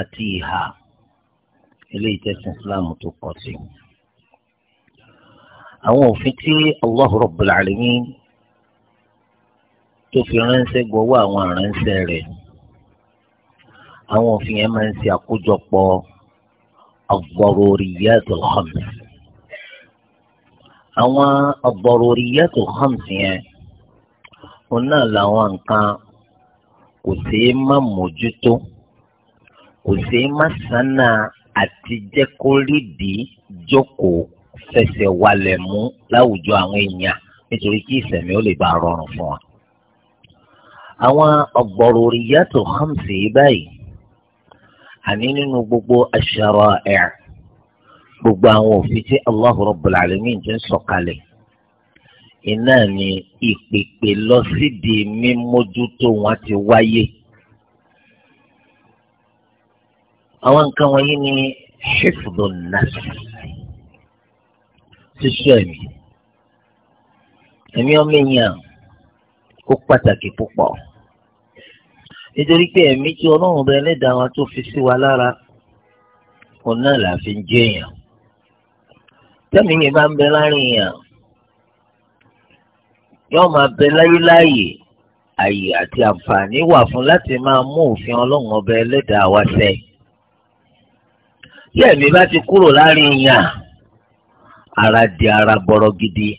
àti ìhà eléyìí tẹ̀sán ìsìláàmù tó kọ sí. àwọn òfin tí Allahu Rabbul Alamin tó fi ránṣẹ́ gbọ́wọ́ àwọn aránṣẹ́ rẹ̀ àwọn òfin yẹn máa ń ṣe àkójọpọ̀ ad-daruriyatul àwọn ad-daruriyatul yẹn òun náà làwọn nǹkan kò sí má mójútó kò sí mọ́sánná àti jẹ́kórìdìí jókòó fẹsẹ̀ walẹ̀ mú láwùjọ àwọn èèyàn nítorí kí ìsẹ̀mí ó lè bá rọrùn fún wa. àwọn ọ̀gbọ̀rọ̀ òrìyàtò hamsi báyìí àní nínú gbogbo ash-shara'i' gbogbo àwọn òfin tí Allahu Rabbul Alamin ti ń sọ̀kalẹ̀ iná ni ìpèpè lọ sídìí mímójútó wọn ti wáyé. àwọn nǹkan wọ̀nyí ni ṣèfùdù nàṣì ṣíṣe ẹ̀mí ẹ̀mí ọmọ èèyàn ó pàtàkì púpọ̀ nítorí pé ẹ̀mí tí ọlọ́run bẹ lẹ́dàá wa tó fi sí wa lára òun náà là fi ń jẹ́ tẹ́mi yẹn bá ń bẹ láàrin èèyàn yóò máa bẹ láyéláyè àyè àti àǹfààní wà fún láti máa mú òfin ọlọ́run ọbẹ̀ ẹlẹ́dàá wa sẹ́yìn. tí ẹ̀mí bá ti kúrò láàrin yàn ara di ara bọ̀rọ̀ gidi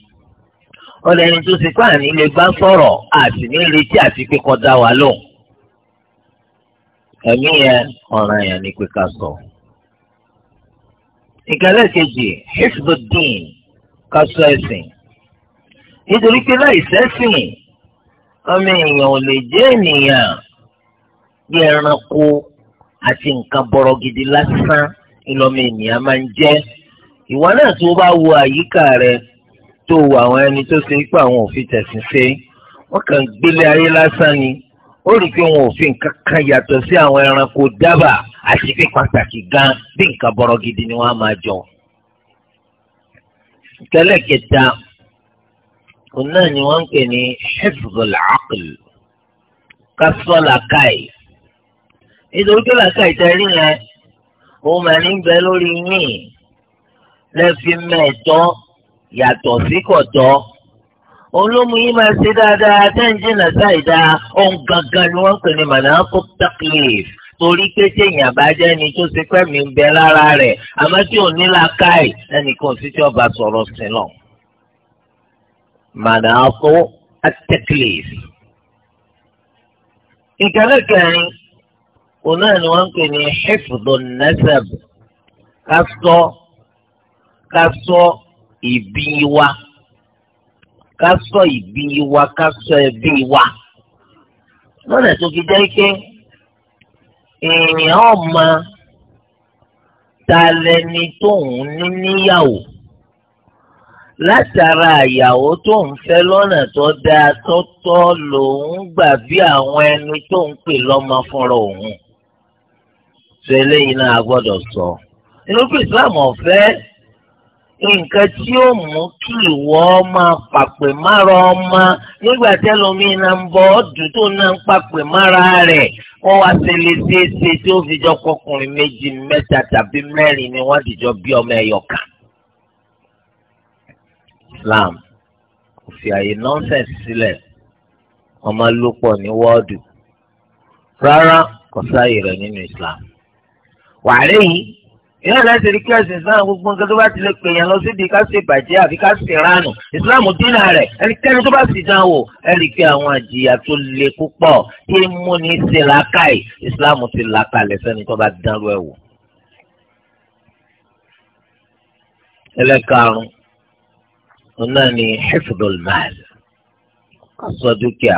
ọ̀lẹ́ ẹni tó ti pa àní lè bá sọ̀rọ̀ àti ní retí àti pé kọjá wa lò ẹ̀mí yẹn ọ̀ràn yẹn ni pé ká sọ. ìkàlẹ̀ kejì hifdudin ká sọ ẹ̀sìn nítorí pé láì sẹ́sìn ọmọ èèyàn ò lè jẹ́ ènìyàn bí ẹranko àti nǹkan bọ̀rọ̀ gidi lásán ìlọ́mọ ènìyàn máa ń jẹ́ ìwọ náà tó bá wo àyíká rẹ tó wo àwọn ẹni tó ṣe pé àwọn òfin tẹ̀sìn ṣe wọ́n kàn gbélé ayé lásán ni ó rí i pé wọn ò fi nǹkan kan yàtọ̀ sí àwọn ẹranko dábàá àti pàtàkì gan bí nǹkan bọ̀rọ̀ gidi ni wọ́n á máa jọ. tẹ́lẹ̀ kẹta òun náà ni wọ́n ń pè ní hifzul aql kásọ́lá káì nítorí pé làákàyè tẹ́rí ó mà níbẹ̀ lórí yín lẹ́fi mẹ́ẹ̀tọ́ yàtọ̀ sí kọ̀tọ́ olómù yìí máa ṣe dáadáa tẹ́ǹjìnà ṣàìdá ohun gangan ni wọ́n ń pè ní mànàkó taklif torí pé téèyàn bá jẹ́ ni tó ṣe pẹ́ mi ń bẹ lára rẹ̀ àmọ́ tí ò ní làákàì ẹnìkan sí tí ọba sọ̀rọ̀ sí lọ. mànàkó taklif. ìkàlẹ̀ kẹrin òun náà ni wọ́n ń pè ní hifdhu nasab ká sọ ká sọ ìbí wa ká sọ ìbí wa ká sọ ẹbí wa lọ́nà tó fi jẹ́ pé èèyàn ọmọ ta lẹni tóun ní níyàwó látara àyàwó tó ń fẹ́ lọ́nà tó dáa tọ́tọ́ lòun gbà bí àwọn ẹni tó ń pè lọ́mọ fúnra òun sọ eléyìí náà a gbọ́dọ̀ sọ. irúfẹ́ islam ọ̀fẹ́ nǹkan tí ó mú kí ìwọ máa pàpè mára ọmọ nígbà tẹlómìn náà ń bọ ọdún tó náà ń pàpè mára rẹ̀ wọ́n wá ṣẹlẹ̀ ṣeéṣe tí ó fi jọ kọkùnrin méjì mẹ́ta tàbí mẹ́rin ni wọ́n dìjọ bí ọmọ ẹyọ islam kò fi àyè nọ́ńsẹ̀nsì sílẹ̀ ọmọ ló pọ̀ ní wọ́ọ̀dù rárá kò sáàyè rẹ̀ nínú islam wàhálẹ́ yìí ìyá aláṣẹ rí kí ẹ̀sìn islam gbogbo nǹkan tó bá ti lè pèèyàn lọ síbi ká ṣe bàjẹ́ àbí ká ṣe ránù islam dínà rẹ̀ ẹnikẹ́ni tó bá sì dán wò ẹ rí pé àwọn àjìyà tó le púpọ̀ tí múni ṣe làákàyè islam ti làákàlẹ̀ sẹ́ni tó bá dánrú ẹ̀ wò. ẹlẹ́karùn-ún náà ni hifdul mal ká dúkìá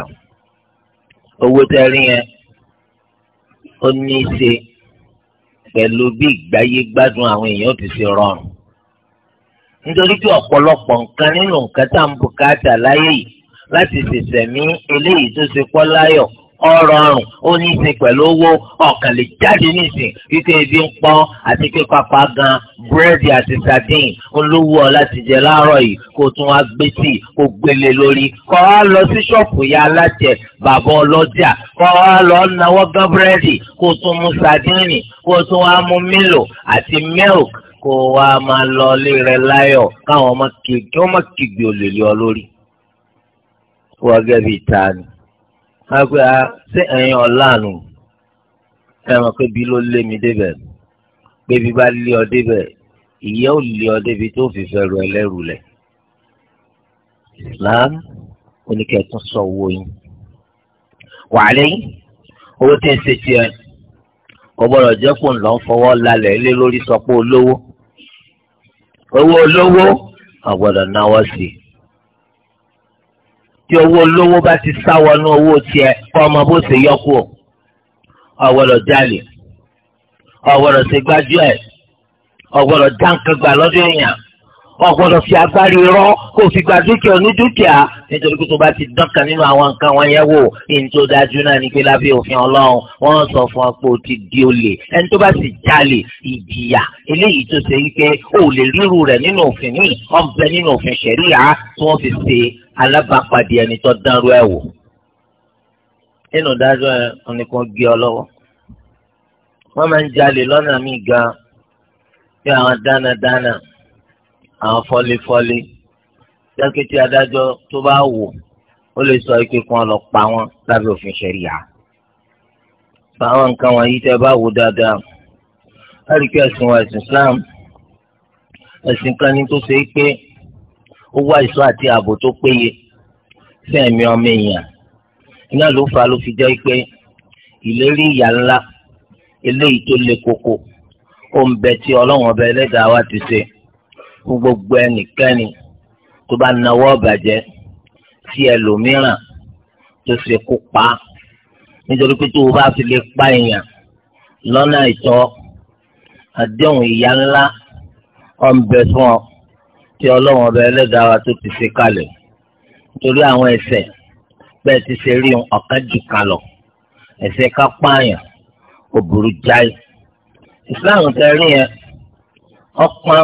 owó tẹ́rí yẹn ó ní í ṣe pẹ̀lú bí ìgbáyé gbádùn àwọn èèyàn ti ṣe rọrùn. nítorí pé ọ̀pọ̀lọpọ̀ nǹkan nínú nǹkan tá à ń bùkátà láyé yìí láti ṣẹ̀ṣẹ̀ mí eléyìí tó ṣe pọ́ láyọ̀ ọrọ̀ ọrùn ó ní í ṣe pẹ̀lú owó ọ̀kan lè jáde nísìn wípé ebi ń pọ́n àti pé pápá gan búrẹ́dì àti sardine olówó ọ láti jẹ láàárọ̀ yìí kó tún wá gbé tì kó gbélé lórí kọ́ á lọ sí ṣọ́ọ̀pù ya alájẹ bàbá ọlọ́jà kọ́ á lọ náwó gán búrẹ́dì kó tún mú sardine kó tún wá mú mílò àti milk kó wá máa lọ ilé rẹ láyọ̀ káwọn ọmọ kìgbì olè ọ lórí. wọ́n gẹ́ bíi ta ni wọ́n pe a ṣé ẹ̀yin ọ̀làánù ẹ mọ̀ pé bí ló lé mi débẹ̀ pé bí bá lé ọ débẹ̀ ìyẹ́ ò lé ọ débi tó fi fẹ́ ru ẹlẹ́rù lẹ̀ Islam oníkẹ́tún sọ owó yín wàhálẹ́ yín owó tẹ̀ ń ṣe tiẹ̀ kò gbọ́dọ̀ jẹ́ kó ń lọ fọwọ́ lálẹ́ lé lórí sọ olówó owó olówó ọ̀gbọ́dọ̀ náwó sí i tí owó olówó bá ti sá wọnú owó tiẹ̀ kọ́ ọmọ bó ṣe yọkù o ọ̀wọ́lọ̀ jalè ọ̀wọ́lọ̀ ṣègbájú ẹ̀ ọ̀wọ́lọ̀ dáńkẹ́gbà lọ́dún èèyàn ọ̀gbọ́dọ̀ fi agbárí rọ kó o fi gba dúkìá ní dúkìá nítorí pé tó bá ti dọ́kàn nínú àwọn nǹkan wọn yẹn wò ní tó dájú náà ni pé lábẹ́ òfin ọlọ́run wọ́n sọ fún ọ pé o ti di olè ẹni tó bá sì jalè ìjìyà eléyìí tó ṣe wípé o ò lè ríru rẹ̀ nínú òfin ní ọ̀bẹ nínú òfin ṣẹ̀ríyà tí wọ́n fi ṣe alábàápàdé ẹni tó dánrú ẹ̀ wò. nínú dájú ẹ oníkan gé ọ lọ́wọ́ wọ́n máa ń jalè lọ́nà míì gan bí àwọn fọ́lífọ́lí jákèjì adájọ́ tó bá wò ó lè sọ ike kan lọ pa wọn lábẹ́ òfin ṣẹ̀ríà. fáwọn nǹkan wọ̀nyí tẹ́ bá wò dáadáa láti kí ẹ̀sìn wa ẹ̀sìn Islam ẹ̀sìn kan ní tó ṣe é pé ó wá ìṣọ́ àti ààbò tó péye sí ẹ̀mí ọmọ èèyàn iná ló fa ló fi jẹ́ pé ìlérí ìyà ńlá eléyìí tó le koko ó ń bẹ tí ọlọ́run ọba ẹlẹ́dàá wa ti ṣe fún gbogbo ẹnikẹ́ni tó bá nawọ́ ọ̀bàjẹ́ sí ẹlòmíràn tó ṣe kó pa á nítorí pé tó o bá fi lè pa èèyàn lọ́nà ìtọ́ àdéhùn ìyá ńlá ọ̀nbẹ fún ọ tí ọlọ́run ọbẹ̀ ẹlẹ́dàá wa tó ti ṣe kalẹ̀ nítorí àwọn ẹ̀ṣẹ̀ bẹ́ẹ̀ ti ṣe rí ọ̀kan jù kan lọ ẹ̀ṣẹ̀ ká pààyàn ò burú jáì ìsìláàmù tẹ rí yẹn ọpọn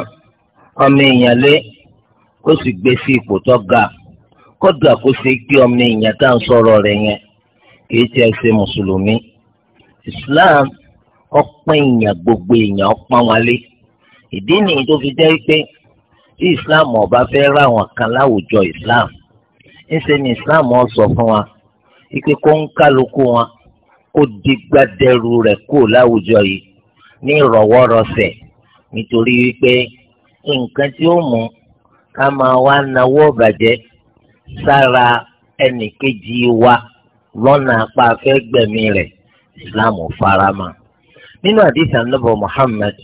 ọmọ èèyàn lé kó sì gbé sí ipò tó ga kódà kó ṣe pé ọmọ èèyàn tá à ń sọ̀rọ̀ rẹ̀ yẹn kìí tiẹ̀ ṣe mùsùlùmí Islam ọpọ́n èèyàn gbogbo èèyàn ọpọ́n wọn lé ìdí nìyí tó fi jẹ́ pé tí Islam ọba fẹ́ ra àwọn kan láwùjọ Islam ńṣe ni Islam sọ fún wa ike kó ń kálukú wọn kó digbadẹrù rẹ̀ kó láwùjọ yìí ní ìrọ̀wọ́rọ̀sẹ̀ nítorí wípé. nǹkan tí ó mú ká máa wá nawọ́ bàjẹ́ sára ẹnìkejì wa lọ́nà sara apá afẹ́ gbẹ̀mí rẹ̀ islam farama. nínú àdìsí anábọ̀ muhammed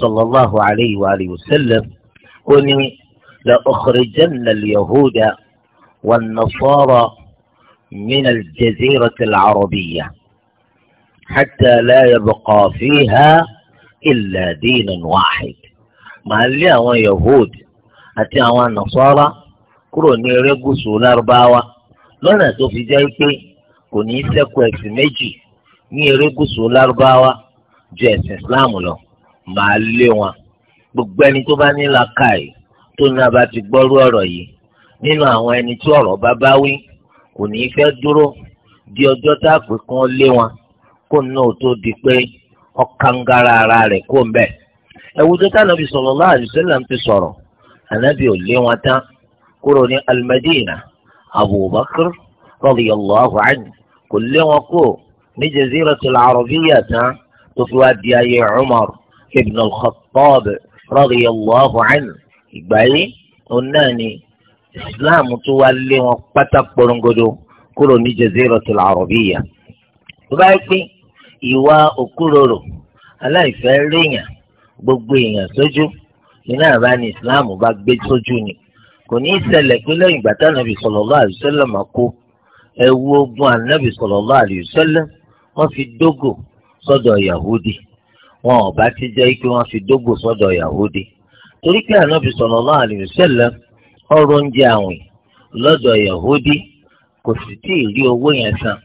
sallallahu alayhi wa alihi wa sallam ó ní la ukhrijanna al-yahuda wan-nasara min al-jazirah al-arabiyyah hatta la yabqa fiha illa dinan wahid. màá àwọn yahood àti àwọn nasara kúrò ní erégùsù lárúbáwá lọ́nà tó fi jẹ́ pé kò ní í ṣẹ́kù ẹ̀sìn méjì ní erégùsù lárúbáwá ju ẹ̀sìn islam lọ màá lé wọn gbogbo ẹni tó bá ní làákàyè tó ní abá ti gbọ́rú ọ̀rọ̀ yìí nínú àwọn ẹni tí ọ̀rọ̀ bá bá wí kò ní í fẹ́ dúró di ọjọ́ tá a pè kán lé wọn kó náà tó di pé ọkàngara ara rẹ̀ kó ń bẹ́ẹ̀ ẹ̀wùjọ́ tánàbí sallallahu alaihi wasallam ti sọ̀rọ̀ ànábì ò lé wọn tán kúrò ní al-Madina Abubakar radiyallahu anhu kò lé wọn kó ní jaziratul arabiyya tán tó fi wá di ayé Umar ibn al-Khattab radiyallahu anhu ìgbà yìí òun náà ni Islam tó wá lé wọn pátá porongodo kúrò ní jaziratul arabiyya tó bá yẹ pé ìwà òkúròrò aláìfẹ́ rèèyàn gbogbo èèyàn sójú iná àbá ni islam bá gbé sójú ni kò ní í ṣẹlẹ̀ pé lẹ́yìn ìgbà tí anabi sallallahu alaihi wasallam máa kó ẹ̀wù ogun anabi sallallahu alaihi wasallam wọ́n fi dógò sọ́dọ̀ yahudi wọn ò bá ti jẹ́ pé wọ́n fi dógò sọ́dọ̀ yahudi torí pé anabi sallallahu alaihi wasallam ọrọ̀ oúnjẹ àwìn lọ́dọ̀ yahudi kò sì tí ì rí owó yẹn san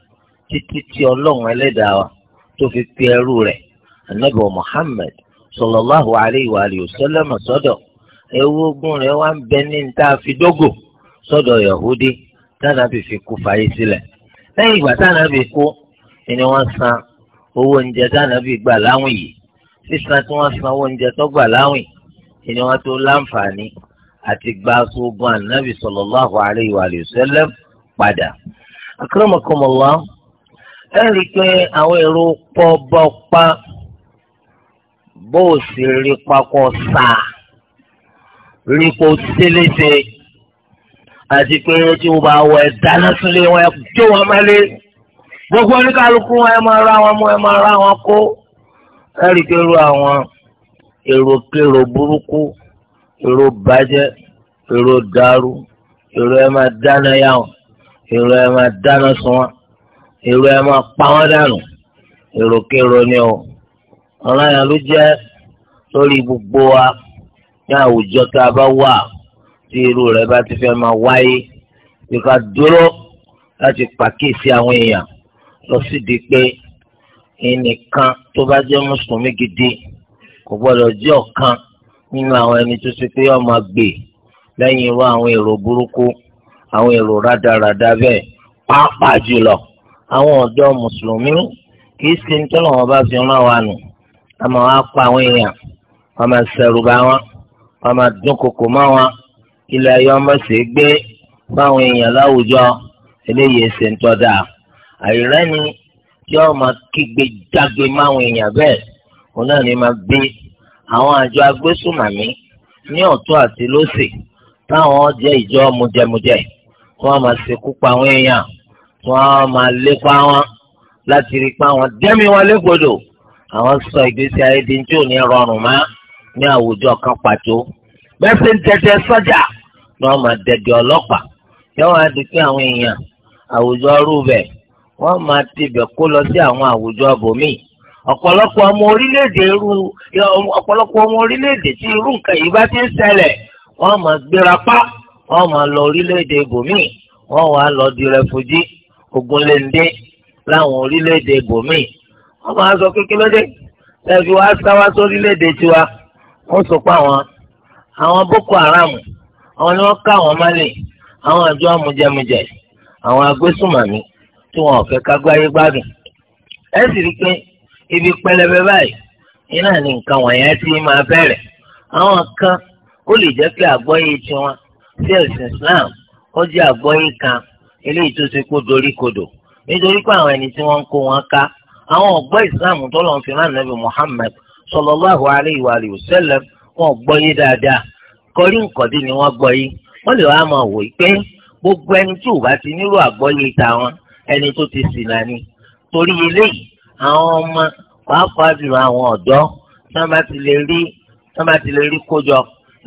títí tí ọlọ́run ẹlẹ́dàá tó fi pe ẹrú rẹ̀ anabi sallallahu alayhi wa alihi wa sallam sọ́dọ̀ ewu ogun rẹ̀ wá ń bẹ ní níta fi dógò sọ́dọ̀ yahudi tánàbì fi kú fàyè sílẹ̀ lẹ́yìn ìgbà tánàbì kú ni wọ́n san owó oúnjẹ tánàbì gbà láwìn yìí sísan tí wọ́n san owó oúnjẹ tó gbà láwìn ni wọ́n tó láǹfààní àti gba sógun ànábì sallallahu alayhi wa alihi padà. akramakumullah ẹ rí i pé àwọn èrò pọ̀ bọ́ pa bó o sì rí pakọ sáà rí kó tẹ́lẹ̀tẹ́ àti pé tí o bá wọ ẹ dáná sílé wọn ẹ jó wọn mẹ́lẹ́ gbogbo oníkàlùkù wọn ẹ máa ra wọn mú ẹ máa ra wọn kó ẹ rí kérò àwọn èrò kérò burúkú èrò bàjẹ́ èrò dàrú èrò ẹ máa dáná yá èrò ẹ máa dáná sun wọn èrò ẹ máa pa wọn dànù èrò kérò ni o ọ̀ràn yẹn ló jẹ́ lórí gbogbo wa ní àwùjọ tá a bá wà tí irú rẹ̀ bá ti fẹ́ máa wáyé bí ká dúró láti pàkíyèsí àwọn èèyàn lọ sí di pé ẹnìkan tó bá jẹ́ mùsùlùmí gidi kò gbọ́dọ̀ jẹ́ ọ̀kan nínú àwọn ẹni tó ṣe pé ó máa gbè lẹ́yìn irú àwọn èrò burúkú àwọn èrò rádaràda bẹ́ẹ̀ pàápàá jùlọ àwọn ọ̀dọ́ mùsùlùmí kì í ṣe ní wọn bá fi rán wa nù àmọ́ wàá pa àwọn èèyàn wọ́n máa ṣẹ̀rù bá wọn wọ́n máa dún kòkò mọ́ wọn ilé ayé ọmọ sì gbé fáwọn èèyàn láwùjọ eléyìí ṣe ń tọ́da àìrẹ́ni tí wọ́n máa kígbe jágbe máwọn èèyàn bẹ́ẹ̀ òun náà ni máa gbé àwọn àjọ agbésùmàmí ní ọ̀tún àti lósì táwọn jẹ́ ìjọ mujẹmujẹ tí wọ́n máa ṣekú pa àwọn èèyàn tí wọ́n máa lépa wọn láti rí pa wọn dẹ́mi wọn légbodò àwọn sọ ìgbésí ayé di njó ní rọrùn má ní àwùjọ kan pàtó bẹ́ẹ̀ sì ń tẹ́tẹ́ sọ́jà ni wọ́n máa dẹ̀dẹ̀ ọlọ́pàá yẹ́n wọ́n á di pé àwọn èèyàn àwùjọ rú bẹ̀ wọ́n máa tibẹ̀ kó lọ sí àwọn àwùjọ bòmíì ọ̀pọ̀lọpọ̀ ọmọ orílẹ̀-èdè irú ọ̀pọ̀lọpọ̀ ọmọ orílẹ̀-èdè tí irú nǹkan yìí bá ti ń ṣẹlẹ̀ wọ́n máa gbéra pa wọ́n máa lọ orílẹ̀-èdè bòmíì wọ́n wàá lọ di rẹfujì ogunléndé láwọn orílẹ̀-èdè bòmíì wọ́n máa sọ kékeré lọ́dẹ ẹ̀fí wa sáwá sórílẹ̀-èdè tiwa wọ́n sọ pé àwọn àwọn boko haram àwọn ni wọ́n ká àwọn málè àwọn àjọ amújẹmújẹ àwọn agbésùmàmí tí wọn ò fẹ́ kágbáyé gbádùn ẹ sì rí i pé ibi pẹlẹbẹ báyìí iná ní nǹkan wọ̀nyẹn ti máa bẹ̀rẹ̀ àwọn kan ó lè jẹ́ pé àgbọ́yé tiwọn sí ẹ̀sìn Islam ó jẹ́ àgbọ́yé kan eléyìí tó ṣe kó dorí kodò nítorí pé àwọn ẹni tí wọ́n ń kó wọn ká àwọn ọ̀gbọ́ islam tọ́lọ̀ ń fi rán nàbì muhammed sallallahu alayhi wa alihi wa sallam wọn gbọ́ yé dáadáa kọrí nkọ̀dí ni wọ́n gbọ́ yé wọ́n lè wá máa wò pé gbogbo ẹni tí ò bá ti nílò àgbọ́yé tàwọn ẹni tó ti sì náà ni torí eléyìí àwọn ọmọ pàápàá jùlọ àwọn ọ̀dọ́ tí wọ́n bá ti lè rí tí wọ́n bá kójọ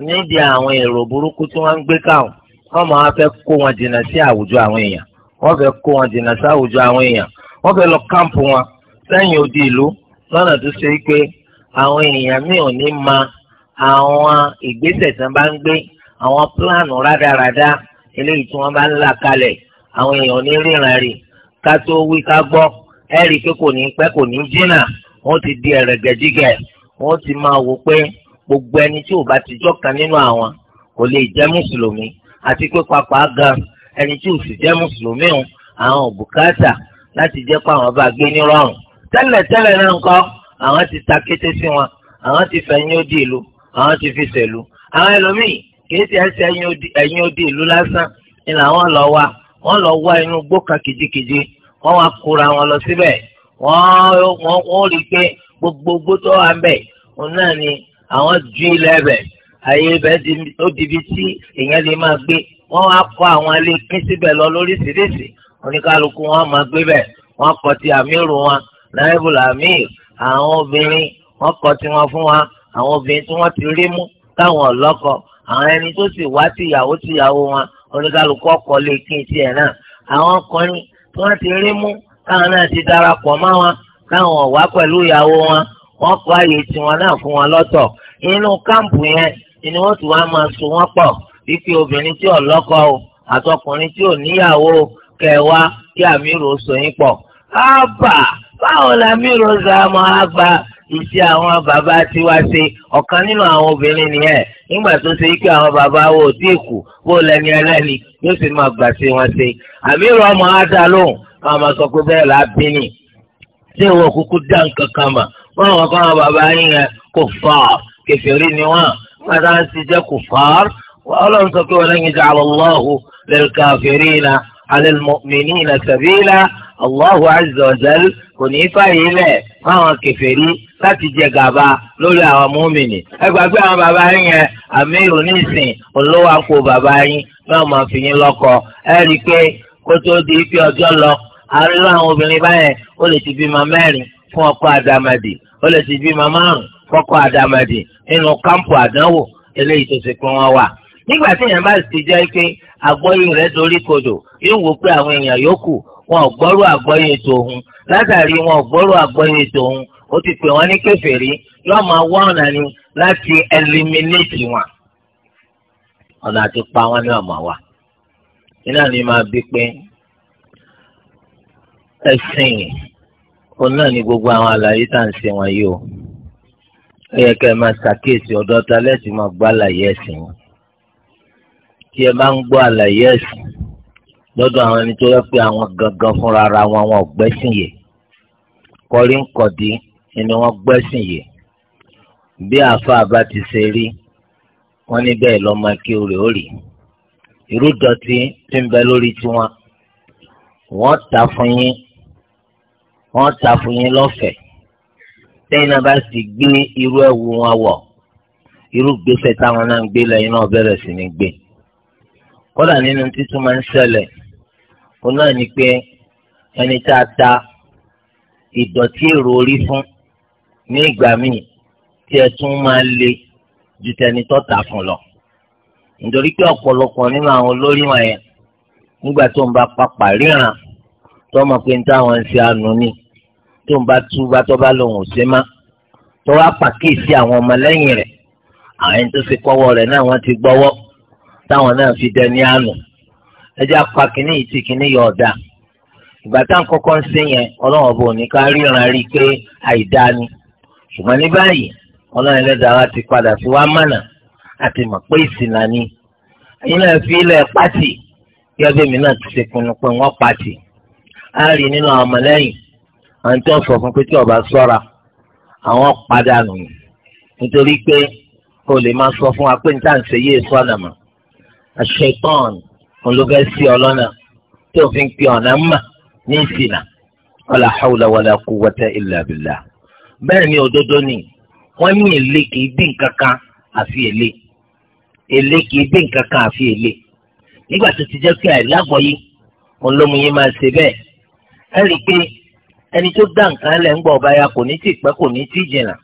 nídìí àwọn èrò burúkú tí wọ́n ń gbé káwọn wọ́n máa fẹ́ kó wọn jìnnà sí àwùjọ àwọn èèyàn wọ́n fẹ́ kó wọn jìnnà sí àwùjọ àwọn èèyàn wọ́n fẹ́ lọ káàmpù wọn sẹ́yìn odi ìlú lọ́nà tó ṣe pé àwọn èèyàn mi ò ní ma àwọn ìgbésẹ̀ tí wọ́n bá ń gbé àwọn pílánù rádaràda eléyìí tí wọ́n bá ń là kalẹ̀ àwọn èèyàn ò ní ríran rè ká tó wí ká gbọ́ ẹ rí i pé kò ní pẹ́ kò ní jìnnà wọ́n ti di ẹ̀rẹ̀gẹ̀dígẹ̀ wọ́n ti máa wò pé gbogbo ẹni tí ò bá ti jọ́kan nínú àwọn kò lè jẹ́ mùsùlùmí àti pé pàápàá gan ẹni tí ò sì jẹ́ mùsùlùmí àwọn ò láti jẹ́ pé àwọn bá gbé ní rọrùn tẹ́lẹ̀ tẹ́lẹ̀ náà ńkọ́ àwọn ti ta kété sí wọn àwọn ti fẹ̀yìn odi ìlú àwọn ti fi sẹ̀lú àwọn ẹlòmíì kìí ti ẹsẹ̀ ẹ̀yìn odi ìlú lásán ni làwọn lọ wá wọ́n lọ wá inú gbóka kìjikìji wọ́n wá kóra wọn lọ síbẹ̀ wọ́n rí i pé gbogbo gbótó wa ń bẹ̀ òun náà ni àwọn ju ilẹ̀ ẹ̀bẹ̀ àyè ibẹ̀ ó di ibi tí èèyàn lè máa gbé wọ́n wá kọ́ àwọn ilé pín síbẹ̀ lọ lóríṣiríṣi oníkálukú wọn máa gbé bẹ̀ wọ́n kọ́ ti àmì ìrù wọn naibul amir àwọn obìnrin wọ́n kọ tiwọn fún wa àwọn obìnrin tí wọ́n ti rí mú táwọn ọlọ́kọ àwọn ẹni tó sì wá tìyàwó tìyàwó wọn oníkálukú ọkọ lè kí n tiẹ̀ náà àwọn ọkùnrin tí wọ́n ti rí mú táwọn náà ti darapọ̀ mọ́ wọn táwọn ọ̀wá pẹ̀lú ìyàwó wọn wọ́n kọ ààyè tiwọn náà fún wọn lọ́tọ̀ inú káàmpù yẹn ni wọ́n ti wá máa so wọ́n pọ̀ wípé obìnrin tí ò o àtọkùnrin tí ò níyàwó kẹwàá kí àmì rò sòyìn pọ̀ ábà báwo la mi rò sàmọ́ àgbà iṣẹ́ àwọn bàbá tiwa ṣe ọ̀kan nínú àwọn obìnrin nìyẹn nígbà tó ṣe pé àwọn bàbá wo ò tí kù bó lẹni ẹlẹ́ni yóò sì máa gbà ṣe wọn ṣe àmírò ọmọ ádá lóhùn wọn máa sọ pé bẹ́ẹ̀ la bí ni ṣé ìwọ kúkú dá nǹkan kan mà wọn àwọn kan bàbá yín yẹn kò fà á kẹfìrí ni wọn wọn dáhùn sí jẹ kò fà á ọlọ́run sọ pé wọn lẹ́yìn jàlọ́ lọ́hùn lẹ́ẹ̀ka fèrè náà. على المؤمنين سبيلا الله عز وجل kò ní fààyè lẹ̀ fáwọn kèfèrí láti jẹ gàba lórí àwọn mùmínì. ẹ gbàgbé àwọn bàbá yín yẹn àmírù nísìn olówó àpò bàbá yín náà máa fi yín lọ́kọ. ẹ rí i pé kó tó di ife ọjọ́ lọ àárín àwọn obìnrin báyẹn ó lè ti bímọ mẹ́rin fún ọkọ àdàmàdì ó lè ti bímọ márùn-ún fọ́kọ àdàmàdì nínú kámpù àdánwò eléyìí tó ṣe pé wọ́n wà nígbà tí èèyàn bá sì jẹ́ pé àgbọ́yé rẹ̀ dorí kodò yóò wò pé àwọn èèyàn yòókù wọn ò gbọ́rú àgbọ́yé tòun látàrí wọn ò gbọ́rú àgbọ́yé tòun ó ti pè wọ́n ní kèfèrí yóò máa wá ọ̀nà ni láti eliminate wọn ọ̀nà àti pa wọn ní ọ̀mọ̀ wa iná ni máa bí pé ẹ̀sìn òun náà ni gbogbo àwọn àlàyé tá à ń ṣe wọn yìí o ó yẹ kẹ́ ẹ máa ṣàkíyèsí ọ̀dọ́ lẹ́sìn máa gbá àlàyé ẹ̀sìn wọn tí ẹ bá ń gbọ́ àlàyé ẹ̀sìn lọ́dọ̀ àwọn ẹni tó yẹ pé àwọn gangan fúnra ara wọn wọn gbẹ́sìn yìí kọrí ń kọ̀dí ni wọ́n gbẹ́sìn yìí bí àáfàá bá ti ṣe rí wọ́n ní bẹ́ẹ̀ máa kí orè orè irú dọ̀tí tí ń bẹ lórí tiwọn wọ́n ta fún yín wọ́n ta fún yín lọ́fẹ̀ẹ́ lẹ́yìn náà bá sì gbé irú ẹ̀wù wọn wọ̀ irú gbèsè táwọn náà ń gbé lẹ́yìn náà bẹ̀rẹ̀ sí ní gbé kódà nínú títún máa ń ṣẹlẹ̀ ó náà ni pé ẹni tá a ta ìdọ̀tí èrò orí fún ní ìgbà míì tí ẹ tún máa le ju tẹni tó tà fún lọ nítorí pé ọ̀pọ̀lọpọ̀ nínú àwọn olórí wọ̀nyẹn nígbà tó ń bá papà ríran tó mọ̀ pé ń táwọn ń ṣe àánú ni tó ń bá túbá tó bá lòun ò ṣe má tó wá pàkíyèsí àwọn ọmọlẹ́yìn rẹ̀ àwọn ẹni tó ṣe kọ́wọ́ rẹ̀ náà wọ́n ti gbọ́wọ́. táwọn náà fi dẹni àná ẹjẹ apá kìíní yìí ti kìíní yọ ọ̀dà ìgbà tá à ń ń yẹn ọlọ́run ọba òní ká ríran rí i pé àìdá ni ṣùgbọ́n ní báyìí ọlọ́run ẹlẹ́dàá wa ti padà sí wa mọ̀nà àti mọ̀ pé ìsìnà ni ẹ̀yin náà fi ilẹ̀ pátì kí mi náà ti ṣe pinnu pé wọ́n á nínú ọmọlẹ́yìn àwọn sọ fún pé tí ọba sọ́ra àwọn padà nù nítorí pé lè máa sọ fún wa àṣetán olùfẹ́ sí ọlọ́nà tí òfin pe ọ̀nà mà ní ìsìnà wàlà hàwùlà wàlà quwwata illa billah. bẹ́ẹ̀ ni òdodo ni wọ́n ní èlé kìí dín kankan àfi èlé èlé kìí dín kankan àfi èlé nígbà tó ti jẹ́ pé àìlágbọ̀yé òun ló mú yín máa ṣe bẹ́ẹ̀ ẹ rí i pé ẹni tó dá nǹkan lẹ̀ ń gbọ́ ọba ya kò ní tí pẹ́ kò ní tí jìnnà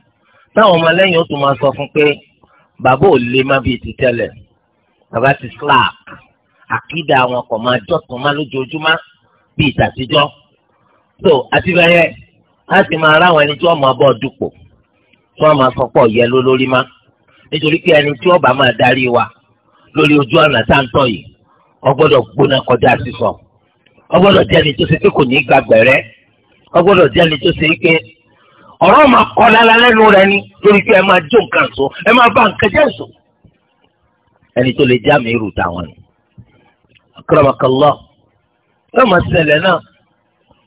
táwọn ọmọlẹ́yìn ó tún máa sọ fún pé bàbá ò lè má bíi ti tẹ́lẹ̀ bàbá ti slack àkídà àwọn ọkọ̀ máa jọ̀tún má lójoojúmọ́ bíi ìtàtijọ́ so àti a láti máa ráwọn ẹni tí wọ́n máa bọ́ dupò tí wọ́n máa sọpọ̀ yẹ ló lórí má nítorí pé ẹni tí ọba máa darí wa lórí ojú ọ̀nà táǹtọ̀ yìí ọgbọ́dọ̀ gbóná kọjá sísọ ọgbọ́dọ̀ jẹ́ ẹni tó ṣe pé kò ní í gbàgbẹ́rẹ́ ọgbọ́dọ̀ jẹ́ ẹni tó ṣe pé ọ̀rọ̀ máa kọ́ lálẹ́ lẹ́nu rẹ ni lórí pé ẹ máa jó nǹkan so ẹ máa bá nǹkan jẹ́ so ẹni tó lè já mi rù táwọn ni. akọrọbàkọlọ yóò máa ṣẹlẹ̀ náà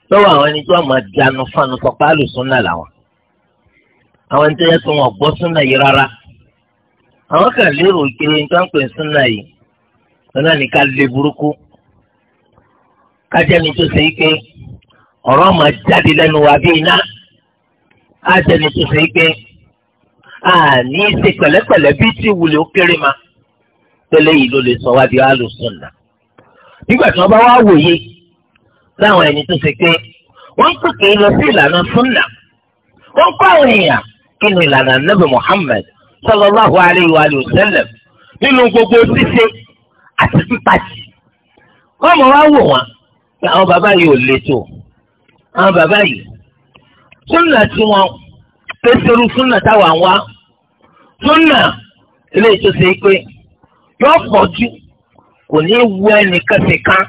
lọ́wọ́ àwọn ẹni tó wà máa jánu fánu sọpá àlùsùnà làwọn. àwọn ẹni tó yẹ kí wọn gbọ́ súnà yìí rárá. àwọn kan lérò pé nǹkan pè súnà yìí lọ́nà ní ká lé burúkú. kájẹ́ni tó ṣe é ọ̀rọ̀ máa jáde lẹ́nu wa bí iná. ájẹ́ni tó ṣe é àní ṣe pẹ̀lẹ́pẹ̀lẹ́ bí tí wulẹ̀ ó kéré máa tẹ́lẹ̀ yìí ló lè sọ wá di alùsùnà. nígbà tí wọ́n bá wá wòye láwọn ẹni tó ṣe pé wọ́n pèpè lọ sí ìlànà súnà wọ́n kọ́ àwọn èèyàn kí ni ìlànà nabi Muhammad sallallahu alayhi wa sallam nínú gbogbo ṣíṣe àti pípàtì. wọ́n mọ̀ wá wò wọ́n pé àwọn bàbá yìí ò le tó àwọn bàbá yìí súnà tí wọ́n pèsè irú súnà táwọn wá súnà ilé ìtòsí pé yóò pọ̀ jù kò ní wu ẹnìkan ṣìkan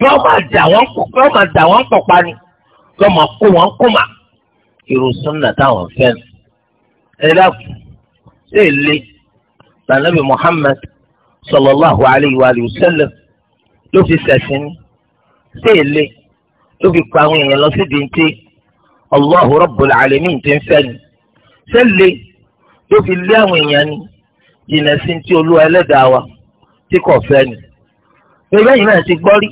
yóò máa dà wọ́n yóò máa dà wọ́n pọ̀ pani yóò máa kó wọ́n kó mà ìrùsùn náà táwọn fẹ́ nù. ẹ dákun ṣé èlé lànàbì Muhammad sallallahu alayhi wa sallam ló fi ṣẹ̀sìn ṣé èlé ló fi pa àwọn èèyàn lọ sí dèntè Allahu rabbul alamin ti fẹ́ ni ṣé èlé ló fi lé àwọn èèyàn ni jìnnà sí ti olúwa ẹlẹ́dàá wa tí kò fẹ́ ni. bẹ́ẹ̀ yìí náà ti gbọ́ rí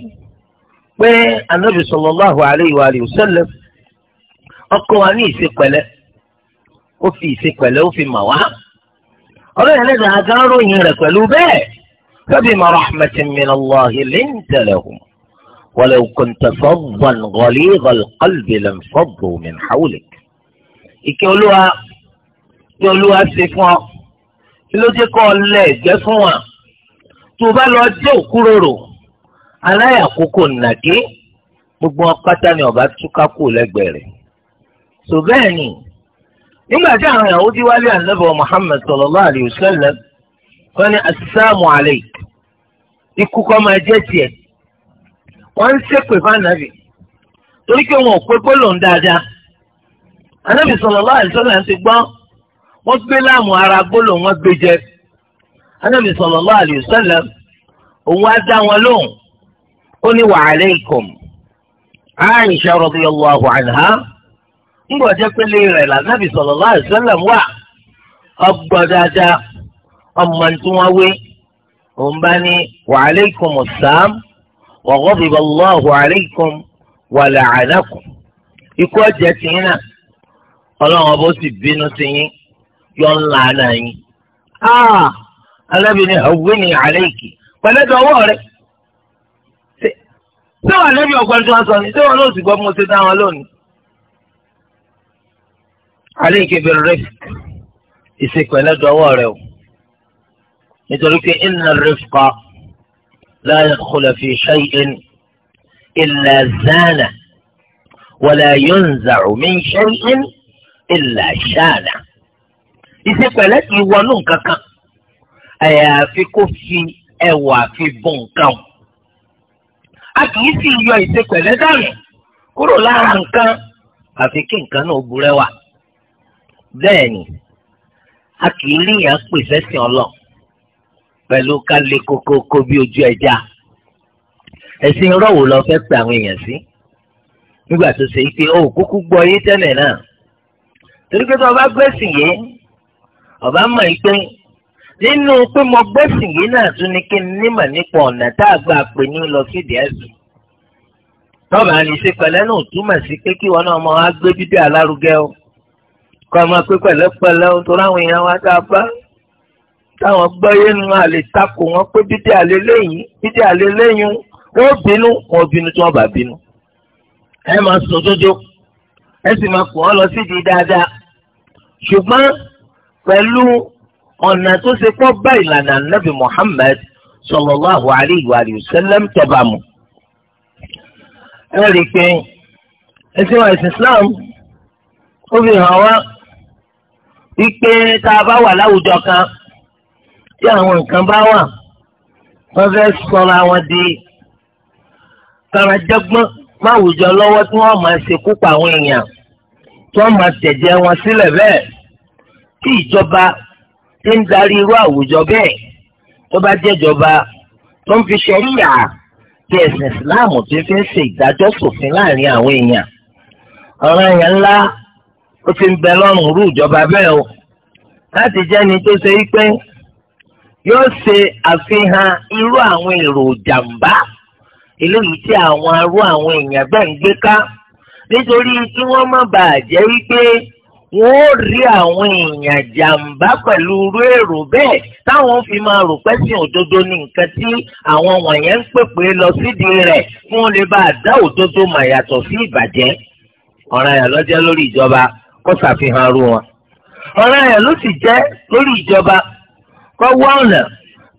pé anabi sallallahu alayhi wa alihi wa sallam ọkọ wa ní ìṣepẹ̀lẹ́ ó fi ìṣepẹ̀lẹ́ ó fi mà wá. ọlọ́run ẹlẹ́dàá gan ròyìn rẹ̀ pẹ̀lú bẹ́ẹ̀ fabima rahmatin min Allahi linta lahum walau kunta faddan ghalidhal qalbi lanfaddu min hawlik. ìkẹ́ olúwa ṣe fún ọ. kí ló dé kọ́ lẹ̀ ẹ̀gbẹ́ fún wa tó o bá lọ dé gbogbo wọn ni ọba túká kù lẹ́gbẹ̀ẹ́ rẹ̀ tó ni nígbà tí àwọn Yahudi wálé Muhammad sallallahu alayhi wa sallam wọ́n ikú máa ń torí pé wọn ò pé dáadáa ànábì wọ́n gbé láàmú ara gbólò wọ́n gbé jẹ anábì sallallahu alayhi wa sallam òun á dá wọn lóhùn ó ní wa alaykum Aisha radiyallahu anha ńgbọ̀ jẹ́ pélé rẹ̀ lànàbì wa sallam wà ọgbọ́n dáadáa ọmọ tí wọ́n wé òun bá ní wa alaykum as-salam wa ghadiba Allahu wa ikú ọ̀jẹ̀ yọ ńlá náà yín. alábìnrin hawwini alayki pẹ̀lú ẹ̀dọ̀ ọwọ́ rẹ̀. ṣé wà lẹ́bi ọ̀gbọ́n tí wọ́n sọ ni ṣé wọn lóò sì gbọ́ mo ṣe dá wọn lónìí. alayki bil rifq ìṣe pẹ̀lú ẹ̀dọ̀ ọwọ́ rẹ̀ o. nítorí pé inna rifqa la yadkhulu fi shay'in illa zana wala yunza'u min shay'in illa shana. ìṣepẹ̀lẹ́ kì í wọnú nǹkan kan àyàfi kó fi ẹwà fi bọ̀ nǹkan o a kì í sì yọ ìṣepẹ̀lẹ́ dànù kúrò lára nǹkan àfi kí nǹkan náà burẹ́wà bẹ́ẹ̀ ni a kì í ríyàn pèsè sìn ọlọ pẹ̀lú ká kókókó bí ojú ẹja ẹ̀sìn rọ̀wò lọ fẹ́ pe àwọn èèyàn sí nígbà tó ṣe é pé ó kúkú gbọ́ yé tẹ́lẹ̀ náà torí pé tó o bá gbẹ́sìn yìí ọba mọ̀ yìí nínú pé mo gbẹ́sìn yìí náà tún ní kí n nímọ̀ nípa ọ̀nà tá a gbà pé ní lọ sídìí ẹ̀sìn. tọ́ba ní ṣe pẹ̀lẹ́ náà túmọ̀ sí pé kí wọn náà mọ wá gbé bíbí alárugẹ o kọ́ ọmọ pé pẹ̀lẹ́pẹ̀lẹ́ o torí àwọn èèyàn wa tá a bá táwọn gbọ́ yé nu àlè takò wọn pé bíbí alẹ́ lẹ́yìn bíbí alẹ́ lẹ́yìn wọ́n bínú wọn bínú tí wọ́n bá bínú. ẹ máa sọ sójó ẹ sì máa kù wọn lọ sídìí dáadáa ṣùgbọ́n pẹ̀lú ọ̀nà tó ṣe pọ́ bá ìlànà nabi Muhammad sallallahu alayhi wa sallam tọ́ba mu. ẹ rí i pé ẹsìn wa ẹ̀sìn Islam ó fi hàn wá wípé tá a bá wà láwùjọ kan tí àwọn nǹkan bá wà wọ́n fẹ́ sọra wọn di karajẹ́gbọ́n máwùjọ lọ́wọ́ tí wọ́n máa ṣekú pa àwọn èèyàn tí wọ́n máa tẹ̀jẹ̀ wọn sílẹ̀ bẹ́ẹ̀ tí ìjọba ti ń darí irú àwùjọ bẹ́ẹ̀ tó bá jẹ́jọba tó ń fi ṣẹ̀ríyà tí ẹ̀sìn ìsìláàmù ti fi ń ṣe ìdájọ́ ṣòfin láàrin àwọn èèyàn ọ̀ràn èèyàn ńlá ó ti ń bẹ lọ́rùn irú ìjọba bẹ́ẹ̀ o láti jẹ́ni tó ṣe wípé yóò ṣe àfihàn irú àwọn èrò jàǹbá eléyìí tí àwọn arú àwọn èèyàn bẹ́ẹ̀ ń gbé ká nítorí kí wọ́n má bàa jẹ́ wípé wọ́n rí àwọn èèyàn jàǹbá pẹ̀lú irú èrò bẹ́ẹ̀ táwọn fi máa rò pé sí òdodo ní nǹkan tí àwọn wọ̀nyẹn ń pèpè lọ sídìí rẹ̀ fún lè bá a dá òdodo mà yàtọ̀ sí ìbàjẹ́ ọ̀ràn yà lọ́jẹ́ lórí ìjọba kó ṣàfihàn rú wọn. ọ̀ràn yà ló sì jẹ́ lórí ìjọba kó wá ọ̀nà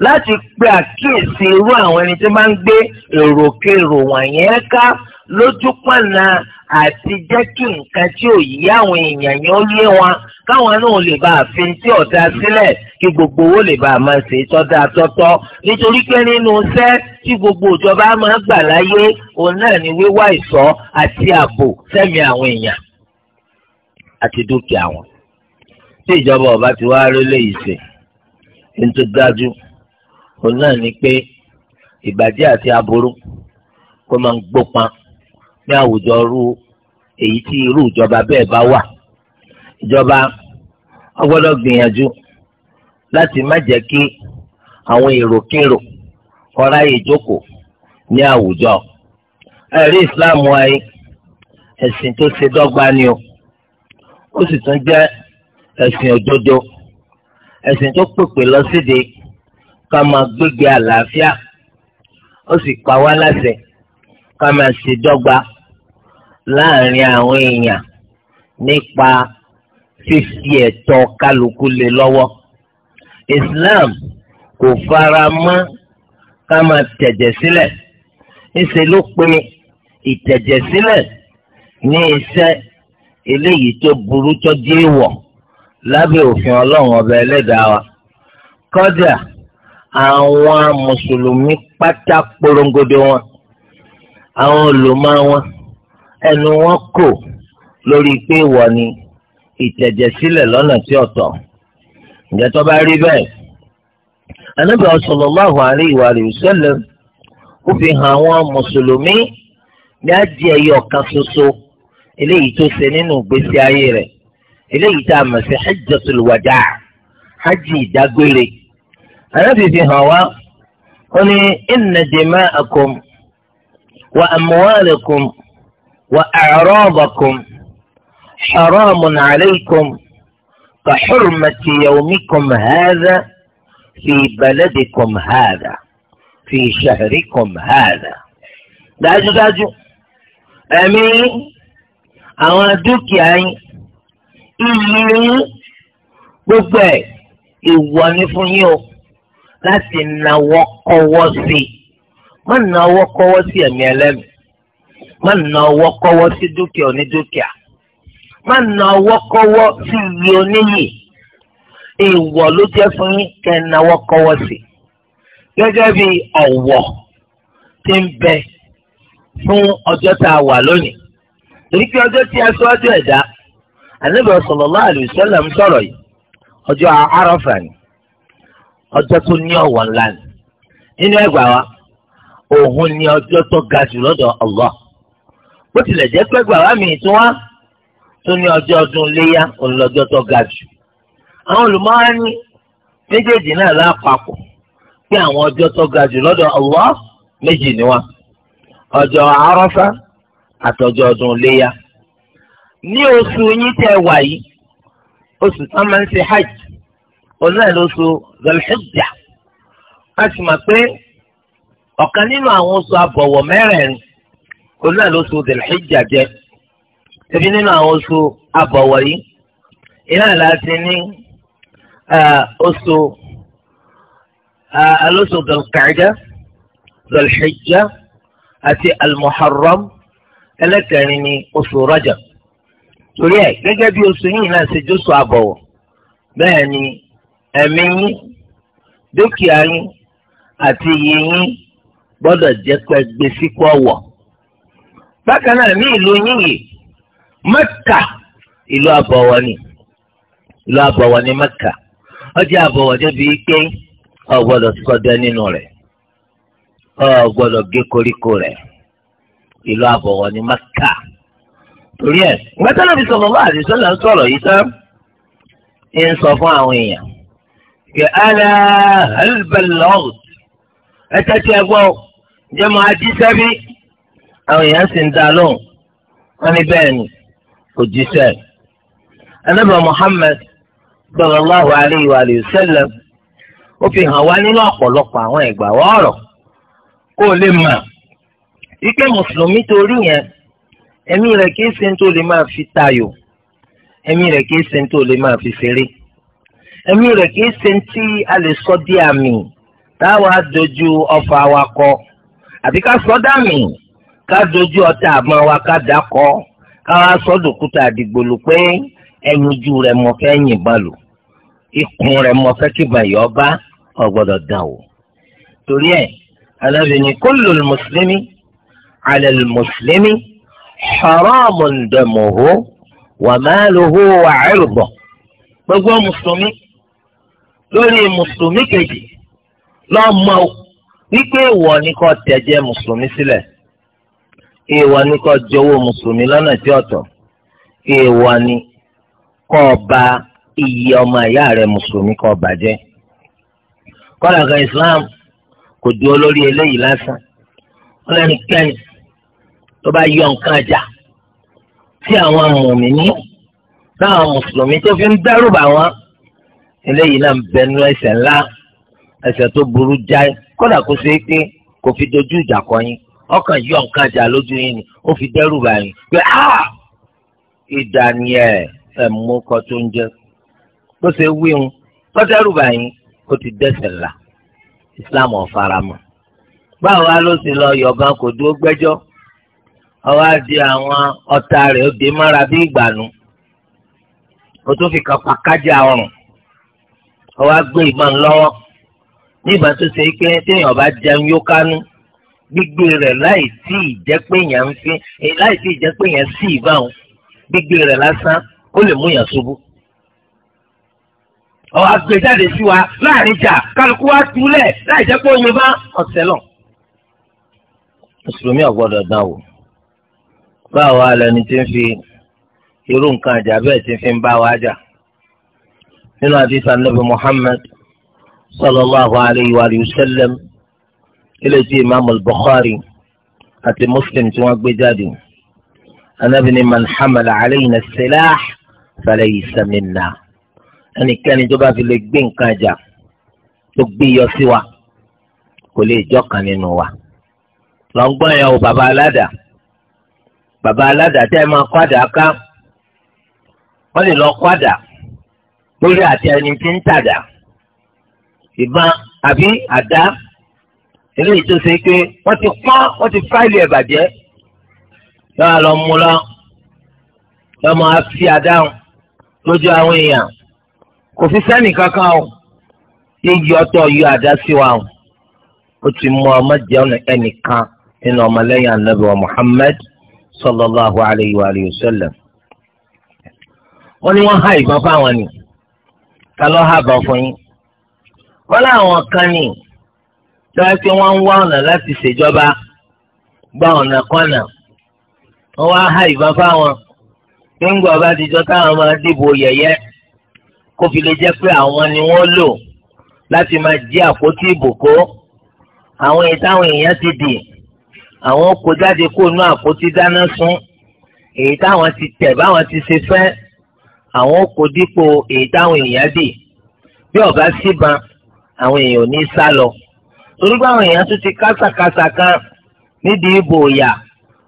láti pe àkíyèsí irú àwọn ẹni tí wọ́n máa ń gbé èròkèrò wọ̀nyẹn ká lójú pàna àti jẹ́ kí nǹkan tí ò yí àwọn èèyàn yẹn ó yé wọn káwọn náà lè bá àfin tí ọ̀dà sílẹ̀ kí gbogbo owó lè bá a máa ṣe tọ́da tọ́tọ́ nítorí pé nínú iṣẹ́ tí gbogbo ìjọba máa gbà láyé òun náà ni wíwá ìṣọ́ àti ààbò sẹ́mi àwọn èèyàn àti dúkìá wọn. tí ìjọba ọba ti wá rí léyìí ṣe ní tó dájú òun náà ni pé ìbàjẹ́ àti aburú kó máa ń gbópan ní àwùjọ ru èyí tí irú ìjọba bẹ́ẹ̀ bá wà ìjọba ó gbọ́dọ̀ gbìyànjú láti má jẹ́ kí àwọn èròkérò kọ́ra ìjókòó ní àwùjọ ẹ̀rí ìsìláàmù ayé ẹ̀sìn tó ṣe dọ́gba ni o ó sì tún jẹ́ ẹ̀sìn òdodo ẹ̀sìn tó pèpè lọ síde ká máa gbégbé àlàáfíà ó sì pa wá láṣẹ ká máa ṣe dọ́gba láàrin àwọn èèyàn nípa fífi ẹ̀tọ́ kálukú lé lọ́wọ́ Islam kò fara mọ́ ká máa tẹ̀jẹ̀ sílẹ̀ ńṣe ló pe ìtẹ̀jẹ̀ sílẹ̀ ní iṣẹ́ eléyìí tó burú tó dé wọ̀ lábẹ́ òfin ọlọ́run ọba ẹlẹ́dàá wa kọ́dà àwọn mùsùlùmí pátá porongodo wọn àwọn olùmọ̀ wọn ẹnu wọn kò lórí pé ìwọ ni ìtẹ̀jẹ̀ sílẹ̀ lọ́nà tí ọ̀tọ̀ ǹjẹ́ tó bá rí bẹ́ẹ̀ Ànábì sallallahu alaihi wa sallam ó fi hàn àwọn mùsùlùmí ní àjẹ́ ẹyọ kan ṣoṣo eléyìí tó ṣe nínú ìgbésí ayé rẹ̀ eléyìí tá a mọ̀ sí hajjatul wada hajj ìdágbére Ànábì fi hàn wá ó ní inna dima'akum wa amwalakum. وأعراضكم حرام عليكم كحرمة يومكم هذا في بلدكم هذا في شهركم هذا داجو داجو أمين أنا دوكي أي إيه بوبي إيواني لكن نوقو وصي من نوقو وصي أمي ألمي má na ọwọ́ kọ́wọ́ sí dúkìá onídúkìá má na ọwọ́ kọ́wọ́ sí si oníyì èèwọ̀ ló jẹ́ fún yín kẹ́ ẹ nawọ́ kọ́wọ́ sí gẹ́gẹ́ bí ti ń bẹ fún ọjọ́ tá a wà lónìí torí pé ọjọ́ tí a sọ́jú ẹ̀dá Ànábì sallallahu alaihi wasallam ń sọ̀rọ̀ yìí ọjọ́ ni ọjọ́ tó ní ọ̀wọ̀ ńlá ni nínú bó tilẹ̀ jẹ́ pé gbàrà mi tún wá tún ní ọjọ́ ọdún léyà ọlọ́jọ́ tó ga jù àwọn olùmọ́ra ní méjèèjì náà lápapọ̀ pé àwọn ọjọ́ tó ga jù lọ́dọ̀ Allah méjì ni wá ọjọ́ Àrafá àtọjọ́ ọdún léyà ní oṣù yín tẹ́ wà yìí oṣù tán máa ń ṣe hajj òun náà lóṣù dhul a sì mọ̀ pé ọ̀kan nínú àwọn oṣù abọ̀wọ̀ mẹ́rẹ̀ẹ̀rin òun náà ló so dèlhíjà jẹ ebi nínú àwọn oṣù àbọ̀wọ̀ yìí iná láti ní oṣù alóṣù dèlkàjà dèlhíjà àti almuharram ẹlẹ́kẹrin ní oṣù rọ́jà torí ẹ gẹ́gẹ́ bí oṣù yìí náà ṣe jóṣù àbọ̀wọ̀ bẹ́ẹ̀ ni ẹ̀mí yín dúkìá yín àti iyì yín gbọ́dọ̀ jẹ́ pẹ́ gbèsè kọ́ wọ̀ bákan náà ní ìlú yìnyín mẹ́kà ìlú àbọ̀wọ̀ ni ìlú àbọ̀wọ̀ ni mẹ́kà ọjà àbọ̀wọ̀ débi pé o gbọ́dọ̀ ṣọdẹ nínú rẹ̀ o gbọ́dọ̀ gé koríko rẹ̀ ìlú àbọ̀wọ̀ ni mẹ́kà torí ẹ̀ gbẹ́tẹ́lẹ̀ fi sọ̀rọ̀ bá àdìsọ́ là ń sọ̀rọ̀ yìí tán ń sọ fún àwọn èèyàn kẹ ala hal ẹ tẹ́tí ẹ gbọ́ jẹ́ mọ́ adísẹ́bí àwọn èèyàn sì ń dá lóhùn wọn ní bẹ́ẹ̀ ni kò jíṣẹ́ anábà Muhammad sallallahu alayhi wa sallam ó fi hàn wá nínú ọ̀pọ̀lọpọ̀ àwọn ìgbà wọ́ọ̀rọ̀ kó o lè mà wípé mùsùlùmí torí yẹn ẹ̀mí rẹ̀ kìí ṣe tó lè máa fi tayò ẹ̀mí rẹ̀ kìí ṣe tó lè máa fi ṣeré ẹ̀mí rẹ̀ kìí ṣe tí a lè sọ di àmì táwa dojú ọfà wa kọ àbí sọ dá mi ká dojú ọ̀tá àgbọn wa ká dákọ káwá sọdọ kúta àdìgbòlù pé ẹyin ojú rẹ mọ fẹ́ yìnbọn lò ikùn rẹ mọ fẹ́ kíban yọ ọba ọgbọdọ dàn o torí ẹ alábìnrin kullu mùsùlùmí ala al-muslimi haramun damuhu wa maluhu wa irduhu gbogbo mùsùlùmí lórí mùsùlùmí kejì lọ́mọ wípé ìwọ ni kò tẹ̀jẹ̀ mùsùlùmí sílẹ̀. Si èèwọ̀ ni kó jowó mùsùlùmí lọ́nà tí ọ̀tọ̀ èèwọ̀ ni kó ba iye ọmọ ìyá rẹ̀ mùsùlùmí kó bàjẹ́ kọ́lá Islam kò dúró lórí eléyìí lásán wọn lẹ́nu kẹ́ni tó bá yọ nǹkan jà tí àwọn mùmíní táwọn mùsùlùmí tó fi ń dẹ́rù bà wọ́n eléyìí náà ń bẹnu ẹ̀ṣẹ̀ ńlá ẹ̀ṣẹ̀ tó burú jáì kọ́lá kó ṣe é pé kò fi dojú ìjà kọ yín ọkàn yọ nǹkan jà lójú yín ni ó fi dẹ́rù báyìí pé ah! ìdá ni ẹ tó ń jẹ bó ṣe wí tó dẹ́rù báyìí ó ti dẹ́ṣẹ̀ ńlá Islam ọ̀faramọ̀ báwo wá ló sì lọ yọ̀gàn kò dúró gbẹ́jọ́ ọwọ́ á di àwọn ọ̀tá rẹ̀ ó dé mára bí ìgbànú ó tún fi kàn pàkájà ọrùn ọwọ́ á ìbọn lọ́wọ́ ní ìbá tó ṣe pé téèyàn bá jẹun yó gbígbé rẹ̀ láì sí ìjẹ́ pé yẹn ń fi eh, láì sí ìjẹ́ pé yẹn sí ìbáwọn gbígbé rẹ̀ lásán ó lè mú yẹn ṣubú. ọ̀ àgbéjáde sí wa láàrin jà kálukú wa túlẹ̀ láì jẹ́ pé oyin bá ọ̀sẹ̀ lọ. mùsùlùmí ọ̀gbọ́dọ̀ dán wò báwo a lẹni tí ń fi irú nǹkan àjà bẹ́ẹ̀ tí ń fi ń bá wa jà nínú àdìsá nàbì Muhammad sallallahu alayhi wa sallam ilé tí imaamu bukhari àti muslim tí wọ́n gbé jáde anabi ni man hamala alayna silah falaysa minna ẹnikẹ́ni tó bá fi lè gbé nǹkan jà tó gbé yọ sí wa kò lè jọkàn nínú wa lọ́ngbọ́n yẹn o bàbá aládà bàbá aládà tẹ́ ẹ máa kọ́ àdá ká wọ́n lè lọ kọ́ àdá lórí àti ẹni tí ń tàdá ìbọn àbí àdá eléyìí tó ṣe pé wọ́n ti pọ́n wọ́n ti fáìlì ẹ̀ bàjẹ́ lọ́wọ́ lọ mú lọ lọ́mọ afi àdáhùn lójú àwọn èèyàn kò fi sẹ́nì kankan o yíyí ọtọ yọ àdá sí wa o ó ti mú ọmọ jẹun ẹnìkan nínú ọmọlẹ́yìn anabi wa Muhammad sallallahu alayhi wa sallam wọ́n ní wọ́n há ìbọn fáwọn ni ta ló há ìbọn fún yín wọ́n láwọn kan ní tọ́wọ́ pé wọ́n ń wá ọ̀nà láti ṣèjọba gba ọ̀nà kọ́nà wọ́n wá há ìbọn fáwọn pé ń gbọ́ ọba àtijọ́ táwọn máa dìbò yẹ̀yẹ́ kó fi lè jẹ́ pé àwọn ni wọ́n lò láti máa jí àpótí ìbòkó àwọn èyí táwọn èèyàn ti dì àwọn kò jáde kó nú àpótí dáná sun èyí táwọn ti tẹ̀ báwọn ti ṣe fẹ́ àwọn kò dípò èyí táwọn èèyàn dì bí ọba síban àwọn èèyàn ò ní sá lọ torí pé àwọn èèyàn tún ti kásàkásà kan nídìí ìbò ìyà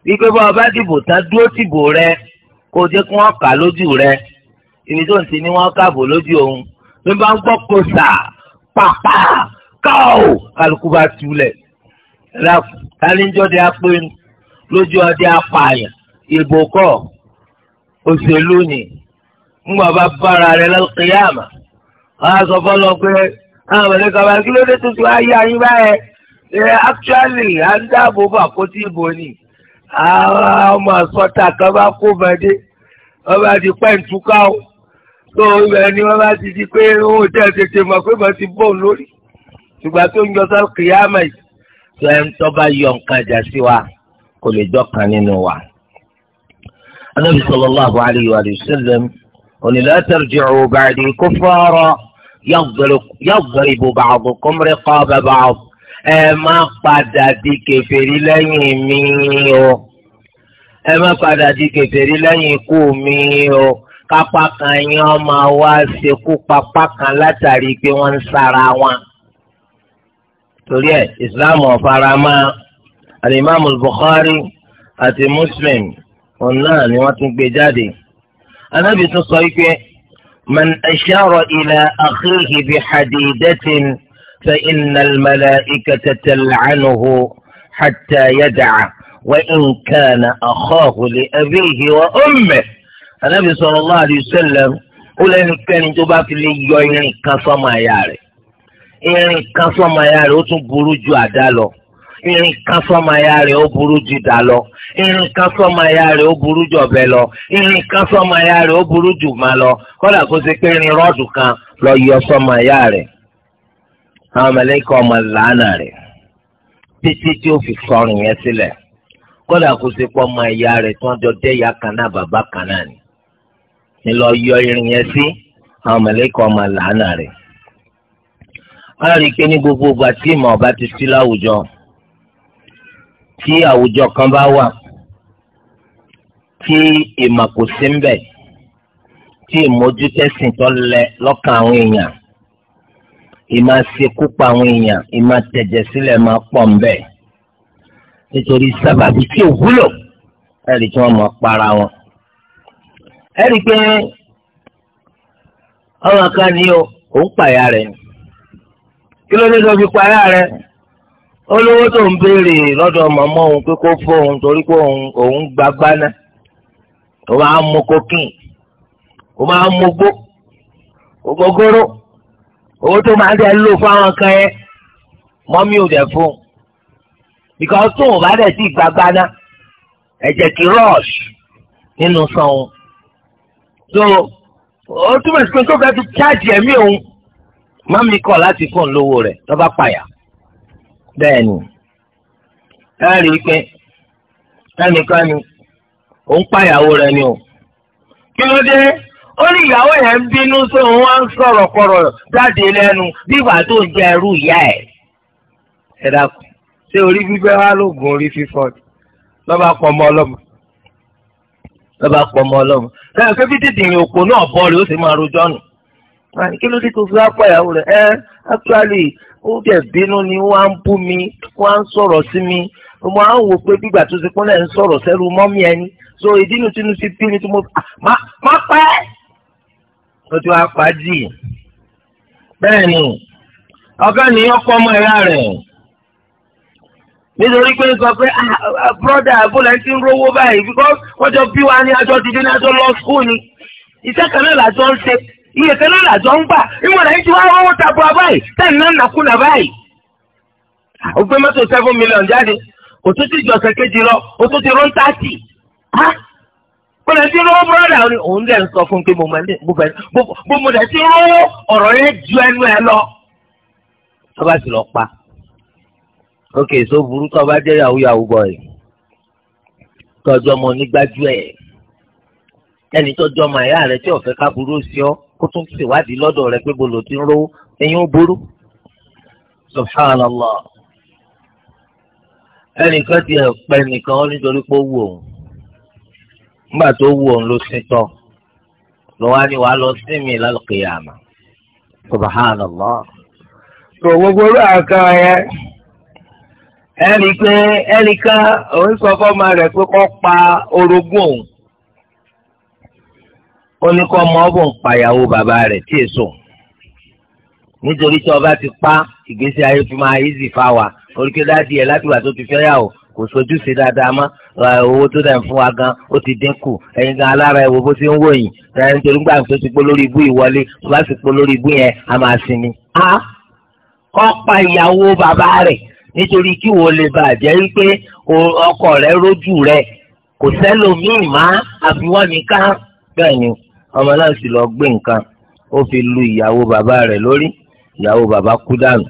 wípé bá ọba dìbò tán dúró tìbò rẹ kó o jẹ́ kí wọ́n kà lójú rẹ ibi tó ń ti ní wọ́n kààbò lójú òun ló bá ń gbọ́ kòsà pàpà káò kálukú bá túlẹ̀ ráàpù tálíńjọ́dẹ lójú ọdẹ apààyàn ìbò kọ́ òṣèlú ni ńgbà bá bára rẹ lọ́kìyàmà wọ́n á sọ fọ́lọ́ pé àwọn mọ̀lẹ́kà bá kí ló dé tuntun ayé ayé báyẹn ẹ actually à ń dáàbò bò àkótí ìbò ni àwọn ọmọ àsọta kan bá kó bàdé wọn bá di pẹ́ǹtúká o tó ibẹ̀ ni wọ́n bá ti di pé ó jẹ́ tètè mọ̀ pé mo ti bọ̀ lórí ṣùgbọ́n tó ń jọ sọ kìyàmà tó ẹ̀ ń tọ́ yọ nǹkan jà sí wa kò lè jọ́kan nínú wa. anábì sallallahu alayhi wa sallam onílẹ̀ tẹ̀rẹ̀ jẹ́ òun bàdé kó yadribu ba'dukum riqaba ba'd ẹ má padà di kèfèrí lẹ́yìn mi o ẹ má padà di kèfèrí lẹ́yìn ikú mi o kápá kan yẹn ọmọ wa ṣekú papá kan látàrí pé wọ́n ń sára wọn. torí ẹ ìsìláàmù ọ̀farama alimami Bukhari àti Muslim ọ̀nà ni wọ́n tún gbé jáde. anábì tún sọ wípé. من أشار إلى أخيه بحديدة فإن الملائكة تلعنه حتى يدع وإن كان أخاه لأبيه وأمه النبي صلى الله عليه وسلم قل إن كان تبا في اليوين كصما ياري إن كصما ياري وتنبرو جوا دالو irun kan sọ́mọ ya rẹ̀ ó burú ju dà lọ irun kan sọ́mọ ya rẹ̀ ó burú ju lọ irun kan sọ́mọ ya rẹ̀ ó burú ju lọ kódà kó ṣe pé irin kan lọ yọ sọ́mọ ya rẹ̀ àwọn mẹlẹ́kọ̀ ọmọ làánà rẹ̀ títí tí ó fi sọrùn yẹn sílẹ̀ kódà kó ṣe pé ọmọ ìyá rẹ̀ tí bàbá ni ni lọ yọ irin yẹn sí àwọn làánà rí i pé tí àwùjọ kan bá wà tí ìmọ̀ kò sí ń bẹ̀ tí ìmójútẹ́sìn tó lẹ lọ́kàn àwọn èèyàn ìmọ̀ ṣekú pa àwọn èèyàn ìmọ̀ tẹ̀jẹ̀ sílẹ̀ máa pọ̀ ń bẹ̀ nítorí sábàbí tí ò wúlò ẹ̀rí tí wọ́n mọ̀ para wọn. ẹ̀rí pé ọ̀ràn kan ni ó ń pàyà rẹ̀ kí ló dé tó fi pàyà rẹ̀ olówó tó ń béèrè lọ́dọ̀ màmá òun pé kó fóun torí pé òun gba gbaná ó máa ń mu kokin ó máa ń mu gbó ògógóró owó tó máa ń dẹ lò fáwọn kan yẹn mọ́mí ò dẹ̀ fóun because tóun bá dẹ̀ sí gba gbaná ẹ̀jẹ̀ kì rush nínú san òun so ó túmọ̀ sí pé tó fẹ́ fi chájì ẹ̀mí òun mọ́mí kọ̀ láti fóun lówó rẹ̀ lọ́ba pààyà. bẹ́ẹ̀ ni ẹ rí i pé ẹnìkan ni òun pàyàwó rẹ ni o kí ló dé ó ní ìyàwó yẹn ń bínú sí òun wá ń sọ̀rọ̀ kọ̀rọ̀ jáde lẹ́nu bíbà tó ń jẹ ẹrú ìyá ẹ̀ ẹ dákun ṣé orí fífẹ́ wá lóògùn orí fífọ́ lọ́ba pọ̀ ọmọ ọlọ́mọ lọ́ba pọ̀ ọmọ ọlọ́mọ lẹ́yìn pé bíi dìdì òpó náà bọ́ọ̀lù ó sì máa rojọ́ nù kí ló dé tó fi wá pàyàwó rẹ ẹ actually ó kẹ̀ bínú ni wọ́n á ń mi wọ́n á ń sọ̀rọ̀ mi mo á ń wò pé bígbà tó ti pín náà ń sọ̀rọ̀ sẹ́rù mọ́mí ẹni so ìdí inú ti bí mo ah, má pẹ́ paa ti wá pa jì bẹ́ẹ̀ ni ọ̀gá ni ọmọ ẹ̀yà rẹ̀ nítorí pé sọ pé ah, ah, broda abúlé ti ń rówó báyìí because wọ́n jọ bí wa skul ni náà làjọ iye kan náà làjọ ń gbà ìwọ̀n náà ti wá owó tabua báyìí táyì náà nàkúnà báyìí. ó gbé mọ́tò seven million jáde kò tún ti jọ ọ̀sẹ̀ kejì lọ ó tún ti rún tààtì. mo lè ti rówó búrọ́dà òun dẹ̀ ń sọ fún pé mo mo lè ti rówó ọ̀rọ̀ yẹn ju ẹnu ẹ lọ. ọba sì lọ pa ókè so burúkú ọba jẹ́ yahoo yahoo boy tọ́jú ọmọ onígbájú ẹ̀ ẹni tọ́jú ọmọ ẹ̀yà rẹ̀ tí ọ̀fẹ́ ká burú sí ọ kó tún ṣèwádìí lọ́dọ̀ rẹ pé bolo ti ń rówó ẹ̀yin ó burú subhanallah ẹnìkan ti pẹ nìkan ó nítorí pé ó wù òun nígbà tó wù òun ló sin ló wá ní lọ sí mi lálùkìyàmà subhanallah tó gbogbo orí àkàn yẹn ẹnì pé ẹnìkan òun sọ pé pa orogún ó ní kó ọmọ ọbùn pàyàwó bàbá rẹ̀ tí èso nítorí tí ọba ti pa ìgbésí ayé fi máa easy fa wa oríkè dáàdi ẹ̀ látìgbà tó ti fẹ́ yà o kò sojúṣe dáadáa mọ́ owó tó dẹ̀ ń fún wa gan ó ti dínkù ẹ̀yin gan alára ẹ̀ wo bó ṣe ń wòyìn ẹ̀ nítorí gbà tó ti pọ̀ lórí ibú ìwọlé tó bá sì pọ̀ lórí ibú yẹn a máa sinmi. a kọ́ pa ìyàwó bàbá rẹ̀ nítorí kí wo lè bàjẹ́ wípé ọkọ rẹ̀ rójú rẹ̀ kò sẹ́lòmíì má àfiwọ́nìkan bẹ́ẹ̀ ni ọmọ náà sì lọ gbé nǹkan ó fi lu ìyàwó bàbá rẹ̀ lórí ìyàwó bàbá kú dànù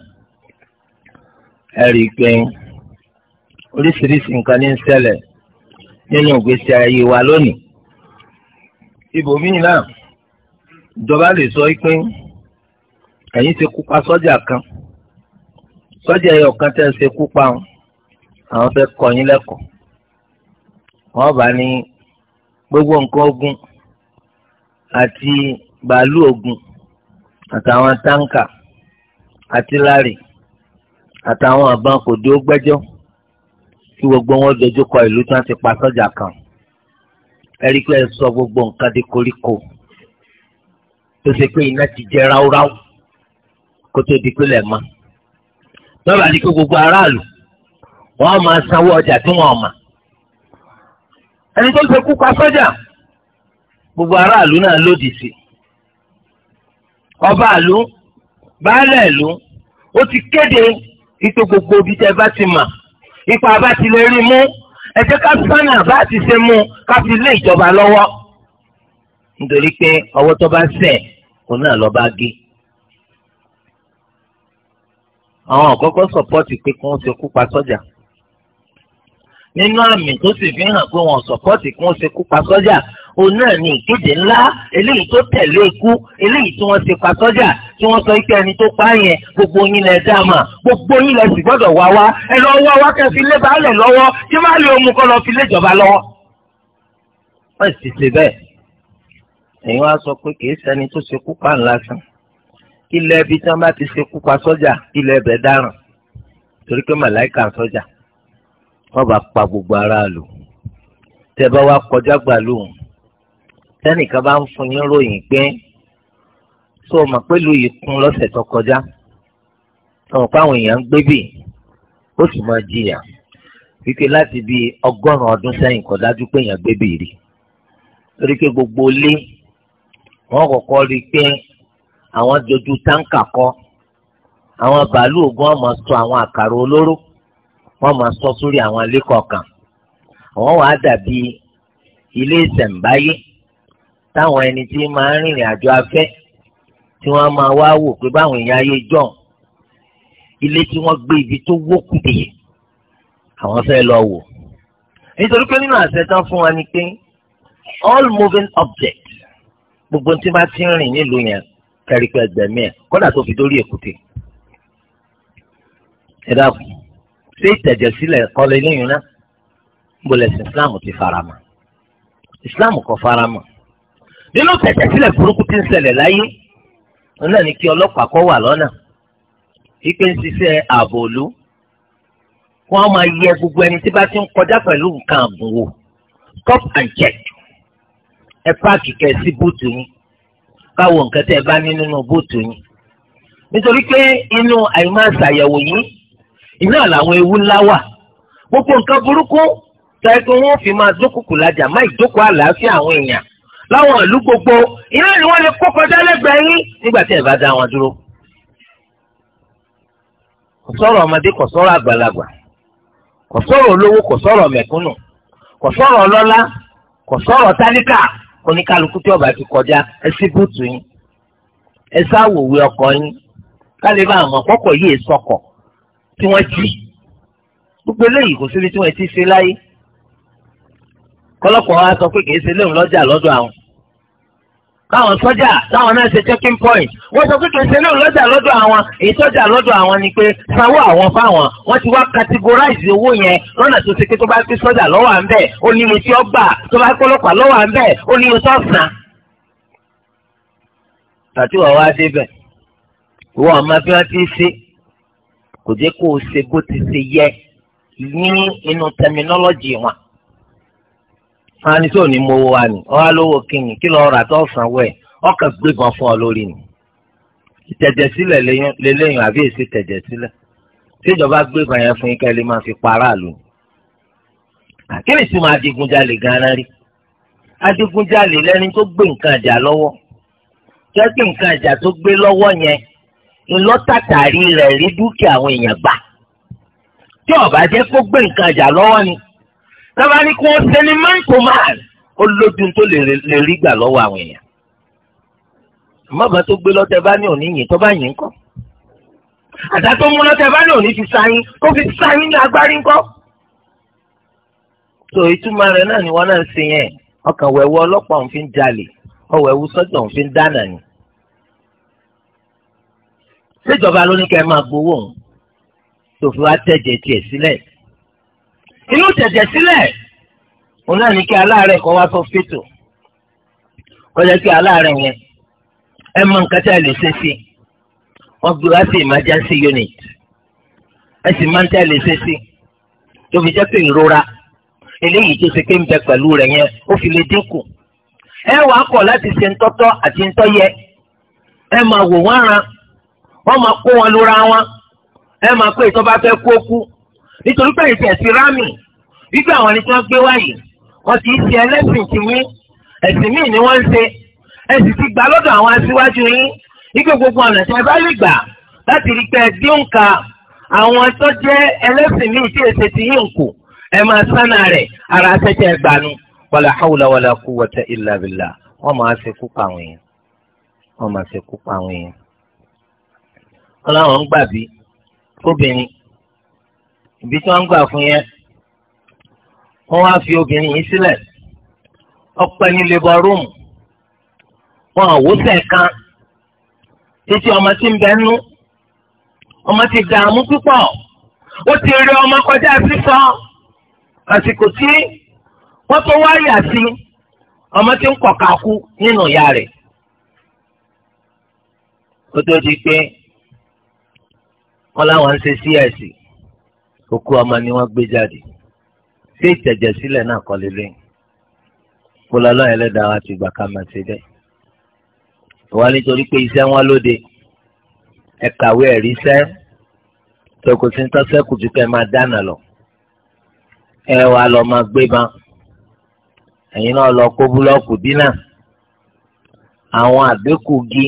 ẹ rí i pé oríṣiríṣi nǹkan ní ń ṣẹlẹ̀ nínú ìgbésí ayé wa lónìí ibòmíì náà ìjọba lè sọ pé ẹ̀yin ti kú pa sọ́jà kan sọ́jà ẹyọ kan tẹ́ ẹ ṣe kú pa àwọn fẹ́ kọ́ yín lẹ́kọ̀ọ́ wọ́n bá ní gbogbo nǹkan ogun àti bàálù ogun àtàwọn táǹkà àti láàrì àtàwọn àbọn kò dé ó gbẹ́jọ́ kí gbogbo wọn dojú kọ ìlú tí wọ́n ti pa sọ́jà kan ẹ̀rí pé ẹ sọ gbogbo nǹkan di koríko tó ṣe pé iná ti jẹ ráúráú kó tó di pílẹ̀ mọ́ lọ́ba ní kí gbogbo aráàlú wọ́n máa sanwó ọjà tí wọ́n mọ̀ ẹni tó ṣe kú pa sọ́jà gbogbo aráàlú náà lòdì sí ọba àlú baálẹ̀ ìlú ó ti kéde ipò gbogbo ibi tẹ bá ti mà ipò abá ti lè rí mú ẹ jẹ́ ká sánà bá ti ṣe mú ká fi lé ìjọba lọ́wọ́ nítorí pé ọwọ́ tó bá ṣẹ̀ kó náà lọ bá gé àwọn àkọ́kọ́ sọ̀pọ́tì pé kí wọ́n ṣe kú pa sọ́jà nínú àmì tó sì fi hàn pé wọ́n sọ̀pọ́tì kí wọ́n ṣe kú pa sọ́jà òun náà ni ìkéde ńlá eléyìí tó tẹ̀lé ikú eléyìí tí wọ́n ti pa sọ́jà tí wọ́n sọ ike ẹni tó pa yẹn gbogbo yín lẹ dá mà gbogbo yín lẹ sì gbọ́dọ̀ wá wá ẹ lọ wá wá kẹ́ fi lé baálẹ̀ lọ́wọ́ tí má lè omu kọ́ lọ fi lé ìjọba lọ́wọ́. wọ́n sì ṣe bẹ́ẹ̀ ẹ̀yin wá sọ pé kìí ṣẹni tó ṣekú pa ńlásán ilẹ̀ ibi tí wọ́n bá ti ṣekú pa sọ́jà ilẹ̀ ibẹ̀ dáràn torí pé màláìka sọ́jà wọ́n bá pa gbogbo aráàlú tẹ́ bá wá kọjá gbàlóhùn sẹ́nìkan bá ń fún yín ròyìn pé tó o mọ̀ pé lu yìí kún lọ́sẹ̀ tó kọjá tó o mọ̀ pé àwọn èèyàn ń gbé bì ó sì máa jìyà wípé láti bí ọgọ́rùn-ún ọdún sẹ́yìn kò dájú pé èèyàn gbé bì rí torí pé gbogbo ilé wọ́n kọ́kọ́ rí i pé àwọn dojú táǹkà kọ́ àwọn bàálù ogun ọmọ sọ àwọn àkàrà olóró wọ́n máa sọ sórí àwọn ilé kọ̀ọ̀kan àwọn wàá dàbí ilé ìṣẹ̀ǹbáyé táwọn ẹni tí máa ń rìnrìn àjò afẹ́ tí wọ́n máa wá wò pé báwọn èèyàn ayé jọ̀ ilé tí wọ́n gbé ibi tó wó kùdè àwọn fẹ́ lọ wò. nítorí pé nínú àṣẹ tán fún wa ni pé all moving objects gbogbo tí bá ti ń rìn nílùú yẹn kẹrìkẹ ẹgbẹ̀mí ẹ̀ kódà tó fi dórí èkúté. ẹ dákun ṣé ìtẹ̀jẹ̀ sílẹ̀ kọ́lé lẹ́yìn náà ń bolẹ̀ sí Islam ti farama Islam kò farama nínú tẹ̀tẹ̀ sílẹ̀ burúkú ti ń ṣẹlẹ̀ láyé wọn náà ní kí ọlọ́pàá kọ́ wà lọ́nà wípé ń ṣiṣẹ́ ààbò òlu kí wọ́n máa yẹ gbogbo ẹni tí bá ti ń kọjá pẹ̀lú nǹkan àbúwò stop and check ẹ páàkì kẹ sí bóòtù yín káwọ nǹkan tẹ́ ẹ bá ní nínú bóòtù yín nítorí pé inú àìmọ́ àṣàyẹ̀wò yín iná làwọn ewu ńlá wà gbogbo nǹkan burúkú tẹ́ kí fi máa dókùkù lájà má ìjókòó àlàáfíà àwọn èèyàn láwọn ìlú gbogbo iná ni wọ́n lè kó kọjá lẹ́gbẹ̀ẹ́ yín nígbà tí ẹ bá dá wọn dúró. kò sọ̀rọ̀ ọmọdé kò sọ̀rọ̀ àgbàlagbà kò sọ̀rọ̀ olówó kò sọ̀rọ̀ mẹ̀kúnnù kò sọ̀rọ̀ ọlọ́lá kò sọ̀rọ̀ tálíkà oníkálukú tí ọba ti kọjá ẹ sí bùtù yín ẹ sáwòwé ọkọ yín kálí bá àwọn kọ́kọ́ yìí sọkọ̀ tí wọ́n jí gbogbo eléyìí kò síbi tí wọ́n ti ṣe láyé kọ́lọ́kọ̀ wa sọ pé kì í ṣe léwu lọ́jà lọ́dọ̀ àwọn káwọn sọ́jà táwọn náà ṣe checking point wọ́n sọ pé kẹsẹ̀ náà lọ́jà lọ́dọ̀ àwọn èyí sọ́jà lọ́dọ̀ àwọn ni pé sanwó àwọn fáwọn wọ́n ti wá categorize owó yẹn lọ́nà tó ṣe pé tó bá pé sọ́jà lọ́wọ́ à ń bẹ̀ ó ní mo ti ọ́ gbà tó bá pé ọlọ́pàá lọ́wọ́ à ń bẹ̀ ó ní mo tọ́ sàn. àti wàá wá débẹ̀ ìwọ àmọ́ bí wọ́n ti ṣe kò jẹ́ kó o ṣe bó ti ṣe yẹ ní inú terminology wọn wọn á ní mowó wa ni ọ wá lówó kínní kí lọ́ọ́ rà tó sanwó ẹ̀ ọkàn gbégbọn fún ọ lórí ni ìtẹ̀jẹ̀ sílẹ̀ lélẹ́yìn àbí èsì tẹ̀jẹ̀ sílẹ̀ tíjọba gbégbọn yẹn fún yín kẹ́lẹ́ máa fi para àlù ni. àkíyèsí tí máa adigunjalè gan-an rí adigunjalè lẹ́ni tó gbé nǹkan àjà lọ́wọ́ jẹ́pẹ́ nǹkan àjà tó gbé lọ́wọ́ yẹn ńlọ́tàtàrí rẹ̀ rí dúkìá àwọn èèyàn gbà tí ó jẹ́ kó gbé nǹkan àjà lọ́wọ́ ni tábà ní kí wọ́n sẹ́ni máa ń tó máa ó lójú tó lè rí gbà lọ́wọ́ àwọn èèyàn. àmọ́bà tó gbé lọ́tẹ̀ bá ní òní yìí tó bá yìí ń kọ́. àdá tó mú lọ́tẹ̀ bá ní òní fi sáyín tó fi sáyín ní agbárí ń kọ́. tó ìtumọ̀ rẹ̀ náà ni wọ́n náà ń ṣe yẹn ọkàn wẹ̀wù ọlọ́pàá òun fi ń jalè ọwẹ̀wù sọ́jà òun fi ń dánà ni. ṣèjọba ló ní kẹ́ máa gbowó òun tó fi wá tẹ̀jẹ̀ tiẹ̀ sílẹ̀ inú tẹ̀tẹ̀ sílẹ̀ òun náà ní kí aláàárẹ̀ kọ́ wá wọ́n jẹ́ kí aláàárẹ̀ yẹn ẹ mọ nǹkan tẹ́ ẹ lè ṣe emergency unit ẹ sì máa ń tẹ́ ẹ lè ṣe sí tó fi jẹ́ pé ìrora eléyìí tó ṣe pé ń bẹ pẹ̀lú rẹ̀ yẹn ó fi lè dínkù ẹ wà á kọ̀ láti ṣe ńtọ́tọ́ àti ẹ máa wò wọ́n wọ́n máa kó wọn lóra nítorí pé ètò ẹ̀sìn rámì wípé àwọn ẹni tí wọ́n gbé wáyé wọn kì í ṣe ẹlẹ́sìn tí wí ẹ̀sìn míì ni wọ́n ń ṣe ẹ̀sìn ti gbà lọ́dọ̀ àwọn aṣíwájú yín wípé gbogbo ọ̀nà tí ẹ bá lè gbà láti rí pé dínkà àwọn tó jẹ́ ẹlẹ́sìn míì tí èsè ti yín kù ẹ máa sánà rẹ̀ ara tẹ́tẹ́ gbanu. wàlà hàwùlà wàlà kú wọ́tẹ́ ìlà bìlà máa ṣe kú pa àwọn èèyàn máa ṣe kú pa ibi tí wọ́n ń gbà fún yẹn wọ́n wá fi obìnrin yìí sílẹ̀ ọpẹ́ ní labour room wọn àwòsàn kan títí ọmọ tí ń bẹ nú ọmọ ti dààmú púpọ̀ ó ti rí ọmọ kọjá sísọ àsìkò tí wọ́n tó wá yà sí ọmọ tí ń kọ̀ka kú nínú ìyá rẹ̀ kó tó di pé wọ́n láwọn ń ṣe sí ẹ̀sìn òkú ọmọ ni wọ́n gbé jáde ṣé ìtẹ̀jẹ̀ sílẹ̀ náà kọ́ lélẹ́yìn kó lọ́lọ́ ẹlẹ́dàá wa ti gbà ká máa ṣe bẹ́ẹ̀. ìwà nítorí pé iṣẹ́ wọn lóde ẹ kàwé ẹ̀rí iṣẹ́ tó kò sí ń tọ́sẹ́ kùtù kẹ́ máa dáná lọ ẹ wàá lọ máa gbé ban ẹ̀yin náà lọ kó búlọ́ọ̀kù dínà àwọn àgbékù gi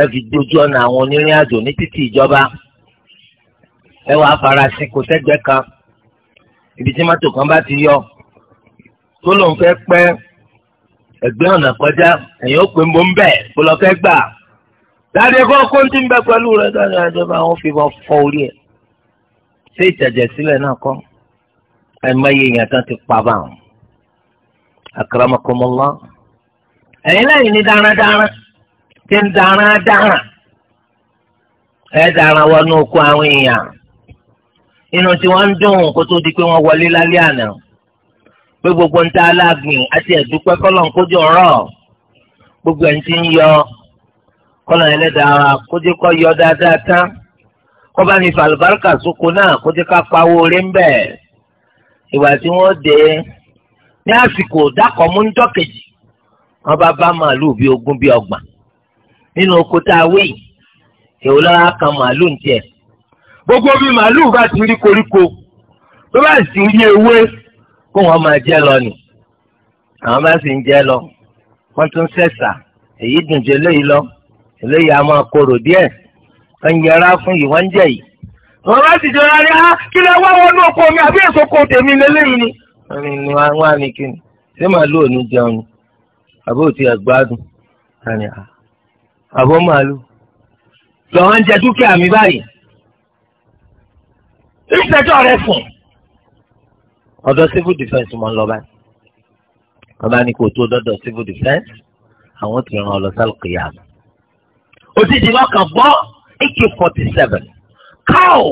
ẹ fi dojú ọ̀nà àwọn onírìn àjò ní títì ìjọba ẹ wàá farasin kò sẹ́gbẹ́ kan ibi tí mọ́tò kan bá ti yọ tó lòun fẹ́ pẹ́ ẹgbẹ́ ọ̀nà kọjá ẹ̀yìn ó pè ń bọ́ ń bẹ̀ kó lọ fẹ́ gbà dáadé kó kó ń ti ń bẹ pẹ̀lú rẹ̀ dáadáa ìjọba àwọn fi bọ́ fọ orí ẹ̀ ṣé ìtẹ̀jẹ̀ sílẹ̀ náà kọ́ ẹ̀mọye èèyàn kan ti pa bá wọn. akramakumullah ẹ̀yin lẹ́yìn ní dáradára ti ń dáradára ẹ̀ dára wọnú oko àwọn èèyàn inú tí wọ́n ń dùn kó tó di pé wọ́n wọlé lálẹ́ àná pé gbogbo ń ta aláàgbìn àti ẹ̀dúpẹ́ kọ́lọ̀ ń kójú ọ̀rọ̀ gbogbo ẹ̀ ń ti ń yọ kọ́lọ̀ ẹlẹ́dàá kójú kọ́ yọ dáadáa tán kọ́ba ní falùbáríkà sóko náà kójú ká pawó orí ń bẹ̀ ìwà tí wọ́n dé ní àsìkò dákọ̀ mú ńjọ́ kejì wọ́n bá bá màálù bíi ogún bíi ọgbà nínú oko tá èwo lára kan màálù ń tiẹ̀ gbogbo bí màálùú bá ti rí koríko tó bá sì rí ewé kó wọn máa jẹ lọ nì àwọn bá sì ń jẹ lọ wọn tún sẹsà èyí dùn jẹ léyìí lọ eléyìí a máa korò díẹ̀ wọn yẹra fún yìí wọn ń jẹ yìí wọn bá sì jọra rí á ah, kí lè wá wọnú oko mi àbí èso ko tèmi lélẹyìí ni. wọn ní wọn á ní kí ni ṣé màálùú ò ní jẹun ni àbí òtí ẹ gbádùn ah, àbọ̀ màálùú lọ́wọ́ ń jẹ dúkìá mi báyìí ìṣẹ́jọ́ rẹ sùn. ọ̀dọ̀ civil defence mọ̀ ń lọ báyìí wọ́n bá ní kó tó dọ́dọ̀ civil defence àwọn ti ràn ọ́ lọ sálùkìyà. òtítì lọ́kàn bọ́ AK forty seven káò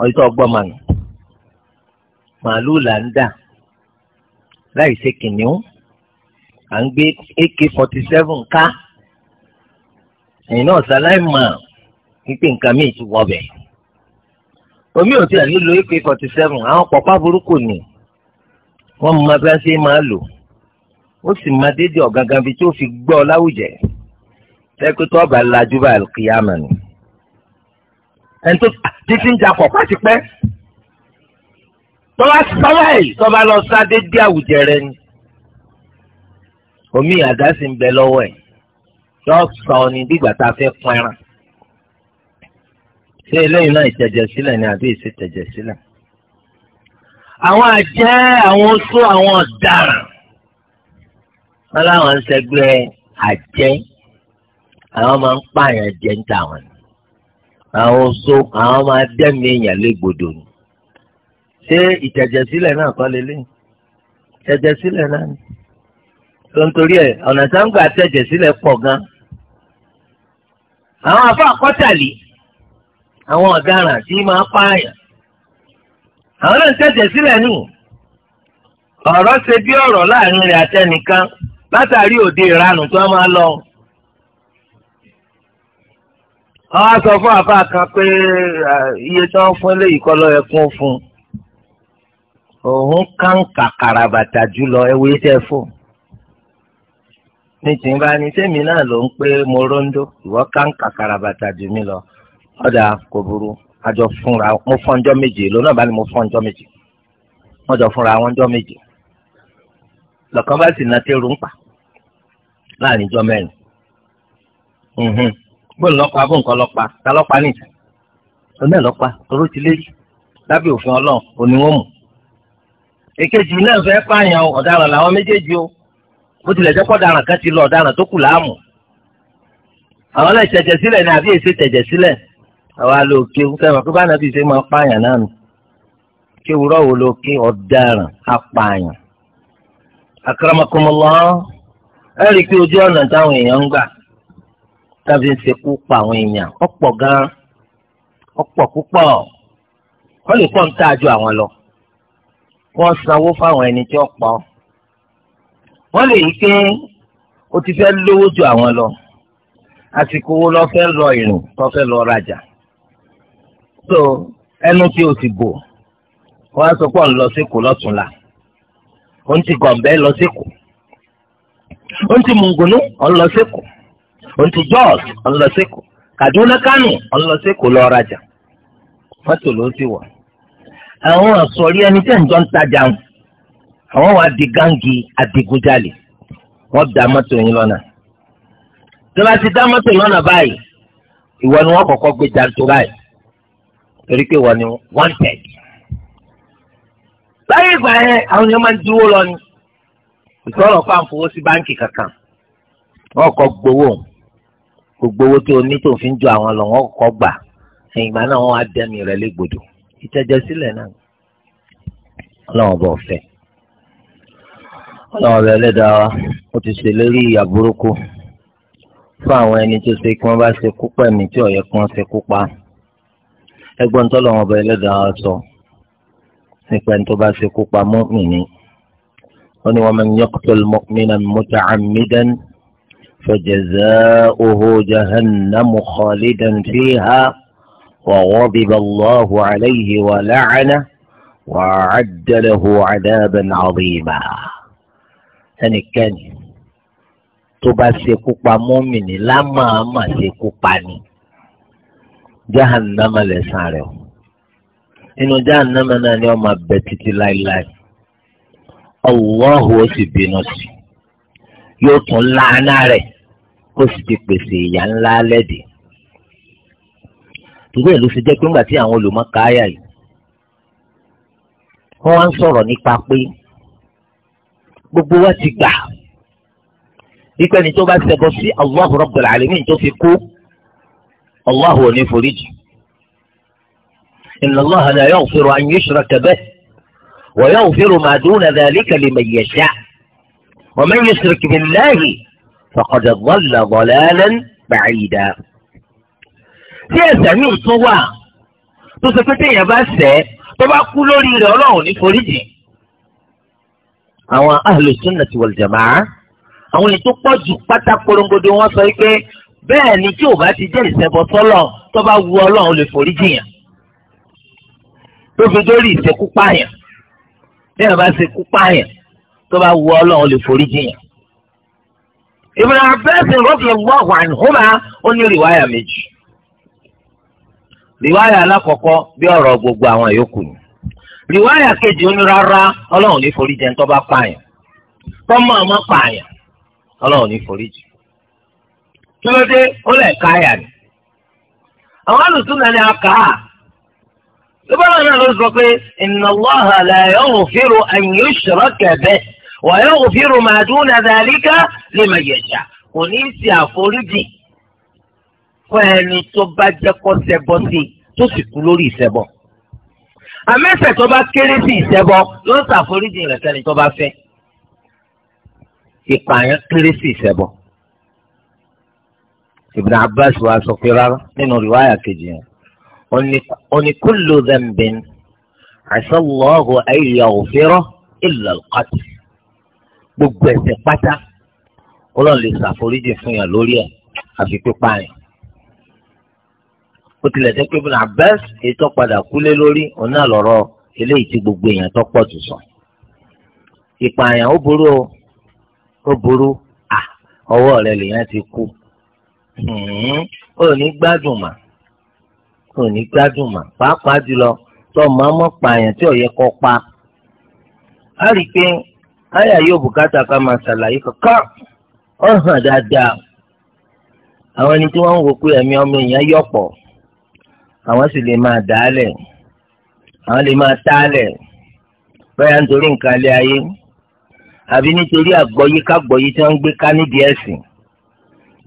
ọ̀yítọ́ ọgbọ́n máa nù màálù là ń dà láì ṣe kìnìún à ń gbé AK forty seven ká ẹ̀yin náà ṣàlàyé mà wípé nǹkan míì ti wọ̀ bẹ́ẹ̀ omi ò tiẹ̀ nílò ak forty seven àwọn pọ̀pá burúkú ni wọ́n mọ bí wọ́n ṣe máa lò ó sì máa dédé ọ̀gangan bíi tí ó fi gbọ́ ọ láwùjẹ́ sẹ́kítọ́ ọba lajú bá kìyàmà ni ẹni tó títí ń jà pọ̀pá ti pẹ́ tọ́wá sábà yìí tọ́ba lọ sá dédé àwùjẹ́ rẹ ni omi àdá sì ń bẹ lọ́wọ́ ẹ̀ yọ sọ ọ ní tá a fẹ́ pẹ́ràn ṣé eléyìí náà ìtẹ̀jẹ̀ sílẹ̀ ni àbí ìṣe tẹ̀jẹ̀ sílẹ̀. àwọn àjẹ́ àwọn oṣù àwọn ọ̀daràn wọn láwọn ń ṣẹgbẹ́ àjẹ́ àwọn máa ń pààyàn jẹ́ ń tàwọn ni àwọn oṣù àwọn máa dẹ́mi èèyàn légbodò ni ṣé ìtẹ̀jẹ̀ sílẹ̀ náà kọ́ lélẹ́yìn tẹ̀jẹ̀ sílẹ̀ náà ni tó ń torí ẹ̀ ọ̀nà sáńgbà tẹ̀jẹ̀ sílẹ̀ pọ̀ gan àwọn afọ àkọ́tàlì àwọn ọ̀daràn tí máa pààyàn. àwọn náà ń tẹ̀jẹ̀ sílẹ̀ nù. ọ̀rọ̀ ṣe bí ọ̀rọ̀ láàrin rẹ̀ àtẹnìkan látàrí òde ìranù tó máa lọ. wọ́n á sọ fún àbá kan pé iye tí wọ́n fún eléyìí kọ́ lọ yẹ fún un. òun kàǹkà kàràbàtà jùlọ ẹwé tẹ́ fún ní tìǹbà ni sẹ́mi náà ló ń pé mo róńdó ìwọ ká kàkàrà bàtà jù mí lọ ọ̀dà kò burú àjọ fúnra mo fún ọjọ́ méje lónà bá ní mo fún ọjọ́ méje wọ́n jọ fúnra wọn ọjọ́ méje lọ́kàn bá sì náà tẹ́rù ń pa láàrin ọjọ́ mẹ́rin bóun lọ́pàá bóun kọ́ lọ́pàá ta lọ́pàá nìyí oní ẹ̀lọ́pàá toró ti lé lábẹ́ òfin ọlọ́run òní wọn mú èkejì náà fẹ́ pààyàn ọ̀daràn làwọn méjèèjì o bó tilẹ̀ jẹ́ pọ̀daràn kan ti lọ ọ̀daràn tó kù láàmú àwọn náà ṣẹ̀jẹ̀ sílẹ̀ ni àbí èsì tẹ̀jẹ̀ sílẹ̀ àwa ló kéwú sẹ́wọ̀n pé báyìí ṣe máa pààyàn náà nù kéwú rọ́wọ́ ló ké ọ̀daràn apààyàn. àkàràmọ́kọ́mọ́lọ́ ẹ rí i pé ojú ọ̀nà táwọn èèyàn ń gbà táfi ń ṣekú pa àwọn èèyàn ọ̀pọ̀ gan-an ọ̀pọ̀ púpọ̀ wọ́n lè pọ̀ ń tàjú àwọn lọ wọ́n sanwó fáwọn ẹni tí ó pọ̀ wọ́n lè yí pé o ti fẹ́ lówó ju àwọn lọ àsìkò wo lọ fẹ́ lọ ìrìn tó fẹ́ lọ rajà so ẹnu tí o ti bò wọ́n á sọ pé òun lọ síkù lọ́túnla òun ti gọ̀m̀bẹ́ lọ síkù òun ti mùngùnú òun lọ síkù òun ti jọ́ọ̀s òun lọ síkù Kaduna Kánò òun lọ síkù lọ rajà mọ́tò ló ti wọ̀ àwọn àsọ̀rí ẹni tẹ́ ń jọ ń tajà ń àwọn wà di gáǹgì adigunjalè wọ́n da mọ́tò yín lọ́nà tí wọ́n ti dá mọ́tò lọ́nà báyìí ìwọ ni wọ́n kọ́kọ́ gbé jàǹtó báyìí torí pé wọ́n ni wanted. láyé ìgbà yẹn àwọn èèyàn máa ń dúró lọ ni ìsọ̀rọ̀ fáwọn fowó sí báǹkì kankan wọ́n kọ́ gbowó gbogbo owó tó o ní tó fi ń ju àwọn lọ wọ́n kọ́ gbà ẹ̀yìn ìgbà náà wọ́n á dẹ́mi rẹ̀ légbodò ìtẹ́jẹ́ sílẹ̀ náà ọlọ́wọ́n bọ̀ fẹ́ ọlọ́wọ́n bẹ̀ lẹ́dàá ó ti ṣe lórí ìyà burúkú fún àwọn ẹni tó ṣe kí wọ́n bá ṣe kú pẹ̀mí tí ọ̀yẹ́ kí wọ́n ṣe kú pa á. ẹgbọ́n tọ́lọ̀ wọn ọba ẹlẹ́dàá sọ nípa ẹni tó bá ṣe kú pa ni wọ́n ní wọ́n wa man yaqtul mu'minan muta'ammidan fajaza'uhu jahannamu khalidan fiha wa ghadiba Allahu alayhi wa la'anahu wa a'adda lahu 'adaban 'azima. ẹnikẹ́ni tó bá ṣe kó pa mọ́mìnì lámàá má ṣe kó pa ni. jahannama lẹ̀sán rẹ̀ o inú jahannama náà ni ọmọ abẹ títí láéláé ọwọ́hu ó sì bínú sí yóò tún láàánà rẹ̀ ó sì ti pèsè ìyà ńlá lẹ́dí. torí ẹ̀ ló jẹ́ pé ńgbà tí àwọn olùmọ̀ọ́ká àyà yìí wọ́n wá ń sọ̀rọ̀ nípa gbogbo wa ti gbà wípé ẹni tó bá si sí Allahu Rabbul Alamin tó fi kú. Allahu ò ní foríjì. Inna Allaha la yaghfiru an yushraka bihi wa yaghfiru ma duna dhalika liman yasha' wa man yushrik billahi faqad dhalla dhalalan ba'ida. Tí ẹ̀ṣẹ̀ mi tún wà tó sọ pé téèyàn bá ṣẹ̀ tó bá kú lórí rẹ̀ Ọlọ́run ní foríjì. Àwọn ahlu sunnati wal jama'a àwọn ètò pọ̀jù pátá korongodo wọn sọ pé bẹ́ẹ̀ ni tí ò bá ti jẹ́ ìṣẹbọ sọ́lọ̀ tó bá wu ọlọ́run lè forí jìyàn tó fi dórí ìṣekú pààyàn bí wọn bá ṣekú pààyàn tó bá wu ọlọ́run lè forí jìyàn. Ibn Abbas radiyallahu anhuma ó ní rìwáyà méjì rìwáyà alákọ̀ọ́kọ́ bí ọ̀rọ̀ gbogbo àwọn yòókù ni rìwáyà kejì ó ní rárá ọlọ́run ní foríjì ẹni tó bá pààyàn tó máa má pààyàn ọlọ́run ní foríjì kí ló dé ó lẹ̀ ká yà ni. àwọn alùsùn náà ni a kà á. ìbára náà ló sọ pé inna Allaha la yaghfiru an yushraka bihi wa yaghfiru ma duna dhalika liman yasha kò ní í ṣe àforíjì fún ẹni tó bá jẹ́ kó sí tó sì kú lórí ìṣẹbọ. àmẹ́sẹ̀ tó bá kéré sí ìṣẹbọ ló ṣàforíjì rẹ̀ sẹ́ni tó bá fẹ́. ìpààyàn kéré sí ìṣẹbọ. Ibn Abbas wa sọ pé rárá nínú rìwáyà kejì yẹn ó ní kullu dhanbin asa Allahu an yaghfira illa al-qatl gbogbo ẹ̀ṣẹ̀ pátá Ọlọ́run lè ṣàforíjì fún yàn lórí ẹ̀ àfi pípa yẹn ó tilẹ̀ jẹ́ pé Ibn Abbas ètò padà kúlé lórí òun náà eléyìí tí gbogbo èèyàn tó pọ̀ jù sọ. ìpààyàn ó burú ó burú ọwọ́ rẹ̀ lèèyàn ti kú ó ní gbádùn mà ó ní gbádùn mà pàápàá jùlọ tó máa mọ̀ pààyàn tí ó yẹ kó pa. a rí i pé àyà yóò bùkátà ká máa ṣàlàyé kankan ó hàn dáadáa àwọn ẹni tí wọ́n ń wò pé ẹ̀mí ọmọ èèyàn yọ̀pọ̀ àwọn sì lè máa dà á lẹ̀ àwọn lè máa tá a lẹ̀ bẹ́ẹ̀ nítorí nǹkan ilé ayé àbí nítorí àgbọ́yé kágbọ́yé tí wọ́n ń gbé ká nídìí ẹ̀sìn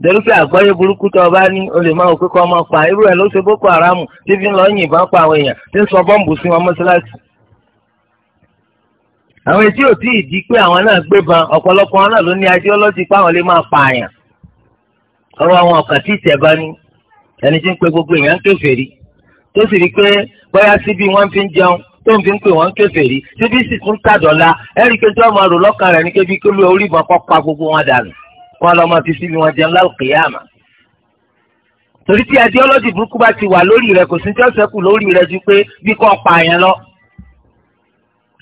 torí pé àgbọ́yé burúkú tó o bá ní o lè máa wò pé kọ́ ọmọ pa irú ẹ̀ ló ṣe boko haram tí fi ń lọ yìnbọn pa àwọn èèyàn tí ń sọ bọ́ǹbù sí wọn mọ́ṣáláṣí. àwọn etí ò tí ì di pé àwọn náà gbébọn ọ̀pọ̀lọpọ̀ wọn náà ló ní ideology pé àwọn lè máa pa àyàn. ọ̀rọ̀ àwọn ọ̀kàn tí ìtẹ̀bá ní ẹni tí ń pe gbogbo èèyàn ń kèfèrí tó sì rí pé bóyá síbi wọ́n fi ń jẹun tó ń fi ń pè wọ́n kèfèrí síbi sì tún tàdọ̀la ẹ̀rí pé tí rò lọ́kàn rẹ̀ ní kébi kí olú orí ìbọn kọ́ pa gbogbo wọn dànù wọn lọ máa fi síbi wọn jẹun lálùkìyàmà torí tí ideology burúkú bá ti wà lórí rẹ kò sí tí ó ṣẹ́kù lórí rẹ ju pé bí kò pa yẹn lọ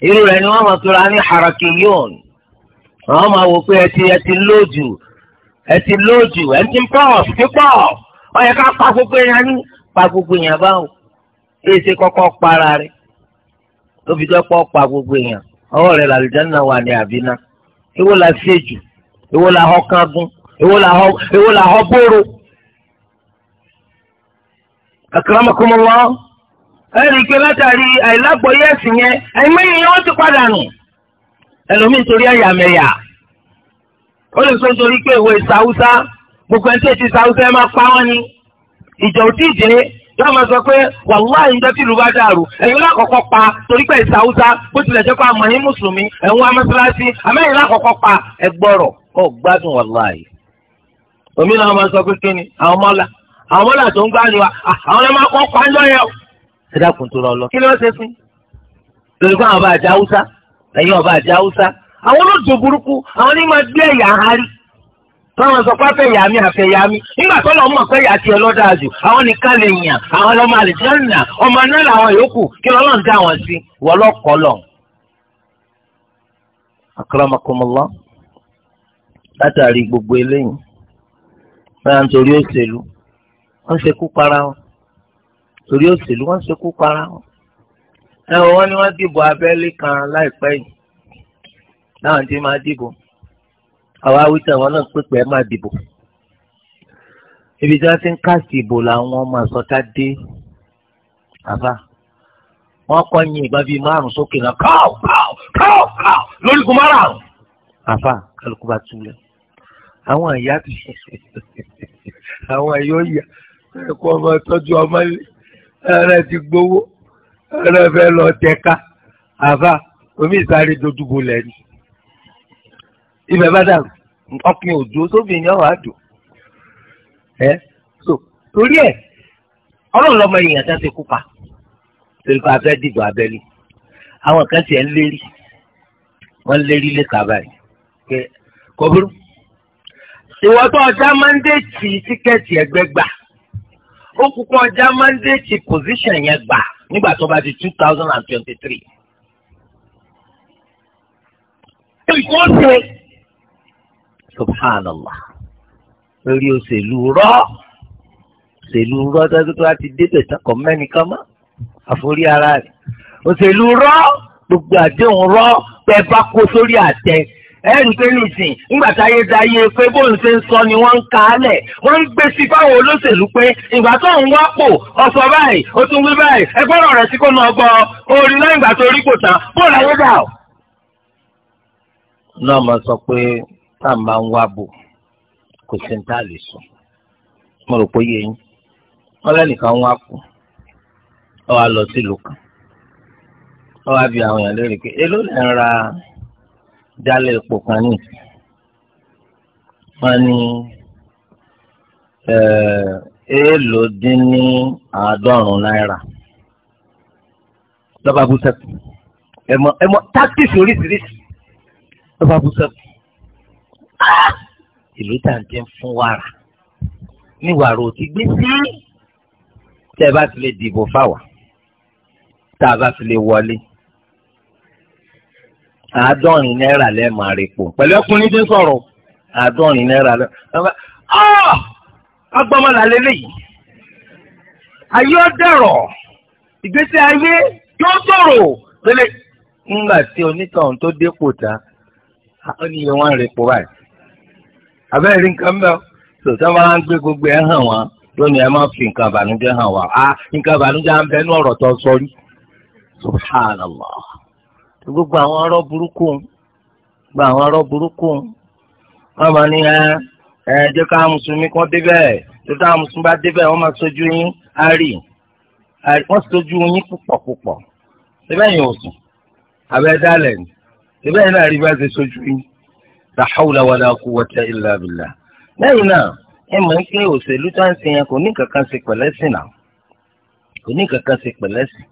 irú rẹ ni wọn máa tura ní harakiyon wọn máa wò pé ẹ ti ẹ ti lójú ẹ lójú ẹ ti pọ̀ pípọ̀ ká pa gbogbo yẹn ní pa gbogbo yẹn báwo èsì kọ́kọ́ para rẹ tóbi jẹ́ pọ̀ pa gbogbo yẹn ọwọ́ rẹ làlùjá náà wà ní àbínà ewu la ṣe jù. èwo la họ kángun èwo la họ èwo la họ bóró akramakumullah ẹnì kí látàrí àìlágbọ̀yé ẹ̀sìn yẹn àìmọye yẹn wọ́n ti padà nù ẹlòmíì torí ẹ̀yàmẹ̀yà ó lè sọ nítorí pé ìwé gbogbo ẹni tí ẹ yóò máa sọ pé wàláhì ìjọ tí ìlú bá dàrú lákọ̀ọ́kọ́ pa ìsà bó tilẹ̀ jẹ́ pé mùsùlùmí ẹ̀hún àmẹ́yìn lákọ̀ọ́kọ́ pa ẹgbọ́rọ̀ gbádùn omi náà máa sọ pé kí ni àwọn àwọn tó ń gbá ni wa àwọn ọmọ pa ńlọ yẹ ẹ dákun tó lọ lọ kí ló ṣe fún lórí fún àwọn ọba báwọn sọ pé afẹ́yà mi afẹ́yà mi nígbà tó lọ́ mọ̀ pé ìyá tiẹ̀ lọ́dà àwọn nìkan lè yàn àwọn ọmọ àlìjẹ́nà ọmọ náà làwọn yòókù kí ọlọ́run dá wọn sí wọ́n lọ́kọ́ lọ. gbogbo eléyìí báyà òṣèlú wọ́n ṣe kú para wọn torí òṣèlú wọ́n ṣe kú para kan láìpẹ́ yìí láwọn àwa awítọ̀ àwọn náà pépè ẹ máa dìbò ibi tí wọ́n ti ń káàsì ìbò làwọn ọmọ àsọta dé àbá wọ́n kọ́ yin ìbá bíi márùn sókè náà káw káw káw káw lórí kò márùn àbá kálukú bá túlẹ̀ àwọn àyà ti àwọn àyà ó yà ẹ̀kọ́ ọmọ tọ́jú ọmọ ẹ̀rẹ́ ti gbowó ẹ̀rẹ́ fẹ́ lọ tẹ̀ka àbá omi ìsáré dojú bolẹ̀ ni ibẹ̀ bá dàrú ọkùnrin ò dúró sóbìnrin ọ̀hún àdùn ẹ so torí ẹ ọlọ́run lọ́mọ èèyàn tá a ti kú pa torí pé abẹ́ dìbò abẹ́lé àwọn kan tiẹ̀ ń lérí wọ́n ń lérí lé kaba yìí pé kò burú ìwọ tó ọjà mandate tíkẹ́ẹ̀tì ẹgbẹ́ gbà ó kú kó ọjà mandate position yẹn gbà nígbà tó bá di two thousand and twenty three subhanallah lórí òṣèlú rọ òṣèlú rọ dájú tó láti débẹ̀ sẹ́kọ̀ọ́ mẹ́nìkan mọ́ àforí ara rẹ̀ òṣèlú rọ gbogbo àdéhùn rọ pẹ́ bá kó sórí àtẹ ẹ̀rí pé nìsín ńgbà táyé dáyé pé bóun ṣe ń sọ ni wọ́n ń ka á lẹ̀ wọ́n ń gbé sí fáwọn olóṣèlú pé ìgbà tó ń wápò ọ̀sọ̀ báyìí ó tún wí báyìí ẹgbẹ́ ọ̀rọ̀ rẹ̀ sí kó na ọgbọ́ orí náà ìgbà tó rí kò tán bóun láyé dà ó. náà mo sọ pé tá à ń bá ń wá bò kò sí ní tá a lè sọ mo rò pé yé yín wọn lẹ́nìkan wá kú ọ wá lọ sílùú kan ọ wá bi àwọn èèyàn lórí pé èló lè ń ra jálẹ̀ epo kan ní ìsìn wọn ní èèló dín ní àádọ́rùn-ún náírà lọ́ba bú sẹ́kù ẹ̀mọ́ ẹ̀mọ́ táktíìsì oríṣiríṣi lọ́ba bú sẹ́kù ìlú tàǹtí ń fún wàrà ní wàrà ò ti gbé sí tẹ́ ẹ bá fi lè dìbò fáwa tá a bá fi lè wọlé àádọ́rin náírà lẹ́ẹ̀mọ àrèpò pẹ̀lú ọkùnrin tí ń sọ̀rọ̀ àádọ́rin náírà lẹ́ẹ̀mọ. Ah! agbọ́mọlà lélẹ́yìí ayé ọ̀dẹ̀rọ̀ ìgbésí ayé yóò sọ̀rọ̀ lélẹ̀. nígbà tí onítọ̀hún tó dépò ta ó ní iye wọn àrèpò báyìí abẹ́rẹ́ nǹkan bẹ́ẹ̀ tó tẹ́ máa ń gbé gbogbo ẹ̀ hàn wọ́n lónìí ẹ fi nǹkan hàn wá a ah, nǹkan ìbànújẹ́ à ń tọ ọ̀rọ̀ tó sọ rí subhanallah gbogbo àwọn ọrọ burúkú gbogbo àwọn ọ̀rọ̀ burúkú wọn máa ní ẹ ẹ jẹ́ ká mùsùlùmí kan tó mùsùlùmí bá máa sojú yín á rì sojú yín síbẹ̀ ò sùn síbẹ̀ náà rí la hawla wala quwwata illa billah lẹ́yìn náà ẹ mọ̀ pé òṣèlú tó ń sìn yẹn kò ní kankan ṣe pẹ̀lẹ́sìn náà kò ní kankan ṣe pẹ̀lẹ́sìn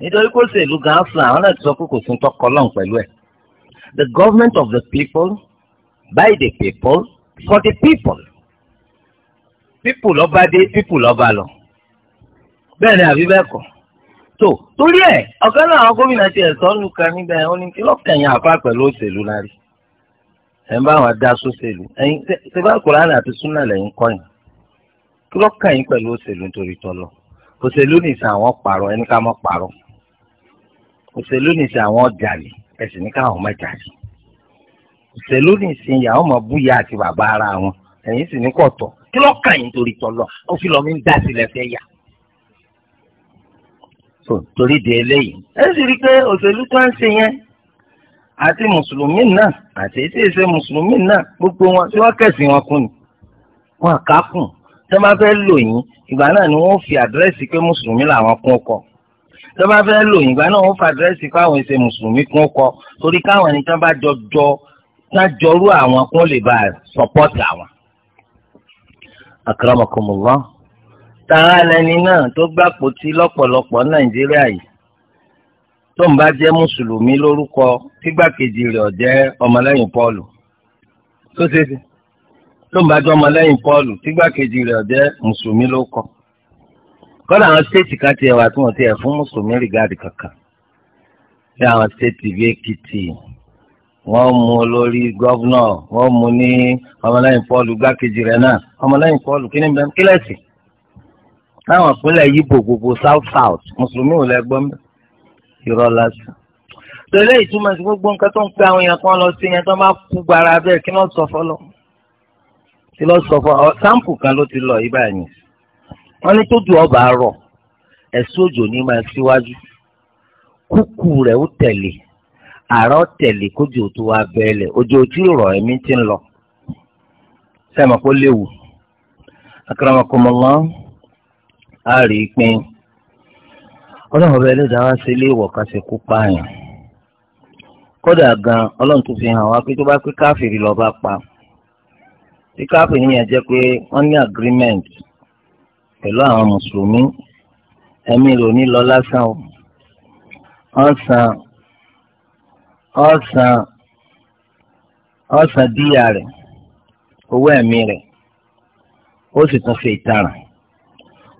nítorí kó ṣèlú gan afla àwọn náà sọ pé kò sún tọkọ lọ́n pẹ̀lú ẹ̀ the government of the people by the people for the people people lọ́ba dé people lọ́ba lọ bẹ́ẹ̀ ni àbí bẹ́ẹ̀ kọ́ tó torí ẹ̀ ọ̀kan náà àwọn gómìnà ti ẹ̀ sọ́nù kan níbẹ̀ ó ní kí lọ́kàn yẹn àfa pẹ̀lú òṣèlú lárí ẹ̀ ń bá wọn dá sóṣèlú ẹ̀yin ṣẹba kùránì àti súnà lẹ́yìn kọ́yìn kí ló kàn yín pẹ̀lú òṣèlú nítorí tọ́lọ̀ òṣèlú nìṣẹ́ àwọn pààrọ̀ ẹni ká mọ́ pààrọ̀ òṣèlú nìṣẹ́ àwọn jàlè ẹ̀sìn ní káwọn má jàlè òṣèlú nìṣẹ́ ìyàwó mọ̀ búyà àti bàbá ara wọn ẹ̀yin sì ní kọ̀tọ̀ kí ló kàn yín torí tọ́lọ̀ ó fi lọ́mí ń dá sílẹ̀ fẹ́ yà torí di eléyìí ẹ sì rí pé òṣèlú tó ń ṣe yẹn àti mùsùlùmí náà àti ètí ìṣe mùsùlùmí náà gbogbo wọn tí wọ́n kẹ̀sìn wọn kún ni wọn kà kùn tó bá fẹ́ lò yín ìgbà náà ni wọ́n fi àdírẹ́sì pé mùsùlùmí làwọn kún kọ tó bá fẹ́ lò yín ìgbà náà wọ́n fi àdírẹ́sì pé àwọn ìṣe mùsùlùmí kún kọ torí káwọn ẹni tó bá jọ jọ náà jọrú àwọn kún lè bá sọpọ́tì àwọn. akramakumullah tààlà ẹni náà tó gbàpótí lọ́pọ̀lọpọ̀ Nàìjíríà yìí tó ń bá jẹ́ mùsùlùmí lórúkọ tígbàkejì rẹ̀ ọ̀jẹ́ ọmọlẹ́yìn Pọ́ọ̀lù tó ṣe é tó ń bá jẹ́ ọmọlẹ́yìn Pọ́ọ̀lù tígbàkejì rẹ̀ ọ̀jẹ́ mùsùlùmí lórúkọ kọ́lá àwọn stéètì kan ti ẹ̀wà tí wọ́n ti ẹ̀ fún mùsùlùmí rìgáàdì kankan bí àwọn stéètì bíi Èkìtì wọ́n mú olórí gọ́vnọ̀ wọ́n mú ní ọmọlẹ́yìn Pọ́ọ̀lù gbákejì rẹ̀ náà ọmọlẹ́yìn Pọ́ọ̀lù kí ni bẹ́ẹ̀ kílẹ̀sì táwọn ìpínlẹ̀ yíbo gbogbo south south mùsùlùmí ò lẹ́gbọ́n bẹ́ẹ̀ irọ́ lásán. tẹ̀lé ìtumọ̀ sí gbogbo nǹkan tó ń pe àwọn èèyàn kan lọ sí yẹn tó máa kú gbára bẹ́ẹ̀ kí lọ́ọ́ sọ fọlọ́ kí lọ́ọ́ sọ fọlọ́ sáǹpù kan ló ti lọ ibà yẹn. wọ́n ní tó ju ọba rọ̀ ẹ̀sùn òjò ní máa síwájú kúkú rẹ̀ ó tẹ̀lé àárọ̀ tẹ̀lé kójú tó wá bẹ́ẹ̀lẹ̀ òjò tí rọ̀ ẹ̀mí ti ń lọ sẹ́mi kó léwu akramakumullah á rí i pín ọlọ́run ọba ẹlẹ́dàá wá sí ilé ìwọ̀ kan ṣe kú pààyàn kódà gan ọlọ́run tó fi hàn wá pé tó bá pé káfíìrì lọ́ọ́ bá pa tí káfíìrì yẹn jẹ́ pé wọ́n ní agreement pẹ̀lú àwọn mùsùlùmí ẹ̀mí rò ní lọ lásán ọ̀sán ọ̀sán ọ̀sán díyà rẹ̀ owó ẹ̀mí rẹ̀ ó sì tún fi ìtaràn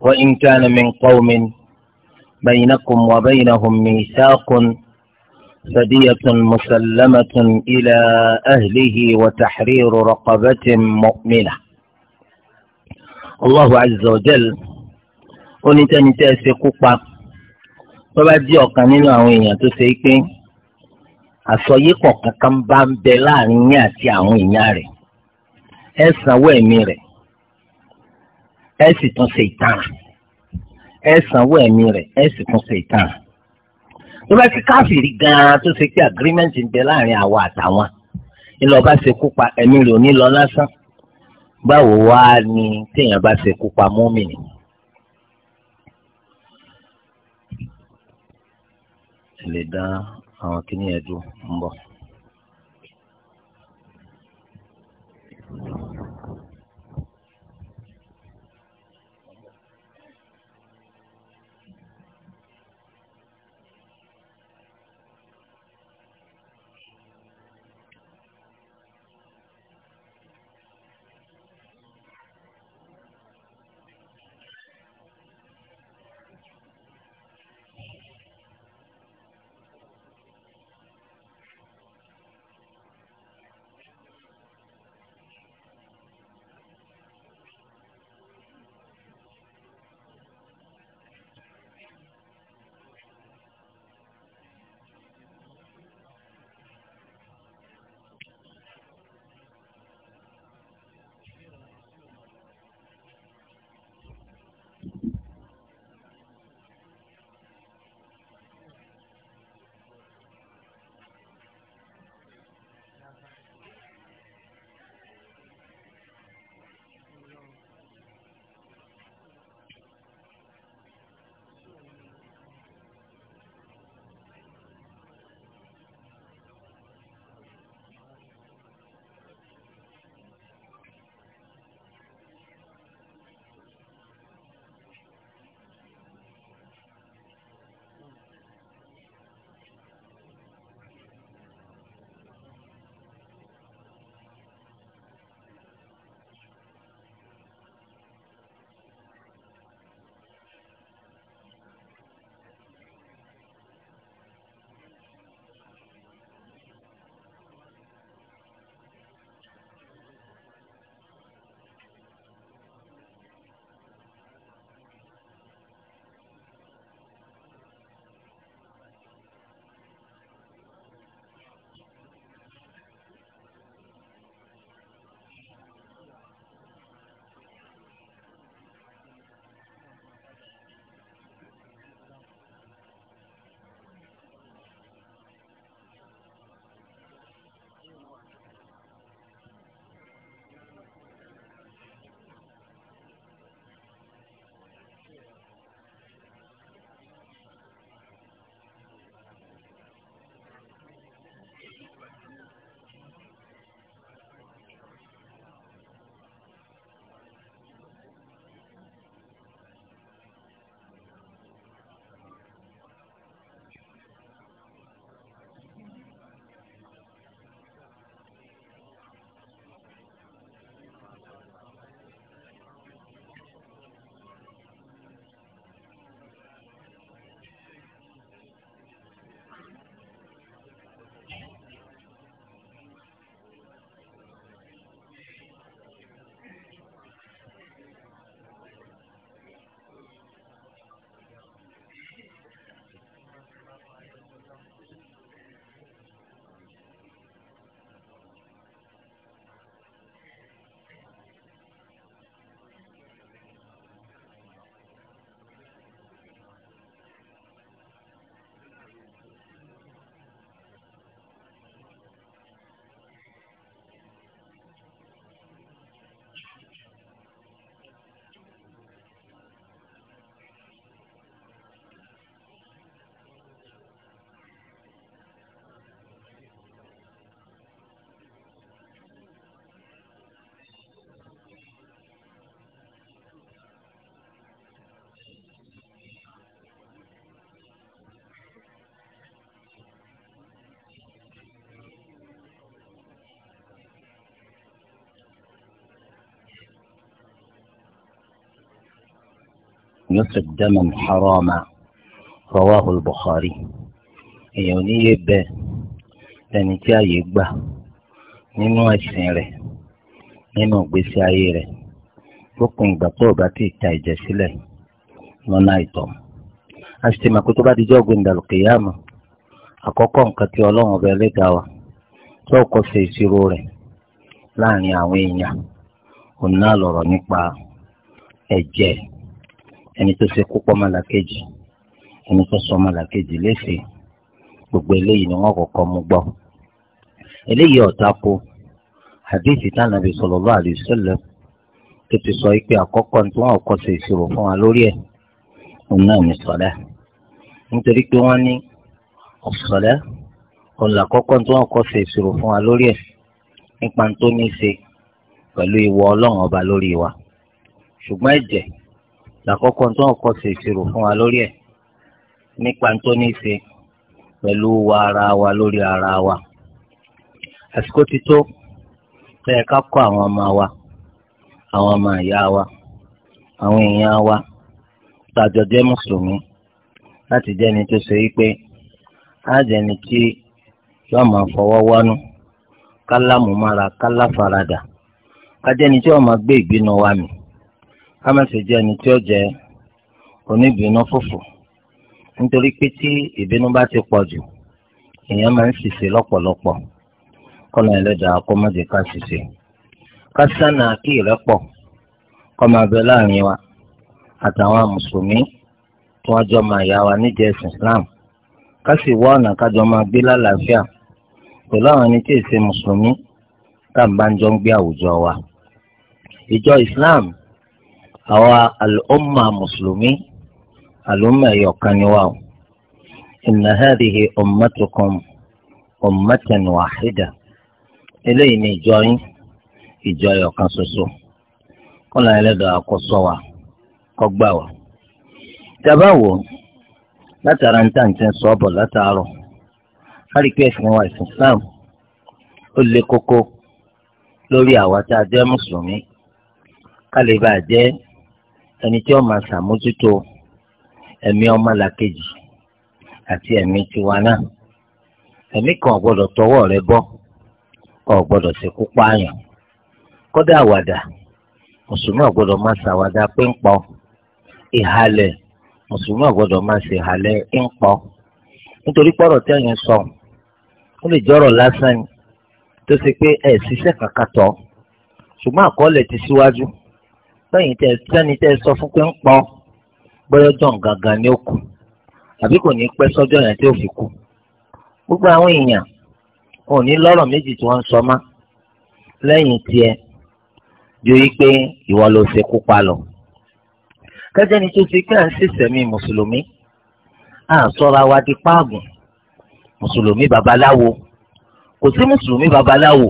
wọ́n ń kí ẹni mi ń kọ́ omi ni. بينكم وبينهم ميثاق فدية مسلمة إلى أهله وتحرير رقبة مؤمنة الله عز وجل onítẹ̀ni tẹ́ ẹ ṣe kú pa tó bá jẹ́ ọ̀kan nínú àwọn èèyàn tó ṣe pé àsọyípọ̀ kankan bá ń bẹ láàrin yín àti àwọn èèyàn rẹ̀ ẹ sanwó ẹ̀mí rẹ̀ ẹ sì tún ṣe ìtara ẹ sanwó ẹ̀mí rẹ̀ ẹ sì tún ṣe ìtàn. tó bá ti káfìrí gan-an tó ṣe pé agreement ń bẹ láàrin àwa àtàwọn ńlọba ṣe kú pa ẹ̀mí rẹ̀ ò ní lọ lásán báwo wá ni téèyàn bá ṣe kú pa mọ́mìnì. lè dá àwọn kìnìún ẹ̀dùn ń bọ̀. يصرف دما حراما رواه البخاري èèyàn níyè bẹ ẹni tí ààyè gbà nínú ẹ̀sìn rẹ nínú ìgbésí ayé rẹ lópin ìgbà tó bá ti ta ìjẹ a sì tó bá di nǹkan tí ọlọ́run ọba ẹlẹ́dàá wa tó ṣe ìṣirò ẹni tó ṣe kú pọ́ mọ́làkejì ẹni tó sọ mọ́làkejì léṣe gbogbo eléyìí ni wọ́n kọ́kọ́ mú gbọ́ eléyìí ọ̀tá po hadithi tánàbí sallallahu alaihi wasallam tó ti sọ pé àkọ́kọ́ tí wọ́n kọ́ ṣe ìṣòro fún wa lórí ẹ̀ òun náà ní sọ̀lá nítorí pé wọ́n ní ọ̀sọ̀lá òun làkọ́kọ́ tí wọ́n kọ́ ṣe ìṣòro fún wa lórí ẹ̀ nípa tó ní ṣe pẹ̀lú ìwọ ọlọ́run ọba lórí wa ṣùgbọ́n ẹ̀jẹ̀ akọkọ ntọ ń kọ́ sí ìṣirò wa lori ẹ̀ nipa tó ní í ṣe wa ara wa lori ara wa asiko ti tó tẹ́ ẹ ká kọ́ àwọn ọmọ wa àwọn ọmọ ìyá wa àwọn èèyàn wa tàjọ jẹ́ musulumi lati jẹ́ ẹni tó ṣe wípé á jẹ́ ẹni tí ma máa fọwọ́ wọ́nú kálámù mára káláfaradà ká jẹ́ ẹni tí yóò wa mì. ká má ṣe ẹni tí ó jẹ oníbínú fùfù nítorí pé tí ìbínú bá ti pọ jù èèyàn máa ń ṣìṣe lọpọlọpọ kọ́nà ẹlẹ́dàá kó ká ṣìṣe ká kí ìrẹ́pọ̀ kó máa láàrin wa àtàwọn mùsùlùmí tí wọ́n jọ máa yá wa Islam ká sì ọ̀nà kájọ máa gbé àwa al-umma mùsùlùmí àlùmọ̀ ẹ̀yọ̀kan ni wà o inna hadhihi ummatukum ummatan wahida eléyìí ni ìjọ yín ìjọ ẹ̀yọ̀kan ṣoṣo kọ́nà ẹlẹ́dàá àkọ́sọ́ wa kọ́ gbà wá. Ìjàmbá wo látara ń tàǹtẹ̀ sọ ọ́ bọ̀ látàárọ̀ wa ẹ̀sìn Islam ó le kókó lórí àwa tá a jẹ́ mùsùlùmí ká lè ẹni tí ó máa ṣàmójútó ẹ̀mí ọmọlàkejì àti ẹ̀mí tiwa náà ẹ̀mí kan gbọ́dọ̀ tọwọ́ rẹ̀ bọ́ kò gbọ́dọ̀ pààyàn kódà àwàdà mùsùlùmí ò máa ṣàwàdà pínpọ̀ ìhalẹ̀ mùsùlùmí máa ṣe ìhalẹ̀ ńpọ̀ nítorí sọ ó lè lásán tó ṣe pé ẹ̀ ṣiṣẹ́ kàkàtọ̀ ṣùgbọ́n sẹ́yìn tẹ sẹ́ni tẹ sọ fún pé ń pọ̀ bọ́yọ́ john gangan ni ó kù àbí kò ní pẹ́ sọ́jọ́ yẹn tí ó fi kú gbogbo àwọn èèyàn ò ní lọ́rọ̀ méjì tí wọ́n ń sọ má lẹ́yìn tiẹ̀ ju wípé ìwọ ló ṣe kú pa lọ. kẹ́jẹ́ni tó ti kí à ń ṣèṣẹ̀mí mùsùlùmí à ń sọ́ra wa di páàgùn mùsùlùmí babaláwo kò sí mùsùlùmí babaláwo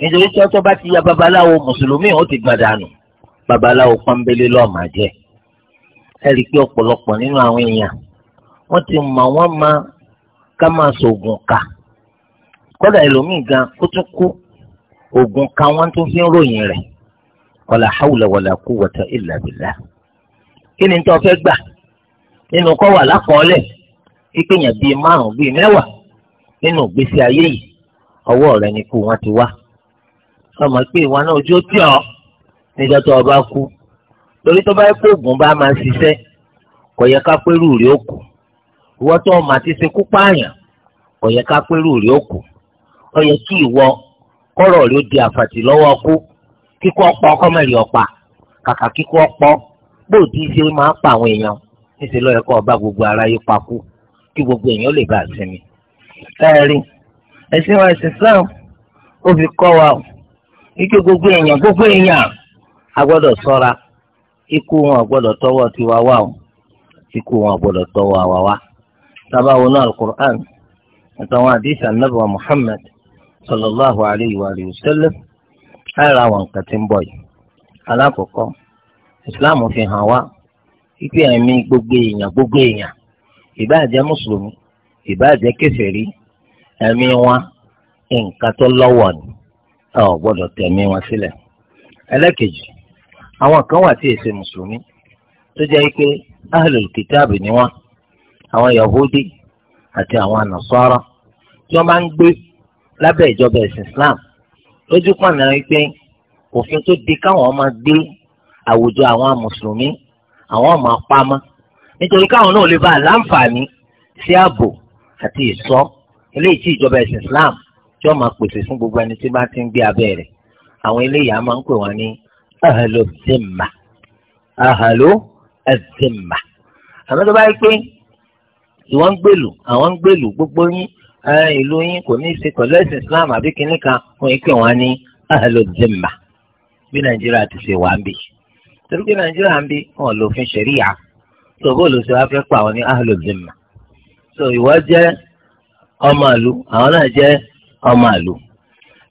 nítorí tí ọjọ́ bá ti ya babaláwo mùsùlùmí ò ti gbàdánù babaláwo pọ́nbélé lọ́ọ̀mà jẹ́ ẹ rí i pé ọ̀pọ̀lọpọ̀ nínú àwọn èèyàn wọ́n ti mọ̀ wọ́n máa ká máa sògùn kà kódà ẹlòmíì gan ó tún kú oògùn ka wọ́n tún fi ń ròyìn rẹ̀ wàlà hàwùlà wàlà quwwata illa billah kí ni tó fẹ́ gbà nínú kọ́ wà lákọọ́lẹ̀ kíkéyàn bíi márùn-ún bíi mẹ́wàá nínú ìgbésí ayé yìí ọwọ́ rẹ̀ ni kú wọ́n ti wá ọmọ pé ìwà náà ojú ó tì ọ́ níjọ́ tó ọba kú torí tó bá yẹ kó oògùn bá máa ṣiṣẹ́ kò yẹ ká pérù rí òkú ìwọ tó ọmọ àti ṣekú pààyàn kò yẹ ká pérù rí òkú ó yẹ kí ìwọ kọ́rọ̀ rí ó di àfàtì lọ́wọ́ kú kíkọ́ ọ̀pọ̀ kọ́mẹ̀rì ọ̀pá kàkà kíkọ́ ọ̀pọ̀ bóòdì ṣe máa pa àwọn èèyàn níṣẹ́ lọ́yẹ̀ kọ́ ọba gbogbo ara yìí pakú kí gbogbo èèyàn lè bá sinmi. ẹ̀rí ẹ̀sìn wa ẹ̀sìn Islam ó fi kọ́ wa ike gbogbo èèyàn gbogbo èèyàn a gbọ́dọ̀ ṣọ́ra ikú wọn ò gbọ́dọ̀ tọwọ́ tiwa wá o ikú wọn ò gbọ́dọ̀ tọwọ́ àwa wá sábà wọnú alukur'an àtàwọn àdìsí anábìwá muhammad sallallahu alayhi wa sallam láìra àwọn nǹkan tí ń bọ̀ yìí alákọ̀ọ́kọ́ islam fi hàn wá ipe ẹ̀mí gbogbo èèyàn gbogbo èèyàn ìbáà jẹ́ mùsùlùmí ìbáà jẹ́ kèfèrí ẹ̀mí wọn nǹkan tó lọ́wọ́ ni a ò gbọ́dọ̀ wọn sílẹ̀ ẹlẹ́kejì àwọn kan wà tí èsè mùsùlùmí tó jẹ́ pé ahlul kitaab ni wọ́n àwọn yahudi àti àwọn nasara tí wọ́n máa ń gbé lábẹ́ ìjọba ẹ̀sìn islam lójú pàná wípé òfin tó di káwọn máa gbé àwùjọ àwọn mùsùlùmí àwọn máa pamọ́ nítorí káwọn náà lè bá àlàǹfààní sí ààbò àti ìṣọ́ eléyìí tí ìjọba ẹ̀sìn islam tí wọ́n máa pèsè fún gbogbo ẹni tí bá ti ń gbé abẹ́ rẹ̀ àwọn eléyìí á máa ń pè wọ́n ní ahàlò zimma ahàlò zimma àmọ́ tó bá yẹ pé ìwọ ń gbèlú àwọn ń gbèlú gbogbo yín ìlú yín kò ní í ṣe pẹ̀lú ẹ̀sìn Islam àbí kínní kan fún yín pé wọ́n á ní ahàlò zimma bí Nàìjíríà ti ṣe wà ń bì torí pé Nàìjíríà ń bì wọn lò fún ṣẹ̀ríyà tó bó ló ṣe wá fẹ́ pa àwọn ní ahàlò zimma tó ìwọ jẹ́ ọmọ àlù àwọn náà jẹ́ ọmọ àlù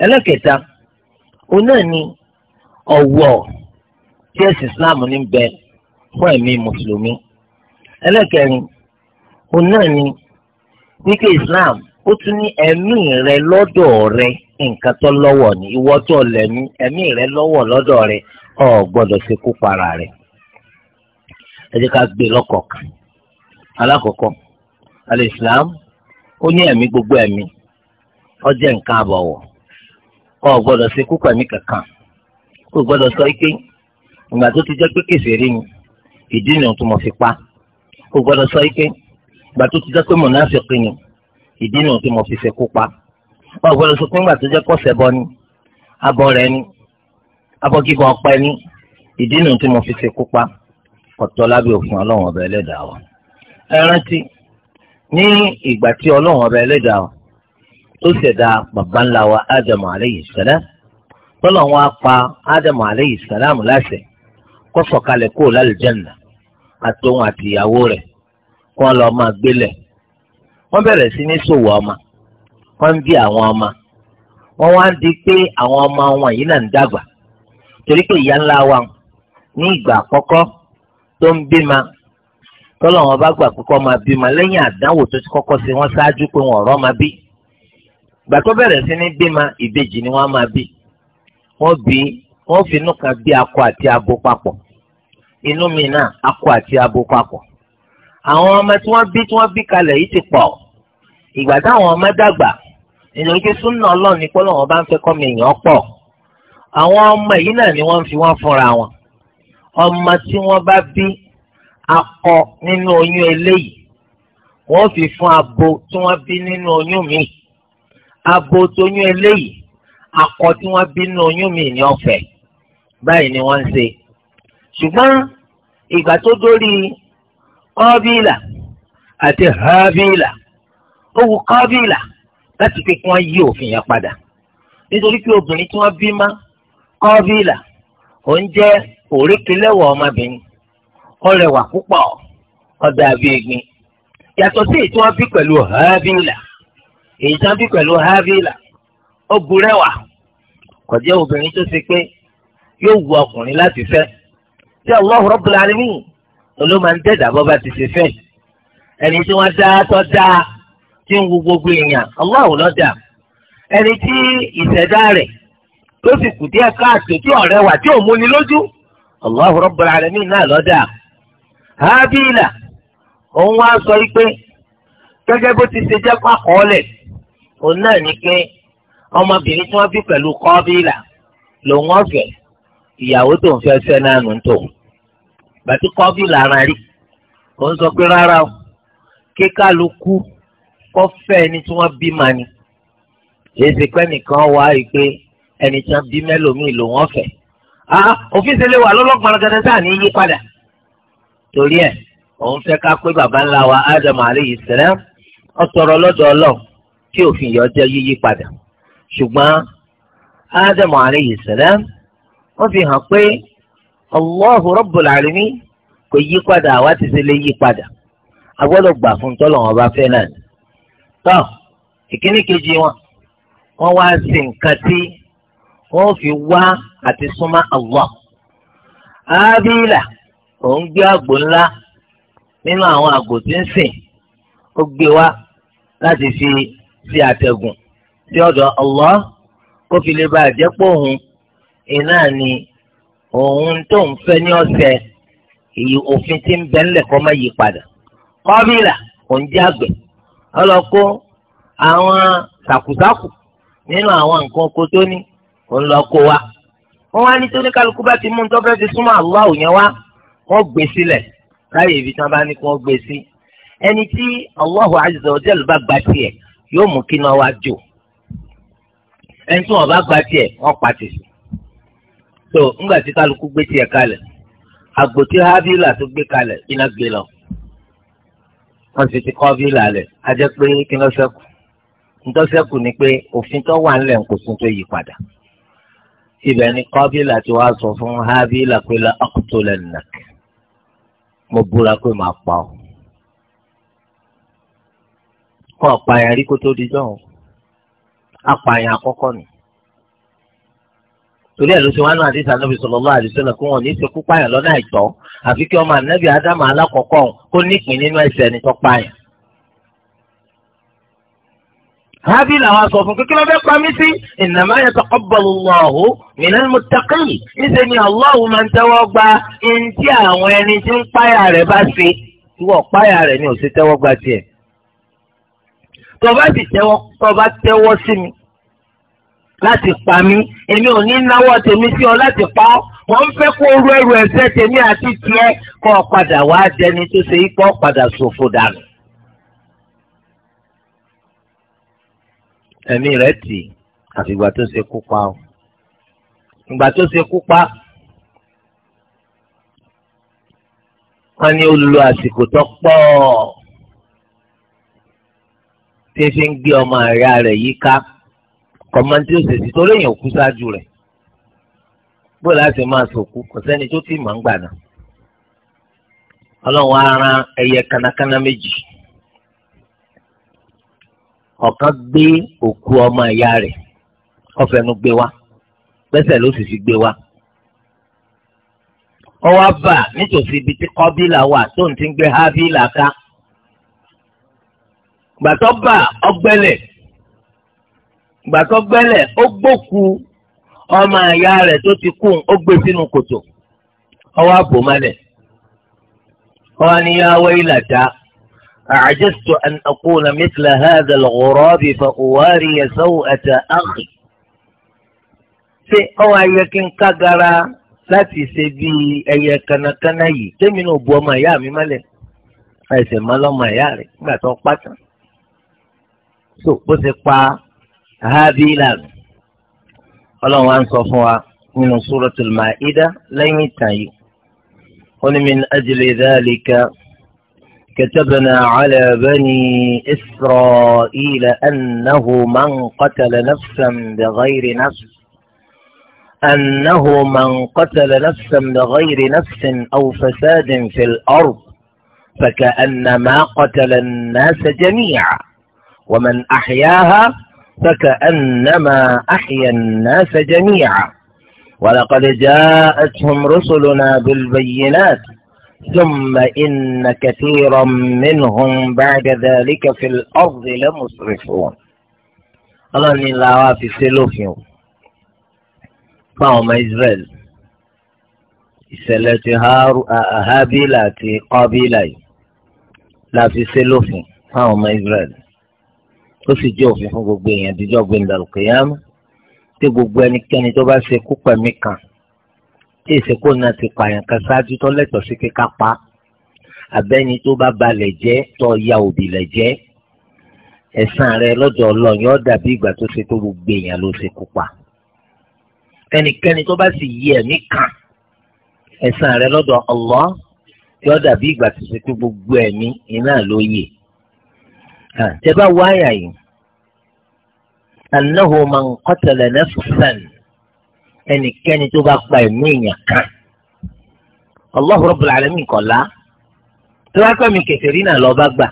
ẹlẹ́kẹta òun náà ni Ọwọ tí ẹ̀sìn islam ní bẹ fún ẹ̀mí mùsùlùmí ẹlẹ́kẹrin òun náà ni islam ó tún ní rẹ lọ́dọ̀ rẹ nǹkan tó lọ́wọ́ ní rẹ lọwọ lọ́dọ̀ rẹ gbọdọ gbọ́dọ̀ para rẹ ẹ ká gbé islam ó ní gbogbo ẹ̀mí ó jẹ́ nǹkan kankan. kò gbọ́dọ̀ sọ pé ìgbà tó ti jẹ́ pé kèfèrí ni ìdí nìyẹn tó mọ̀ fi pa kò gbọ́dọ̀ sọ pé ìgbà tó ti jẹ́ pé mùnáfíkí ni ìdí nìyẹn tó mọ̀ fi fẹ́ kó pa wọ́n gbọ́dọ̀ sọ pé ìgbà tó jẹ́ kọ́sẹ̀ bọ́ ni abọ́ rẹ̀ ni abọ́ kíkọ́ ọpẹ́ ni ìdí nìyẹn tó mọ̀ fi fẹ́ kó pa ọ̀tọ̀ lábẹ́ òfin ọlọ́run ọba ẹlẹ́dàá wa ẹ rántí ní ìgbà tí ọlọ́run ọba ẹlẹ́dàá wa tó ṣẹ̀dá bàbá ńlá wa ádámù aláyhi sàlám tọ́lọ̀ wọn a ádámù aleyhi sàlámù láṣẹ kó sọ̀kalẹ̀ kó lálùjẹ́nà àtòun àti ìyàwó lọ máa gbélẹ̀ wọ́n bẹ̀rẹ̀ sí ní ṣòwò ọmọ wọ́n ń bí àwọn ọmọ wọ́n wá ń di pé àwọn ọmọ wọn náà ń dàgbà torí pé ńlá wa ní ìgbà àkọ́kọ́ tó ń bímọ wọn bá gbà kọ́kọ́ máa bímọ àdánwò tó ti sí wọn ṣáájú pé wọn bí gbà wọ́n bi, wọ́n fi inú kan bí akọ àti abo papọ̀ inú mi náà akọ àti abo papọ̀ àwọn ọmọ tí wọ́n bí tí wọ́n bí kalẹ̀ yìí ti pọ̀ ìgbà táwọn ọmọ dàgbà nítorí pé súnà ọlọ́ọ̀ni pọ́lọ́ wọn bá ń fẹ́ kọ́ mi èèyàn pọ̀ àwọn ọmọ yìí náà ni wọ́n fi wọ́n fúnra wọn ọmọ tí wọ́n bá bí akọ nínú oyún eléyìí wọ́n fi fún abo tí wọ́n bí nínú oyún mi abo tóyún eléyìí akọ tí wọ́n bínú oyún mi ní ọ̀fẹ́ báyìí ni wọ́n ń ṣe ṣùgbọ́n ìgbà tó dórí kọ́bílà àti hábílà ó wu kọ́bílà láti pé kí wọ́n yí òfin yẹn padà nítorí pé obìnrin tí wọ́n bí má kọ́bílà ó ń jẹ́ òrékelẹ́wọ̀ ọmọbìnrin ó rẹwà púpọ̀ ó dàbí egbin yàtọ̀ sí èyí tí wọ́n bí pẹ̀lú hábílà èyí tí wọ́n bí pẹ̀lú hábílà. ó burẹ́wà kò jẹ́ obìnrin tó ṣe pé yóò wu ọkùnrin láti fẹ́ tí Allahu Rabbul Alamin olóma ń dẹ́dà bọ́ bá ti ṣe fẹ́ ẹni tí wọ́n dá tọ́ dá tí ń wu gbogbo èèyàn Allahu ló dá ẹni tí ìṣẹ̀dá rẹ̀ tó sì kù díẹ̀ káàtó tí ọ̀rẹ́ wà tí ò mú múni lójú Allahu Rabbul Alamin náà ló dá Hábílà òun wá sọ pé gẹ́gẹ́ bó ti ṣe jẹ́ pákọ́ọ́lẹ̀ òun náà ní pé. ọmọbìnrin tí wọ́n bí pẹ̀lú kọ́bílà lòun ọ̀fẹ́ ìyàwó tó ń fẹ́ fẹ́ náà nù tó bàtí kọ́bílà ara rí ó ń sọ pé rárá o kíkálukú kọ́ fẹ́ ẹni tí wọ́n bí màá ni èsì pẹ́ nìkan wá rí pé ẹni tí wọ́n bí mẹ́lòmíì lòun ọ̀fẹ́ òfin ṣe lè wà lọ́lọ́gbọ̀n gẹ́gẹ́ sáà ní yí padà torí ẹ̀ òun fẹ́ ká pé baba ńlá wa Ádámù alayhi salam ó tọrọ lọ́dọ̀ Ọlọ́run kí òfin yọ jẹ́ yíyí padà ṣùgbọ́n ádámù alayhi salam wọ́n fi hàn pé Allahu rabbul alamin kò yí padà àwa ti ṣe lè yí padà a gbọ́dọ̀ gbà fún tọ́lọ́wọ́n bá fẹ́ náà ni. tó ìkíní kejì wọn wọ́n wá sí nǹkan tí wọ́n fi wá àti súnmọ́ Allah. ábílà òun gbé àgbò ńlá nínú àwọn àgbò tí ń sìn ó gbé wá láti fi ṣe àtẹ̀gùn tí ọdọ ọlọ kó fi lè bá àjẹpọ̀ òun iná ni òun tó ń fẹ́ ní ọ̀sẹ̀ èyí òfin tí ń bẹ ńlẹ̀ kọ́ máa yí padà kọ́bílà kò jẹ́ àgbẹ̀ ọlọ́kọ́ àwọn sàkùsàkù nínú àwọn nǹkan lọ kó wa wọ́n wá ní ti mú tó fẹ́ fi súnmọ́ wa gbé sílẹ̀ ibi tí bá ní kí gbé sí ẹni tí wá jò ẹni tí wọ́n bá gba tiẹ̀ wọ́n pa tì sí. so ńgbà tí kálukú gbé tiẹ̀ kalẹ̀ àgbò tí hábílà tó gbé kalẹ̀ iná gbé lọ wọ́n sì ti kọ́ bílà lẹ̀ á jẹ́ pé kí ló ṣẹ́kù ntọ́ ṣẹ́kù ni pé òfin tó wà ńlẹ̀ kò sí tó yí padà ibẹ̀ ni kọ́bílà tí wàá sọ fún hábílà pé la ọkùtò lẹ́nà mo búra pé màá pa ọ́ kọ́ ọ̀pá yẹn rí kó tó di jọ́hún apààyàn àkọ́kọ́ nù. torí ẹ̀ ló ṣe wá nù àdìsá nàbì sallallahu alaihi wasallam kó wọn ní í ṣe kú pààyàn lọ́nà àìtọ́ àfi kí ọmọ ànábì ádámù alákọ̀ọ́kọ́ kó nípìn nínú ẹ̀ṣẹ̀ ẹni tó pààyàn. Hábìlì àwọn aṣọ fún kékeré ọbẹ̀ pa mí sí innama yataqabbalu Allahu minal muttaqin níṣẹ́ ni Allahu máa ń tẹ́wọ́ gba ẹni tí àwọn ẹni tọba sì tẹ́wọ́ tọba tẹ́wọ́ sí mi láti pa mí èmi ò ní náwó tèmi sí ọ láti pa ọ wọ́n fẹ́ kó ru ẹrù ẹ̀ṣẹ̀ tèmi àti tiẹ̀ kọ padà wá dẹni tó ṣe ipò padà ṣòfò dànù. ẹ̀mí rẹ̀ tì àfìgbà tó ṣe kú pa ọ ìgbà tó ṣe kú pa wọ́n ní ó lo àsìkò tó pọ̀ ọ tí fi ń gbé ọmọ àyà rẹ̀ yí ká kọ̀mọ́ntì òṣèṣì torí èèyàn kú ṣáájú rẹ̀ bó láti máa sòkú kò sẹ́ni tó ti mọ̀ ń gbà náà ọlọ́run á rán ẹyẹ kanakana méjì ọ̀kan gbé òkú ọmọ ìyá rẹ̀ ọ̀fẹ́nu gbé wá gbẹ́sẹ̀ ló sì fi gbé wá ọwọ́ bá nítòsí ibi tí kọ́bílà wà tó ń ti gbé hábílà ká gbàtọ́ bà ọgbẹ́lẹ̀ gbàtọ́ gbẹ́lẹ̀ ó gbókù ọmọ àyà rẹ̀ tó ti kú ó gbé sínú kòtò ọwọ́ ọwọ́ ni yá wáyé làtà àjẹsọ àkóónà mẹsìlá hàdà lọ́wọ́rọ́ bí fa òwárí ẹ̀sọ́ ẹ̀tà áàkì. ṣé ọwọ́ ayẹ kí n ká gara láti ṣe bí ẹyẹ kanakana yìí tẹ́mi náà bu ọmọ àyà mi mọ́lẹ̀ àyà rẹ̀ bó ti pa hábílà ọlọ́run wa ń sọ fún wa nínú suratul Maida lẹ́yìn ìtàn yìí ó ní min ajli dhalika كتبنا على بني إسرائيل أنه من قتل نفسا بغير نفس أنه من قتل نفسا بغير نفس أو فساد في الأرض فكأنما قتل الناس جميعا ومن أحياها فكأنما أحيا الناس جميعا ولقد جاءتهم رسلنا بالبينات ثم إن كثيرا منهم بعد ذلك في الأرض لمسرفون الله إلا la wa fi ṣe lófin o هار ọmọ Israel ìṣẹ̀lẹ̀ ti habila àti kọ́bílà yìí ما يزال ó sì jẹ́ òfin fún gbogbo èèyàn díjọ́ gbẹ̀ndà lùkìyàmù tí gbogbo ẹnikẹ́ni tó bá ṣe kú pẹ̀mí kan tí ìsìnkú náà ti pààyàn kan ṣáájú tó lẹ́tọ̀ọ́ sí kíká pa abẹ́ni tó bá balẹ̀ jẹ́ tó ya òbí lẹ̀ jẹ́ ẹ̀san rẹ̀ lọ́dọ̀ Ọlọ́run yóò dàbí ìgbà tó ṣe tó gbogbo èèyàn ló ṣe pa ẹnikẹ́ni tó bá sì yí ẹ̀mí kan ẹ̀san rẹ̀ lọ́dọ̀ Allah yóò dàbí ìgbà tó ṣe tó gbogbo ẹ̀mí iná ló yè e bá wá àyà yìí annahu man qatala nafsan ẹnikẹ́ni tó bá pa ẹ̀mí èèyàn kan Allahu Rabbul Alamin kọ̀ọ̀lá tó bá pẹ̀mí kèfèrí náà lọ́ọ́ gbà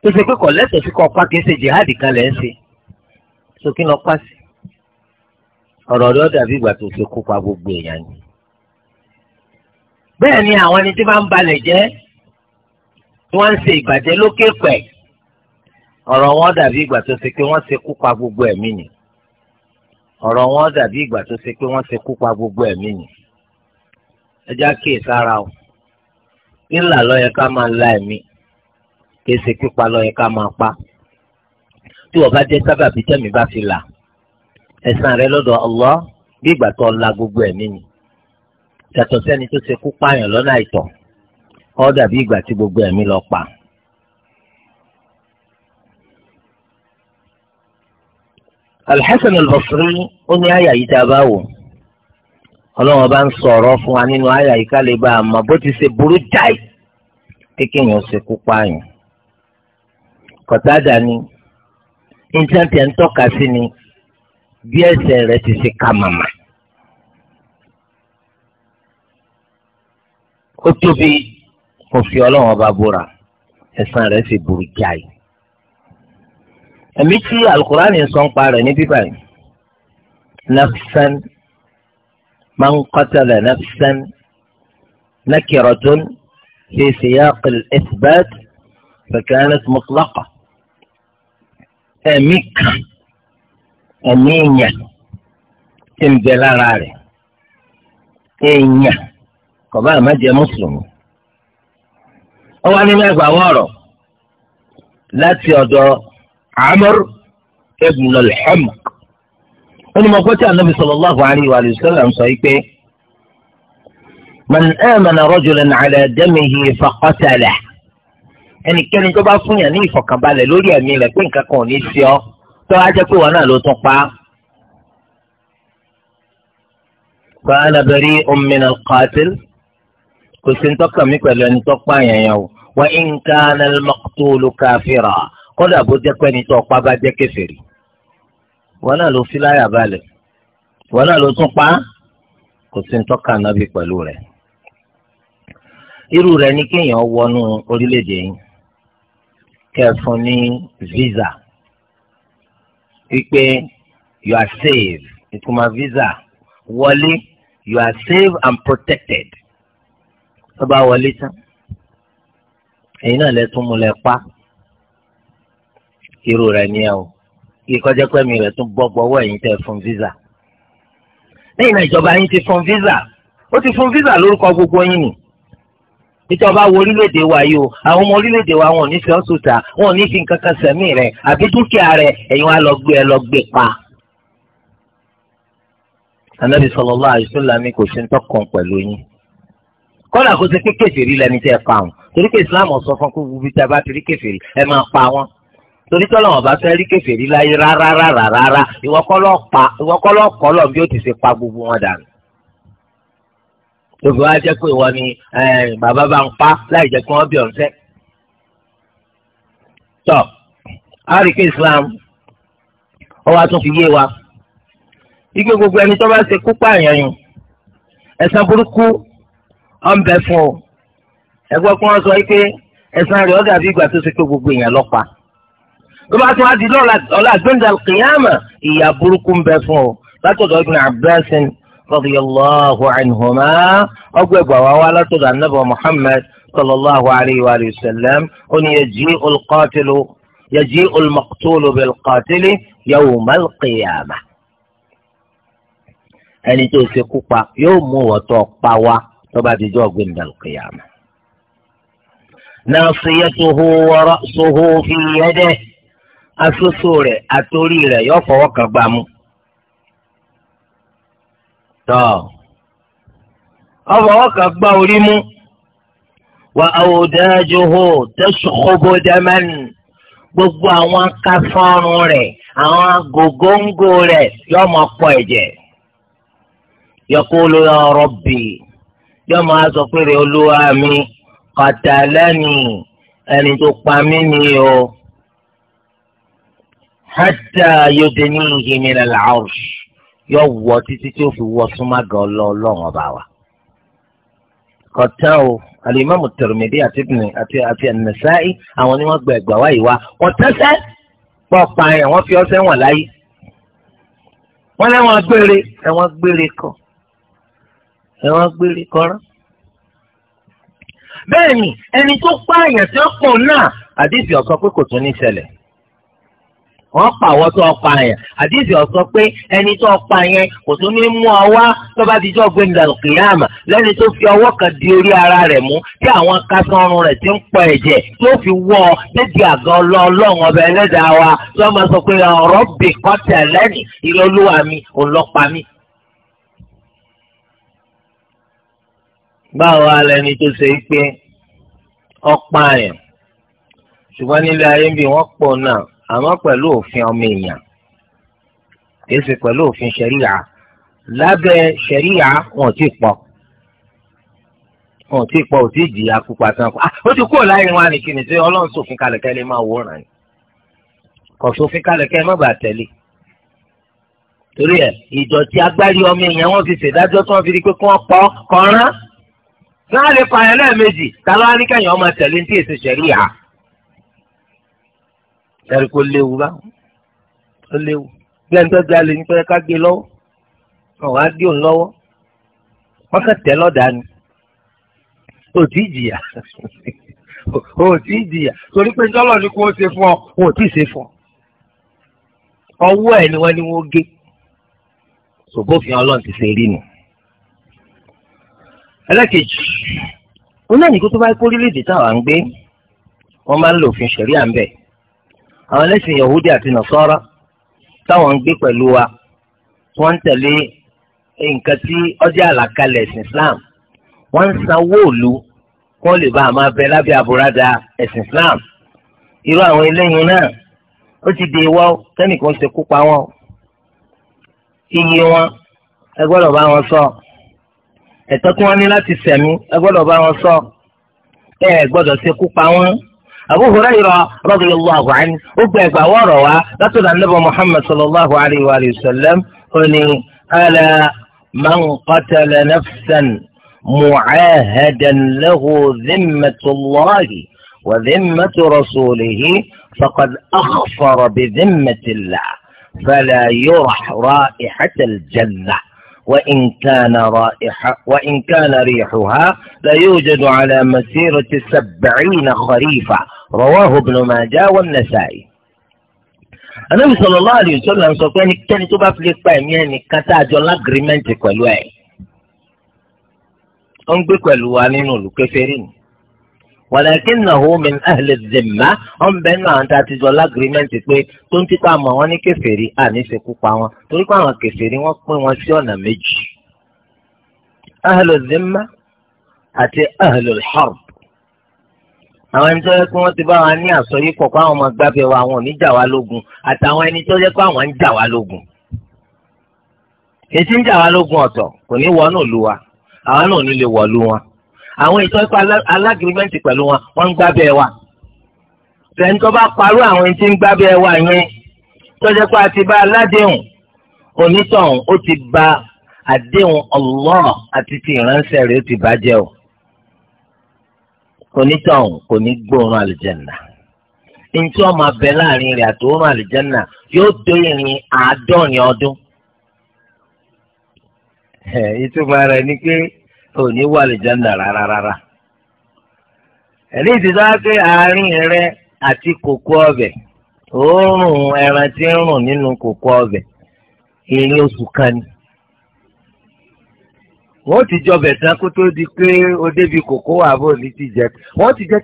tó pé kọ̀ lẹ́sẹ̀ kọ́ pa kìí ṣe jihadi kan lẹ́ ń ṣe sókè lọ pa sí ọ̀rọ̀ ni bẹ́ẹ̀ ni àwọn ẹni tí wọ́n ń ṣe ìbàjẹ́ lókè pẹ̀ ọ̀rọ̀ wọn dàbí ìgbà tó ṣe pé wọ́n ṣe kú pa gbogbo ẹ̀mí ni ọ̀rọ̀ wọn dàbí ìgbà tó ṣe pé wọ́n ṣe kú pa gbogbo ẹ̀mí ni ẹ já kí ìsára o ńlá lọ́yẹ ká máa la ẹ̀mí kì í ṣe pípa lọ́yẹ ká máa pa tí wọ́n bá jẹ́ sábàbí tẹ̀mí bá fi là ẹ̀san rẹ lọ́dọ̀ Allah bí ìgbà tó la gbogbo ẹ̀mí ni yàtọ̀ sẹ́ni tó ṣe kú pààyàn lọ́nà àìtọ́ ó dàbí ìgbà tí gbogbo ẹ̀mí lọ pa. Al-Hasan al-Basri ó ní àyà yìí tá a bá wò ọlọ́wọ́n bá ń sọ̀rọ̀ fún wa nínú àyà yìí ká lè bá a mọ̀ bó ti ṣe burú jáì kékeré ó ṣe kú pààyàn. Kọ̀tádà ni intanet ẹ̀ ń tọ́ka sí ni bí ẹsẹ̀ rẹ̀ ti ṣe ka màmá. Ó tóbi mo fi ọlọ́run ọba búra ẹ̀san rẹ̀ sì burú jáì. ẹ̀mí tí alukur'an yẹn sọ ń pa rẹ̀ ní bíbá yìí nafsan man qatala nafsan nakiratun fi siyaq al-ithbat fakanat mutlaqa ẹ̀mí kan ẹ̀mí yẹn tí ń bẹ lára rẹ̀ èèyàn kò bá àmàjẹ mùsùlùmí wọ́n wá nínú ẹgbàá wọ̀rọ̀ láti ọ̀dọ̀ Amr ibn al-Hamq wọ́n ní mo gbọ́ tí anabi sallallahu alayhi wa sallam sọ yìí pé man amana rajulan ala damihi faqatalah ẹnikẹ́ni tó bá fún yàn ní ìfọ̀kànbalẹ̀ lórí ẹ̀mí rẹ̀ pé nǹkan kan ò ní sí ọ tó wá jẹ́ pé wọn náà ló tún pa á. fa ana bari'un min kò sí ntọ́ka mi pẹ̀lú ẹni tó pa yẹn yẹn o wa in kana al-maqtulu kafira kódà bó jẹ́ pé ẹni tó pa bá jẹ́ kèfèrí wọn náà ló fi láyà balẹ̀ wọn náà ló tún pa kò sí ntọ́ka nábì pẹ̀lú rẹ̀ irú rẹ̀ ní kéèyàn wọnú orílẹ̀-èdè yìí kẹfún ní visa wípé you are safe ìtumọ̀ visa wọlé you are safe and protected tó bá wọlé tán ẹ̀yin náà lẹ tún mú lẹ pa irú rẹ̀ ní o ìkọjá pẹ́mi rẹ̀ tún bọ́ gbọ́wọ́ ẹ̀yin tẹ́ fún visa lẹ́yìn náà ìjọba yín ti fún visa ó ti fún visa lórúkọ gbogbo yín ni ìjọba wo orílẹ̀-èdè wa yìí o àwọn ọmọ orílẹ̀-èdè wa wọn ò ní fi ọ́ sùtà wọn ò ní fi nǹkan kan sẹ̀mí rẹ̀ àbí dúkìá rẹ̀ ẹ̀yin wa lọ gbé ẹ lọ gbé pa. Ànábì sallallahu alaihi wasallam kò sí ń tọkàn pẹ̀lú yín kọ́lá kó ṣe pé kèfèrí lẹni tẹ́ pa wọn torí pé islam sọ fún kó wúbi tá a bá ti rí kèfèrí ẹ máa pa wọn torí tọ́lọ̀ wọn bá fẹ́ rí kèfèrí láyé rárá rárá rárá ìwọ kọ́lọ́ kọ́lọ́ bí ó ti ṣe pa gbogbo wọn dànù. òfin wa jẹ́ pé ìwọ ni bàbá bá ń pa láì jẹ́ pé wọ́n bí ọ̀nṣẹ́. tọ́ àríkè islam ó wá tún fi yé wa igbe gbogbo ẹni tó bá ṣe kú pààyàn yìí ẹ̀san burúkú ọ̀n bẹ fún o ẹgbẹ́ kí wọ́n sọ pé ẹ̀sán rẹ̀ ọ̀gá bí ìgbà tó ṣe pé gbogbo èèyàn lọ́pa tó bá tún á di ọ̀la gbẹ̀ndà kìyàmà ìyà burúkú ń bẹ fún o látọ̀dọ̀ Ibn Abbas radiyallahu anhuma ọgbẹ́ ìgbà wa wá látọ̀dọ̀ Ànábì Muhammad sallallahu alayhi wa sallam ó ní yaji'ul qatilu yaji'ul maqtulu bil ẹni tó ṣekú pa yóò mú wọ́tọ̀ pa wá tọ́ba ti jọ́ ọ̀gbìn dàlùkìyàmù. nasiyatuhu wa ra'suhu fi yadihi asoso rẹ̀ àtòrí rẹ̀ yọ fọwọ́ kan gbà mú. tọ́ ọfọwọ́ kan gbá orí mú wa awdajuhu tashkhubu daman gbogbo àwọn akásọ́run rẹ̀ àwọn gògóńgò rẹ̀ yọ ọmọ pọ̀ ẹ̀jẹ̀ yaqulu ya rabbi yóò máa sọ pé rè olúwa mi kọ̀tà lẹ́nu ẹni tó pa mí ni o. hátà yóde ní ìhìnmílẹ̀ làárù yóò wọ títí tí ó fi wọ súnmága ọlọ́ọ̀lọ́ọ̀ ọba wa. kọ̀tà o alimami Tirmidhi àti àti àti an àwọn ni wọ́n gba ẹ̀gbà wá yìí wá wọ́n tẹ́sẹ̀ pọ̀ pa ẹ̀ fi ọsẹ́ wọn láyé wọ́n lẹ́wọ̀n gbére ẹ̀wọ̀n gbére kan ẹ̀wọ̀n gbére kọ́rọ́. bẹ́ẹ̀ ni ẹni tó pààyàn tí ó pọ̀ náà àdìsí ọ̀sọ́ pé kò tún ní ṣẹlẹ̀ wọ́n pàwọ́ tó ọpa yẹn àdìsí ọ̀sọ́ pé ẹni tó ọpa yẹn kò tún ní mú ọ wá tó bá dijọ́ gbẹ̀ngà kìláàmà lẹ́ni tó fi ọwọ́ kan di orí ara rẹ̀ mú tí àwọn kásánrun rẹ̀ ti ń pọ̀ ẹ̀jẹ̀ tó fi wọ́ ọ dédìí àgọ́ ọlọ́ọ̀lọ́ọ̀ ọbẹ̀ ẹlẹ́dàá wa tó máa sọ pé ọ̀rọ̀ bè kọ́tẹ̀ lẹ́nì báwo alẹ́ni tó ṣe pé ọ̀pá àyàn ṣùgbọ́n nílé ayé ń bí wọ́n pọ̀ náà àmọ́ pẹ̀lú òfin ọmọ èèyàn kìí ṣe pẹ̀lú òfin ṣẹ̀ríyà lábẹ́ ṣẹ̀ríyà wọn ò tí ì pọ̀ wọn ò tí ì pọ̀ ò tí ì jìyà pupa sanko ah, ó ti kúrò láyé wọn ànìkí ni tí ọlọ́run sòfin kalẹ̀ lè máa wòran ni kò sófin kalẹ̀ má bàa tẹ̀lé torí ẹ̀ ìdọ̀tí agbárí ọmọ èèyàn wọn fi ṣèdájọ́ tí wọ́n fi di pé kí wọ́n pọ̀ kọ́ńrán náà lè pààyàn lẹ́ẹ̀mejì ta ló wá ní kẹ́yìn ọmọ tẹ̀lé ní tí èsì ṣẹ̀rí à. ẹ̀rí kò léwu bá ó léwu bí ẹni tó jalè ní pẹ́ẹ́ ká gbé lọ́wọ́ ọ̀hún á lọ́wọ́ wọ́n kàn tẹ́ lọ́dà ni ò tí ì jìyà ò tí ì jìyà torí pé jọ́lọ̀ ni kò ṣe fún ọ ò tí ì ṣe fún ọ ọwọ́ ẹ̀ ni wọ́n ní wọ́n gé ṣòbófin ọlọ́run ti ṣe rí nù ẹlẹ́kejì ó náà nìkú tó bá kó orílẹ̀-èdè táwa ń gbé wọ́n máa ń lo òfin ṣẹ̀ríà ń bẹ̀ àwọn ẹlẹ́sìn yahudi àti nasara táwọn ń gbé pẹ̀lú wa wọ́n ń tẹ̀lé nǹkan tí ọjà àlàkalẹ̀ ẹ̀sìn islam wọ́n ń sanwó òlu kó lè bá a máa bẹ lábẹ́ àbúradà ẹ̀sìn islam irú àwọn eléyìí náà ó ti di ìwọ kẹ́nìkan ṣe kópa wọn iye wọn ẹ bá wọn sọ. So ẹ̀tọ́ tí wọ́n ní láti sẹ̀mí ẹ gbọ́dọ̀ bá wọn sọ ẹ gbọ́dọ̀ ṣe kú pa wọ́n. Abu Hurayra radiyallahu anhu ó gba ẹgbà rọ̀ wá látọ̀dọ̀ Ànábì Muhammad sallallahu alayhi wa sallam ó ní ala man qatala nafsan mu'ahadan lahu dhimmatullahi wa dhimmatu rasulihi faqad akhfara bi dhimmatillah fala yurah ra'ihatal jannah. وإن كان رائحة وإن كان ريحها لا يوجد على مسيرة سبعين خريفا رواه ابن ماجه والنسائي النبي صلى الله عليه وسلم sọ pé ẹnikẹ́ni tó bá fi lè pa ẹ̀mí ẹnìkan tá a jọ lágrímẹ́ǹtì pẹ̀lú ولكن min من أهل الذمة bẹ́ẹ̀ بينما àwọn tá a تقول jọ lágrímẹ́ǹtì pé tó ń tipa mọ̀ wọ́n ní kèfèrí àní ṣekú pa wọn torí pé àwọn kèfèrí wọ́n pín wọn sí ọ̀nà méjì. ahli zimma àti ahli harb àwọn ẹni tó yẹ kí wọ́n ti bá wa ní àsọyípọ̀ pé àwọn ọmọ gbábẹ́ wa àwọn ò ní jà wá lógun àtàwọn ẹni tó yẹ pé àwọn ń jà wá lógun. èsì ń jà wá lógun ọ̀tọ̀ kò ní wọnú ìlú wa àwọn náà ò ní lè wọ̀lú wọn àwọn ìtọ́ ipa alágírímẹ́ǹtì pẹ̀lú wọn wọ́n ń gbábẹ́ wa tẹ̀ńtọ́ bá parọ́ àwọn ẹni tí ń gbábẹ́ wa yẹn tọ́jọ́ pé a ti bá aládéhùn onítọ̀hún ó ti ba àdéhùn Allah àti ti ìránṣẹ́ rẹ̀ ó ti bàjẹ́ o onítọ̀hún kò ní gbóòórùn àlùjànnà ntí ọmọ abẹ láàrin rẹ̀ àti òórùn àlùjànnà yóò tó ìrìn àádọ́rin ọdún. ìtumọ̀ rẹ̀ ni pé o ní wà àlùjánnà rárá rárá. ẹ̀rí ti sá àárín rẹ àti kòkó ọbẹ̀ òórùn ẹran ti ń rùn nínú kòkó ọbẹ̀ ìrìn oṣù kan wọ́n ti jọ bẹ̀ tán kó tó di pé ó débi kòkó wà bó ní ti jẹ wọ́n ti jẹ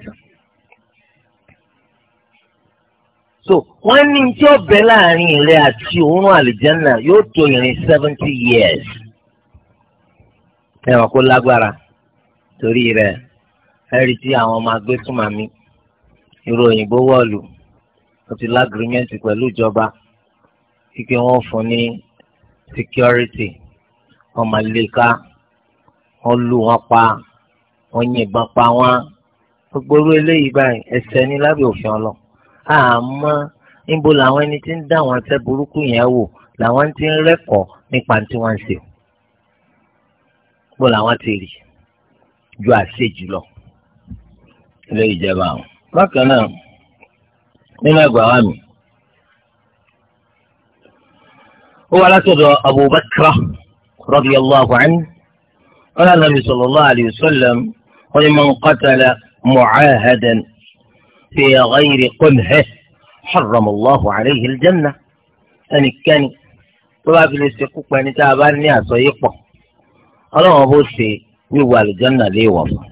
so wọ́n ní tí ọbẹ̀ láàrin rẹ àti òórùn àlùjánnà yóò tó ìrìn seventy years. ẹ̀wọ̀n kó lágbára torí rẹ̀ ẹ̀rí tí àwọn ọmọ agbésùnmọ̀ mi irú òyìnbó wọ̀ọ̀lù ó ti lágírímẹ́ǹtì pẹ̀lú ìjọba kíkẹ́ wọ́n fún ní security wọ́n máa lé ká wọ́n lù wọ́n pa wọ́n yìnbọn pa wọ́n gbogbo orú eléyìí báyìí ẹsẹ̀ ní lábẹ́ òfin ọlọ àmọ́ níbo làwọn ẹni tí ń dá àwọn ẹsẹ̀ burúkú yẹn wò làwọn ti ń rẹ́kọ̀ọ́ nípa tí wọ́n ń ṣe. bó làwọn ti rí ju àṣejù lọ ilé ìjẹba àwọn. bákan náà nínú ẹgbàá wa mi ó wà látọ̀dọ̀ abubakar radiyallahu anhu قال النبي صلى الله عليه وسلم ولمن قتل معاهدا في غير قمه حرم الله عليه الجنة ẹnikẹ́ni tó bá fi lè ṣe pa ẹni tá a bá ní pọ̀. ọlọ́run bó ṣe wíwọ àlùjọ́nà lè wọ̀ fún.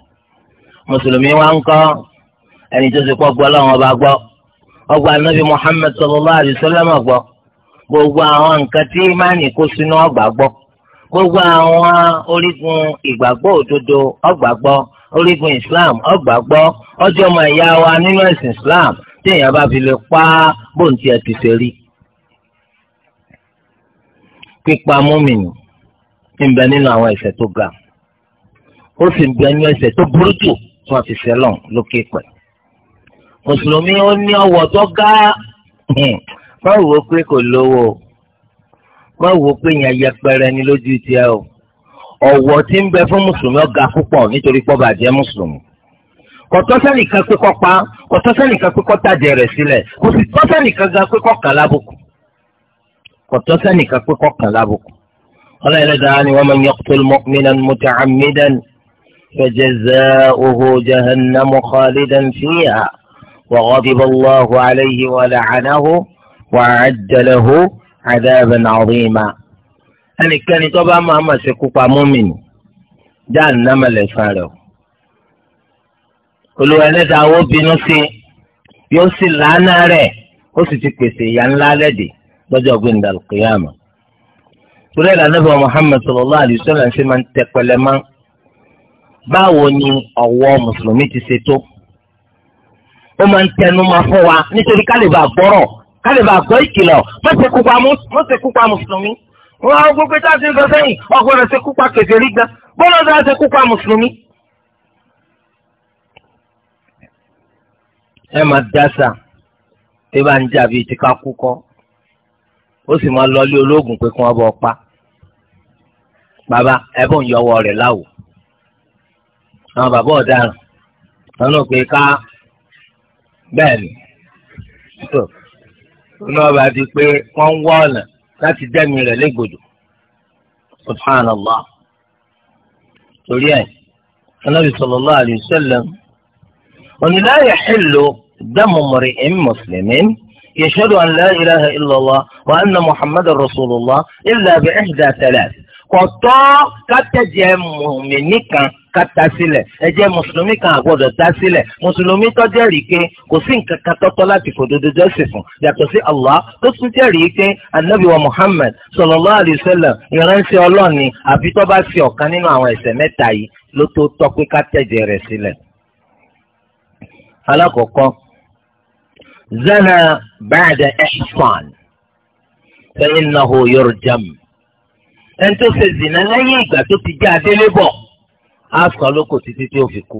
mùsùlùmí wa ń kọ́ ẹni tó ti kọ́ ọgbà Muhammad sallallahu alaihi gbọ́ gbogbo àwọn nǹkan tí imáàní kó sínú ọgbà gbọ́ gbogbo àwọn orígun ìgbàgbọ́ òdodo ọgbà gbọ́ orígun Islam ọgbà gbọ́ ọjọ́ ọmọ wa nínú ẹ̀sìn Islam téèyàn bá fi lè pa bóun ti ń bẹ nínú àwọn ẹ̀ṣẹ̀ tó ga ó sì ń bẹ nínú ẹ̀ṣẹ̀ tó burú jù tí wọ́n fi sẹ́lọ̀n lókè pẹ̀. mùsùlùmí ó ní ọwọ́ tó ga má wò ó pé kò lówó má wò ó pé yẹn yẹpẹrẹ ni lójú tiẹ̀ o ọ̀wọ̀ tí ń bẹ fún mùsùlùmí ọ̀gá púpọ̀ nítorí pọ́ bàjẹ́ mùsùlùmí kọtọ́sẹ́nìkan pé kọ́ pa kọtọ́sẹ́nìkan pé kọ́ tàjẹ́ rẹ̀ sílẹ̀ kò sì tọ́sẹ́nìkan gan pé kọ́ kàn lábùkù kọtọ́sẹ́nìkan pé kọ́ kàn lábùkù قال يلدان ومن يقتل مؤمنا متعمدا فجزاؤه جهنم خالدا فيها وغضب الله عليه ولعنه وعد له عذابا عظيما أن كان طبعا ما ما سكوكا مؤمن دان نما لفاره قلوا أنا دعوت بنصي يوصل لانا ره وسيتكسي ينلا يعني لدي بجوغن القيامه torí ẹ̀ lànà bá Muhammad sallallahu alayhi wa sallam ṣe máa ń tẹpẹlẹ mọ́ báwo ni ọ̀wọ́ mùsùlùmí ti ṣe tó ó máa ń tẹnu máa fún wa nítorí ká lè bá gbọ́rọ̀ ká lè bá gbọ́ ìkìlọ̀ má ṣe kúpa mùsùlùmí wọn á gbogbo tá a ti ń sọ sẹ́yìn ọgbọ́dọ̀ ṣe kúpa kèfèrí gan bọ́lá tá a ṣe kúpa mùsùlùmí. ẹ máa dáṣà ẹ bá ń jà bíi tìka kú ó sì máa lọ lé ológun pé kí wọ́n bọ́ pa bàbá ẹbùn yọwọ́ rẹ̀ láwò àwọn bàbá ọ̀daràn wọn náà pé ká bẹ́ẹ̀ ni náà bá di pé wọ́n ń wá ọ̀nà láti dẹ́mi rẹ̀ légbodò subhanallah torí ẹ̀ anábì sallallahu alayhi wa sallam òní la yahillu damu mri'in muslimin yashhadu an la ilaha illallah wa anna muhammadan rasulullah illa bi ihda kọ̀tọ́ kátẹ̀jẹ̀ mùmí nìkan kata sílẹ̀ ẹ̀jẹ̀ mùsùlùmí kan àgbọ̀dọ̀ dá sílẹ̀ mùsùlùmí tó jẹ́rìí pé kò sí nǹkan kan tọ́tọ́ láti fòdodo jọ́sìn fún yàtọ̀ sí Allah tó tún jẹ́rìí pé anabi wa Muhammad sallallahu alaihi wasallam àbí tó bá fi ọ̀kan nínú àwọn ẹ̀ṣẹ̀ mẹ́ta yìí ló tó tọ́ pé kátẹ̀jẹ̀ rẹ̀ sílẹ̀. alákọ̀ọ́kọ́ zana ba'da ihsan fa innahu yurjam ẹni tó ṣe zìnà lẹ́yìn ìgbà tó ti jẹ́ adélébọ̀ á sọ lóko títí tí ó fi kú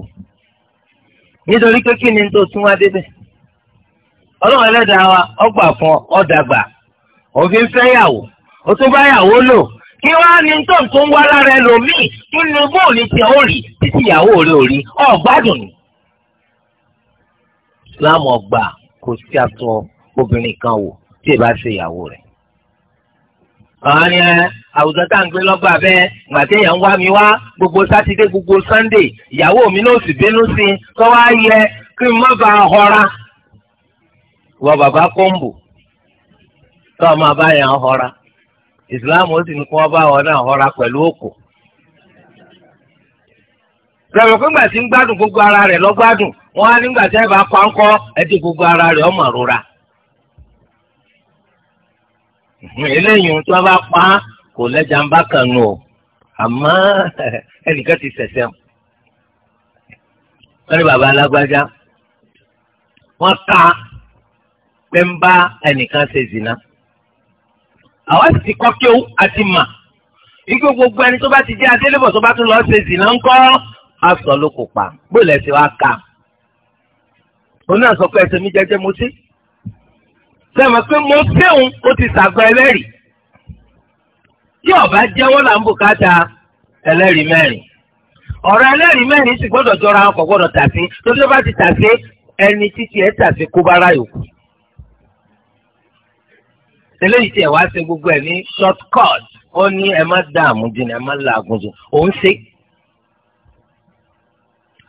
nítorí pé kí ni tó tún wá débẹ̀ ọlọ́run ẹlẹ́dàá wa ọgbà fún ọ̀dàgbà òfin fẹ́yàwó ó tún bá yàwó lò kí wá ní tó tó ń wá lára ẹlòmíì tó ní bóòlù ó rí títí ìyàwó rẹ̀ ò rí ọ̀gbádùn ni. Islam ọgbà kò sí aṣọ obìnrin kan wò tí ì bá ṣe ìyàwó rẹ̀. àwọn yẹn àwùjọ tá à ń gbé lọ́gbà bẹ́ẹ̀ gbàtẹ́ yẹn ń wá mi wá gbogbo sátidé gbogbo sannde ìyàwó mi náà sì bínú sí i kọ́ wá yẹ kí ba họra wọ bàbá kọ́ńbù tó ọmọ bá yẹn họra ìsìláàmù ó sì ní kí wọ́n bá wọn náà gbogbo ara rẹ̀ lọ́gbádùn á ẹ̀ bá pa ti gbogbo ara rẹ̀ ọmọ rora. eléyìí tí wọ́n bá pa kò lẹ́jà ń bá kàn nù o àmọ́ ẹnìkan ti ṣẹ̀ṣẹ̀ wọ́n ní bàbá alágbájá wọ́n ká pé ń bá ẹnìkan ṣe zìnà àwa sì ti kọ́ kí ó àti mà igbó gbogbo ẹni tó bá ti jẹ́ adélébọ̀ tó bá tún lọ́ọ́ ṣe zìnà ńkọ́ aṣọ ló kò pa gbọ́dọ̀ ẹ̀sìn wa ká òun náà sọ pé ẹsẹ̀ mi jẹ́jẹ́ mo sí sẹ́mi pé mo séun ó ti sàgbọ́ ẹlẹ́rìí tí ọba jẹ́wọ́ là ń bùkátà ẹlẹ́rìí mẹ́rin ọ̀rọ̀ ẹlẹ́rìí mẹ́rin sì gbọ́dọ̀ jọra wọn kò gbọ́dọ̀ tàsé lórí tó bá ti tàsé ẹni títí ẹ tàsé kó bára yòókù eléyìí tí ẹ wá ṣe gbogbo ẹ ní short cut ó ní ẹ má dààmú jìnnà ẹ má làágùn jù òun ṣe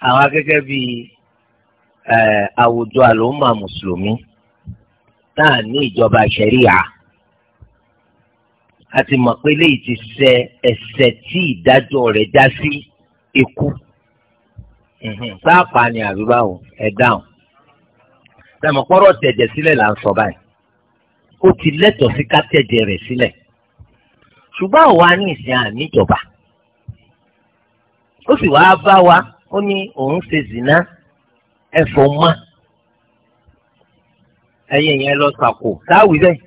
àwa gẹ́gẹ́ bíi àwùjọ àlòmà mùsùlùmí táà ní ìjọba ṣẹ̀ríà a ti mọ̀ pé léyìí ti ṣe ẹ̀ṣẹ̀ tí ìdájọ́ rẹ̀ já sí ikú sáàpà ni àbíbáwò ẹ̀ dáhùn tẹ̀mọ̀pọ̀rọ̀ tẹ̀jẹ̀ sílẹ̀ là ń sọ báyìí ó ti lẹ́tọ̀ọ́ sí ká tẹ̀jẹ̀ rẹ̀ sílẹ̀ ṣùgbọ́n àwa ní ìsìn àníjọba ó sì wáá bá wa ó ní òun ṣe zìnà ẹ̀fọ́ máa ẹ̀yin yẹn lọ sàkó sáwì bẹ́ẹ̀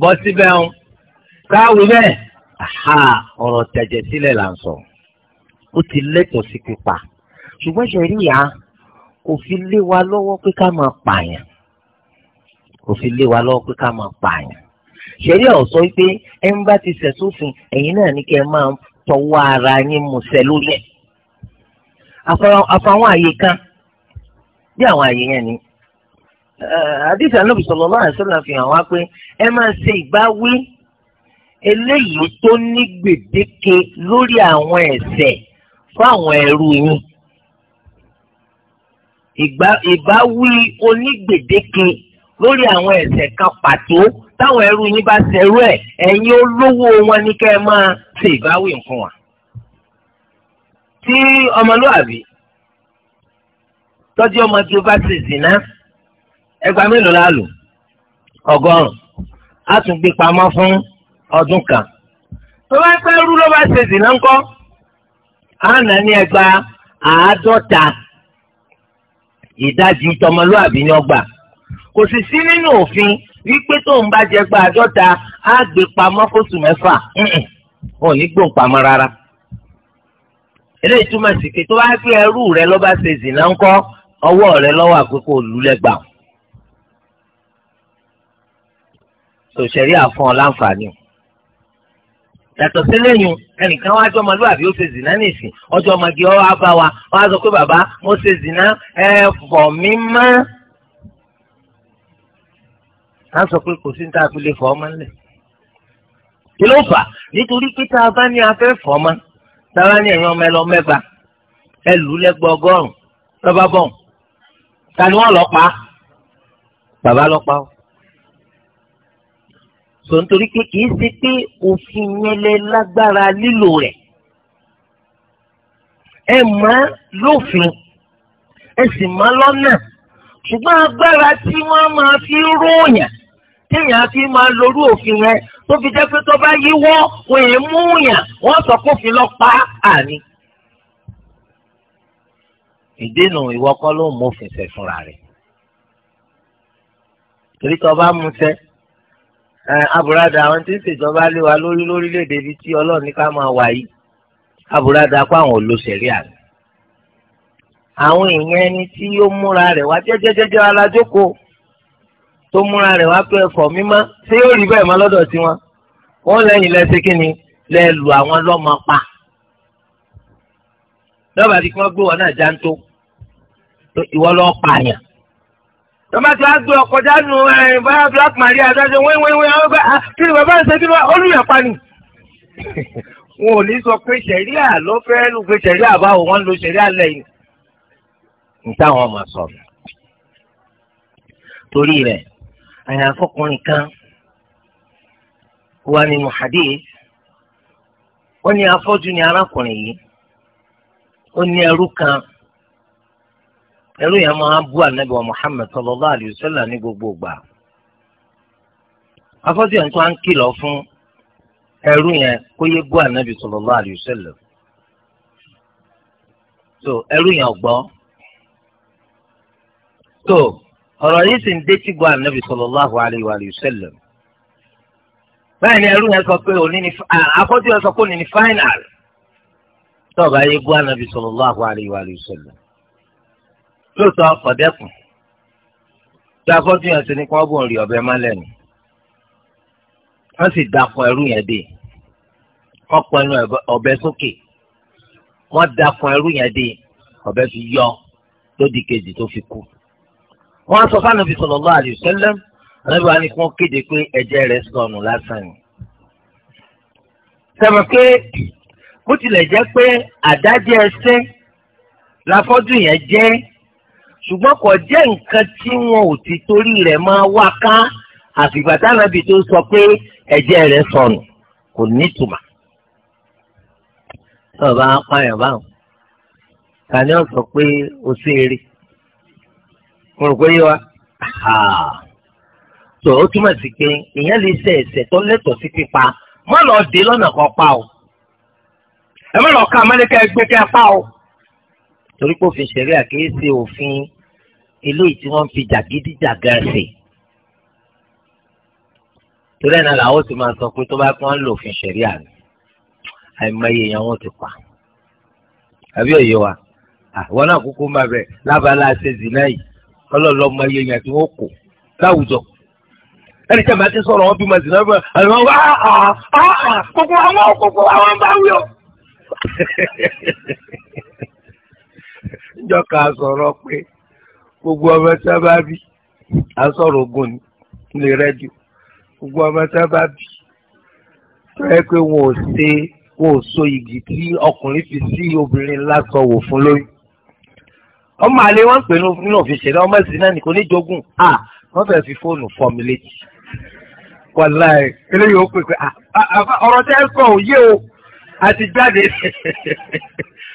bọ́ síbẹ̀ ń sáwì bẹ́ẹ̀ aha ọ̀rọ̀ tẹ̀jẹ̀ sílẹ̀ là ń sọ ó ti lẹ́tọ̀ọ́ sí pípa ṣùgbọ́n ṣẹ̀ríyà kò fi lé wa lọ́wọ́ pé ká máa pààyàn kò fi lé wa lọ́wọ́ pé ká máa pààyàn ṣẹ̀ríyà ò pé ẹ ń bá ti ṣẹ̀sófin ẹ̀yin náà ní kẹ́ ẹ máa tọwọ́ ara yín musẹ̀ lórí ẹ̀ àyè kan bí àwọn àyè yẹn ni àdìsí eh, ànábì sallallahu alaihi wasallam fi hàn wá pé ẹ máa ṣe ìbáwí eléyìí tó ní gbèdéke lórí àwọn ẹ̀ṣẹ̀ fáwọn ẹrú yín ìbáwí onígbèdéke lórí àwọn ẹ̀ṣẹ̀ kan pàtó táwọn ẹrú yín bá ṣerú ẹ̀ ẹ̀yin olówó wọn ní kẹ́ ẹ máa ṣe ìbáwí nǹkan wa. tí ọmọlúwàbí tọ́jú ọmọ tí o bá ṣe zìnnà ẹgbàá mélòó la lò ọgọ́rùn á tún gbé pamọ́ fún ọdún kan tó bá pẹ́ rú ló bá ṣe zìnnà ńkọ́ á nà ní ẹgbàá àádọ́ta ìdajì tọmọlúàbí ni ọgbà kò sì sí nínú òfin wípé tó ń bá jẹ gba àádọ́ta á gbé pamọ́ fóṣù mẹ́fà ò ní gbóhùn pamọ́ rárá eléyìí túmọ̀ sí pé tó bá pẹ́ ẹrú rẹ ló bá ṣe zìnnà ńkọ́ ọwọ́ rẹ lọ́wọ́ àkókò lulẹ̀ gbà sòṣẹ̀rí àfọ̀n láǹfààní o yàtọ̀ sílẹ̀yìn ẹnìkan wá jọ́ ọmọlúwàbí ó ṣe zìnà nìsín ọjọ́ ọmọge ọ wá bá wa wọ́n á sọ pé bàbá mo ṣe zìnà ẹ fọ̀ mí mọ́ á sọ pé kò sí ní tá a fi lè fọ̀ ọmọ ńlẹ̀ kí ló fà nítorí pé tá afẹ́ fọ̀ ọmọ tá ní ẹ̀yìn ọmọ ẹ lọ mẹ́ba ẹ lù ú lẹ́gbọ́ ọgọ́rùn-ún lọ́ba bọ̀ ta ni wọ́n lọ pa bàbá lọ pa ọ́ sọ nítorí pé kìí ṣe pé òfin yẹn lẹ lágbára lílò rẹ̀ ẹ mọ̀ lófin ẹ sì mọ̀ lọ́nà ṣùgbọ́n agbára tí wọ́n máa fi ròyìn téèyàn fi máa lorú òfin yẹn tó fi jẹ́ pé tó bá yíwọ́ wọn èé mú yàn wọ́n sọ kófin lọ pa àní. ìdènà ìwọ ló mú òfin ṣẹ fúnra rẹ̀ torí tó bá mú ṣẹ aburada àwọn tí ń ṣèjọba lé wa lórí lórílẹ̀ ibi tí ọlọ́run ká máa wà yìí aburada kó àwọn olóṣèlú àná. àwọn èèyàn ẹni tí ó múra rẹ̀ wá jẹ́jẹ́jẹ́jẹ́ alájókòó tó múra rẹ̀ wá pé ẹ̀fọ́ mímọ́ ṣé yóò rí bẹ́ẹ̀ mọ́ lọ́dọ̀ tí wọn. wọ́n lẹ́yìn lẹ́sẹ̀ kí ni lu àwọn lọ́mọ pa. lọ́ba tí wọ́n gbé wọn náà já ń tó ìwọ lọ́ọ́ pààyàn tọ́ba ti wá gbé ọkọ̀ jánu báyà black maria adájọ́ wẹ́wẹ́wẹ́ àwọn bá ah, kí ni bàbá ń ṣe kí ni olùyàpá ni. wọn ò ní sọ pé ṣẹ̀ríà ló fẹ́ lù pé ṣẹ̀ríà báwo wọ́n lo ṣẹ̀ríà lẹ́yìn. n táwọn ọmọ sọ torí rẹ̀ àyàfọkùnrin kan wà nínú hadith wọ́n ní afọ́jú ni arákùnrin yìí ó ní ẹrú kan. ẹrú yẹn máa bú anabi muhammed sallallahu alayhi gbogbo gbà afọ́sí ẹ̀ ń ń fún ẹrú yẹn kó yé bú anabi sallallahu alayhi tó ẹrú yẹn gbọ́ tó yìí sì ń báyìí ni ẹrú yẹn sọ pé òní ni yẹn sọ pé òní ni tó ọba bú lóòótọ́ ọ̀dẹ́kùn tí afọ́jú yẹn ti ní kí wọ́n bò ń rí ọ̀bẹ má lẹ́nu wọ́n sì dakọ̀ ẹrú yẹn dé wọ́n pọ̀ ẹnu ọ̀bẹ sókè wọ́n dakọ̀ ẹrú yẹn dé ọ̀bẹ fi yọ lódì kejì tó fi kú wọ́n á sọ fún ànábì sallallahu alaihi wasallam ànábì wa ni kí wọ́n kéde pé ẹ̀jẹ̀ rẹ̀ sọnù lásán ni sẹ́mi pé bó tilẹ̀ jẹ́ pé àdájẹ́ ẹsẹ́ láfọ́jú yẹn jẹ́ ṣùgbọ́n kò jẹ́ nǹkan tí wọn ò ti torí rẹ̀ máa wá ká àfìgbà tánàbì tó sọ pé ẹ̀jẹ̀ rẹ̀ sọnù kò nítumọ̀. tó o bá ń pààyàn báwọn tani ó sọ pé o sí eré mo rò pé yé wa tó o túmọ̀ sí pé ìyẹn lè ṣe ẹ̀ṣẹ̀ tó lẹ́tọ̀ọ́ sí pípa má lọ dé lọ́nà kan pa o ẹ má lọ ká amẹ́ríkà ẹgbẹ́ kẹ́ pa o torí pé òfin ṣẹ̀rí àkíyèsí òfin eléyìí tí wọ́n fi jàgídíjàgan ṣe torí ẹ̀ náà làwọn ti máa sọ pé tó bá kí wọ́n lò fún àìmọye èèyàn wọn ti pa àbí òye wa àwọn náà kúkú máa bẹ lábala ṣe zìnnà yìí ọlọ́ọ̀lọ́ mọ iye èèyàn tí wọ́n kù láwùjọ ẹni tẹ́ máa ti sọ̀rọ̀ wọn bí ma zìnnà bẹ́ẹ̀ àwọn wá kókó àwọn kókó àwọn bá wí ìjọ kan sọ̀rọ̀ pé gbogbo ọmọ tí a bá bí a sọ̀rọ̀ ogun ni lè rẹ́díò gbogbo ọmọ tí a bá bí tó yẹ pé wọn ò ṣe wọn ò so igi tí ọkùnrin fi sí obìnrin lásọ wò fún lóyún ọmọ àlè wọn pè ní òfin òfin ṣẹlẹ ọmọ ìsìn náà nìkan níjogún à wọn fẹẹ fi fóònù fọ mi létí wàlá ẹ eléyìí ó pè pé ọ̀rọ̀ tẹ ẹ sọ òye o àti jáde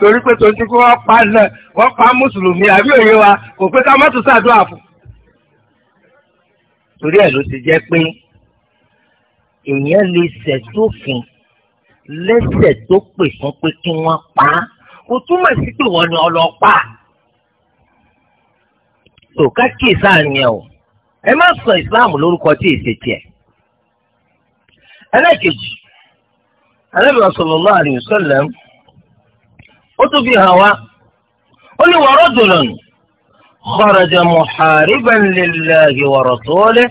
torí pé tó ń tí kó wọ́n pa náà wọ́n pa mùsùlùmí àbí òye wa kò pé ká má tún ṣàdúrà fún. torí ẹ̀ ló ti jẹ́ pé èèyàn lè ṣẹ̀dófin lẹ́sẹ̀ tó pè fún pé kí wọ́n pa á kò túmọ̀ sí pé wọ́n ni ọlọ́pàá. tó ká kíì sáàrin o ẹ má sọ ìsìláàmù lórúkọ tí èsì tiẹ̀. ẹlẹ́kejì alẹ́ bí wọ́n sallallahu alaihi wasallam. ó tún fi hàn wá ó ní wọ́rọ́ wa rajulun kharaja muhariban lillahi wa rasulihi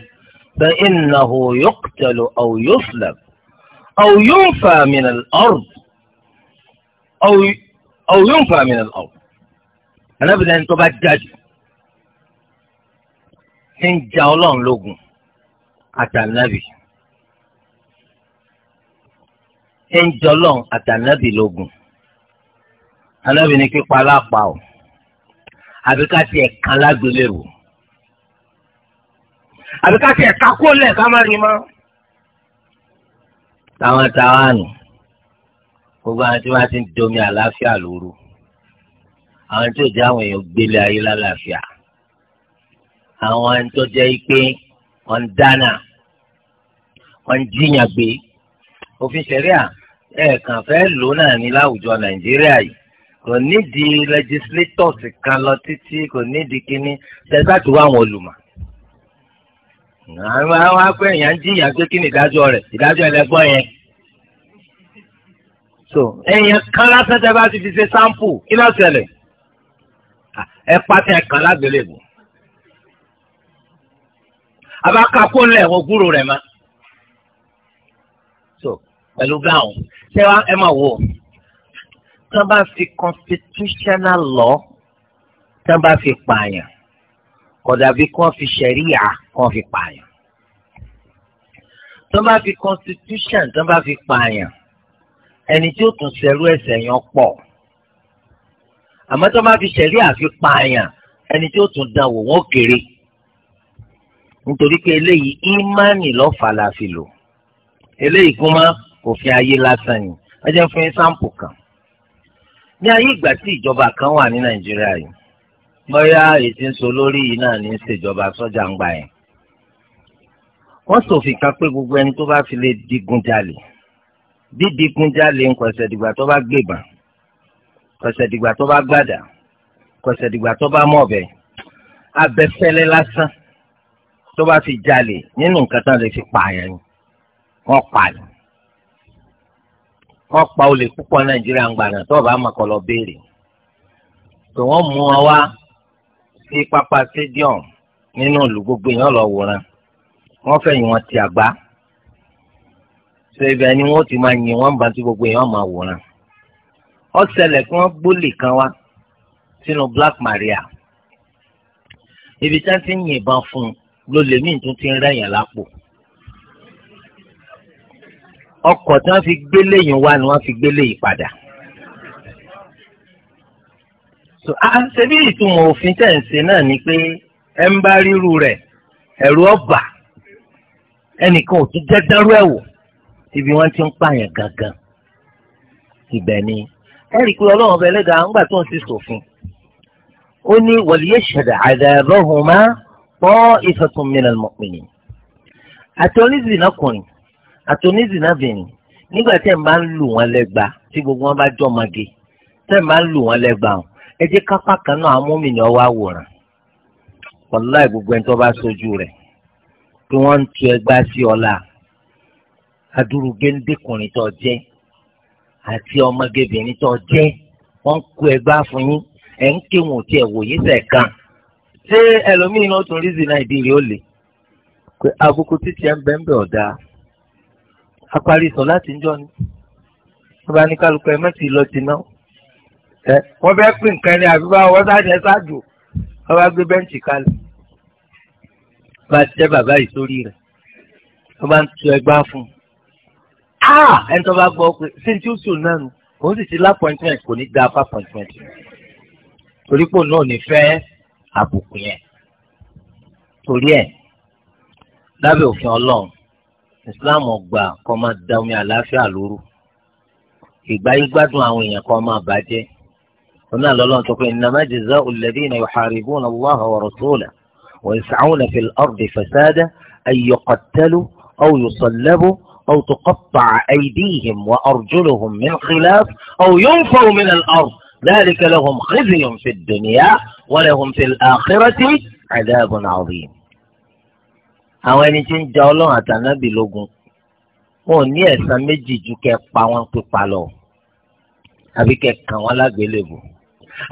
fa innahu yuqtalu aw yuslab aw yunfa min al-ard aw yunfa min al-ard alábìlẹ̀ ní tó bá jáde ṣe ń ja ọlọ́run lógun àtànábì ṣe ń ja ọlọ́run àtànábì lógun anábìíní pípa lápá o àbí ká tiẹ̀ kan lágbélérò àbí ká tiẹ̀ ká kó lẹ̀ ká má rí mọ́. táwọn táwọn nù gbogbo àwọn tí wọ́n ti ń domi àlàáfíà lóru àwọn tó jẹ́ àwọn èèyàn gbélé ayé lálàáfíà àwọn tó jẹ́ pé wọ́n ń dáná wọ́n ń jiyàn gbé òfin ṣẹ̀ríà ẹ̀ẹ̀kan fẹ́ lò náà ní láwùjọ nàìjíríà yìí kò nídìí legislators kan lọ títí kò nídìí kínní tẹ́sàtì wà wọn olùmọ̀ àwọn akọ èèyàn ń jìyà pé kí ni ìdájọ́ rẹ̀ ìdájọ́ ẹlẹ́gbọ́n yẹn so èèyàn kan lásán tẹ́ bá ti fi ṣe sáǹpù kí ló ṣẹlẹ̀ ẹ pàtẹ kan lágbélébù abakako ńlẹ̀ wọ́n gúrò rẹ̀ ma so pẹ̀lú gáwọn ṣé ẹ máa wò ó tán bá fi constitutional law tán bá fi pààyàn kò dàbí kán fi ṣẹ̀ríyà kán fi pààyàn tán bá fi constitution tán bá fi pààyàn ẹni tí ó tún ṣerú ẹ̀ṣẹ̀ yẹn pọ̀ àmọ́ tán bá fi ṣẹ̀ríyà fi pààyàn ẹni tí ó tún dán wò wọ́n kéré nítorí pé eléyìí ìmánì lọ́fà la fi lò eléyìí kúmọ́ òfin ayé lásán ni ẹ jẹ́ fún yín sáǹpù kan ní ayé ìgbà tí ìjọba kan wà ní nàìjíríà yìí bóyá èsì ń so lórí yìí náà ní ìṣèjọba sọ́jà ń gbà yẹn wọ́n ṣòfin kan pé gbogbo ẹni tó bá fi lè digun jalè dídigun jalè ń kọsẹ̀ dìgbà tó bá gbébọn kọsẹ̀ dìgbà tó bá gbàdà kọsẹ̀ dìgbà tó bá mọ̀bẹ abẹ́fẹ́lẹ́ lásán tó bá fi jalè nínú nǹkan tán lè fi pààyàn wọ́n pààyàn wọ́n pa olè púpọ̀ nàìjíríà ń gbàdàn tó ọba àmọ̀kọ́ lọ béèrè tó wọ́n mú wọn wá sí pápá stadium nínú ìlú gbogbo èèyàn lọ wòran wọ́n fẹ̀yìn wọn ti àgbá ṣé ibẹ̀ ni wọ́n ti máa yin wọ́n bá tí gbogbo èèyàn máa wòran ó ṣẹlẹ̀ kí wọ́n gbólè kan wá sínú Black Maria ibi tí wọ́n ti ń yìnbọn fún un ló lè mí tún ti ń rẹ̀yìn lápò ọkọ̀ tí wọ́n fi gbélé yìí wá ni wọ́n fi gbélé yìí padà. so a ṣebí ìtumọ̀ òfin tẹ̀ ń ṣe náà ni pé ẹ ń bá ríru rẹ̀ ẹ̀rù ọ̀bà ẹnìkan ò tún jẹ́ dárú ẹ̀ wò ibi wọ́n ti ń pààyàn gangan ibẹ̀ ni ẹ rí i pé ọlọ́run ọba ẹlẹ́dàá ńgbà tó ń ti ṣòfin ó ní wọ̀lìyẹ́ṣẹ̀dá àdàbọ̀hùnmá pọ́ ìfẹ̀tùnmínà mọ̀pìnì àti oníṣìnà kùnrin àtòníìsìnàbìnrin nígbà tẹ́ ń bá ń lù wọ́n lẹ́gba tí gbogbo wọn bá jọ mage tẹ́ ń bá ń lù wọ́n lẹ́gba ọ̀hún ẹ jẹ́ kápá kan náà amúmi ni ọwọ́ àwòrán wàláì gbogbo ẹni tó bá sojú rẹ̀ pé wọ́n ń tu ẹgbá sí ọ̀la adúrú géńdékùnrin tó jẹ́ àti ọmọgébìnrin tó jẹ́ wọ́n ń ẹgbá fún yín ẹ̀ ń ké wọn ò tiẹ̀ wòye sẹ̀kan ṣé ẹlòmíràn tó ń rí zina ìdí rẹ̀ ó lè pé àbùkù títí ẹ̀ ń bẹ́ẹ̀ bẹ́ẹ̀ ọ̀dà apari sọ láti njọ ni wọ́n bá ní kálukú ẹ mẹ́tì lọ ti náà ẹ wọ́n bẹ́ẹ̀ pín nǹkan ní àbí báwọn wọ́n sáàjẹ́ sáàjò wọ́n bá gbé bẹ́ǹchì kalẹ̀ bá ti jẹ́ bàbá yìí sórí rẹ̀ wọ́n bá ń tu ẹgbá fún un ah ẹni tó bá gbọ́ pé ṣé tí ó sùn náà nù òun sì ti lá appointment kò ní gba appointment torí pò náà ní fẹ́ àbùkù yẹn torí ẹ̀ lábẹ́ òfin ọlọ́run islam ọgbà kọ́ máa da omi àlàáfíà lóru ìgbà yìí gbádùn àwọn èèyàn kọ́ máa bàjẹ́ náà lọlọrun tó pé innama jazaa'u alladhina yuharibuna allaha wa rasulahu wa yas'una fil ardi fasada an yuqattalu aw yusallabu aw tuqatta'a aydihim wa arjuluhum min khilaf aw yunfaw min al-ard dhalika lahum khizyun fid dunya wa lahum fil akhirati 'adhabun 'adheem. àwọn ẹni tí ń ja ọlọ́run àtànábì lógun wọn ò ní ẹ̀san méjì ju kẹ́ pa wọn pípa lọ àbí kẹ́ kàn wọ́n lágbélébù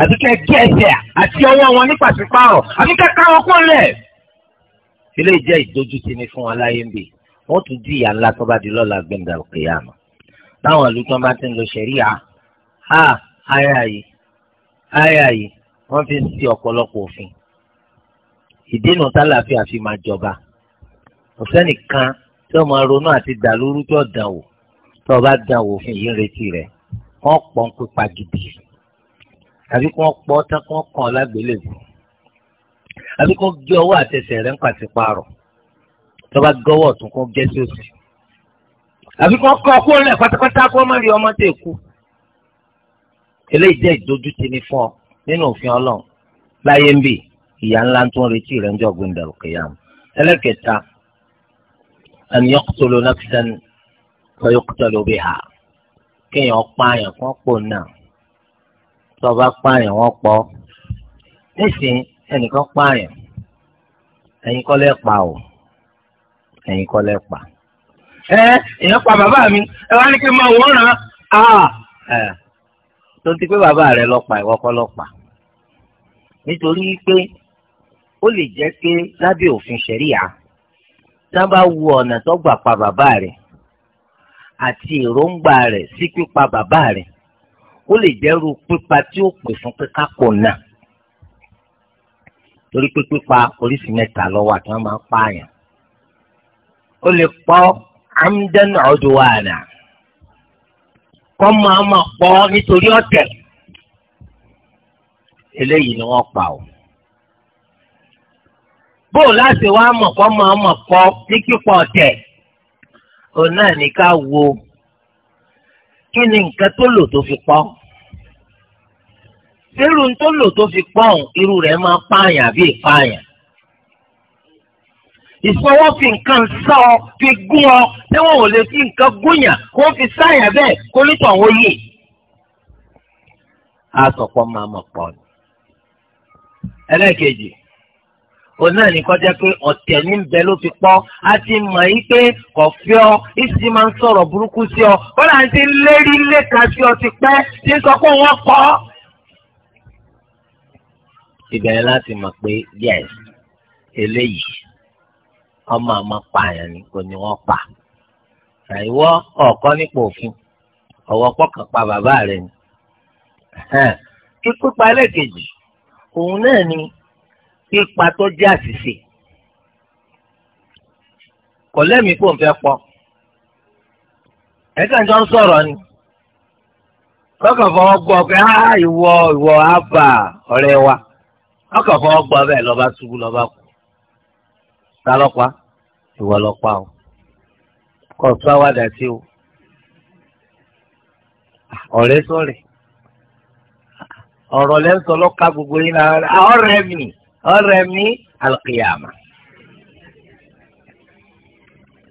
àbí kẹ́ gé ẹsẹ̀ àti ọwọ́ wọn ní pàṣípààrọ̀ àbí kẹ́ ká wọn kún lẹ̀. ilé jẹ́ ìdójútì ni fún wọn láyé ń bì wọ́n tún di ìyà ńlá tó bá di lọ́la gbẹ̀ndà òkè àmọ́ táwọn ìlú tó bá ti ń lo ṣẹ̀ríà á ayé àyè ayé àyè wọ́n fi ń ti ọ̀pọ̀lọpọ̀ òfin ìdènà ọ̀sẹ́nìkan tí wọ́n máa ronú àti dàlúrú tí wọ́n dàn wò tí wọ́n bá dàn wò fún yìí ń retí rẹ̀ wọ́n pọ̀ ń pípa gidi àbí kí wọ́n pọ̀ tán kí wọ́n kàn lágbélébù àbí kí wọ́n gé ọwọ́ àtẹsẹ̀ rẹ̀ ń pàṣípààrọ̀ tí wọ́n bá gọ́wọ́ tún kó gẹ́ sí òsì àbí kí wọ́n kọ́ ọkọ rẹ̀ pátápátá kí wọ́n má rí ọmọ tó èkú eléyìí jẹ́ ìdójútì ní fún ọ nínú òfin ọlọ́run láyé ń bì ìyá ńlá tó ń retí rẹ̀ ń jọ gbìndàrú kìyàmù ẹlẹ́kẹta an yaqtulu nafsan fayuqtalu biha kéèyàn pààyàn kan pò náà tó bá pààyàn wọ́n pọ̀ nísìn ẹnìkan pààyàn ẹ̀yin kọ́ lẹ pa o ẹ̀yin kọ́ lẹ pa. ẹ èèyàn pa bàbá mi ẹ wá ní kí n máa wọ́n ràn án. tó ti pé bàbá rẹ lọ pa kọ́ lọ nítorí pé ó lè jẹ́ pé lábẹ́ òfin ṣẹ̀ríyà tá bá wo ọ̀nà tó gbà pa bàbá rẹ̀ àti èròǹgbà rẹ̀ sí pípa bàbá rẹ̀ ó lè jẹ́rú pípa tí ó pè fún pípa kò náà torí pé pípa oríṣi mẹ́ta ló wà tí wọ́n máa ń pààyàn ó lè pọ́ amdan ọdúnwàdà kọ́ máa máa pọ́ nítorí ọ̀tẹ̀ eléyìí ni wọ́n pa ọ́ bó o láti wá mọ̀pọ́ máa mọ̀pọ́ ní kíkọ́ ọ̀tẹ̀ òun náà ní ká wo kí ni nǹkan tó lò tó fi pọ́ irú tó lò tó fi pọ́ irú rẹ̀ máa pààyàn àbí ìpààyàn ìfọwọ́ fi nǹkan sá ọ fi gún ọ tí wọn ò lè fi nǹkan gúnyàn kó fi sáyà bẹ́ẹ̀ kó nítọ̀ wọ́n yè. a sọ pé máa mọ̀ pọ̀ ni. ẹlẹ́ẹ̀kejì òun náà ní kọjá pé ọ̀tẹ̀ ní bẹ ló fi pọ́ a ti mọ̀ yí pé kọ̀fẹ́ ọ ìsì máa ń sọ̀rọ̀ burúkú sí ọ bọ́lá ń ti lérí lẹ́ka sí ọ ti pẹ́ ti sọ pé wọ́n kọ́. ìbẹ̀rẹ̀ láti mọ̀ pé yes eléyìí ọmọ àmọ́ pààyàn ni kò ní wọ́n pa àìwọ́ ọ̀kọ́ nípa òfin ọ̀wọ́ pọ́kàn pa bàbá rẹ̀ ni. kíkópa ẹlẹ́kejì òun náà ni pípa tó jẹ́ àṣìṣe kò lẹ́mìí kò ń fẹ́ pọ̀ ẹ̀sán jọ ń sọ̀rọ̀ ni kọ́kàn fọwọ́ gbọ́ pé á ìwọ ìwọ á ọ̀rẹ́ wa kọ́kàn fọwọ́ gbọ́ bẹ́ẹ̀ lọ́ba ṣubú lọ́ba kú ta lọ́pa ìwọ lọ́pa o kọ́ sáwádà sí o ọ̀rẹ́ sọ̀rẹ́ ọ̀rọ̀ lẹ́sọ̀ lọ́ka gbogbo yín náà ọ̀rẹ́ mi ọ̀rẹ́ mi alùkìyàmà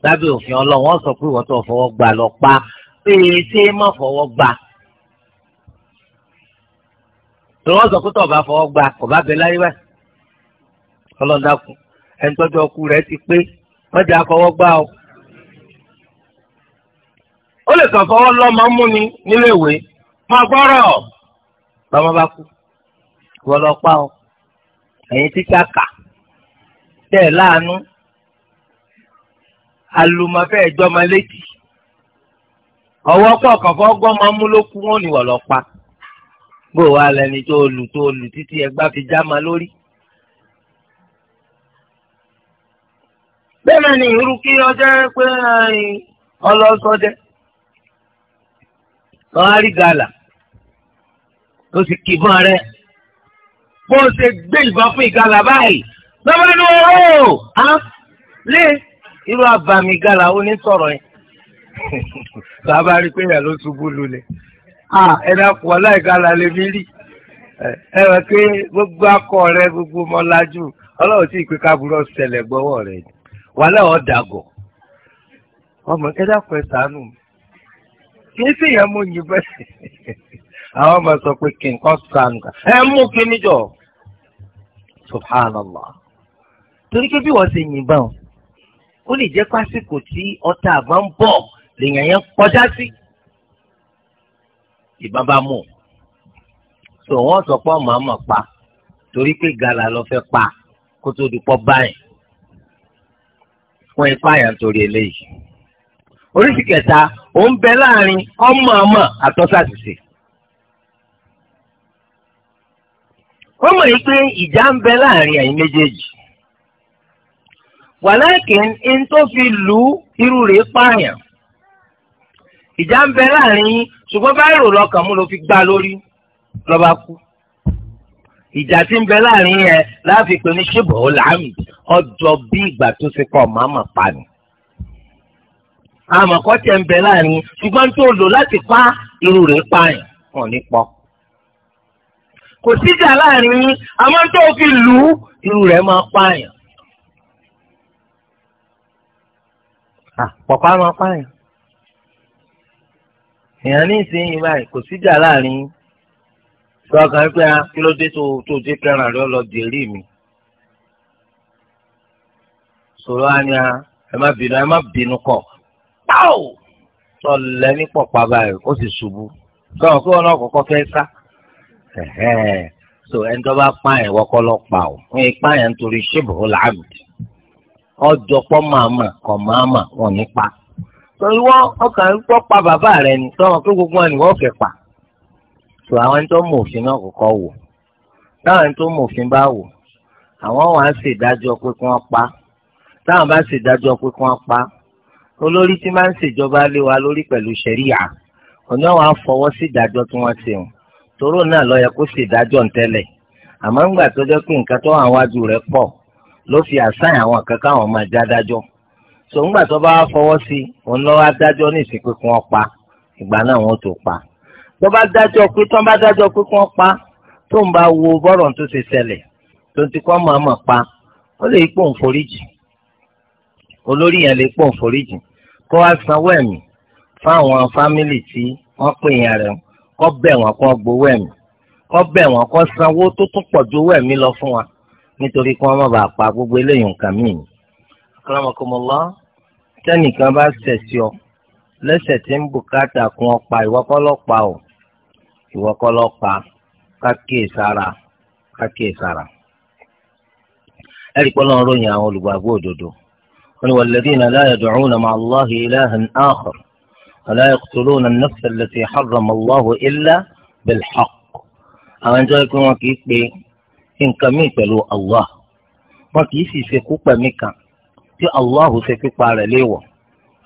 lábẹ́ òfin ọlọ́wọ́n sọ pé ìwọ́n tó fọwọ́ gbà lọ pa pé ṣé má fọwọ́ gbà tó wọ́n sọ pé tó bá fọwọ́ gbà kò bá bẹ láyé wá ọlọ́dàkùn ẹni tọ́jú ọkù rẹ̀ ti pé wọ́n jẹ́ àfọwọ́ gbà o. ó lè kàn fọwọ́ lọ́mọ mú ni nílé ìwé máa gbọ́rọ̀ lọ́mọ bá kú wọ́n lọ pa o. ẹ̀yin tíṣà kà tẹ̀ láàánú alùmọ̀fẹ́ ìjọba létí ọwọ́ kọ̀ọ̀kan fọ́ gbọ́mọ mú wọn ni lọ pa bó wa lẹni tó lù tó lù títí ẹgbà fi já ma lórí. bẹ́ẹ̀ ni irú kí bó ṣe gbé ìbọn fún ìgalà báyìí lọ́wọ́ ní owó á lé irú abàmì ìgalà onísọ̀rọ̀ yẹn bàbá rí pé ìyá ló ṣubú lulẹ̀ ẹni àpò ọ̀la ìgalà lè mí rí ẹ wọ́n pé gbogbo akọ rẹ gbogbo mọ́lájú ọlọ́run tí ìpè kábúrò ṣẹlẹ̀ gbọ́wọ́ rẹ̀ wàhálà ọ̀ dàgọ̀ ọmọ ẹ̀dá kan ṣàánú mi kìí sì yẹn mú yín bẹ́ẹ̀. àwọn ọmọ sọ pé kí nǹkan sànù ẹ mú kíní jọ subhanallah torí pé bí wọ́n ṣe yìnbọn ó lè jẹ́ pásíkò tí ọta àbọ̀n ń bọ̀ lèèyàn yẹn kọjá sí ìbọn bá mú so wọ́n sọ pé ọmọ àmọ̀ pa torí pé gàlà lọ fẹ́ pa kó tó dupọ̀ báyìí wọ́n ipá yà nítorí eléyìí oríṣi kẹta òun bẹ láàrin ọmọ àmọ̀ àtọ́sàṣìṣe. wọ́n mọ̀ yìí pé ìjà ń bẹ láàrin ẹ̀yin méjèèjì wàlákin ń tó fi lù irú rẹ̀ pààyàn ìjà ń bẹ láàrin yín ṣùgbọ́n báyìí rò lọ́kàn mú ló fi gbá lórí lọ́ba kú ìjà tí ń bẹ láàrin yẹn láàfin pé ní ṣìbọ̀ ó làámì ọjọ́ bí ìgbà tó ṣe kọ́ màmá pa ni àmọ̀kọ́ tẹ̀ ń bẹ láàrin ṣùgbọ́n tó lò láti pa irú rẹ̀ pààyàn wọn ní pọ́ kò síjà láàrin yín àmọ́ tó fi lù ú irú rẹ̀ máa pààyàn. pọ̀pá máa pààyàn. èèyàn ní ìsinyìí báyìí kò síjà láàrin yín sọ́kàn pé ah, kí ló dé tó tó dé kẹràn rẹ lọ dèrí mi. sọ̀rọ̀ á ní a ah, ẹ má bínú ẹ má bínú kọ̀ pàó tọ̀lẹ́ ní pọ̀pá báyìí ó sì ṣubú. sọ̀rọ̀ kí wọn náà kọ́kọ́ fẹ́ sá so ẹni tó bá pààyàn wọ́kọ́ lọ pa ọ́ wọ́n yẹ pààyàn nítorí ṣébùrú làbùd ọjọ́ pọ́ màmá kọ̀ màmá wọn ní pa torí wọ́n ọkàn ń pọ́ bàbá rẹ̀ ní tọ́wọ́n gbogbo wọn ni wọ́n fẹ́ pa so àwọn tó mọ òfin náà kọ́kọ́ wò táwọn tó mọ òfin bá wò àwọn wà á ṣèdájọ́ pé kí wọ́n pa táwọn bá ṣèdájọ́ pé kí wọ́n pa olórí tí máa ń ṣèjọba lé wa lórí pẹ̀lú ṣẹ̀ríyà ọ̀nà wàá fọwọ́ sí ìdájọ́ tí wọ́n ṣe wọn toró náà ló yẹ kó sì dájọ́ ntẹ́lẹ̀ àmọ́ ńgbà tó jẹ́ pé nǹkan tó àwọn wájú rẹ̀ pọ̀ ló fi àṣàyàn àwọn kankan àwọn máa já dájọ́ so ńgbà tó bá fọwọ́ sí òun lọ́wọ́ adájọ́ ní ìsìnkú kí wọ́n pa ìgbà náà wọ́n tó pa tó bá dájọ́ pé tó bá dájọ́ pé kí wọ́n pa tó ń bá wo bọ́rọ̀ tó ṣe ṣẹlẹ̀ tó ti kọ́ mọ̀ọ́mọ̀ pa ó lè pò ń foríjì olórí yẹn lè pò ń foríjì kó wá sanwó ẹ̀mí fáwọn fámìlì tí wọ́n pè yẹn rẹ̀ kọ́ bẹ̀ wọ́n kọ́ gbowó ẹ̀mí kọ́ bẹ̀ wọ́n kọ́ sanwó tó tún pọ̀ ju owó ẹ̀mí lọ fún wa nítorí kí wọ́n má bàa pa gbogbo eléyìí nǹkan míì ni. akramakumullah tẹ́nìkan bá ṣẹ̀sí ọ lẹ́sẹ̀ tí ń bùkátà kún ọ pa ìwọ́kọ́lọ́pàá ò ìwọ́kọ́lọ́pàá kákíyèsára kákíyèsára. ẹ̀rí pọ́nlọ́run ròyìn àwọn olùgbàgbọ́ òdodo wọn ni walladhina la yad'una ma'a Allahi ilahan akhar ولا يقتلون النفس التي حرم الله إلا بالحق àwọn ìjọ pé wọn kì í pe nǹkan míì pẹ̀lú Allah wọn kì í sì ṣe púpẹ̀ mí kan tí Allah ṣe pípa rẹ̀ léèwọ̀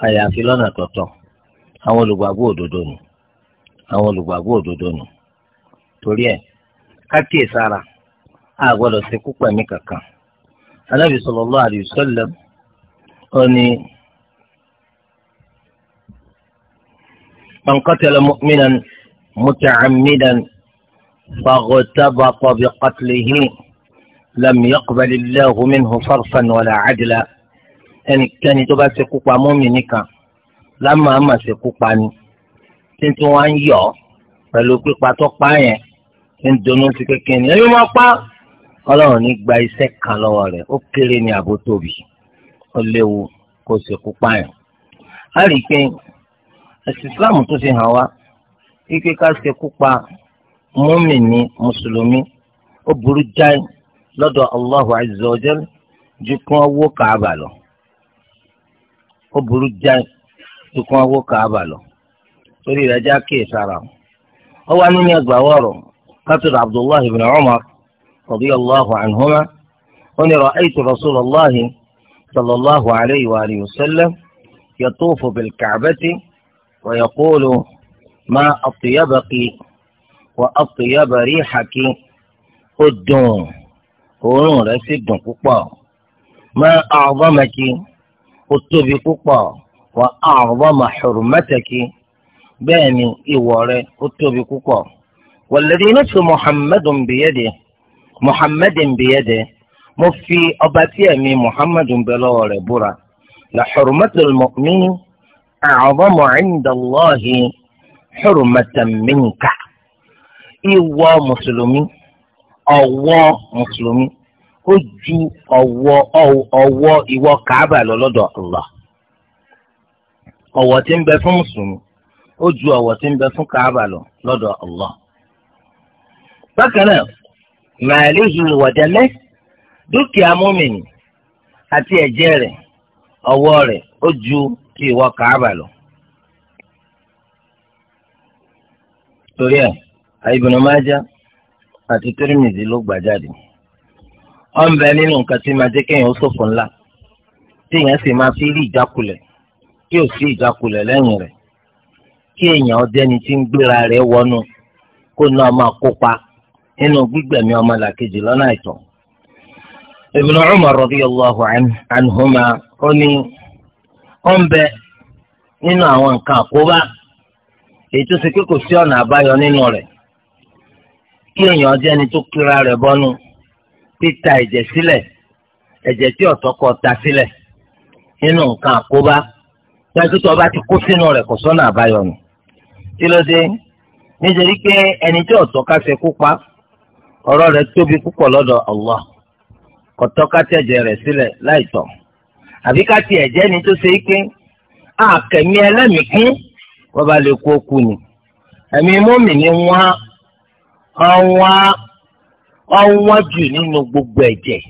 àyàfi lọ́nà tọ̀tọ̀ àwọn olùgbàgbọ́ òdodo nù àwọn olùgbàgbọ́ òdodo nù torí ẹ̀ kákìí sára a gbọ́dọ̀ ṣe púpẹ̀ mí kankan anábì sallallahu alaihi wasallam ó ní. من قتل مؤمنا متعمدا فاغتبط بقتله لم يقبل الله منه صرفا ولا عدلا ẹnikẹ́ni tó bá ṣekú pa mọ́mìnì kan lámàá má ṣekú pa ni títí wọ́n á ń yọ̀ pẹ̀lú pípa tó pa yẹn ń dunnú sí kékeré ni ẹ̀yin máa pa ọlọ́run ní gba iṣẹ́ kan lọ́wọ́ rẹ̀ ó kéré ní àbótóbi ó léwu kó ṣekú pa yẹn. a rí i pé ẹ̀sìn islam tó fi hàn wá ike ká ṣe kópa mùmínì mùsùlùmí ó burú jáì lọ́dọ̀ Allahu azza wa jal ju kí wọ́n wó kàába lọ ó burú jáì ju kí wọ́n wó kàába lọ torí ìdájọ́ akéè sára ó wá nínú ẹgbàá wọ̀rọ̀ kátìrì abdullahi ibn umar radiyallahu anhuma ó ní ra'aytu rasulallahi sallallahu alayhi wa sallam yatufu bil ka'bati. ويقول ما أطيبك وأطيب ريحك الدون òórùn rẹ̀ sì dùn púpọ̀ ma a'zamaki ó tóbi púpọ̀ wa a'zama hurmataki bẹ́ẹ̀ ni ìwọ̀ rẹ̀ ó tóbi púpọ̀ walladhi nafsu muhammadun biyadihi muhammadun biyadihi mo fi ọba tí ẹ̀mí muhammadun bẹ lọ́wọ́ rẹ̀ búra la hurmatul mu'mini. àwọmọ ẹnìdàlọ́ọ̀hì hurumatan minka ìwọ mùsùlùmí ọwọ́ mùsùlùmí ó ju ọwọ́ ọwọ́ ìwọ kàábà lọ lọ́dọ̀ Allah ọwọ́ tí ń fún mùsùlùmí ó ju ọwọ́ tí ń fún kàábà lọ́dọ̀ Allah kí ìwọ kàábà lọ. torí ẹ Ibn Majah àti Tirmidhi ló gbà ọ ń bẹ nínú nǹkan tí máa jẹ́ kéèyàn ó ṣòfò ńlá tí èèyàn sì máa fi rí ìjákulẹ̀ kí ò sí ìjákulẹ̀ lẹ́yìn rẹ̀ kí èèyàn ọdẹni tí ń gbéra rẹ̀ wọnú kó náà máa kópa nínú gbígbẹ̀mí ọmọlàkejì lọ́nà àìtọ́. Ibn Umar radiyallahu ma ó ní. ó ń bẹ nínú àwọn nǹkan àkóbá èyí tó ṣe pé kò sí ọ̀nà àbáyọ nínú rẹ̀ kí èèyàn jẹ́ ẹni tó kíra rẹ̀ bọ́nú títa ẹ̀jẹ̀ sílẹ̀ ẹ̀jẹ̀ tí kọ ta sílẹ̀ nínú nǹkan àkóbá dájú ọba ti kó sínú rẹ̀ kò sọ́nà àbáyọ nù kí ló dé nítorí pé ẹni tí ṣe ọ̀rọ̀ rẹ̀ tóbi púpọ̀ àbí ká tiẹ̀ jẹ́ ni tó ṣe é pé àkẹ́mí ẹlẹ́mìí kún wọ́n bá lè kú okú ni ẹ̀mí mọ́mì ni wọ́n ọ̀wọ́n ọ̀wọ́n jù nínú gbogbo ẹ̀jẹ̀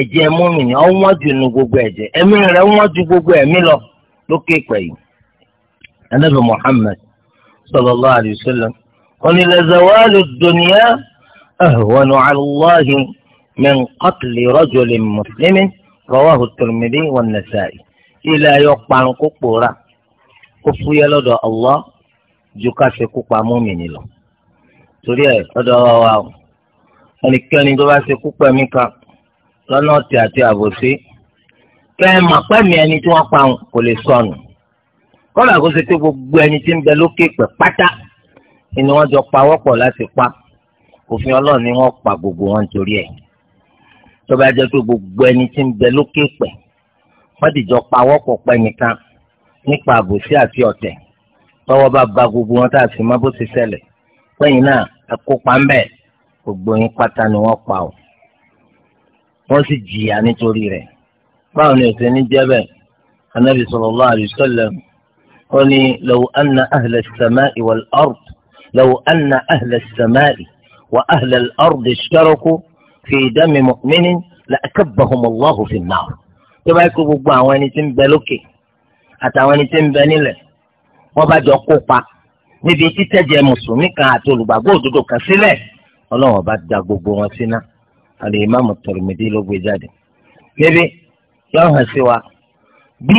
ẹ̀jẹ̀ mọ́mì ni ọ̀wọ́n jù nínú gbogbo ẹ̀jẹ̀ ẹ̀mí rẹ̀ wọ́n ju gbogbo ẹ̀mí lọ lókè pẹ̀yì anabi muhammed sallallahu alayhi wa sallam wọ́n ní lazawalu dunya ahwanu ala allahi min rawahu Tirmidhi wan Nasa'i ilé ayọ parun kó pòórà kó fúyẹ́ lọ́dọ̀ Allah ju ká ṣe kú pa mùmínì lọ torí ẹ ọ̀dọ̀ wa wa o ẹnikẹ́ni tó bá ṣe kú pẹ̀mí kan lọ́nà ọ̀tẹ̀ àti àbòsí kẹ́ ẹ mà pẹ́mí ẹni tí wọ́n pa kò lè sọnù kọ́lá kó tó bá jẹ́ pé gbogbo ẹni tí ń bẹ lókè pẹ̀ wọ́n dìjọ pawọ́ pọ̀ pẹ́ nìkan nípa àbòsí àti ọ̀tẹ̀ tọ́wọ́ bá ba gbogbo wọn tá a sì mọ̀ bó ti ṣẹlẹ̀ pẹ́yìn náà ẹ kópa ń bẹ̀ gbogbo yín pátá ni wọ́n pa ọ́ wọ́n sì jìyà nítorí rẹ̀ báwo ni òsè ní jẹ́ anabi sallallahu alaihi wasallam ó ní law anna ahla as-sama'i wal-ard law anna ahla as-sama'i wa ahla al-ard fi dami mu'mini la akabbahum Allahu fi an-nar tó bá kó gbogbo àwọn ẹni tí ń bẹ lókè àtàwọn ẹni tí ń bẹ nílẹ̀ wọ́n bá jọ kópa níbi títẹ̀jẹ̀ mùsùlùmí kan àti olùgbàgbọ́ òdodo kan sílẹ̀ ọlọ́run ọba da gbogbo wọn síná àlè ìmáàmù Tirmidhi ló gbé jáde. níbi yóò hàn sí wa bí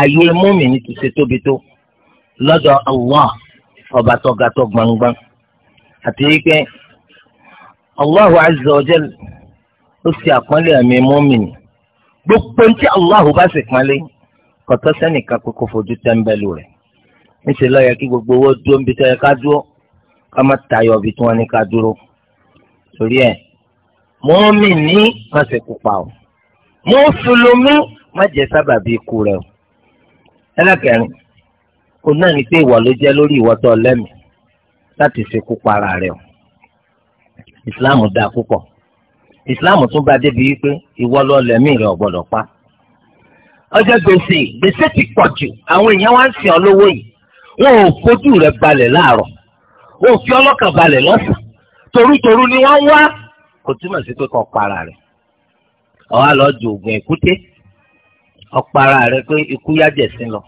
àyè múmìnì ti ṣe tóbi tó lọ́dọ̀ Allah ọba tọ́ga tó gbangban àti wípé allahu azza wa jal ó ṣe àpọ́nlé àmì mọ́mìnì gbogbo ntí allahu bá sì pọ́nlé kọ̀tọ́ sẹ́nìkan kókó fojú tẹ́ńbẹ́lú rẹ̀ níṣẹ́ lọ́ọ́ yẹ kí gbogbo owó dúró níbi tó yẹ ká dúró ká má tayọ ibi tí wọ́n ní ká dúró torí ẹ̀ mọ́mìnì má sì kópa o mùsùlùmí má jẹ́ sábàbí ikú rẹ̀ o ẹlẹ́kẹ̀rin òun náà ní pé ìwà ló jẹ́ lórí ìwọ́tọ̀ lẹ́mìí láti ṣekú para rẹ̀ o islam da púpọ̀ islam tún bá débi wípé ìwọ lẹ́mí rẹ̀ ò pa ọjọ́ gbèsè gbèsè ti pọ̀ jù àwọn èèyàn wá ń sìn ọ́ lówó yìí wọn ò fojú rẹ̀ balẹ̀ láàárọ̀ wọn ò fi ọlọ́kàn balẹ̀ lọ́sàn torútorú ni wọ́n ń wá kò túmọ̀ sí pé kò para rẹ̀ ọ̀hà lọ́ọ́ ju oògùn èkúté ọ̀para rẹ̀ pé ikú yájẹ̀sín lọ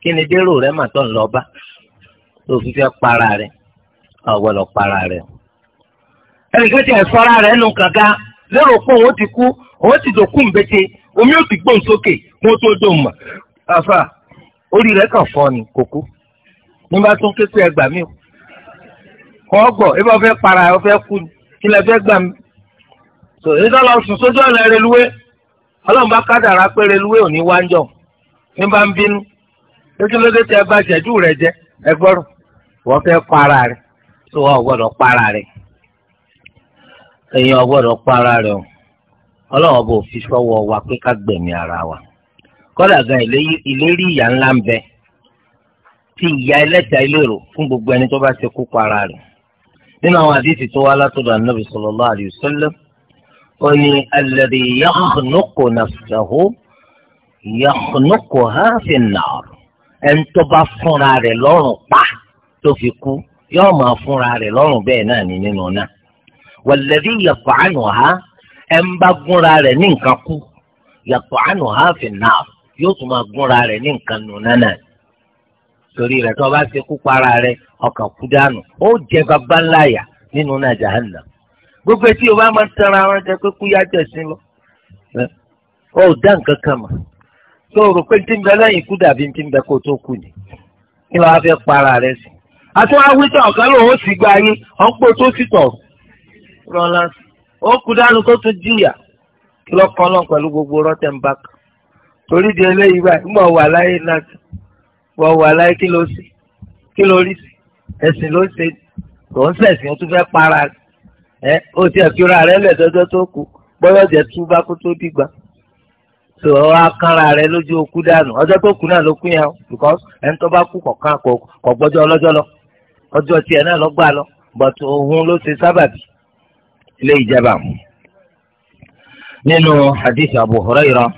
kí ni dérò rẹ̀ mà tó ń lọ bá tó fi fẹ́ para rẹ̀ ọ̀gbọ́dọ̀ para rẹ̀ o ẹnìkan ti ẹ̀sọ́ ara rẹ̀ nù kàga lérò pé òun ti kú òun ti dòkú mbete omi ò ti gbóhùn sókè kó tó dòun mọ̀ àfà orí rẹ̀ kàn fọ́ ni kò kú ní bá tún ké sí ẹgbàá mi kọ́ gbọ̀ ebi ọ̀fẹ́ para ọ̀fẹ́ kú kí lẹ fẹ́ gbà mí so èyí tó lọ sùn sójú ọ̀nà reluwé ọlọ́run bá kádàrá pé reluwé ò ní wájọ́ ní bá ń bínú lójúlódé tẹ ẹ bá ṣẹ́jú rẹ̀ jẹ ẹgbọ́rún wọ́n fẹ́ para rẹ̀ tó wọ́n gbọ́dọ̀ para rẹ̀ èèyàn ọgbọ́dọ̀ pa ara rẹ̀ o ọlọ́run bò fi sọ́wọ́ wa pé ká gbẹ̀mí ara wa kọ́dà gan ìlérí ìyá ńlá ń bẹ tí ìyá ẹlẹ́ta ìlérò fún gbogbo ẹni tó bá ṣe kú pa ara rẹ̀ nínú àwọn àdìsí tó wá látọ̀dọ̀ ànábì sallallahu alayhi wa sallam ó ní alladhi yakhnuqu nafsahu yakhnuquha fi ẹni tó bá fúnra rẹ̀ lọ́rùn pa tó fi kú yóò máa fúnra rẹ̀ lọ́rùn bẹ́ẹ̀ náà ní nínú náà. wàlẹ́bí yàtọ̀ àánú ha ẹ̀ ń bá gúnra rẹ̀ ní nǹkan kú yàtọ̀ ha fi náà yóò tún máa gúnra rẹ̀ ní nǹkan nù nánà torí rẹ̀ tó bá ṣe kú para rẹ̀ ọkàn kú dànù ó jẹ bàbá ńlá yà nínú náà jahanna gbogbo etí o bá máa tẹ̀ra wọn jẹ pé lọ ó dá nǹkan kan tó o rò pé ń bẹ lẹ́yìn dàbí ń bẹ kó tó kú ni kí ló wá fẹ́ para sí. àti wọn á rán lásì ó kú dánú kó tún jìyà kí náà pẹ̀lú gbogbo rọ́tẹ̀ torí di eléyìí báyìí mọ̀ wà láyé náà wà kí ló rí sí ló ṣe tó ń sẹ̀sìn ó tún fẹ́ para ẹ ó ti ẹ̀kíra tó kù tú bá kó tó kù náà ló kú tó bá gbà lọ but òun ló لي جبا ننو حديث أبو هريرة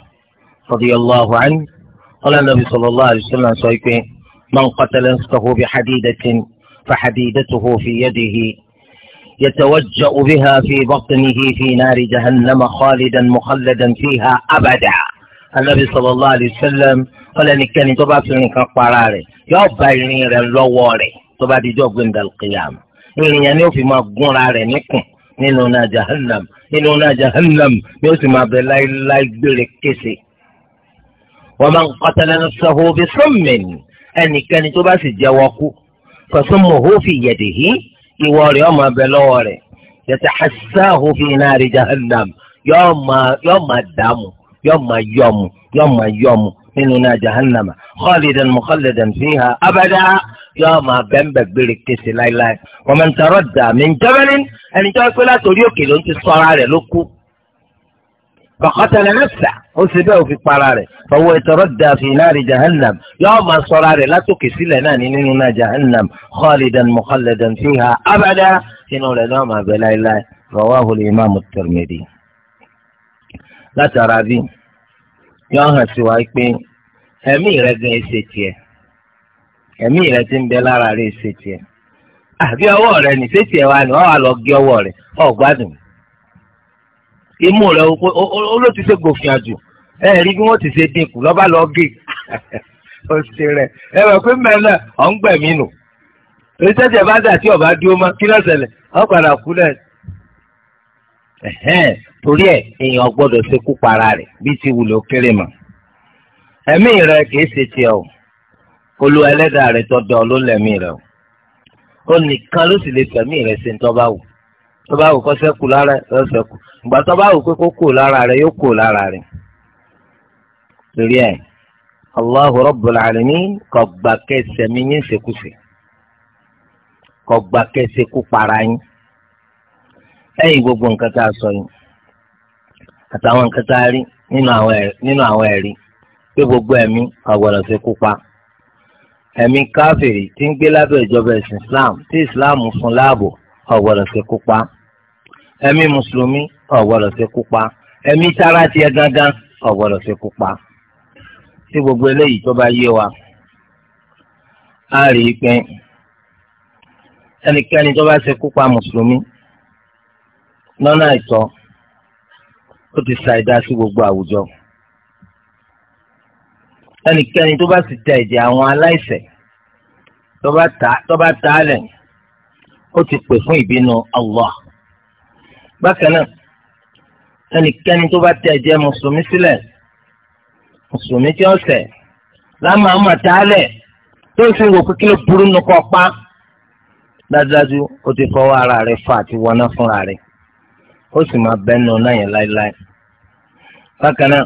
رضي الله عنه قال النبي صلى الله عليه وسلم سويك من قتل نفسه بحديدة فحديدته في يده يتوجأ بها في بطنه في نار جهنم خالدا مخلدا فيها أبدا النبي صلى الله عليه وسلم قال إن كان تبعث من كفاراري يوبايني للوالي تبعث جوب عند القيامة إن يعني في مقرار نكم نلونا جهنم نلونا جهنم يسمى بليل لا كسي ومن قتل نفسه بسم اني كان تباس جواكو فسمه في يده يوري يوم بلوري يتحساه في نار جهنم يوم يوم الدم يوم يوم يوم يوم, يوم, يوم, يوم, يوم nínú náà jahannama khalidan mukhalladan fiha abada yóò máa bẹ́ńbẹ́ gbére kése láéláé wa man taradda min jabalin ẹni tó pé látòrí òkè ló ń ti sọ́ra rẹ̀ ló kú faqatala nafsa ó sì bẹ́ẹ̀ òfin para rẹ̀ fahuwa yataradda fi nari jahannam yóò máa sọ́ra rẹ̀ látòkè sílẹ̀ náà ní nínú náà jahannam khalidan mukhalladan fiha abada inú rẹ̀ náà máa bẹ láéláé rawahu al-imam at-Tirmidhi látara bíi. yóò hàn sí wa pé ẹ̀mí rẹ gan ẹsẹ̀ tiẹ̀ ẹ̀mí rẹ ti ń bẹ lára rẹ ẹsẹ̀ tiẹ̀ àbí ọwọ rẹ ní ni wọ́n wà lọ gé ọwọ rẹ ọ ọ̀gbádùn imú rẹ olóò ti ṣe gòfin àjò ẹ rí bí wọn ti ṣe dínkù lọba lọ gé o ṣe rẹ ẹ wẹ̀ pé mẹ́rin náà ọ̀ ń nù bá dà ọba dúró kí ọ padà kú náà torí ẹ̀ èèyàn gbọ́dọ̀ ṣekú para rẹ̀ bí ti wùlò kéré mọ́ ẹ̀mí rẹ kìí ṣe o olú ẹlẹ́dàá rẹ ló rẹ o ó nìkan ló sì lè rẹ ṣe tó bá wù tó wù kó ṣẹ́kù lára rẹ ìgbà wù kù lára rẹ yóò kù lára rẹ torí ẹ̀ Allahu mi yín ṣekúṣe kò kú lẹ́yìn gbogbo nǹkan tá a sọ yìí àtàwọn nǹkan tá a rí nínú àwọn ẹ̀rí pé gbogbo ẹ̀mí àgbọ̀dọ̀ fi kú ẹ̀mí káfìrí tí ń gbé Islam tí Islam fún láàbò ọ̀gbọ̀dọ̀ fi Emi ẹ̀mí mùsùlùmí Emi fi ẹ̀mí sára gángan fi gbogbo eléyìí tó bá wa a rí i pé ẹnikẹ́ni tó bá lọ́nà àìtọ́ ó ti sa ẹ̀dá sí gbogbo àwùjọ ẹnikẹ́ni tó bá sì ta ẹ̀jẹ̀ àwọn aláìṣẹ̀ tó bá ta á lẹ̀ ó ti pè fún ìbínú Allah bákan náà ẹnikẹ́ni tó bá ta ẹ̀jẹ̀ mùsùlùmí sílẹ̀ mùsùlùmí tí ó ṣẹ̀ láàmú àwọn àta á lẹ̀ tó sì wò pé kí ló burú nù kọ́ pa dájúdájú ó ti fọwọ́ ara rẹ̀ fà àti wọná fúnra rẹ̀ ó sì máa bẹ́nu náà yẹn láéláé. bákan náà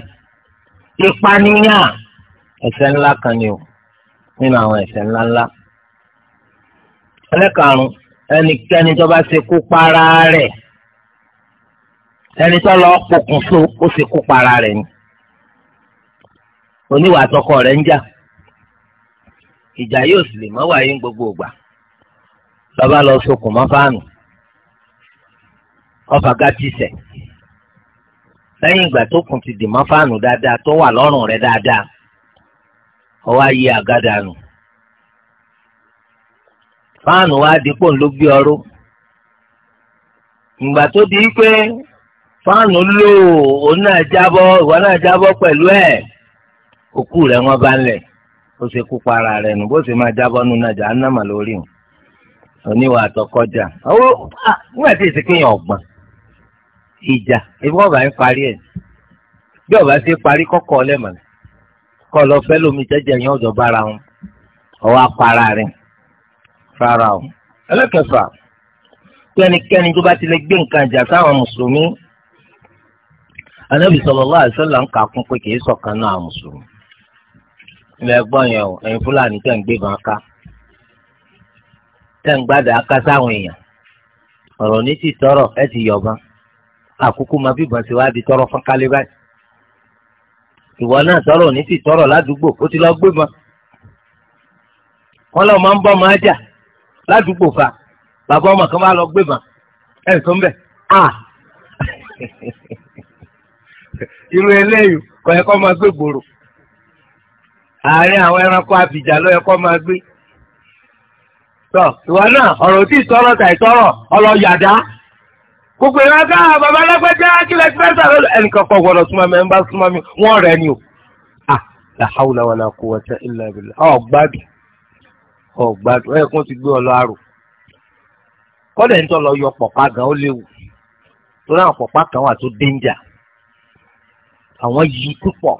ìpànìyàn ẹ̀ṣẹ̀ ńlá kan ni o nínú àwọn ẹ̀ṣẹ̀ ńláńlá. ẹlẹ́karùn-ún ẹnikẹ́ni tó bá ṣekú para rẹ̀ ẹni tó lọ pokùnso ó ṣekú para rẹ̀ ni. oníwà àtọkọ rẹ̀ ń jà ìjà yóò sì lè má wáyé gbogbo ìgbà lọ́ba lọ sokùn mọ́ fáànù. Ọ gàtísẹ̀ lẹ́yìn ìgbà tó kùn ti dìmọ́ fáànù dáadáa tó wà lọrùn rẹ dáadáa àgádà nù fáànù wa dípò ló gbé ọrọ́ ìgbà tó di pé fáànù lò òun náà jábọ ìwà náà jábọ pẹ̀lú ẹ òkú rẹ wọn bá ń ó ṣe kú para nù bó ṣe máa ìjà ibi ọba ń parí ẹ̀ bí ọba ṣe parí kọ́kọ́ lẹ́mọ̀ kọ́ lọ fẹ́ lómi jẹ́jẹ́ yẹn ọ̀jọ̀ bára wọn ọwọ́ apara rẹ̀ fara o. ẹlẹ́kẹ̀fà tí tó bá ti lè gbé nǹkan sáwọn mùsùlùmí ń kà kún pé kì í náà mùsùlùmí. ilẹ̀ ẹgbọ́n yẹn o ẹ̀yin fúlàní tẹ̀ ń gbé ban ká tẹ̀ ń gbádàá ká sáwọn èèyàn ọ̀rọ̀ ní tọrọ ẹ ti àkókò máa fi bọ̀ di tọrọ fún kálí báyìí ìwọ náà tọrọ ò ní sì tọrọ ládùúgbò ó ti lọ gbébọn wọn lọ máa ń bọ máa ládùúgbò fa bàbá ọmọ kan bá lọ gbébọn ẹ n bẹ a irú eléyìí kò yẹ kó máa gbé gbòòrò àárín àwọn ẹranko àbìjà ló máa gbé tọ ìwọ náà ọ̀rọ̀ tí ì tọrọ tà ì tọrọ ọlọ gbogbo ìran ká bàbá alágbẹ́jẹ́ kílẹ̀ kílẹ̀ sàrọ̀ ẹnìkan kọ̀ gbọ́dọ̀ súnmọ́ mi ẹnìkan súnmọ́ mi wọ́n rẹ̀ ni o. la hawla wala quwwata illa billah ọ̀gbádùn ọ̀gbádùn ẹ̀kún ti gbé ọlọ́ àrò kọ́dẹ̀ ń tọ́ lọ yọ pọ̀pá gan ó léwu torí àwọn pọ̀pá kan wà tó dénjà àwọn yìí púpọ̀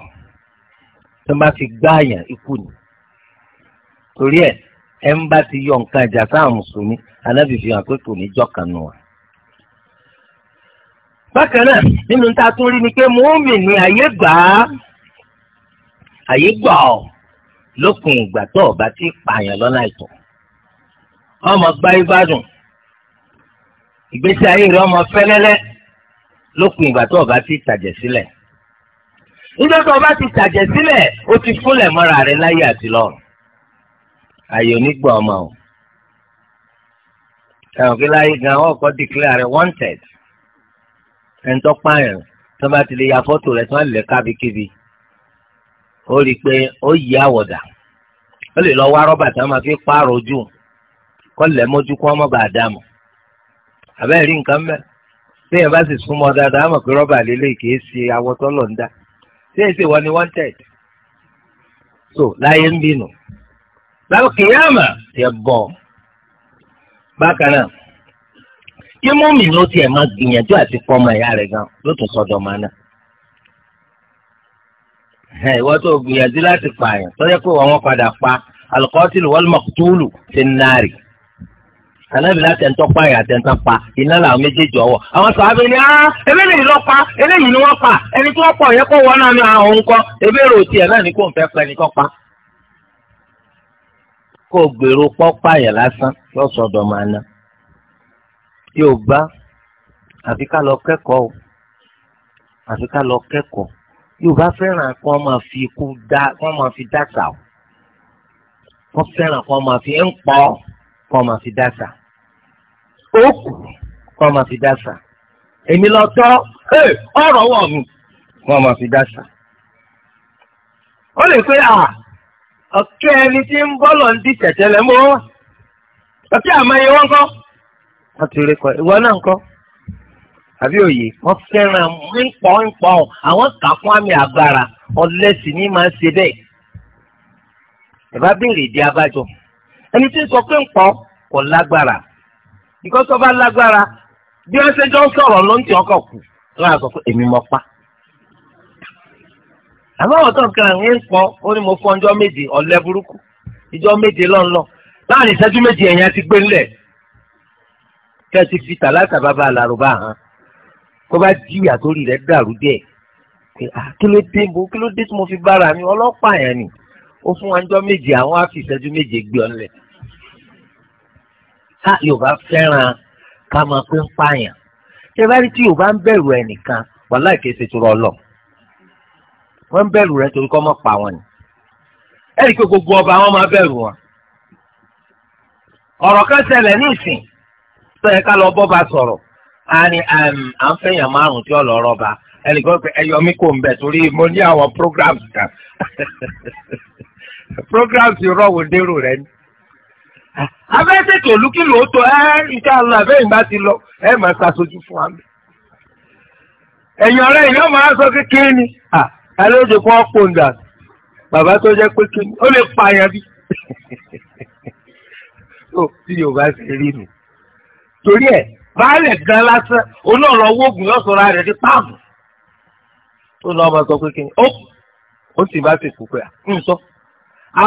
tó bá fi gbáàyàn ikú ni torí ẹ̀ ẹ̀ ń bá ti yọ nǹkan ìjà sáà mùsùlùmí alábìfihàn pé kò ní jọ́ kan nù wá bákan náà nínú tá a tún rí ni pé mọ́mì ni àyè gbà á àyè gbà ọ́ lókun ìgbà tó ọba ti pààyàn lọ́nà ìtọ̀ ọmọ gbá ìgbádùn ìgbésí ayé rẹ ọmọ fẹ́lẹ́lẹ́ lókun ìgbà tó ọba ti tàjẹ̀ sílẹ̀ nígbà tó ọba ti tàjẹ̀ sílẹ̀ ó ti fúnlẹ̀ mọ́ra rẹ láyé àti lọ́run àyè onígbà ọmọ o ẹ̀wọ̀n kí láyé gan ọkọ̀ declare wanted ẹni tó pààyàn ti lè ya fọ́tò rẹ̀ tó wà lẹ̀ kábíkíbi ó rí i pé ó yí àwọ̀dà ó lè lọ wá rọ́bà tí wọ́n máa fi pààrọ̀ ojú kọ́ lẹ̀ mójú kó wọ́n má bàa dààmú rí nǹkan mẹ́ tí èèyàn bá sì súnmọ́ dáadáa mọ̀ pé rọ́bà lélẹ̀ kìí ṣe awọ tọ́lọ̀ ń dá tí èsì wọn ni wanted so láyé ń bínú láwọn kìí àmà yẹ bọ̀ bákan náà kí mọ́mì ló tiẹ̀ máa gbìyànjú àti kọ́ ọmọ ìyá rẹ̀ gan ló tún sọ̀dọ̀ máa náà ìwọ tó gbìyànjú láti pààyàn tó yẹ kó àwọn padà pa alqatilu wal maqtulu ti nàárì alábì láti ẹ̀ńtọ́ pààyàn àti ẹ̀ńtọ́ pa iná làwọn méjèèjì ọwọ́ àwọn sàábẹ̀ ni ah eléyìí ló pa eléyìí ni wọ́n pa ẹni tí wọ́n pọ̀ yẹ kó wọ́n náà ní àwọn nǹkan ebéèrè òtí ẹ̀ tí o bá àfi ká lọ kẹ́kọ̀ọ́ o àfi ká lọ kẹ́kọ̀ọ́ yóò bá fẹ́ràn kí wọ́n máa fi ikú dá kí wọ́n fi dáṣà o wọ́n fẹ́ràn kí wọ́n fi ń pọ̀ kí fi dáṣà ó kù kí wọ́n fi dáṣà èmi lọ tọ́ ọ̀rọ̀ wọ̀ mi kí wọ́n fi dáṣà ó lè pé à ọ̀kẹ́ ẹni tí ń bọ́ lọ ń di tẹ̀tẹ̀ lẹ́mọ́ ọ̀kẹ́ àmọ́ wọ́n kọ́. wọ́n ti rí kọ́ ìwọ náà ń kọ́ àbí òye wọ́n fẹ́ràn ńpọ̀ ńpọ̀ àwọn kà fún àmì agbára ọlẹ́sìn ní máa ń ṣe bẹ́ẹ̀ ẹ̀bá béèrè ìdí abájọ ẹni tí ń sọ pé ńpọ̀ kò lágbára because ọba lágbára bí wọ́n ṣe jọ ń sọ̀rọ̀ ló ń tì ọkọ̀ kù wọ́n á sọ pé èmi mọ pa àmọ́ àwọn tó ń kàn ń ńpọ̀ ó ní mo fọ́ ọjọ́ méje ọ̀lẹ́ burúkú ìjọ méje lọ́nlọ́ láàrin ìṣẹ́jú méje ẹ̀yìn á ti kẹ́sì fi tàlátà bàbá àlàrúbá hàn kó bá jìyà tó rí rẹ̀ dàrú díẹ̀ kí ló dé bo kí dé tí mo fi bára mi ọlọ́pàá yẹn ni ó fún wa ọjọ́ méje àwọn á fi ìṣẹ́jú méje gbé ọ nílẹ̀ ká yorùbá fẹ́ràn ká máa pé ń pààyàn ṣé bá rí tí yorùbá ń bẹ̀rù ẹnìkan wàhálà ìkẹsẹ̀ tó rọ lọ wọ́n ń bẹ̀rù rẹ̀ torí kọ́ mọ́ pa wọn ni ẹ̀rí pé gbogbo ọba wọn máa bẹ̀rù wọn ọ̀rọ̀ kan ṣẹlẹ̀ ní ìsìn tọ́yẹ ká lọ bọba sọrọ a n'i à ń fẹ̀yàn márùn tí ọ̀lọ́ rọ́ba ẹnìkan pé ẹyọ mi kò ń torí mo àwọn programs kan programs rọ̀wò dérò rẹ ni. abẹ́sẹ̀tò olúkìlò ó tó ẹ́ ìjà lọ ti lọ ẹ máa ṣàṣojú fún wa. ẹ̀yìn ọ̀rẹ́ ìyá máa sọ kékeré ni fún bàbá tó jẹ́ pé kí ó lè pààyàn bí. ó yorùbá ṣe rí torí ẹ̀ baálẹ̀ gan lásán onáàlọ́ owó oògùn yóò sọ̀rọ̀ rẹ̀ di páàmù tó lọ́ ọmọ sọ pé kí ni ó ó sì bá sì kú pé sọ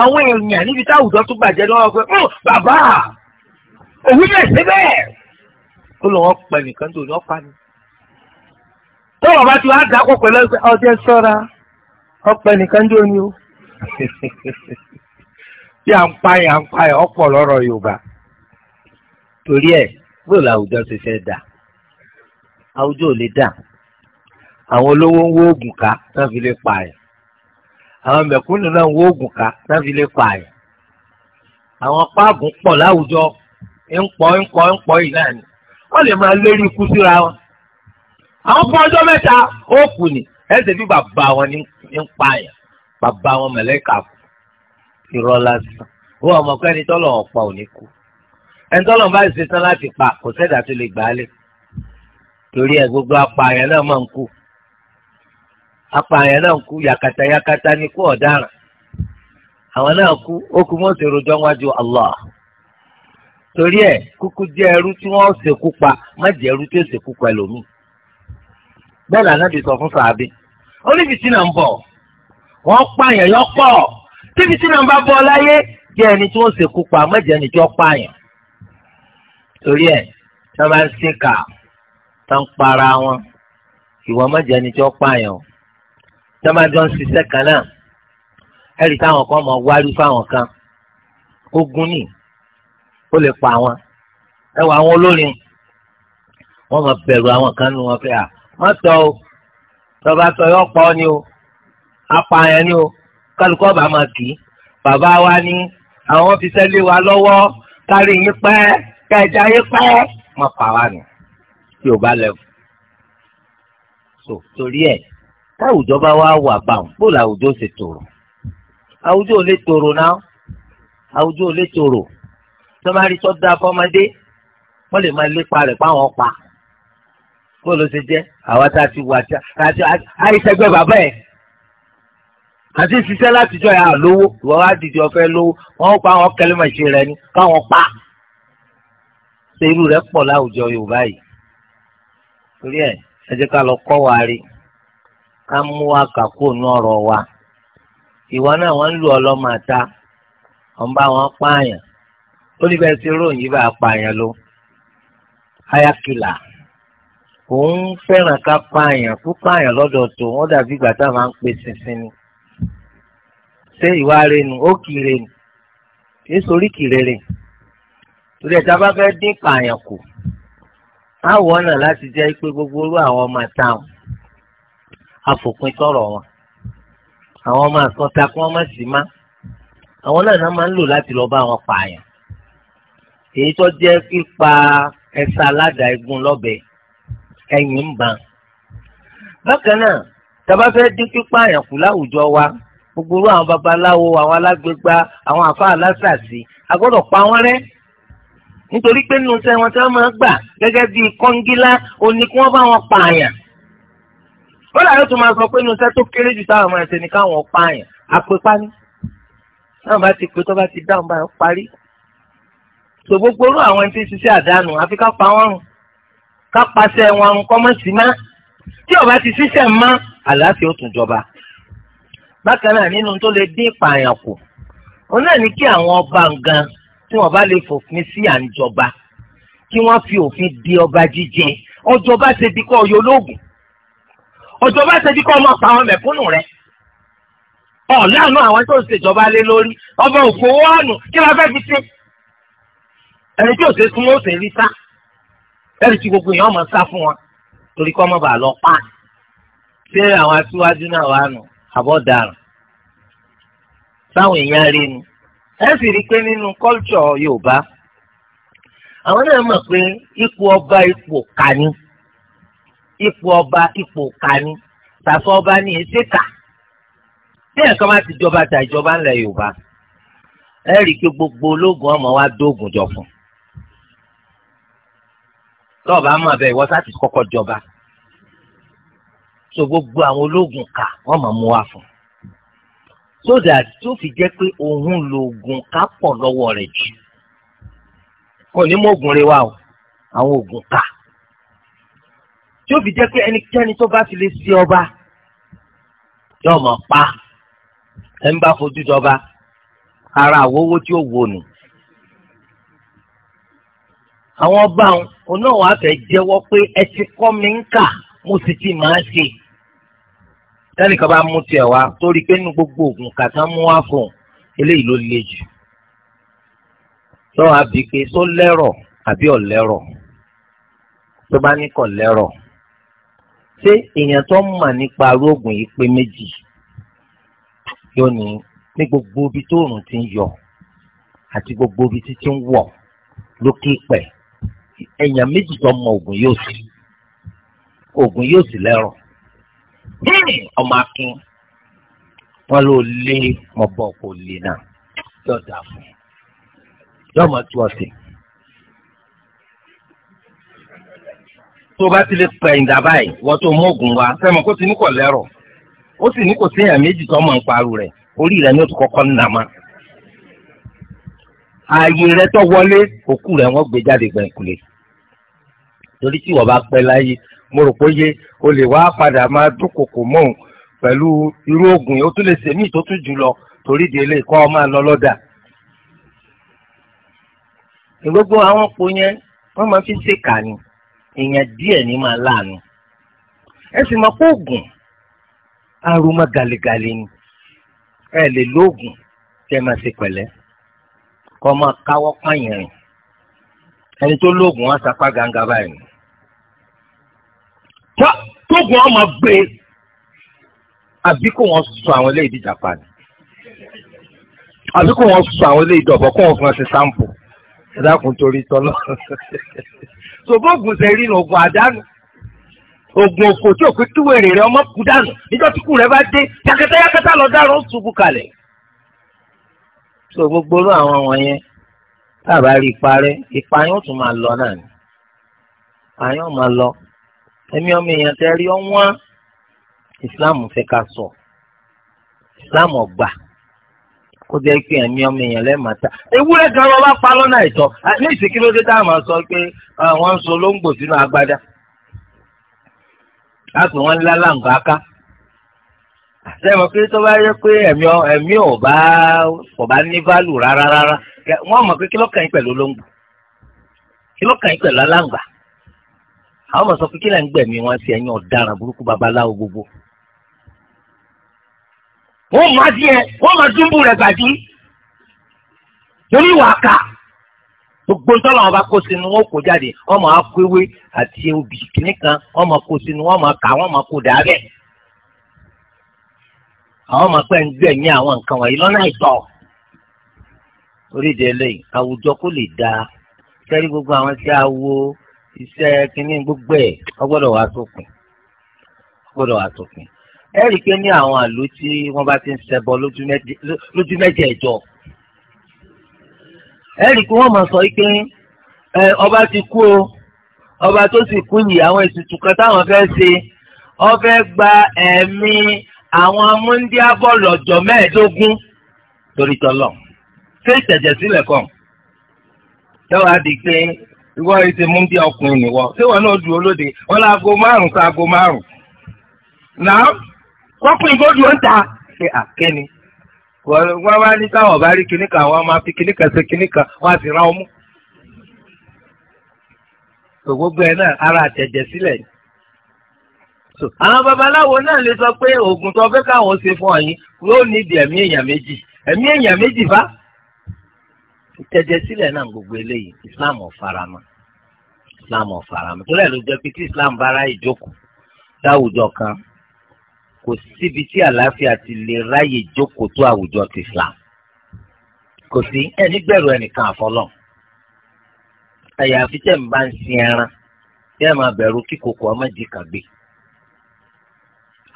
àwọn èèyàn níbi táwùjọ tó bàjẹ́ ni wọ́n pẹ́ bàbá òun náà ṣe ó lọ nìkan tó ní ọ̀pá ni bá ti wá dákọ̀ pẹ̀lú ọjọ́ sọ́ra nìkan tó ní o bí à ń ń ọ̀pọ̀ lọ́rọ̀ Yorùbá torí ẹ̀ bóòlù àwùjọ ṣe fẹ́ dà àwùjọ ò lè dà àwọn olówó ń wó oògùn ká náà fi lè pààyàn àwọn mẹ̀kúnnù náà ń wó oògùn ká náà fi lè pààyàn àwọn páàgùn pọ̀ láwùjọ ń pọ̀ ń pọ̀ ń pọ̀ yìí náà ni wọ́n lè máa lérí ikú síra wọn àwọn fún ọjọ́ mẹ́ta ó kù ní ẹsẹ̀ bí bàbá wọn ní ń pààyàn bàbá wọn mẹ̀lẹ́kà irọ́ lásán wọ́n ọmọkùnrin tọ́lọ̀ ọ̀pá ò ní ẹni tọ́lọ̀ bá ṣe tán láti pa kò sẹ́dá tó lè gbà á lé torí ẹ gbogbo apààyàn náà máa ń kú apààyàn náà ń kú ọ̀daràn àwọn náà kú ó kú sì rojọ́ wájú Allah torí ẹ kúkú jẹ́ ẹrú tí pa má sọ fún sàábì oníbìtì náà ń wọ́n pààyàn yọ torí ẹ̀ tó bá ń ṣèkà tó ń para wọn ìwọ mọ̀jẹ̀ ni tó pààyàn tó bá jọ ń ṣiṣẹ́ kan náà ẹ̀rí táwọn kan mọ̀ wárí fáwọn kan ogun ni ó lè pa wọn ẹ wọ àwọn olórin wọn mọ bẹ̀rù àwọn kan nu wọn fẹ́ à wọn tọ o tọba tọ yọ pọ ni o apààyàn ni o kálukọ bá máa kì í bàbá wa ni àwọn fi sẹ́lẹ̀ wa lọ́wọ́ kárí yín pẹ́ kẹjà yín pẹ́ mọ̀ pàwá nù tí ò bá lẹ́wọ̀. so torí ẹ̀ táwùjọ bá wá wà báwọn bóòlù àwùjọ ṣe tòrò àwùjọ ò lè tòrò náà àwùjọ ò lè tòrò tọ́mari tó da fọ́mọdé wọ́n lè máa lépa rẹ̀ páwọn pa bóòlù ṣe jẹ́ àwa tá a ti wà tí a yìí sẹ́gbẹ́ bàbá ẹ̀ àti ṣiṣẹ́ látijọ́ yà lówó ìwọ́n wá dìde ọ̀fẹ́ lówó wọ́n pa àwọn kẹlẹ́mọ̀ṣẹ́ rẹ̀ ni káwọn pa. ṣe irú rẹ̀ pọ̀ láwùjọ yorùbá yìí torí ẹ̀ ẹ jẹ́ ká lọ kọ́ wa rí ká mú wa kà kó nu ọ̀rọ̀ wa ìwọ náà wọ́n ń lu ọlọ́mọ àta wọ́n bá wọn pààyàn ó ní bẹ́ẹ̀ sí ròyìn yìí bá pààyàn ayakila òun fẹ́ràn ká pààyàn fún pààyàn lọ́dọ̀ tó wọ́n dàbí ìgbà tá a máa ń pe sinsin ni ṣé ìwà rẹ̀ nù ó kì í rẹ̀ torí ẹ̀ta bá fẹ́ dín pààyàn kù àwọn ọ̀nà láti jẹ́ pé gbogbo orú àwọn ọmọ táwọn afòpin tọrọ wọn àwọn ọmọ àkọta kí wọ́n má sì má àwọn náà máa ń lò láti lọ bá wọn pààyàn èyí tó jẹ́ pípa ẹ̀sà aládàá igun lọ́bẹ ẹ̀yìn ń bàn. bákan náà tàbá fẹ́ dín pípààyàn kù láwùjọ wa gbogbo orú àwọn babaláwo àwọn alágbègbà àwọn àfa alásàsì a gbọ́dọ̀ pa wọ́n rẹ́ nítorí pé nínú sẹ́wọ̀n tí wọ́n máa gbà gẹ́gẹ́ bíi kọ́ngílá òní kí wọ́n bá wọn pààyàn. ó làwọn tó máa sọ pé nínú sẹ́ tó kéré jù táwọn máa ṣe ni káwọn pààyàn àpèpá ni táwọn bá ti pè tó bá ti dáhùn báyìí parí. sọ gbogbo orú àwọn tí ń ṣiṣẹ́ àdánù àfi ká pa wọ́n rùn ká paṣẹ wọn rùn kọ́ mọ́ sí má tí ọba ti ṣiṣẹ́ mọ́ àlàáfíà ó tún jọba. bákan náà nínú tó lè dín ìpààyàn kù òun náà ní kí àwọn ọba gan tí wọ́n bá lè fòfin sí àǹjọba kí wọ́n fi òfin di ọba jíjẹ ọjọba ṣe bí kọ́ ọyọ ológun ọjọba ṣe bí kọ́ ọmọ pa àwọn mẹ̀kúnnù rẹ̀ ọ̀làánú àwọn tó ń ṣèjọba lé lórí ọba òfowó àánú kí la fẹ́ fi ṣe ẹni tí òṣèlú súnmọ́ òṣèlú rí sá ẹni tí gbogbo èèyàn máa sá fún wọn torí kọ́ mọ́ba lọ pa ṣé àwọn aṣíwájú náà wà nù àbọ̀dàrùn sáwọn èèyàn rí nu ẹ sì rí i pé nínú kọ́lùtsọ̀ Yorùbá àwọn náà mọ̀ pé ipò ọba ipò kàní ipò ọba ipò kàní tàfọ ọba ní ìṣèkà bí ẹ̀ka bá ti jọba ta ìjọba ńlẹ̀ Yorùbá ẹ rí i pé gbogbo ológun ọmọ wa dóògùn jọ fún tọ́ọ̀bá mọ̀ bẹ́ẹ̀ ìwọ ti kọ́kọ́ jọba so gbogbo àwọn ológun kà wọ́n mọ̀ mú wa fún so that tó fi jẹ́ pé òun lòògùn ká pọ̀ lọ́wọ́ rẹ̀ jù kò ní mọ̀gùn rẹ̀ wá o àwọn òògùn ká tó fi jẹ́ pé ẹnikẹ́ni tó bá fi lè ṣe ọba yóò mọ̀ pa ẹ̀ ń bá fojú dọba ara àwòwò tí ó wò nù àwọn ọba òun náà wàá fẹ́ jẹ́wọ́ pé ẹ ti kọ́ mi ń kà mo sì ti máa ṣe tẹ́nìkan bá mú tiẹ̀ wá torí pé nínú gbogbo oògùn kàtá mú wá fún un eléyìí ló le jù lọ́wọ́ àbí pé tó lẹ́rọ̀ àbí ọ̀lẹ́rọ̀ tó bá ní kọ̀ lẹ́rọ̀ ṣé èèyàn tó mọ̀ nípa arógùn yìí pé méjì yóò ní ní gbogbo ibi tó òrùn ti ń yọ àti gbogbo ibi títí ń wọ̀ lókè pẹ̀ èèyàn méjì tó mọ oògùn yóò sí oògùn yóò sì lẹ́rọ̀ Hmm, ọmọ akin wọn ló lé ọbọ kò lè náà yóò dà fún yóò mọ tí wọn sè. tó bá ti lè pẹ̀yìn dàbá yìí wọ́n tó mú oògùn wa fẹ́mi kó ti ní kò lẹ́rọ̀ ó sì ní kò séèyàn méjì tó mọ̀ ń parú orí rẹ̀ ní o ti kọ́kọ́ nà má. ààyè rẹ̀ tó wọlé òkú rẹ̀ wọ́n gbé jáde gbẹ̀ǹkulè torí tí wọ́n bá pẹ́ láyé mo rò pé yé o lè wá padà máa dúnkòkò mọ́ òun pẹ̀lú irú oògùn yìí ó tún lè ṣe míì tó tún jù lọ torí di eléyìí kọ́ ọ máa lọ́dà. gbogbo àwọn po yẹn wọ́n máa fi ṣèkà ni èèyàn díẹ̀ ní máa láàánú. ẹ sì máa kó oògùn arúmọ gàlégàlé ni ẹ lè lóògùn tẹ máa ṣe pẹ̀lẹ́ kọ́ máa káwọ́ pààyàn rìn ẹni tó lóògùn wọn sapá gàǹgà báyìí ogun ọmọ gbé àbí kò wọ́n sọ àwọn eléyìí di japan àbí kò wọ́n sọ àwọn eléyìí dọ̀bọ̀ kò wọ́n fún ẹsẹ̀ sampo ẹ̀dákun torí tọ́lọ́ sọgbọ́gùn sẹ́rí ní ogun àdánù ogun òkò tí òkú tí wèrè rẹ ọmọ kú dànù níjọ́ tí kú rẹ bá dé yakẹtẹ yakẹtẹ lọ dànù ó ṣubú kalẹ̀. so gbogbo inú àwọn wọ̀nyẹn tábà rí ipa rẹ ipa yóò tún máa lọ náà ni ipa máa lọ Emi ọmọ èèyàn tẹ́ rí islam fẹ́ ká sọ islam ọgbà kó jẹ́ pé ẹ̀mí ọmọ èèyàn lẹ́ẹ̀ma ta ewúrẹ́ gan ló bá pa lọ́nà ìtọ́ ní ìsìnkí ló dé sọ pé wọ́n ń so lóńgbò sínú agbádá láti wọ́n ń lálàǹgá ká sẹ́wọ̀n pé tó bá yẹ pé ẹ̀mí ẹ̀mí ò bá àwọn ọmọ sọ pé kí lẹ́ ń gbẹ̀mí wọn sí ẹ̀yin ọ̀daràn burúkú babaláwo gbogbo. wọ́n máa di ẹ wọ́n máa dúnbù rẹ̀ gbàdí torí ìwà àkà gbogbo ntọ́lọ́ wọn bá kó sínú wọn kó jáde wọn máa kó ewé àti obì kìnnì kan máa kó sínú wọn máa kà wọn máa kó dàárẹ̀ àwọn máa pẹ́ ń gbẹ̀mí àwọn nǹkan wọ̀nyí lọ́nà ìtọ́ orí ìdẹ́lẹ́yìn àwùjọ kó lè dáa sẹ́rí gbogbo àwọn tí a wo iṣẹ́ kínní gbogbo ẹ̀ ó gbọ́dọ̀ wá sópin ó gbọ́dọ̀ wá sópin ẹ rí i pé ní àwọn àlù tí wọ́n bá ti ń ṣẹbọ lójú mẹ́jẹ ẹ̀jọ ẹ rí i pé wọ́n máa sọ pé ọba ti kú o ọba tó sì kú yìí àwọn ètùtù kan táwọn fẹ́ ṣe wọ́n gba ẹ̀mí àwọn amúndíábọ̀ lọ́jọ́ mẹ́ẹ̀ẹ́dógún torí ṣé ìtẹ̀jẹ̀ sílẹ̀ kàn tẹ́wàá di pé ìwọ ìṣe mú bí ọkùnrin nìwọ ṣé wọn náà dúró lóde wọn lọ aago márùn sí aago márùn náà kọkùnrin kó dúró ń ta ṣe àkẹni wọn bá ní bá rí kíníkà wọn máa fi kíníkà ṣe kíníkà wọn á sì rán ọ yóò ní ìdí ẹ̀mí ìtẹ̀jẹ̀ sílẹ̀ náà gbogbo eléyìí islam ò islam ò faramọ́ tó lẹ́nu jẹ́ pé tí islam bá ráyè jókòó láwùjọ kan kò síbi tí àlàáfíà ti lè ráyè jókòó tó àwùjọ ti islam kò sí ẹni bẹ̀rù ẹnìkan àfọlọ́ àyàfi tẹ̀ ń bá ń sin ẹran tẹ́ ẹ máa bẹ̀rù kíkòkò ọmọ jì kàgbé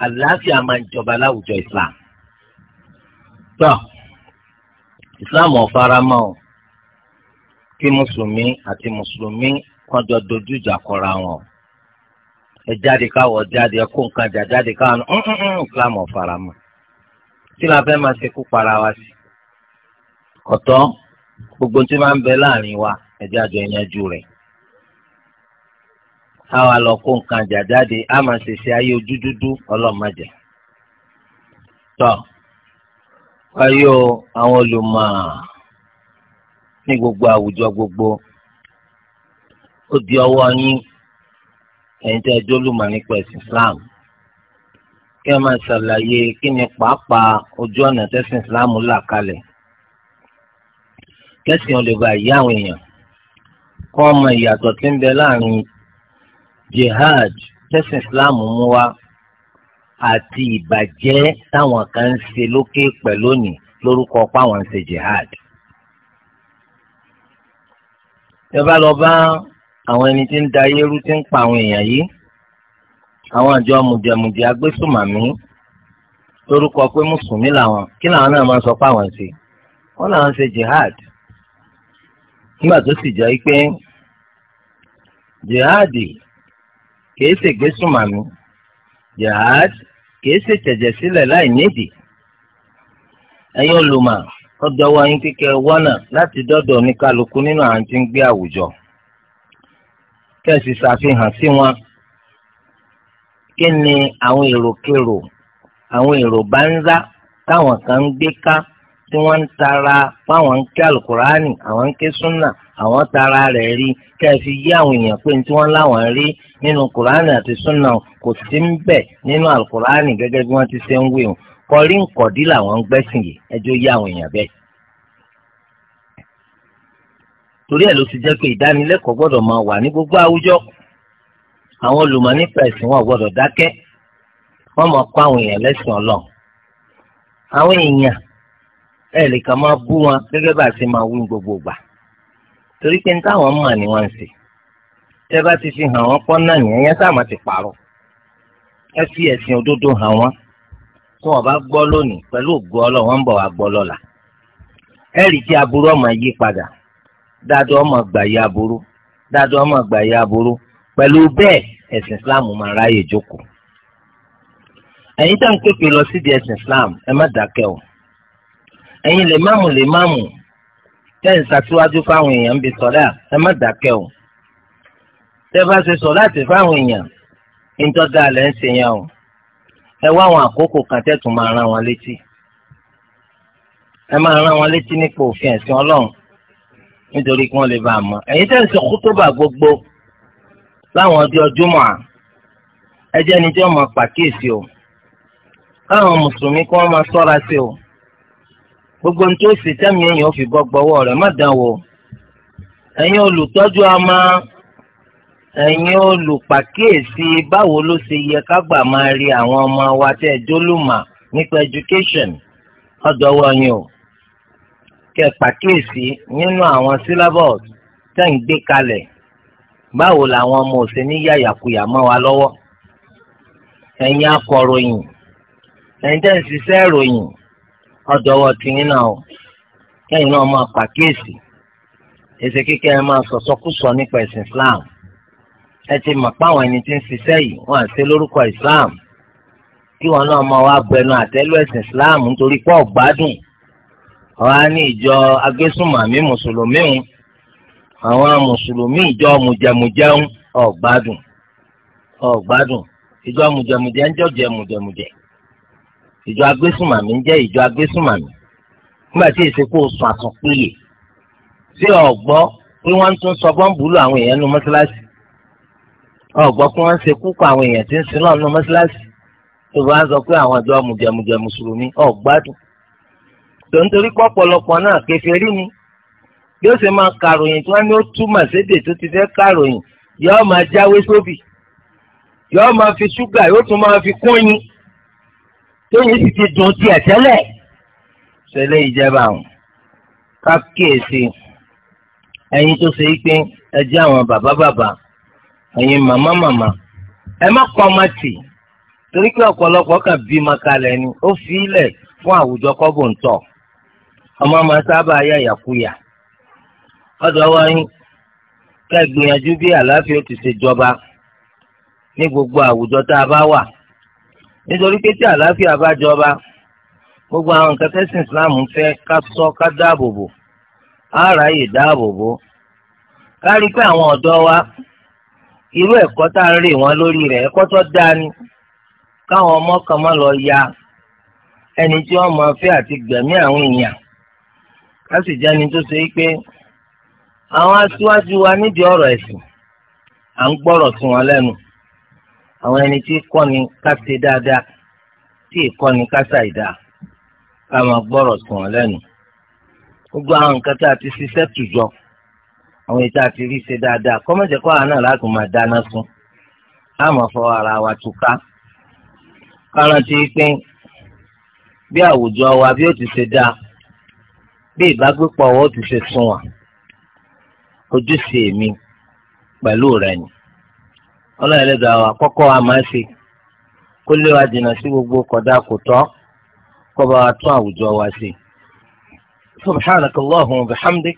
àlàáfíà máa ń jọba láwùjọ islam tọ́ islam ò o kí mùsùlùmí àti mùsùlùmí kan jọ dojú ìjà kọra wọn ẹ jáde káwọ jáde ẹ kó nǹkan jà jáde káwọn islam ọ̀faramọ́ tí la fẹ́ máa ṣe kú para wa sí ọ̀tọ̀ gbogbo tí máa ń bẹ láàrin wa ẹ̀jẹ̀ àjọ ìyanjú rẹ̀ àwa lọ kó nǹkan jà jáde a máa ṣe ṣe ayé ojú dúdú ọlọ́mọdé tọ́ ayọ̀ àwọn olùmọ̀ọ́ ní gbogbo àwùjọ gbogbo ó di ọwọ́ yín ẹ̀yin tí ẹ jólùmọ̀ nípa ẹ̀sìn Islam kí ẹ máa ṣàlàyé kí ni pàápàá ojú ọ̀nà tẹ̀sìn Islam là kalẹ̀ kẹ́sìn olùbá yí àwọn èèyàn kọ́ ọmọ ìyàtọ̀ tí ń bẹ láàrin jihad tẹ̀sìn Islam mú wá àti ìbàjẹ́ táwọn kan ń ṣe lókè pẹ̀ lónìí lórúkọ páwọn ń ṣe jihad. tẹ́ bá lọ bá àwọn ẹni tí ń da ayérú tí ń pa àwọn èèyàn yìí àwọn àjọ mùjẹmùjẹ agbésùmàmí lórúkọ pé mùsùlùmí làwọn kí làwọn náà máa sọ pé àwọn ṣe wọn làwọn ṣe jihad nígbà tó sì jẹ́ pé jihadi kìí ṣe gbésùmàmí jihad kìí ṣe tẹ̀jẹ̀ sílẹ̀ láì nídìí ẹ̀yin olùmọ̀ ọdọwọ yín kíkẹ́ wọnà láti dọ́dọ̀ oníkálukú nínú àwọn tí ń gbé àwùjọ kẹsì ṣàfihàn sí wọn kí ni àwọn èròkèrò àwọn èrò bánzá táwọn kan ń gbé ká tí wọ́n ń tara fáwọn ń ké alukurani àwọn ń ké súnà àwọn tara rẹ̀ rí kẹfì yí àwọn èèyàn pé tí wọ́n láwọn rí nínú kurani àti súnà kò sí ń bẹ nínú alukurani gẹ́gẹ́ bí wọ́n ti ṣe ń wí o kọrí nkọ̀dí làwọn ń gbẹ́sìn yìí ẹjọ́ yá àwọn èèyàn bẹ́ẹ̀. torí ẹ̀ ló ti jẹ́ pé ìdánilẹ́kọ̀ọ́ gbọ́dọ̀ máa wà ní gbogbo àwùjọ àwọn olùmọ̀ nípa ẹ̀sìn wọn gbọ́dọ̀ dákẹ́ wọ́n máa kọ́ àwọn èèyàn lẹ́sìn ọlọ́run àwọn èèyàn ẹ̀ lè kàn máa bú wọn gẹ́gẹ́ bá a ti máa wí gbogbo ìgbà torí pé táwọn mọ̀ ni wọ́n ń ṣe tẹ́ bá ti fi hàn wọ́n pọ́n náà nìyẹn yẹn sáà má ti pààrọ̀ ẹ fi ẹ̀sìn òdodo hàn wọ́n tó wọn bá gbọ́ lónìí pẹ̀lú ògùn ọlọ́run wọn ń bọ̀ wá ọmọ yí padà dáadọ́ ọmọ gbà yí aburú ọmọ gbà yí aburú pẹ̀lú bẹ́ẹ̀ ẹ̀sìn Islam máa ráyè jókòó ẹ̀yin tá n pèpè lọ sídìí ẹ̀sìn Islam ẹ má o lè lè ṣàtúwájú fáwọn èèyàn ń bi ẹ má bá ṣe sọ láti fáwọn èèyàn ń tọ́ ń ṣe ẹ wá àwọn àkókò kan tẹ́tù máa rán wọn létí ẹ máa rán wọn létí nípa òfin ẹ̀sìn ọlọ́run nítorí kí wọ́n lè bá a mọ̀ ẹ̀yin tẹ́ ń sọ kútúbà gbogbo láwọn ọjọ́ júmọ̀ à ẹ jẹ́ ni tí wọ́n máa pàkíyèsí o káwọn mùsùlùmí kí wọ́n máa ṣọ́ra sí o gbogbo ní tó sì tẹ́mi èèyàn fi bọ́ gbọ́wọ́ rẹ̀ má dán ẹ̀yin olùtọ́jú ọmọ ẹ̀yin olùpàkíyèsí báwo ló ṣe yẹ ká gbà máa rí àwọn ọmọ wa tẹ́ ẹ jólùmọ̀ nípa education ọ̀dọ́wọ́ yín o kẹ́ pàkíyèsí nínú àwọn syllabus tẹ́ ń gbé kalẹ̀ báwo làwọn ọmọ ò ṣe ní yàyàkuyà mọ́ wa lọ́wọ́ ẹ̀yin akọ̀ròyìn ẹ̀yin tẹ́ ń ṣiṣẹ́ ìròyìn náà o kẹ́yìn náà máa ẹ ti mọ̀ páwọn ẹni tí ń ṣiṣẹ́ yìí wọ́n àti lórúkọ islam kí wọn náà máa wá bẹnu àtẹ́lù ẹ̀sìn islam nítorí pọ̀ gbádùn ọ̀há ní ìjọ agbésùnmàmí mùsùlùmí ń àwọn mùsùlùmí ìjọ mùjẹmùjẹ ń ọ̀gbádùn ọ̀gbádùn ìjọ mùjẹmùjẹ ń jọ̀jẹ̀ mùjẹmùjẹ ìjọ agbésùnmàmí ń jẹ́ ìjọ agbésùnmàmí nígbà tí ìsìnkú sùn àtúnpéye sí ọ̀gbọ́ pé wọ́n tún sọ bọ́ǹbù lù àwọn èèyàn nu mọ́ṣáláṣí ọgbọ́n kí wọ́n ṣe kúkọ àwọn èèyàn tí ń sin náà nù mọ́ṣáláṣí tó bá ń sọ pé àwọn àjọ mùjẹmùjẹ mùsùlùmí ọ̀gbádùn tó ń torí pọ̀pọ̀lọpọ̀ náà kèfèrí ni bí ó ṣe máa kàròyìn tí wọ́n ní ó túmọ̀ sédè tó ti fẹ́ kàròyìn yóò máa jáwé sóbì yóò máa fi ṣúgà yóò tún máa fi kún yín tóyìn sì ti dùn tiẹ̀ tẹ́lẹ̀ ṣẹlẹ̀ ìjẹba àwọn kákíyèsí ẹ̀yin tó ṣe é pé ẹ àwọn bàbá bàbá ẹ̀yin màmá màmá ẹ má kọ́ ọmọ tì torí pé ọ̀pọ̀lọpọ̀ kan bí ma kalẹ̀ ni ó fi ilẹ̀ fún àwùjọ kọ́bù ń tọ̀ ọmọ máa sábà yá yàkuyà ọ̀dọ̀ wáyé ká ìgbìyànjú bí àlàáfíà ti ṣe jọba ní gbogbo àwùjọ tá a bá wà nítorí pé tí àlàáfíà bá jọba gbogbo àwọn nǹkan tẹ́sìn Islam ń fẹ́ ká ṣọ́ ká dáàbò bò á ráyè dáàbò ká rí pé àwọn ọ̀dọ́ wa irú ẹ̀kọ́ tá a rè wọ́n lórí rẹ̀ ẹ̀kọ́ tó dáa ni ọmọ kan lọ ya ẹni tí wọ́n máa fẹ́ àti gbẹ̀mí àwọn èèyàn ká sì jẹ́ ẹni tó ṣe pé àwọn aṣíwájú wa nídìí ọ̀rọ̀ ẹ̀sìn à ń gbọ́rọ̀ sí wọn lẹ́nu àwọn ẹni tí kọ́ni ká ṣe dáadáa tí ìkọ́ni ká ṣàìdá ká ti ṣiṣẹ́ tùjọ. àwọn ètò àti rí ṣe dáadáa kọ́mọ̀jẹ̀ kọ́ àánà láti máa dáná sun àmọ́ fọ ara wa túká kárántì pín bí àwùjọ wa bí ó ti ṣe dáa bí ìbágbépọ̀ wa ó ti ṣe sún wa ojúṣe mi pẹ̀lú rẹ̀ ni ọlọ́ọ̀lẹ́dàá wa kọ́kọ́ wa máa ṣe kó lé wa dènà sí gbogbo kọ̀dá kò tọ́ kó bá wa tún àwùjọ wa ṣe. subhanaka allahumma wa bihamdik.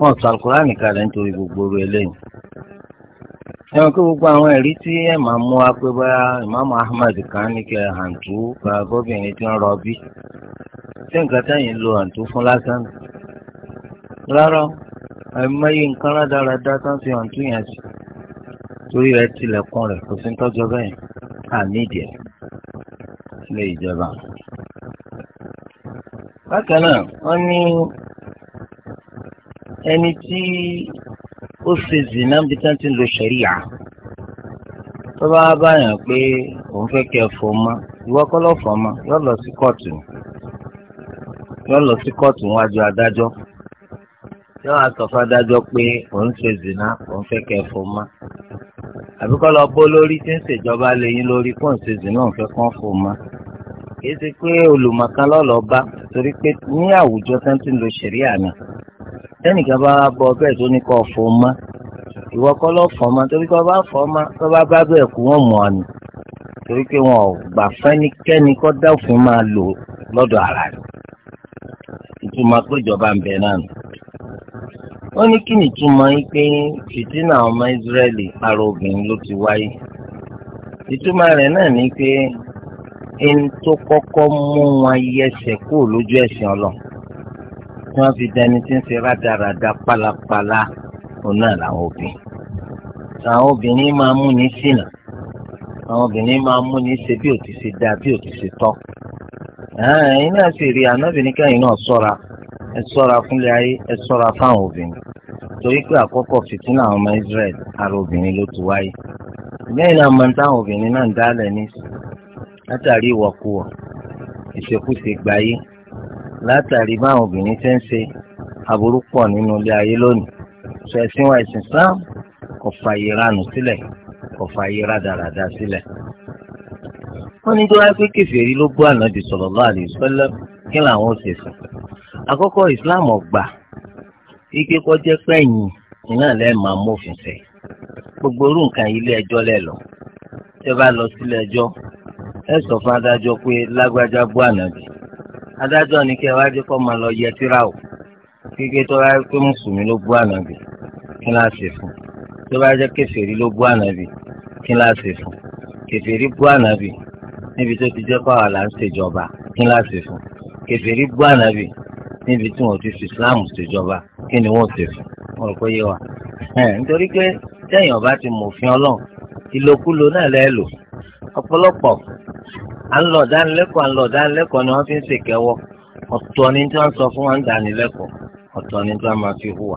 wọn sọ alukurani kalẹ̀ nítorí gbogbo rẹ̀ lẹ́yìn ẹ̀wọ̀n kí gbogbo àwọn ẹ̀rí tí ẹ̀ máa mú wa pé báyà ìmáàmù Ahmad kan ní kẹ́ hàǹtú ka gómìnà tí ń rọbí ṣé nǹkan táyìn lo hàǹtú fún lásán rárá àìmọye nǹkan rádaràda tán fi hàǹtú yẹn sí torí rẹ̀ tilẹ̀kùn rẹ̀ kò sí ń tọ́jọ́ bẹ́ẹ̀ àníìdì ẹ̀ ìjọba bákan náà wọ́n ní ẹni tí ó ṣe zina bí tán ti ń lo ṣẹ̀ríyà tó bá báyàn pé òun fẹ́ kẹ́ ẹ fọ́ mọ́ ìwọ kọ́ lọ́ fọ́ mọ́ yọ lọ sí kóòtù yọ lọ sí kóòtù níwájú adájọ́ yọ àtọ̀fọ́ adájọ́ pé òun ṣe zina òun fẹ́ kẹ́ ẹ fọ́ mọ́ àbíkọ́ lọ bó lórí tí ń ṣèjọba lẹ́yìn lórí kó ń ṣe zina òun fẹ́ kọ́ fọ́ mọ́ kìí ṣe pé olùmọ̀kan lọ́lọ́ọ́ bá torí pé ní àwùjọ tán ti ń lo ṣẹ̀ríà náà tẹ́nìkan bá bọ bẹ́ẹ̀ tó ní kọ́ fọ́ mọ́ ìwọ kọ́ lọ́ fọ́ mọ́ torí kọ́ bá fọ́ mọ́ tó bá bá bẹ́ẹ̀ kú wọ́n mọ̀ ọ́ ni torí pé wọn ò gbà fẹ́nikẹ́ni kọ́ dá òfin máa lò lọ́dọ̀ ara rẹ̀ ìtumọ̀ péjọba ń bẹ náà nù. ó ní kí ni ìtumọ̀ yìí pé fìtínà ọmọ Ísírẹ́lì ara obìnrin ló ti wáyé ìtumọ̀ rẹ̀ náà ni pé ẹni tó kọ́kọ́ mú wọn yẹsẹ̀ kúrò lójú ẹ̀sìn ọlọ́run tí wọ́n fi dẹni tí ń fi rádaràda pálapàla òun náà làwọn obìnrin àwọn obìnrin máa mú ní ṣìnà àwọn obìnrin máa mú ní ṣe bí ò ti ṣe dáa bí ò ti ṣe tọ́ ẹ̀yin náà sì rí anábìnrin kẹ́yìn náà sọ́ra ẹ sọ́ra fúnlẹ̀ ayé ẹ sọ́ra fáwọn obìnrin torí pé àkọ́kọ́ fìtínà àwọn ọmọ Israẹli ara obìnrin ló ti wáyé lẹ́yìn náà mọ̀ táwọn obìnrin náà ń dálẹ̀ ní látàrí ìwọ̀kuwọ̀ ìṣekúṣe gbáyé látàrí báwọn obìnrin ṣe ń ṣe aburú pọ̀ nínú ilé ayé lónìí sọ ẹ̀sìn wa ẹ̀sìn Islam kò fààyè ranù sílẹ̀ kò fààyè rádaràda sílẹ̀. wọ́n ní tó wáá pé kèfèrí ló bú ànábì sallallahu alaihi wasallam kí làwọn ò ṣe sùn. àkọ́kọ́ Islam ọ̀gbà ike kọjá pẹ́yìn iná lẹ́ẹ̀ máa mófin sẹ́yìn gbogbo orú nǹkan ilé ẹjọ́ lẹ lọ tẹ́ bá lọ sílé ẹjọ́ ẹ sọ fún adájọ́ pé lágbájá bú ànábì adájọ́ ní kí ẹ wá jẹ́ kó máa lọ yẹ tíra o kíkẹ́ tó bá pé mùsùlùmí ló bú ànábì kí la ṣe fún tó bá jẹ́ kèfèrí ló bú ànábì kí la ṣe fún kèfèrí bú ànábì níbi tó ti jẹ́ kó àlà ń ṣèjọba kí la ṣe fún kèfèrí bú ànábì níbi tí wọn ti fi islam ṣèjọba kí ni wọn ṣe fún wọn rò pé yé wa. nítorí pé sẹ́yìn ọba ti mọ̀ òfin ọlọ́run ìlòkulò náà lẹ́ lò ọ̀pọ̀lọpọ̀ à ń lọ dánilẹ́kọ̀ọ́ à ń lọ dánilẹ́kọ̀ọ́ ni wọ́n fi ń ṣèkẹ́wọ́ ọ̀tọ̀ ni tí wọ́n sọ fún wọn dánilẹ́kọ̀ọ́ ọ̀tọ̀ ni tí wọ́n máa fi hùwà.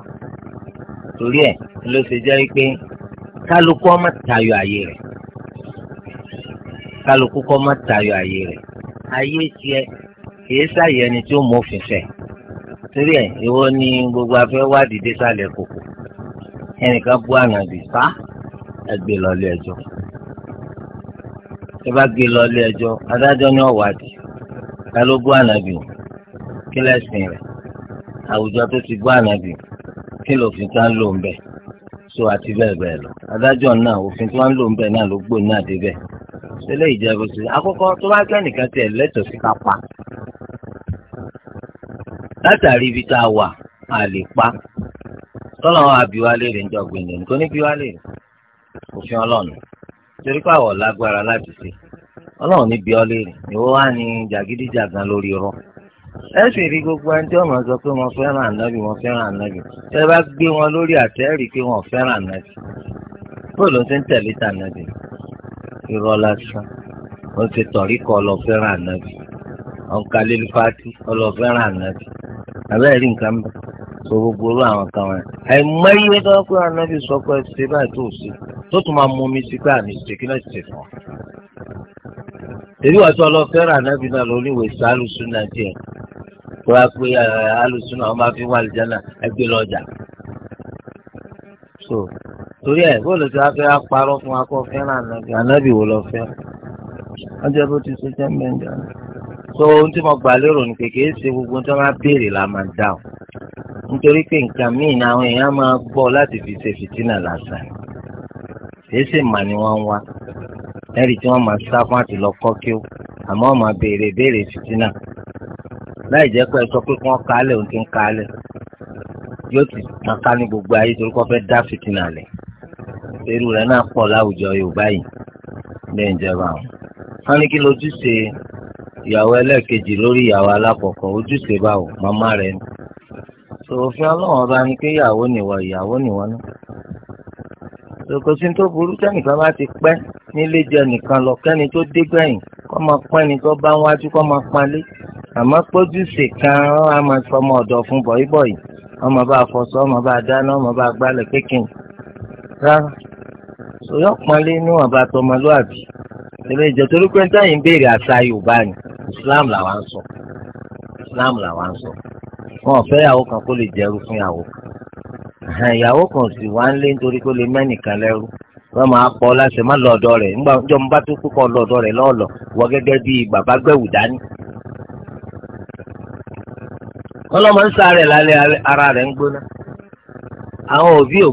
torí ẹ̀ ló ṣe jẹ́ pé kálukú ọmọ tayọ àyè rẹ̀ kálukú ọmọ tayọ àyè rẹ̀ ayé tiẹ̀ kìí ṣàyẹ ẹni tí ó mú òfin fẹ́ torí ẹ ìwọ ni gbogbo afẹ́ wádìí dé sálẹ̀ kòkò ẹnìkan bú ànàbì pa ẹgbẹ́ lọ́lé ẹjọ́ ẹ bá gbé lọ́lé ẹjọ́ adájọ́ ní ọ̀wádìí ta ló bú ànàbì kí lẹ́sìn rẹ̀ àwùjọ tó ti bú ànàbì kí lòfin tá ń lò ń bẹ̀. so àti bẹ́ẹ̀ bẹ́ẹ̀ lọ adájọ́ náà òfin tí wọ́n ń lò ń bẹ̀ náà ló gbòó náà débẹ̀ ṣẹlẹ̀ ìjẹ́bù sí akọ́kọ́ tó bá gbẹ́ nìkan tiẹ̀ lẹ́tọ̀ọ́ sí ká látàrí ibi tá a wà pa tọ́lá wọn àbíwá léèrè ń jọgbìn ní nítorí bíwá léèrè òfin torí pé láti ṣe ní léèrè ìwọ wá ní ẹ sì rí gbogbo ẹni tí ọmọ sọ pé wọ́n fẹ́ràn ànábì wọ́n fẹ́ràn ànábì tẹ bá gbé wọn lórí àtẹ́rì pé wọ́n fẹ́ràn ànábì bó ló ti ń tẹ̀lé tànábì irọ́ lásán ó ti tọ̀rí kọ́ lọ fẹ́ràn ànábì ọ̀nkà lélífàtì ọlọ́fẹ́ràn ànábì abẹ́rẹ́ rí nǹkan bẹ́ẹ̀ sọ gbogbo orú àwọn kan wọn. àìmọye tó kó ànábì sọ pé ṣe báyìí tó ṣe tó tún máa mú omi sí pé àmì ṣe kí náà ṣe fún ọ. èyí wàá tó ọlọ́fẹ́ràn ànábì náà ló níwèé sí alùsùnà tiẹ̀ tó wá pé alùsùnà wọn bá fi wà lìjánà ẹgbẹ́ lọ́jà. so torí ẹ bóòlù tí wàá fẹ́ parọ́ fún akọ́ fẹ́ràn ànábì ànábì wò lọ fẹ́. ọjọ́ bó ti ṣe jẹ́ mẹ́ńdà náà so ohun tí mo gbà lérò ní kékeré ṣe gbogbo tí wọn bá béèrè la máa dà o nítorí pé nǹkan míì ni àwọn èèyàn máa gbọ́ láti fi ṣe fìtínà lásán èsì mà ni wọ́n ń wá ẹ̀rí tí wọ́n máa sá fún àti lọ kọ́ kí ó àmọ́ wọ́n máa béèrè béèrè fìtínà láì jẹ́ pé ẹ sọ pé kí wọ́n kálẹ̀ ohun tí ń kálẹ̀ yóò ti máa ká ní gbogbo ayé torí kọ́ fẹ́ dá fìtínà lẹ̀ irú rẹ̀ náà pọ̀ láwùjọ Yorùbá yìí bẹ́ẹ̀ ń jẹba wọn ní kí lójú ṣe ìyàwó ẹlẹ́ẹ̀kejì lórí ìyàwó alákọ̀ọ́kọ́ ojúṣe báwo màmá rẹ̀ ni. sòfin ọlọ́run ọba ni pé ìyàwó nìwọ ìyàwó nìwọ náà. sòkòsí tó burú kẹ́nìkan bá ti pẹ́ nílé jẹ nìkan lọ kẹ́ni tó dé gbẹ̀yìn kọ́ máa pọ́n ẹni tó bá wájú kọ́ máa pọ́nlé. àmọ́ pójúṣe kan wọ́n á máa fọmọ ọ̀dọ̀ fún bọ̀yìbọ̀yì ọmọ bá fọṣọ ọmọ bá dáná ọmọ bá gbálẹ̀ kékin òyò pọ́nlé níwọ̀n bá tọmọlúwàbí tẹ̀lé ìjọ torí pé táyì ń béèrè àṣà yorùbá ni islam làwọn sọ islam làwọn sọ wọn ìyàwó kan kó lè jẹ́rú fún ìyàwó kan ìyàwó kan sì wá ń lé nítorí kó lè mẹ́nìkan lẹ́rú wọ́n máa pọ̀ láṣẹ má lọ rẹ̀ nígbà tó ń bá tó púpọ̀ ara rẹ̀ ń gbóná àwọn òbí ò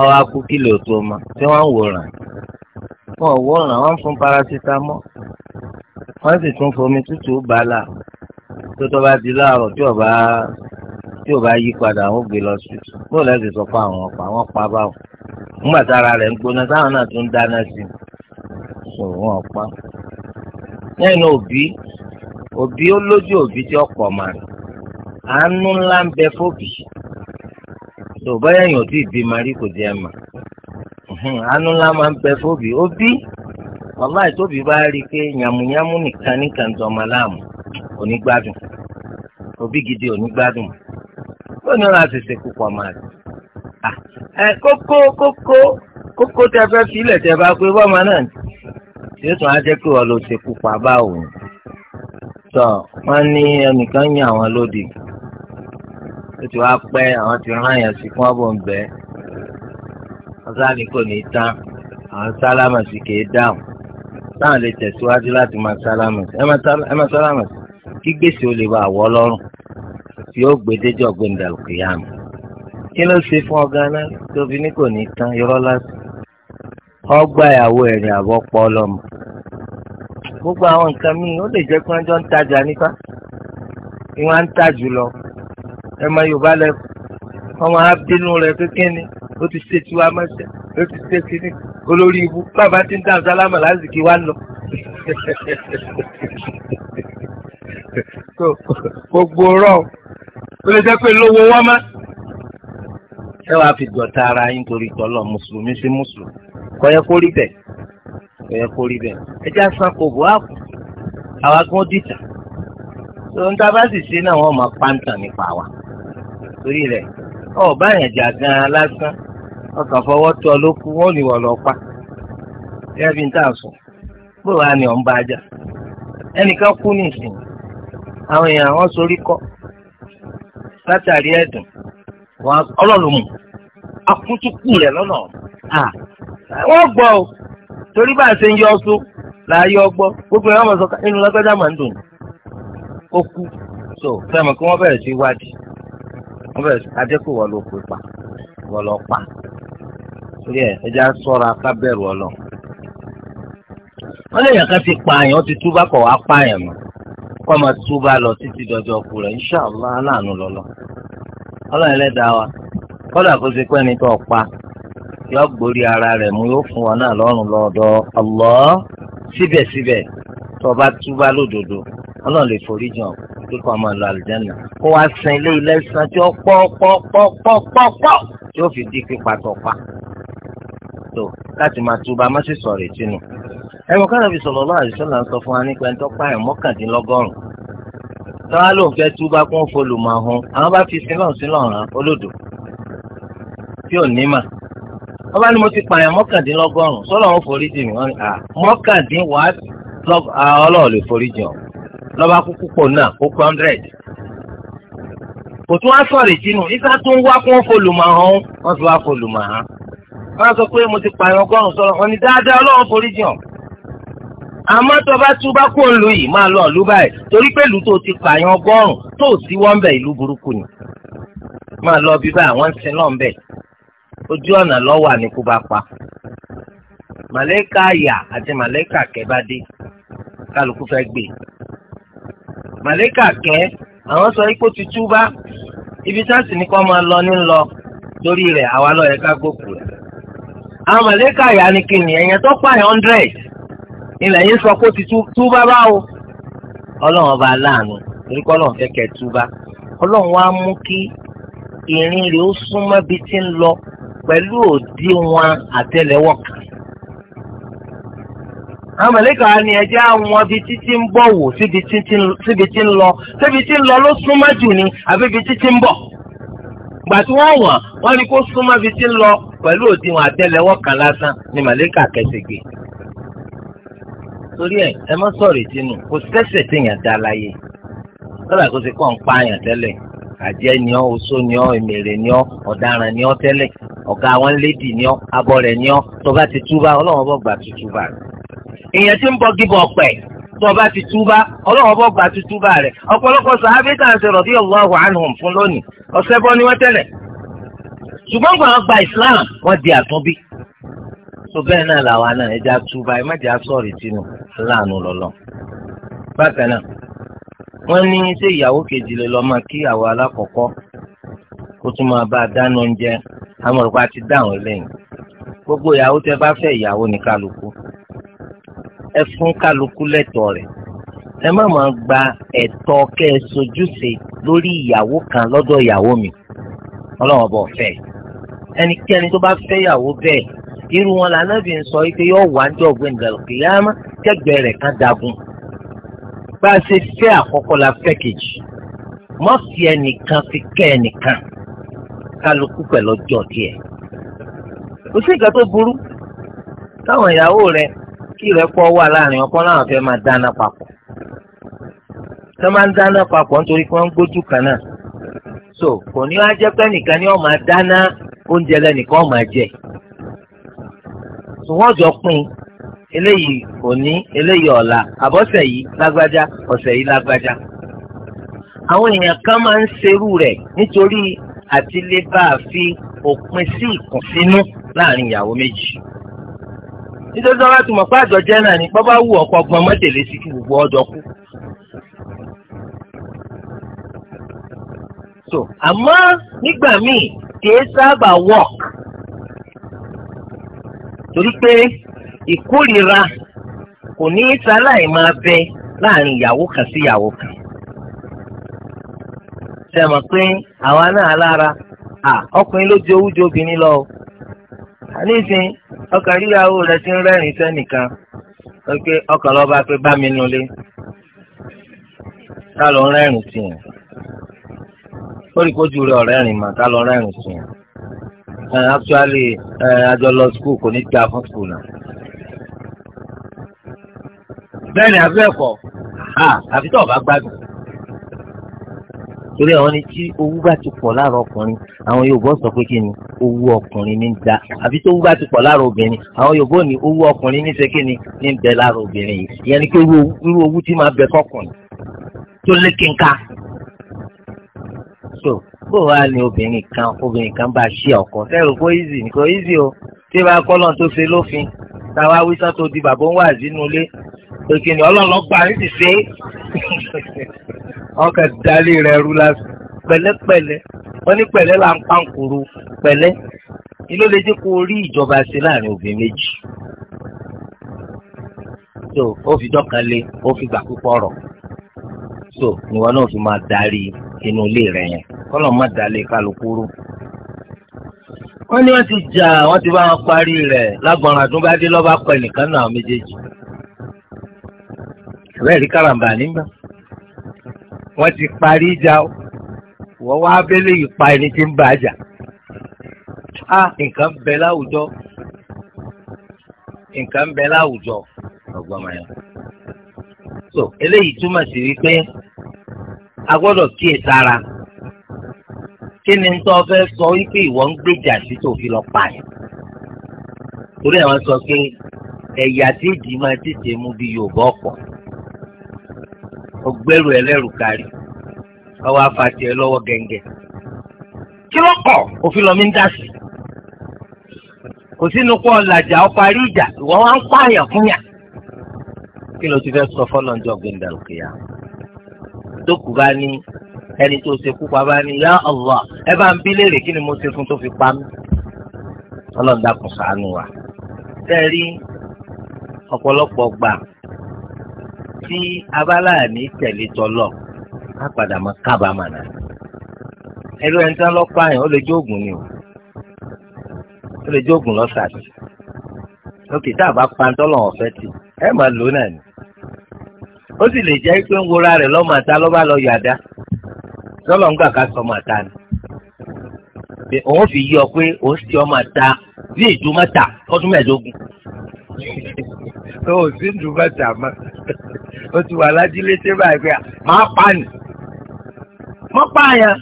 ọwọ́ akú kìlò tó ma tí wọ́n ń wòran wọn ò wòran wọ́n fún parasitamọ́ wọ́n sì tún fomi tútù bàálà tó tó bá di láàárọ̀ tí ọba tí ọba yí padà àwọn ògbé lọ sí bó lẹ́sìn sọ fún àwọn ọ̀pá àwọn pa báwọn nígbà tára ń gbóná táwọn náà tún dáná sí i sọ wọn pa lẹ́nu òbí òbí ó lójú òbí tí ọ̀pọ̀ mà àánú ńlá ń bẹ fóbì tó báyà yàn ó ti bí marí kò jẹ́ mà àánú ńlá máa ń bẹ fóbi ó bí wàláì tóbi bá rí i pé yàmùyàmù nìkan nìkan tó ọmọ aláàmù onígbádùn òbí gidi onígbádùn ó ní ọ̀rọ̀ àṣẹṣe púpọ̀ máa rí ẹ kókó kókó kókó tẹ fẹ́ filẹ̀ tẹ bá pé bọ́ọ̀mọ náà tí ó tún á jẹ́ pé wọ́n lọ ṣe pupa bá òun tọ́ wọ́n ní ẹnìkan yàn àwọn lódì ó ti wá pẹ́ àwọn ti rán àyàn sí fún ọ̀bùn bẹ́ẹ̀ wọ́n sáré kò ní tán àwọn sálámà sí kì í dáhùn táwọn lè tẹ̀síwájú láti máa sálámà sí ẹ máa sálámà sí kí gbèsè ó lè bá àwọ̀ ọlọ́run tí ó gbé déjọ́ gbẹ̀ndàlù kìyàmù kí ló ṣe fún ọ̀gá náà tó fi ní kò ní tán irọ́ lásán ọgbà ìyàwó ẹ̀rìn àbọ̀ pọ̀ ọlọ́mọ gbogbo àwọn nǹkan míì ó lè jẹ́ pé wọ́n jọ ń tajà nípa ìwọ̀n á ń tà jùlọ ẹ máa yorùbá lẹ́kù wọ́n máa bínú rẹ̀ kékeré ni ó ti ṣe tiwa mẹ́sẹ̀ ó ti ṣe kíní olórí ibu bàbá ti ń dá sálámà lásìkò wa nù. gbogbo rọ ó lè jẹ́ pé lówó wọ́n má. ẹ wàá fi dọ̀tá ara yín torí tọ́lọ̀ mùsùlùmí sí mùsùlùmí kò yẹ kó rí bẹ́ẹ̀ kò yẹ kó rí bẹ́ẹ̀ ẹ jẹ́ àṣà kò bọ́ àpò àwa kò dìtà. tòun tá a bá sì ṣe náà wọn máa pàǹtàn nípa wa torí rẹ ọ báyẹn jà gan lásán ọkàn fọwọ́ tó ọ wọ́n ní wọ́n lọ pa gẹ́gẹ́ bí n tà sùn bó wàá ọ̀ ń bá jà ẹnìkan kú ní ìsìn àwọn èèyàn wọn sorí látàrí wọn akútúkù lọ́nà wọ́n ó kú so fẹ́mi kí wọ́n bẹ̀rẹ̀ sí wádìí wọ́n bẹ̀rẹ̀ sí adẹ́kùn wọ́n ló pè pa wọ́n lọ pa torí ẹ̀ ẹ já sọ́ra ká bẹ̀rù ọlọ. wọ́n lè yàn ká ti pààyàn ó ti túbá kọ̀ wá pààyàn mọ́ kọ́ máa túbá lọ títí dọjọ́ kú rẹ̀ inṣàlá aláàánú lọ́lọ́ ọlọ́run ẹlẹ́dàá wa kọ́lá kó ṣe pẹ́ ní tó pa yọ gbórí ara rẹ̀ mú yóò fún wọn náà lọ́rùn lọ́dọ̀ Allah síbẹ̀síbẹ̀ tó bá lódodo ọlọ́run lè forí jàn kíkọ́ ọmọ ìlú àlùjáná kó wá san ilé ilé san tí ó pọ̀ pọ̀ pọ̀ pọ̀ pọ̀ pọ̀ tí ó fi di pípa tọ̀pa tó láti máa túba má sì sọ̀rọ̀ ìtinú. ẹ̀wọ̀n kára fi sọ̀rọ̀ lọ́wọ́ àdìsọ́ là ń sọ fún wa nípa ẹni tó pààyàn mọ́kàndínlọ́gọ́rùn-ún tọ́wá ló ń fẹ́ túba kún folùmọ̀ ọ̀hún àwọn bá fi sílọ̀ sílọ̀ ràn olódò tí ò ní mà wọ́n bá ní mo ti pààyàn mọ́kàndínlọ́gọ́rùn-ún sọ́lọ́ wọn forí jì mí wọ́n ní à mọ́kàndínwàá ọlọ́ọ̀ lè forí jì ọ́ lọ́ba kúkú pọ̀ náà ó kú hundred. kò tún wá sọ̀rọ̀ ìjìnù ìsá tó ń wá kó wọ́n folùmọ̀ hàn wọ́n ti wá folùmọ̀ hàn. wọ́n sọ pé mo ti pààyàn ọgọ́rùn-ún sọ̀rọ̀ wọn ni dáadáa ọlọ́run forí jàn. àmọ́ tó bá tú bá kó lu yìí máa lọ ìlú báyìí torí pé ìlú tó ti pààyàn ọgọ́rùn-ún tó sì wọ́n bẹ̀ ìlú burúkú ni. máa lọ bí báyìí àwọn ń sin náà màlẹ́kà kẹ́ àwọn sọ ipò tuntun bá ibi táàsì ní kọ́ máa lọ ní lọ torí rẹ̀ àwa lọ yẹ ká gbókù rẹ̀. àwọn màlẹ́kà yà ni kìnnì ẹ̀yẹ tó pààyàn hundred ilẹ̀ yìí sọ pé tuntun bá báwo ọlọ́run ọba aláàánú torí kọ́ lọ́n fẹ́ kẹ́ tú bá ọlọ́run wá mú kí ìrìn rẹ̀ ó súnmọ́ bí ti ń lọ pẹ̀lú òdiwọ̀n àtẹlẹwọ́ kan àwọn mọ̀lẹ́kà ni ẹjẹ́ àwọn ibi títí ń bọ̀ wò síbi tí ń lọ síbi tí ń lọ ló súnmọ́ jù ni àbí ibi títí ń bọ̀. gbà tí wọ́n wọ̀n wọ́n ní kó súnmọ́ ibi tí ń lọ pẹ̀lú òdiwọ̀n àtẹ́lẹwọ́ kan lásán ni mọ̀lẹ́kà kẹsẹ̀ gbé. torí ẹ ẹ mọ sọ̀rọ̀ ìtinú kò sẹ́sẹ̀ tí yàn dá láyé lọ́dà kó ti kọ́ ń pa àyàn tẹ́lẹ̀ àjẹ́ ni ọ́ oṣó ni ọ́ èmèrè ni ọ́ ọ̀daràn ni ọ́ tẹ́lẹ̀ ọ̀gá àwọn lédì ni ọ́ abọ́rẹ̀ ni ọ́ tó ti túbà ọlọ́run bọ̀ gbà tútù bá èèyàn ti ń bọ gíbọ ọ̀pẹ tó ọba ti túbá ọlọ́wọ́n bọ̀ gba túbá rẹ̀ ọ̀pọ̀lọpọ̀ sàábé tàǹsẹ̀ radiyallahu anhum fún lónìí ọ̀sẹ̀ bọ́ ni wọ́n tẹ̀lẹ̀. ṣùgbọ́n gbọ́n gba Islam wọ́n di àtúnbí tó bẹ́ẹ̀ náà làwa náà ẹja túbá ẹ má jẹ́ asọ́ọ̀rì sínú láàánú lọ́lọ́ bákan náà wọ́n ní ṣé ẹ fún kálukú lẹ́tọ̀ọ́ rẹ̀ ẹ má máa gba ẹ̀tọ́ kẹ́ ẹ sojúṣe lórí ìyàwó kan lọ́dọ̀ ìyàwó mi ọlọ́wọ́n bọ̀ fẹ́ ẹnikẹ́ni tó bá fẹ́ ìyàwó bẹ́ẹ̀ irú wọn lànà bí n sọ pé yóò wá ní ọ̀gbìn ìdàlùkìyàmá kẹgbẹ́ rẹ̀ kan dagun bá a ṣe fẹ́ àkọ́kọ́ la fẹ́ kejì mọ́ fi ẹnìkan fi kẹ́ ẹnìkan kálukú pẹ̀lú ọjọ́ díẹ̀ kò sí nǹkan tó burú táwọn ìyàwó rẹ̀ kí ìrẹ́pọ̀ wà láàrin ọkọ láwọn fẹ́ máa dáná papọ̀ tó máa ń dáná papọ̀ nítorí kí wọ́n ń gbójú kan náà so kò ní wá jẹ́ pé nìkan ni wọ́n máa dáná oúnjẹ lẹ́nìkan wọ́n máa jẹ so wọ́n jọ pín eléyìí òní eléyìí ọ̀la àbọ̀sẹ̀ yìí lágbájá ọ̀sẹ̀ yìí lágbájá àwọn èèyàn kan máa ń serú rẹ̀ nítorí àti lè bá a fi òpin sí ìkùnsínú láàrin ìyàwó méjì. nítorí wọn bá ti mọ̀ pé àjọ jẹ́ náà ni bọ́bá wù gbọ́n sí kí gbogbo ọjọ́ kú. so àmọ́ nígbà míì kìí sábà work torí pé ìkórìíra kò ní í sáláì máa bẹ láàrin ìyàwó kan sí ìyàwó kan ṣe pé àwa náà lára ọkùnrin ló jowú àníṣin ọkàn ríyàwó rẹ̀ ti ń rẹ́rìn sẹ́nìkan pé ọkàn lọ́ba pé bá mi nulẹ̀ tá ló ń rẹ́rìn sí yẹn ó rí kójú rẹ̀ ọ̀rẹ́ rìn mà tá ló ń rẹ́rìn sí yẹn actually àjọ lọ school kò ní ti a fún school náà. bẹ́ẹ̀ ni àfi tó o bá gbádùn torí àwọn ni tí owó bá ti pọ̀ lára ọkùnrin àwọn Yorùbá sọ pé kí ni owó ọkùnrin ní da àbí tó owó bá ti pọ̀ lára obìnrin àwọn Yorùbá ní owó ọkùnrin ní ṣe ni ní bẹ lára obìnrin yìí ìyẹn ni pé irú owó tí máa bẹ fọkùnrin tó lékè ńká so bó wàá ní obìnrin kan obìnrin kan bá ṣí ọkọ fẹ́ẹ́ rò easy nìkan easy o tí bá kọ́ lọ́n tó ṣe lófin táwa wíṣọ́ tó di bàbá ń wà èkìní ọlọ́lọ́gba ń sì ṣe ọkàn dalí rẹ̀ rú lásán pẹ̀lẹ́pẹ̀lẹ́ wọ́n ní pẹ̀lẹ́ là ń pàǹkùrù pẹ̀lẹ́ ilé lè dín kó rí ìjọba sí láàrin obìnrin méjì so ó fi dọ́kan lé ó fi gbà púpọ̀ rọ̀ so ìwọ náà fi máa darí inú ilé rẹ̀ yẹn kọ́lọ̀ má dalé kálukú rú wọ́n ní wọ́n ti jà wọ́n ti bá wọn parí rẹ̀ lágbọ̀nràn àdúgbò adé lọ́ba pẹ̀lú kan náà méjèèjì rẹ́ẹ̀rí káràmbà nígbà wọ́n ti parí ìjà o wọ́n wá abẹ́lẹ̀ yìí pa ẹni tí ń bá àjà á nǹkan bẹ láwùjọ nǹkan bẹ láwùjọ ọgbọ́n mọ̀ yẹn. so eléyìí túmọ̀ sí wípé a gbọ́dọ̀ kíyè sára kí ni tó fẹ́ sọ wípé ìwọ ń gbèjà sí tó fi lọ pààyàn torí àwọn sọ pé ẹ̀yà tí ìdí máa tètè mú bí Yorùbá ọ̀pọ̀ ọgbẹ́rù ẹlẹ́rù kárí ọwọ́ afàtì ẹ lọ́wọ́ gẹ́ngẹ́ kí ló kọ̀ òfin lọ́mí ń dá sí kò sínú pọ́ ọ̀làjà ọ parí ìjà ìwọ́n wá ń pààyàn fún yà kí ló ti fẹ́ sọ fọ́lọ́njọ́ gbẹ̀ndà òkè yà dókù bá ní ẹni tó ṣe kú pa bá ní yá Allah ẹ bá ń bí léèrè kí ni mo ṣe fún tó fi pa mí ọlọ́run dákun ṣàánú wa tẹ́ẹ̀rí ọ̀pọ̀lọpọ̀ gbà tí abala ní tẹ̀lé tọlọ á padà máa kábàámà náà ẹlú ẹni tán lọ́pàá yẹn ó lè ni o ó lè jẹ́ oògùn lọ́sàtì lókè tá a bá pa tọ́lọ̀ ọ̀fẹ́ tì ẹ máa lò náà ni ó sì lè jẹ́ pé ń wora rẹ̀ lọ́mọ àta lọ́ba lọ tọ́lọ̀ ń gbà ká sọ ọmọ ni òun fi yí ọ pé òun sì ọmọ àta bí èdè mọ́ta ọdún mẹ́ẹ̀ẹ́dógún ó sì ń dùn bàtà mọ́ ó ti wà lájílé tí báyìí pé máa pa ni mọ́ pa yẹn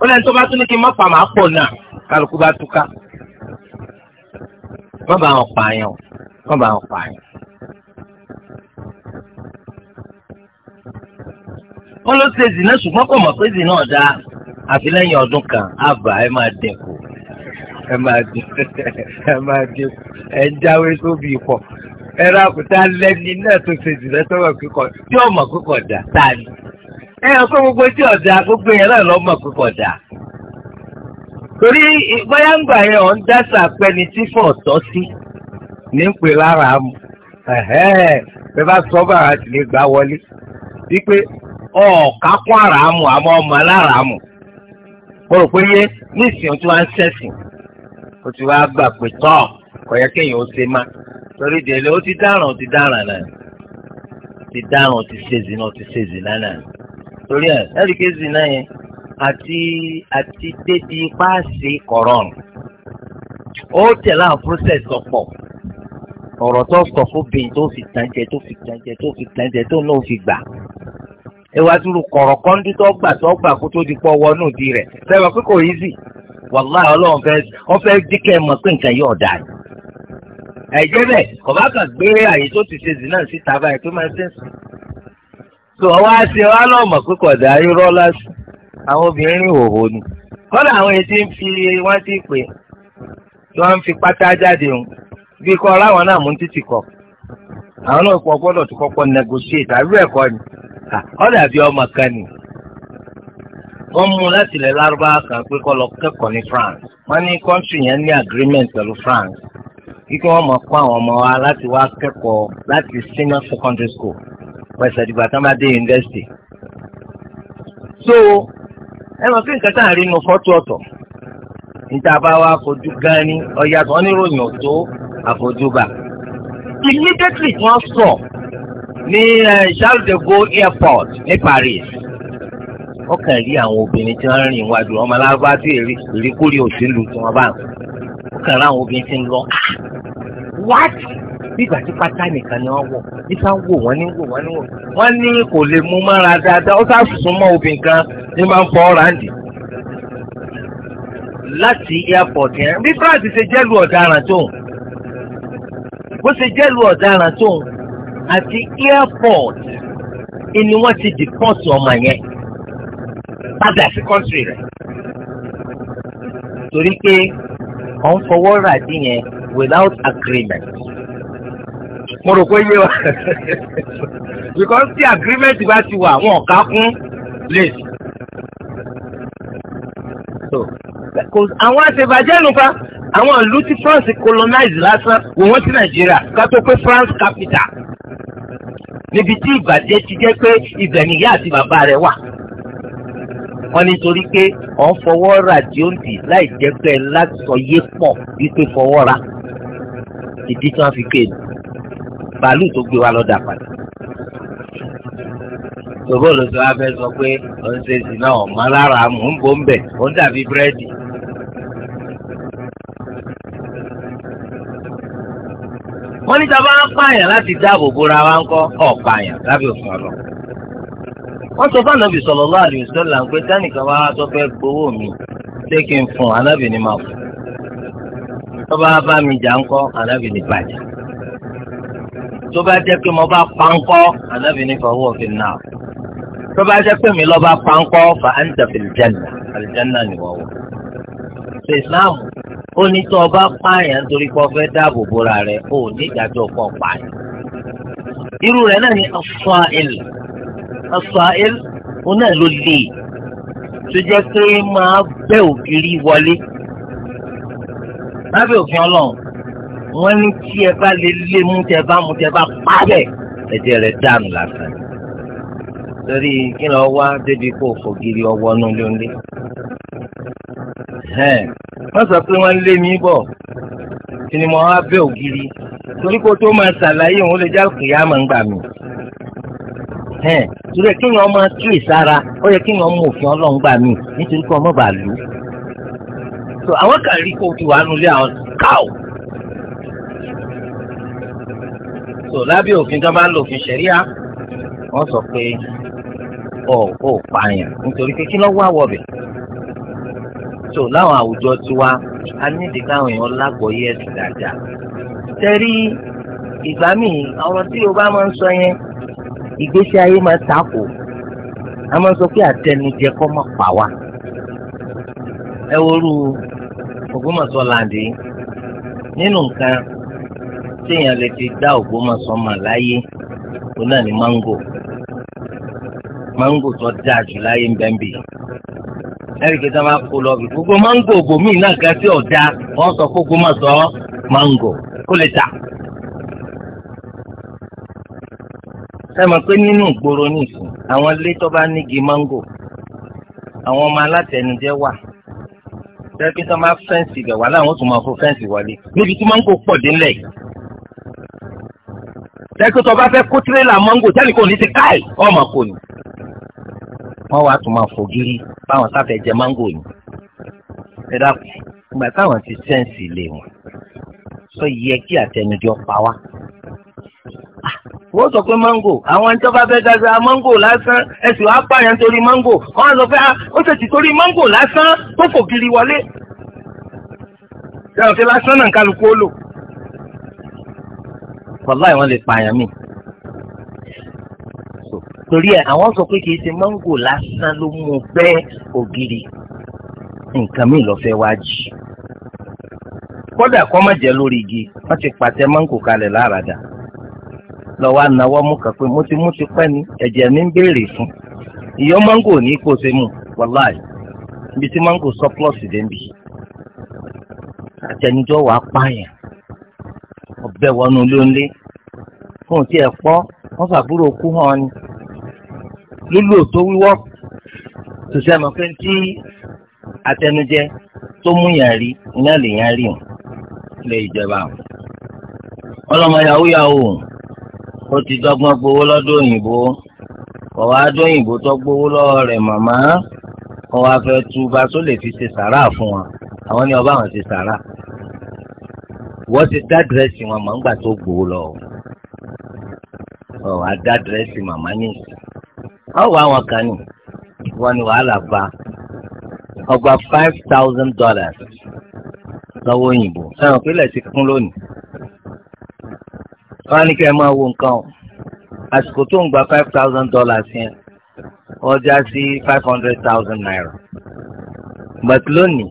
ó lẹ́ni tó bá tún ní kí n má pa máa pọ̀ náà kálukú bá túká má bàa wọn pa yẹn o má bàa wọn pa yẹn. wọ́n ló ṣe zina ṣùgbọ́n kò mọ̀ pé zina ọ̀dà àfi lẹ́yìn ọdún kan àbá ẹ máa dẹ̀kù ẹ máa dẹ̀kù ẹ ń jáwé sóbì pọ̀ ẹ̀rọ àkùtà lẹ́ni náà tó ṣe jùlọ tó kíkọ tí ọmọ kíkọ dà tá a ní. ẹ gbogbo tí ọjà gbogbo yẹn náà lọ́mọ kíkọ dà. torí ń yẹn ọ̀ ń dá pẹ́ni tí fọ̀ ọ̀tọ́ sí ní ń pè lára mu. bá sọ wọlé wípé mu àmọ́ ọmọ alára mu. mo rò pé yé nísìnyí ń ti torí délé ó ti dáràn ó ti dáràn náà ti dáràn ó ti ṣe zina ó ti ṣe zina náà torí ẹ ẹrí ké zina yẹn àti àti débi páàsì kọ̀rọ̀n ó tẹ̀lé àwọn process ọ̀pọ̀ ọ̀rọ̀ tó sọ fún bìn tó fi tànjẹ tó fi tànjẹ tó fi tànjẹ tó náà fi gbà ewádúró kọ̀rọ̀ kọ́ńdú tó gbà tó gbà kó tó di pọ̀ wọnú di rẹ̀ sẹ́wọ̀n pé kò yí sí wàláhì ọlọ́run fẹ́ ọ fẹ́ díkẹ́ mọ̀ pé nǹkan yóò dáa àìjẹ́ bẹ́ẹ̀ kọ̀bá kan gbé àyè tó ti ṣe zina síta báyìí pé máa ṣe ń sùn. tó o wá ṣe wá náà mọ̀ pé kọ̀dà irọ́ lásán àwọn obìnrin hòhò ni kọ́lá àwọn èyí tí ń fi wọ́n ti pè tí wọ́n ń fi pátá jáde òun bí kọ́ láwọn náà mú títì kọ àwọn náà kọ́ gbọ́dọ̀ tó kọ́kọ́ negotiate àbí ẹ̀kọ́ ni ọ̀dà bíi ọmọ kan ni wọ́n mú láti ilẹ̀ lárúbáwá kan pé kọ́ lọ kẹ́kọ̀ọ́ ní France wọ́n ní kọ́ńtì yẹn agreement pẹ̀lú France ikú wọn mọ̀ kó àwọn ọmọ wa láti wá kẹ́kọ̀ọ́ láti senior secondary school pẹ̀sẹ̀ ìdìgbà tí university. so ẹ mọ̀ pé nǹkan tá à ń rí inú fọ́tò ọ̀tọ̀ níta bá wa fojú gan ni ọ̀yàtọ̀ oníròyìn ọ̀tọ̀ àfojúbà. immediately tí wọ́n sọ ní Charles de Gaulle airport ní Paris ó kàn rí àwọn obìnrin tí wọ́n rìn wájú ọmọ alábàá tí ìríkúrí òṣèlú tí wọ́n bá ń. kàrà àwọn obìnrin ti ń lọ. Ah, what bígbà tí pátá nìkan ni wọ́n wọ̀ nípa wò wọ́n ní wò wọ́n ní wò wọ́n ní kò lè mú mára dáadáa ó sáà sùn obìnrin kan ní máa ń fọ ọ́ràǹdì. láti airport yẹn bí France ṣe jẹ́lu ọ̀daràn ni wọ́n ti deport ọmọ yẹn torí pé ọ̀ ń fọwọ́ rà dí yẹn without agreement. mo rò pé yé wa because tí agreement bá ti wà wọn ò ká kún place. so àwọn àṣebàjẹ́ nù pa àwọn ìlú tí France colonize lásán wò wọ́n sí Nàìjíríà ká tó pé France capital níbi tí ìbàjẹ́ ti jẹ́ pé ibẹ̀ nìyá àti bàbá rẹ̀ wà wọ́n ní torí pé ọ̀n fọwọ́ ra díòǹtì láì jẹ́ pé lásọyé pọ̀ wípé fọwọ́ ra ìdí tí wọ́n fi pè ní bàálù tó gbé wa lọ́dà padà. Tòbó ló sọ wá fẹ́ sọ pé òun ṣe sì náà ọ̀mọ́ lára mò ń bò ń bẹ̀ ó ń dàbí búrẹ́dì. wọ́n ní sábà ń pààyàn láti dáàbò bóra wa ń kọ́ ọ̀pààyàn lábẹ́ òfin ọlọ́run wọ́n sọ fún anabi sallallahu alaihi wasallam pé sẹ́nìkan wá sọ fẹ́ gbowó mi ṣé kí n fún anabi ní máa fún tó bá bá mi jà ńkọ́ anabi ní bàjá tó bá jẹ́ pé mo bá pa ńkọ́ anabi ní fọwọ́ òfin náà tó bá jẹ́ pé mi lọ́ bá pa ńkọ́ fa anta fil janna aljanna ni wọ́n wọ̀ ṣe islam ó ní tó o bá pààyàn nítorí pé o fẹ́ dáàbò bóra rẹ̀ ó ní ìdájọ́ pọ̀ pààyàn irú rẹ̀ náà ni ọ̀fọ̀ ilẹ̀ as-sa'il òun náà ló lè tó jẹ́ pé máa bẹ́ ògiri wọlé lábẹ́ òfin ọlọ́run wọ́n ní tí ẹ bá lè lé mú tẹ bá mú tẹ bá pa bẹ́ẹ̀ ẹ̀jẹ̀ rẹ̀ dànù lásán torí kí lọ wá débi kó fògiri ọwọ́ nù lóńlé. wọ́n sọ pé wọ́n lé mi bọ̀ kí ni mo ògiri torí kó tó máa ṣàlàyé òun lè já kìyàmọ̀ ń gbà ẹ̀hẹ́n torí kéèyàn ọmọ kíì sára ó yẹ kéèyàn ọmọ òfin ọlọ́ngbà mi nítorí kó ọmọ lù. so àwọn kan rí kó o ti wà nulẹ̀ àwọn káò. so lábẹ́ òfin tó bá ń lo òfin wọ́n sọ pé ọ ò pààyàn nítorí pé kí wá so láwọn àwùjọ tiwa a nídìí káwọn èèyàn lágbọ̀ọ́yé ẹ̀sìn dáadáa. tẹ́rí ìgbà míì ọ̀rọ̀ tí o bá máa ń sọ ìgbésí ayé máa takò a máa sọ pé àtẹnujẹ kọ́ máa pa wá ẹ worú Ògbómọ̀ṣọ́ làǹdí nínú nǹkan téèyàn lè dá mà láyé òun náà ni mango mango tó dáa jù láyé ń bẹ́ẹ̀ bì ẹ̀ríkì tó máa kó lọ bí gbogbo náà ọ̀dà wọ́n sọ fún mango. ẹ mọ̀ pé nínú ìgboro nìsín àwọn ilé tó bá nígi máńgò àwọn ọmọ alátẹnujẹ wà tẹ́bí tó máa fẹ́ǹsì bẹ̀ wá láwọn tó máa fọ fẹ́ǹsì wọlé níbi tí mango, pọ̀ délẹ̀ tẹ́bí tó bá fẹ́ kó tirẹ́là máńgò tẹ́lẹ̀ kò ní ti káì ọmọ kò ní. wọ́n wá tó máa fò gírí báwọn sáfẹ́ jẹ máńgò ni ẹ dákun ìgbà táwọn ti fẹ́ǹsì lè wọ̀n sọ yẹ kí àtẹnujọ pa wá wọ́n sọ pé mango àwọn ẹni tó bá fẹ́ gaza mango lásán ẹ̀sìn wàá pààyàn torí mango wọ́n sọ pé ó ṣètì torí mango lásán tó fò kiri wọlé. ṣé òfin lásán náà kálukú ó lò. bàbá ìwọ́n lè pààyàn mi. torí ẹ̀ àwọn sọ pé kì í ṣe mango lásán ló mú bẹ́ẹ̀ ògiri nǹkan mi lọ fẹ́ wá jì. kódà kọ́ má jẹ́ lórí igi wọ́n ti pàtẹ mango kalẹ̀ láradà. La lọ́wọ́ ànáwọ́ mú kàn pé mo ti mú ti pẹ́ ni ẹ̀jẹ̀ mi ń béèrè fún ìyọ́ máńgò ní kò ṣe mú ibi tí mango surplus dé níbi àtẹnudọ́ wàá pààyàn ọ̀bẹ wọnú lónlé fún tí ẹ pọ́ wọ́n fàbúrò kú hàn ni lúlù tó wíwọ́ tòṣì àmọ́ pé tí àtẹnujẹ tó mú yàn rí iná o lè jẹba ọlọmọ yahoo ó ti dọ́gbọ́n gbowó lọ́dọ̀ òyìnbó kọ̀ wá dóyìnbó tó gbowó lọ́wọ́ rẹ̀ màmá kọ́ wá fẹ́ túba tó lè fi ṣe sàrà fún wọn àwọn ni ọba àwọn ṣe sàrà wọ́n ti dá dírẹ́sì wọn màá ń tó gbowó lọ ọ̀ wá dá dírẹ́sì màmá ní ìsìn ọ̀ wọn kan ní wọn ni wàhálà bá ọgbà five thousand dollars lọ́wọ́ òyìnbó sẹ́wọ̀n pílẹ̀ ti kún lónìí wọ́n á ní kí ẹ máa wo nǹkan o àsìkò tó ń gba five thousand dollars yẹn ọjà sí five hundred thousand naira but lónìí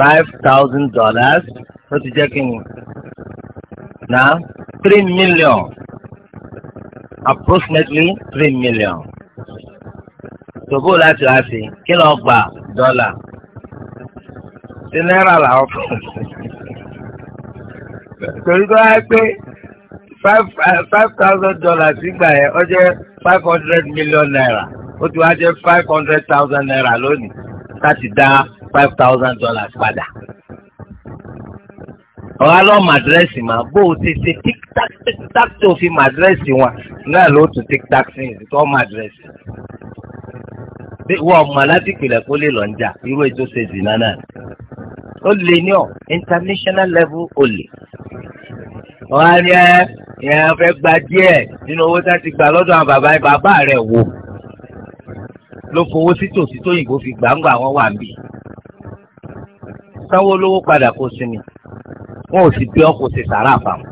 five thousand dollars ó ti jẹ́ kí ni na three million approximately three million tòbó láti wá sí kí ló gba dọ́là sí náírà làwọn fún un torí tó wáá pé eh, five thousand dollars nígbà yẹn ó jẹ́ five hundred million naira ó ti wá jẹ́ five hundred thousand naira lónìí láti dá five thousand dollars padà ọ̀rá lọ́ màdírẹ́sì máa bó o ti ṣe tic-tac tac tó fi màdírẹ́sì wọn náà ló tún tic-tac sí ìdí tó màdírẹ́sì. wọ́n mọ̀ láti pìlẹ̀ kó lè lọ ń jà irú ètò ṣe zìnnà náà ó lè ní ọ international level ó lè. wọ́n á ní ẹ ìyẹn fẹ́ gba díẹ̀ nínú owó tá a ti gbà lọ́dọ̀ àwọn bàbá bàbá rẹ̀ wò ló fowó sí tòsí tóyìnbó fi gbàǹgbà wọn wà níbí. sanwó olówó padà kó sinmi wọn ò sì bí ọkọ ṣe sàrà àfàmù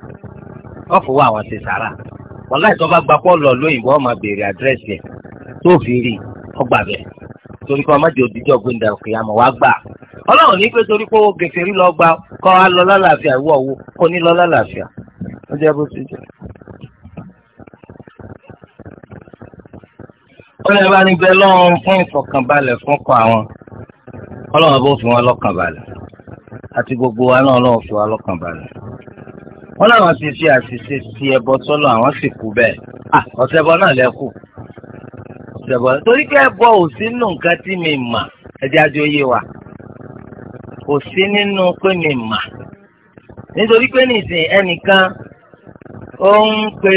wọn fowó àwọn ṣe sàrà wàlá ìtọ́ba gba pọ́ọ̀lù ọlọ́yìnbó ọmọ béèrè àdírẹ́sì ẹ̀ tó fi rí ọgbà bẹ̀ torí kọ́ ọmọdé òdìjọ́ gbẹ̀ndà òkè àmọ́ wàá gbà ọlọ́run ní pé torí pé owó gèfèrí lọ gba kọ́ á lọ lálàáfíà ìwọ owó kò ní lọ lálàáfíà ó jẹ́ bó ti jẹ́. ọlọ́run bá ní bẹ́ẹ̀ lọ́run fún ìfọ̀kànbalẹ̀ fún kọ àwọn ọlọ́run bó fi wọn lọ́kànbalẹ̀ àti gbogbo wa náà ọlọ́run fi wa lọ́kànbalẹ̀ wọn làwọn ti ṣe àṣìṣe sí ẹbọ sọlọ àwọn sì kú bẹ́ẹ̀ ọ̀sẹ̀bọ náà lẹ́kù ọ̀sẹ̀bọ torí pé ẹbọ ò sínú nǹkan tí mi mà ẹ̀jẹ̀ àjọ yé wa. kò sí nínú pé mi mà nítorí pé nìsín ẹnìkan ó ń pe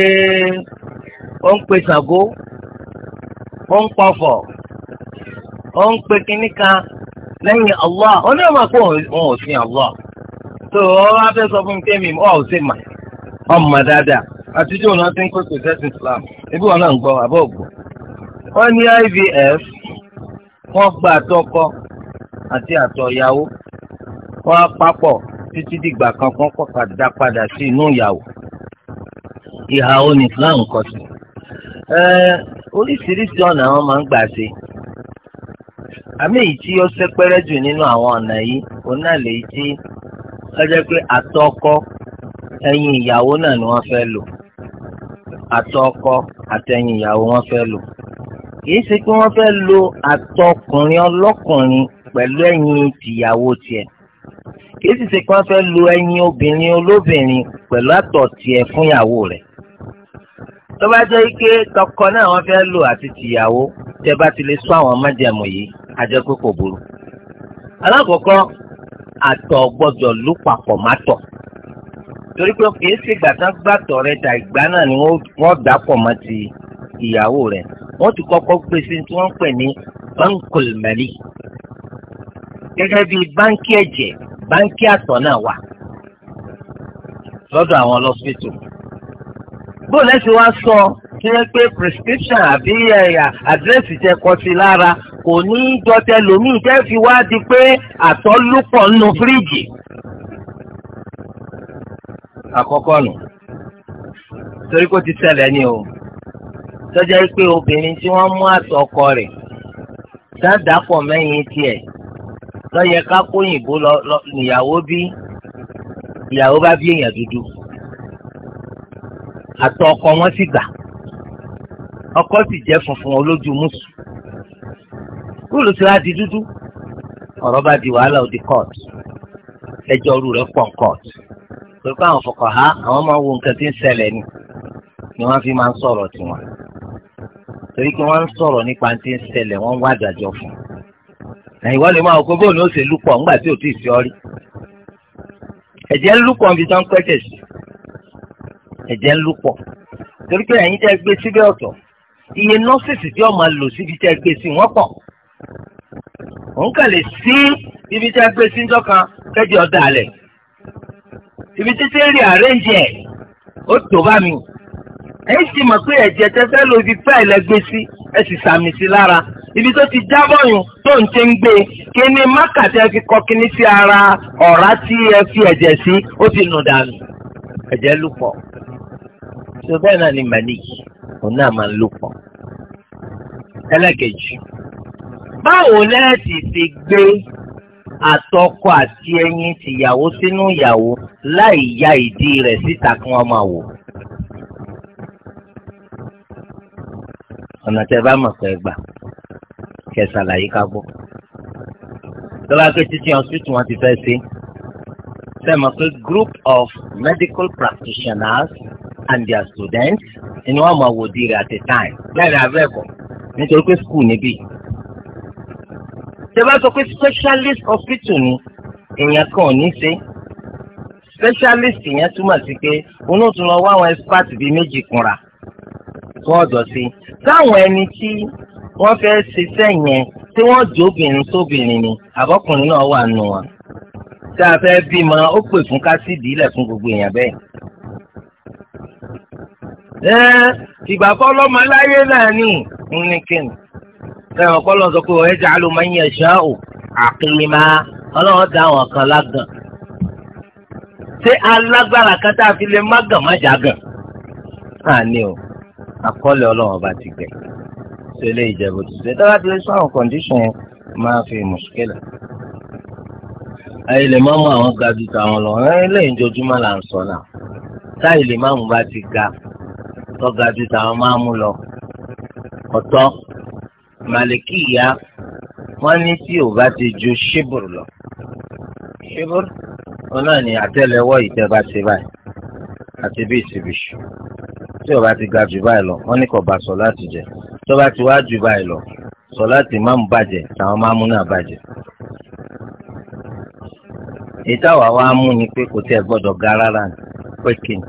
ó ń pe Ṣàngó ó ń pọfọ ó pe kan Allah ó ní ọmọ pé òun ò Allah tó ọ wá fẹ́ sọ fún pé mi ò sí mà dáadáa ti ń Islam ibi wọn náà ń gbọ́ àbọ̀ ògbó IVF àti àtọ̀ ìyàwó wọ́n á papọ̀ títí dìgbà kan kan kọ́ka dá padà sí inú ìyàwó ìhà òní Islam kọ sí. oríṣiríṣi ọ̀nà wọn máa ń gbà ṣe àmì èyí tí ó ṣẹpẹrẹ jù nínú àwọn ọ̀nà yìí òun náà lèyí tí ó jẹ́ pé àtọ̀ ọkọ ẹ̀yìn ìyàwó náà ni wọ́n fẹ́ lò àtọ̀ ọkọ àtẹ̀yìn ìyàwó wọ́n fẹ́ lò kìí ṣe pé wọ́n fẹ́ lo àtọkùnrin ọlọ́kùnrin pẹ̀lú ẹ̀yìn tìyàwó tiẹ̀ kì í sì ṣe kí wọ́n fẹ́ lu ẹ̀yìn obìnrin olóbìnrin pẹ̀lú àtọ̀ tiẹ̀ fún ìyàwó rẹ̀ tó bá jẹ́ ike tọkọ náà wọ́n fẹ́ lò àti tìyàwó tẹ bá ti lè sọ àwọn májẹ̀mú yìí a jẹ́ pé kò burú. alákọ̀ọ́kọ́ àtọ̀ gbọ́dọ̀ lù papọ̀ má torí pé kì í ṣe gbàtà gbàtọ̀ rẹ ta ìgbà náà ni wọ́n dà pọ̀ mọ́ ti ìyàwó rẹ̀ wọ́n ti kọ́kọ́ gbé sí tí wọ́n pè ní uncle mary gẹ́gẹ́ bíi báńkì ẹ̀jẹ̀ báńkì àtọ̀ náà wà lọ́dọ̀ àwọn lọ́sítò. bóòlù ẹ̀sìn wá sọ tí wọ́n pé prescription àbí ẹ̀yà àdírẹ́sì tẹ kọ sí lára kò ní í jọ tẹ lòmíì tẹ́ fi wá di pé àtọ̀ ló pọ̀ nínú fíríjì. àkọ́kọ́ nù torí kó ti ṣẹlẹ̀ ni o sọ́jà pé obìnrin tí wọ́n mú àtọ̀ ọkọ rẹ̀ dáadáa pọ̀ mẹ́yìn tiẹ̀ lọ́yẹ ká kóyìnbó lọ níyàwó bí ìyàwó bá bí èèyàn dúdú àtọ ọkọ wọn sì gbà ọkọ sì jẹ́ funfun olójú mùsù kúlù tí wàá di dúdú ọ̀rọ̀ bá di wàhálà ó di court ẹjọ́ ọrú rẹ̀ pọ̀ court pẹ̀lú àwọn fọkàn ha àwọn máa wo nǹkan tí ń ṣẹlẹ̀ ni ni wọ́n fi máa ń sọ̀rọ̀ tiwọn torí pé wọ́n ń sọ̀rọ̀ nípa tí ń ṣẹlẹ̀ wọ́n wá àdájọ́ fún un ẹ̀yin wọ́n lè máa kó bóun ní ó ṣe lúpọ̀ ńgbà tí ò tí ì sí ọ rí ẹ̀jẹ̀ ń lúpọ̀ níbi tán pẹ́jẹ̀ sí ẹ̀jẹ̀ ń lúpọ̀ torí pé ẹ̀yin tẹ́ gbé síbẹ̀ ọ̀tọ̀ iye nọ́ọ̀sìsì tí ọmọ lò síbi tẹ́ gbé sí wọ́n pọ̀ òun kàn lè sí ibi tẹ́ gbé sí ńjọ́ kan kẹ́jì ọ̀dà alẹ̀ ibi títí rí àrẹ́ǹjì ó tó bá mi ẹ̀yin sì mọ̀ pé ẹ̀jẹ̀ tẹ fẹ́ lo ibi fẹ́ ẹlẹ́gbẹ́ sí ẹ sì sàmì sí lára ibi tó ti jábọ̀ yùn tó ń ti ń gbé kíní mákàtẹ́ fi kọ́ kíní sí ara ọ̀rá tí ẹ fi ẹ̀jẹ̀ sí ó ti nù dànù ẹ̀jẹ̀ lù pọ̀ tó bẹ́ẹ̀ náà ni mẹ́líkì òun náà máa ń lù pọ̀ ẹlẹ́kẹ̀jì báwo lẹ́ẹ̀sì ti gbé àtọkọ àti ẹyin tìyàwó sínú ìyàwó láì ya ìdí rẹ̀ síta kí wọ́n máa wò ọ̀nà tẹ́ bá mọ̀ pé gbà kẹ́ ṣàlàyé ká gbọ́. lọ́wọ́ akéjì tí hospital wọn ti fẹ́ ṣe sẹ́mọ̀ pé group of medical practitioners and their students ni wọ́n mọ̀ wò rẹ̀ at a time lẹ́rìí abẹ́ẹ̀kọ́ nítorí pé school níbí. tẹ́ bá sọ pé specialist hospital ni èèyàn kan ò ní ṣe specialist yẹn túmọ̀ sí pé onótùú lọ wá àwọn expert bíi méjì kúnra wọ́n jọ sí táwọn ẹni tí wọ́n fẹ́ ṣiṣẹ́ yẹn tí wọ́n jẹ́ obìnrin sóbìnrin ni àbọ́kùnrin náà wà nù wọn. tá a fẹ́ bímọ ó pè fún kásìdì ilẹ̀ fún gbogbo èèyàn bẹ́ẹ̀. ẹ ìgbà kọ́ lọ́mọ aláyé náà nì ń ní kíni. ẹ̀wọ̀n kọ́ lọ́n sọ pé ọ̀hẹ́ jà ló máa ń yẹ ṣá o àkìlímà ọlọ́run dá àwọn kan lágàn. ṣé alágbára kan tá a fi lè má gàn má jà gàn? àní o àkọọ́lẹ̀ ọlọ́run ọba ti gbẹ̀ ṣe lè ìjẹ̀bù tó ṣe dára ti lè sọ àwọn kọ̀ǹdíṣàn máa fi mùsùkìlà. àìlè máa mú àwọn ga ju tàwọn lọ ẹ lẹ́yìn ojoojúmọ́ là ń sọ náà táì lè máa mú bá ti ga tó ga ju tàwọn máa mú lọ ọ̀tọ̀ màlìkì ìyá wọ́n ní tí ò bá ti ju ṣíbùrù lọ ṣíbùrù ọ náà àtẹ́lẹwọ́ ìtẹ́ bá báyìí àti bí ìsìbìṣù tí ó bá ti ga jù báyìí lọ wọ́n ní kò bá sọ láti jẹ tó bá ti wá jù báyìí lọ sọ láti máàmù bàjẹ́ táwọn máàmù náà bàjẹ́. ìtawà wa mú ni pé kò tiẹ̀ gbọ́dọ̀ ga rárá ni pé kí ni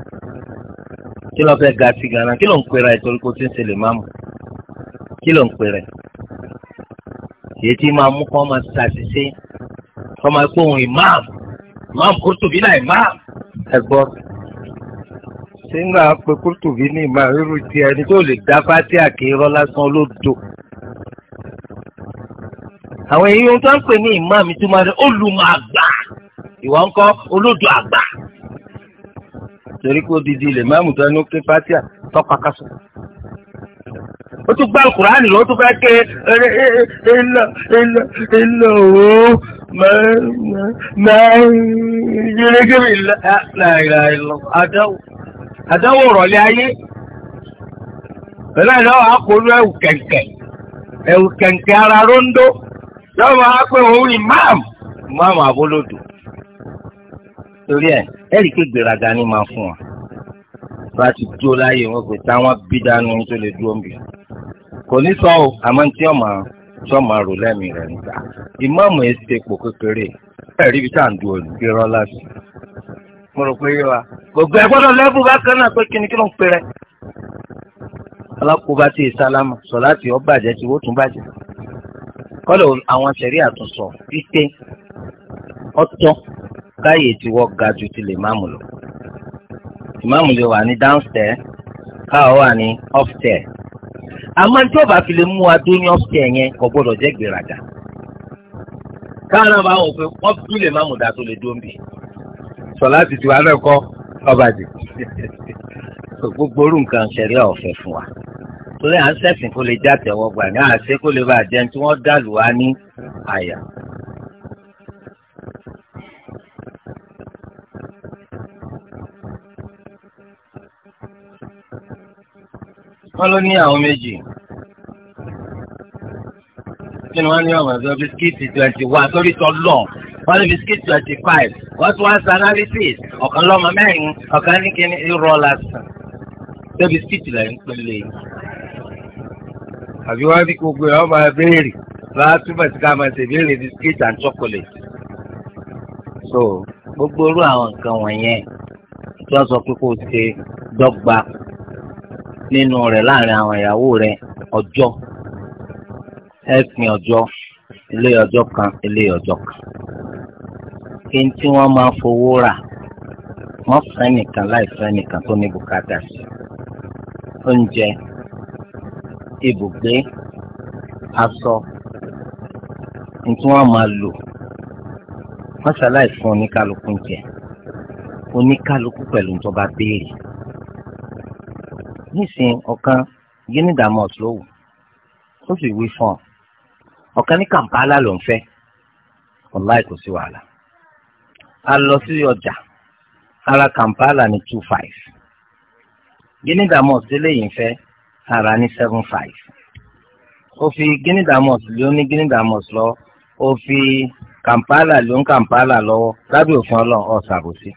kí ló fẹ́ ga sí ganan kí ló ń pera ẹ̀ kó ti ń ṣe máàmù kí ló ń pera ẹ̀ tí máa mú kọ́ máa ṣàṣìṣe kọ́ máa pé òun ìmáàmù ìmáàmù Kurtubi náà ìmáàmù ẹ̀ gbọ́ ṣé ńgbà pé kúrútùbí ní ìmọ̀ rírù ti ẹni tó lè dá fátíà kì í rọ́ lásán olódo. àwọn èyí ohun tó ń pè ní ìmọ̀ mi tó máa ní olùmọ̀ àgbà ìwọ ńkọ́ olódo àgbà. torí pé odidi ilẹ̀ máàmù tó ẹnu ké fátíà tọ́pa kásán. ó tún gbá Kùránì ló tún fẹ́ ké ilẹ̀ ilẹ̀ ilẹ̀ òó mẹ́rin yẹ́rẹ́gẹ́rẹ́ ilẹ̀ àdáwò àdánwò rọ̀lẹ́ ayé pẹ̀lú àìlọ́ àkórú ẹ̀wù kẹ̀kẹ́ ẹ̀wù kẹ̀kẹ́ ara róńdó yóò máa pé òun ìmáàmù ìmáàmù àbólódò torí ẹ̀ ẹ̀rì ké gbèrágà ni máa fún wa bá ti dúró láàyè wọn pé táwọn bí dánú tó lè dúró ń bì kò ní sọ ọ àmọ́ tí ọmọ tí ọmọ rò lẹ́mìí rẹ̀ níta ìmáàmù ẹ̀ ṣe pò kékeré ẹ̀rí bí táà ń dúró ní mo rò pé gbogbo ẹ náà pé kini kí ló ń pè alákòóbá ti sálámù sọ láti ọ tí ó tún bàjẹ́ kọ́lọ̀ àwọn sẹ̀rí àtúnṣọ wípé ọtọ́ káyè tí ga ju ti lè máàmù lọ. ìmáàmù lè wà ní downstair káà wà ní upstair. àmọ́ tí ọba fi lè mú wa dún ní upstair yẹn kò náà bá bí lè sọláàtì tiwa náà kọ́ ọbàdì gbogbo orú nǹkan ṣẹlẹ ọ̀fẹ́ fún wa torí à ń sẹ̀sìn kó lè já tẹ̀wọ́ gbà ní àṣẹ kó lè bàa jẹun tí wọ́n dàlù wá ní àyà. wọ́n ló ní àwọn méjì kí ni wọ́n ní ọmọ ẹgbẹ́ bisikíìtì twenty one torí tọ́ wọ́n ní bisikíìtì twenty five wọ́n tún wá ń sa analysis ọ̀kan lọ́mọ mẹ́rin ọ̀kan ní kíni irọ́ lásán ṣé bisikíìtì lẹ́yìn pélé yìí. àbí wọ́n ní gbogbo ẹ̀ wọ́n máa béèrè lọ́wọ́ túbọ̀ sí ká máa ṣe béèrè bisikíìtì and chocolate. so gbogbo irú àwọn nǹkan wọ̀nyẹn tí wọ́n sọ pé kó o ṣe dọ́gba nínú rẹ̀ láàrin àwọn ìyàwó rẹ̀ ọjọ́ ẹ̀sìn ọjọ́ ilé ọjọ́ kan ilé ọjọ́ kan pé tí wọ́n máa fowó rà wọ́n fẹ́ nìkan láìfẹ́ nìkan tó ní bùkátà sí oúnjẹ ibùgbé aṣọ tí wọ́n máa lò wọ́n ṣàlàyé fún oníkálukú jẹ oníkálukú pẹ̀lú tó bá béèrè nísìnyí ọ̀kan gínídàmọ́s ló wù ó sì wí fún ọ ọ̀kan ní kàmpálà ló ń fẹ́ ọ̀láì kò sí wàhálà a lọ sí ọjà ara Kampala ni two five guinea mosque eléyìí ń fẹ́ ara ní seven five ó fi guinea mosque lé ó ní guinea mosque lọ ó Kampala ló Kampala lọ́wọ́ lábẹ́ òfin ọlọ́run ọ̀sàbòsí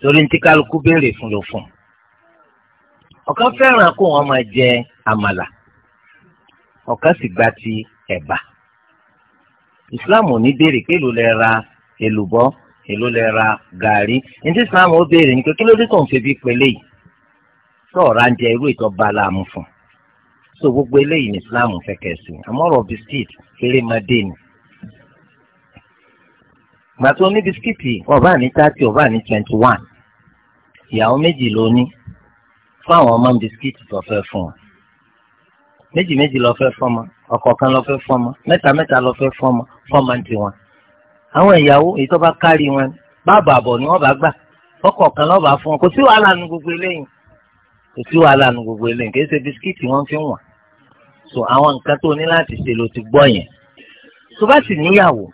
torí ní tí kálukú béèrè fún ló fún ọ̀kan fẹ́ràn kó wọn máa jẹ àmàlà ọ̀kan sì gba ti ẹ̀bà islam ò ní béèrè pé ló lè ra èlùbọ́ èló lẹ ra gàrí ní islam ó béèrè ní pé kí ló dé tó ń febi pẹ̀lẹ́ yìí sọ̀rọ̀ ń jẹ irú ìtọ́ bá láàmú fún so gbogbo eléyìí ní islam fẹ́ kẹ̀sì àmọ́rọ̀ biskit eré máa dé ni gbàtí oní bisikíìtì ọba ní thirty ọba ní twenty one ìyàwó méjì ló ní fún àwọn ọmọ bisikíìtì tó fẹ́ fún wọn méjì méjì lọ fẹ́ fọ́mọ ọ̀kọ̀ọ̀kan lọ fẹ́ fọ́mọ mẹ́ta mẹ́ta lọ fẹ́ fọ́mọ fọ́mọ ní tiwọn àwọn ìyàwó èyí tó bá kárí wọn bàbà àbọ̀ ni wọ́n bá gbà ọkọ̀ kan lọ́ba fún wọn kò sí wàhálà nu gbogbo eléyìí kò sí wàhálà nu gbogbo eléyìí kì í ṣe bisikíìtì wọn fi wọ̀n so àwọn nǹkan tó ní láti ṣe ló ti gbọ́ yẹn tó bá sì níyàwó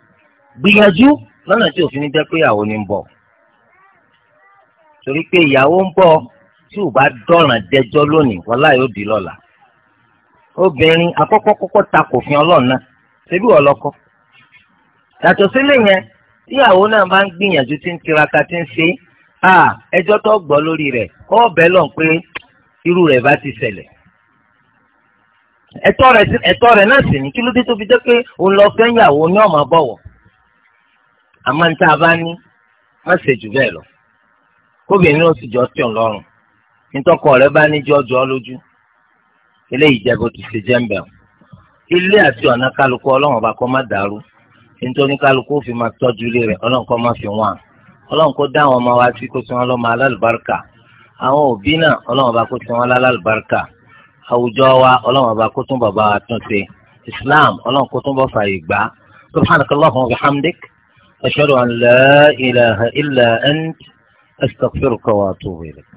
gbìyànjú lọ́nà tí òfin jẹ́ pé ìyàwó ni ń bọ̀ torí pé ìyàwó ń bọ̀ tí ò bá dọ̀ràn dẹjọ́ lónìí wọ́lá yóò di lọ́la obìnrin akọ́kọ́ kọ́kọ́ ta kò fi ọlọ́ọ̀nà ṣebí wọ́n lọ́kọ́ yàtọ̀ sílẹ̀ yẹn tíyàwó náà bá ń gbìyànjú tí ń tiraka tí ń ṣe ẹjọ́ tó gbọ́ lórí rẹ̀ ó bẹ́ẹ̀ lọ pé irú rẹ̀ bá ti ṣẹlẹ̀ ẹ̀tọ́ rẹ̀ ẹ̀tọ́ rẹ̀ náà sì ní kí ló dé tó fi jẹ́ pé òun lọ fẹ́ yàwó ní ọ̀mà bọ̀wọ̀ àmọ́ ní tá bá ní má ṣe jù bẹ́ẹ̀ lọ kóbìnrin ó sì jọ tí òun lọ́rùn nítọ́kọ rẹ̀ bá ní jọ́jọ́ lójú eléyìí jẹ́ bó ti ṣe jẹ́ ń bẹ̀rù ilé àti ọ̀nà kálukú ọlọ́run ọba kọ́ má dàrú nítorí kálukú fi máa tọ́jú ilé rẹ̀ ọlọ́run kó máa fi wọ́n à ọlọ́run kó dá àwọn ọmọ wa sí kó sọ wọn lọ́mọ alálùbáríkà àwọn òbí náà ọlọ́run bá kó sọ wọn lálùbáríkà àwùjọ wa ọlọ́run bá kó tún bàbá wa tún ṣe islam ọlọ́run tún bọ́ fàyè gbà subhanakallahu wa bihamdik ashhadu an wa atubu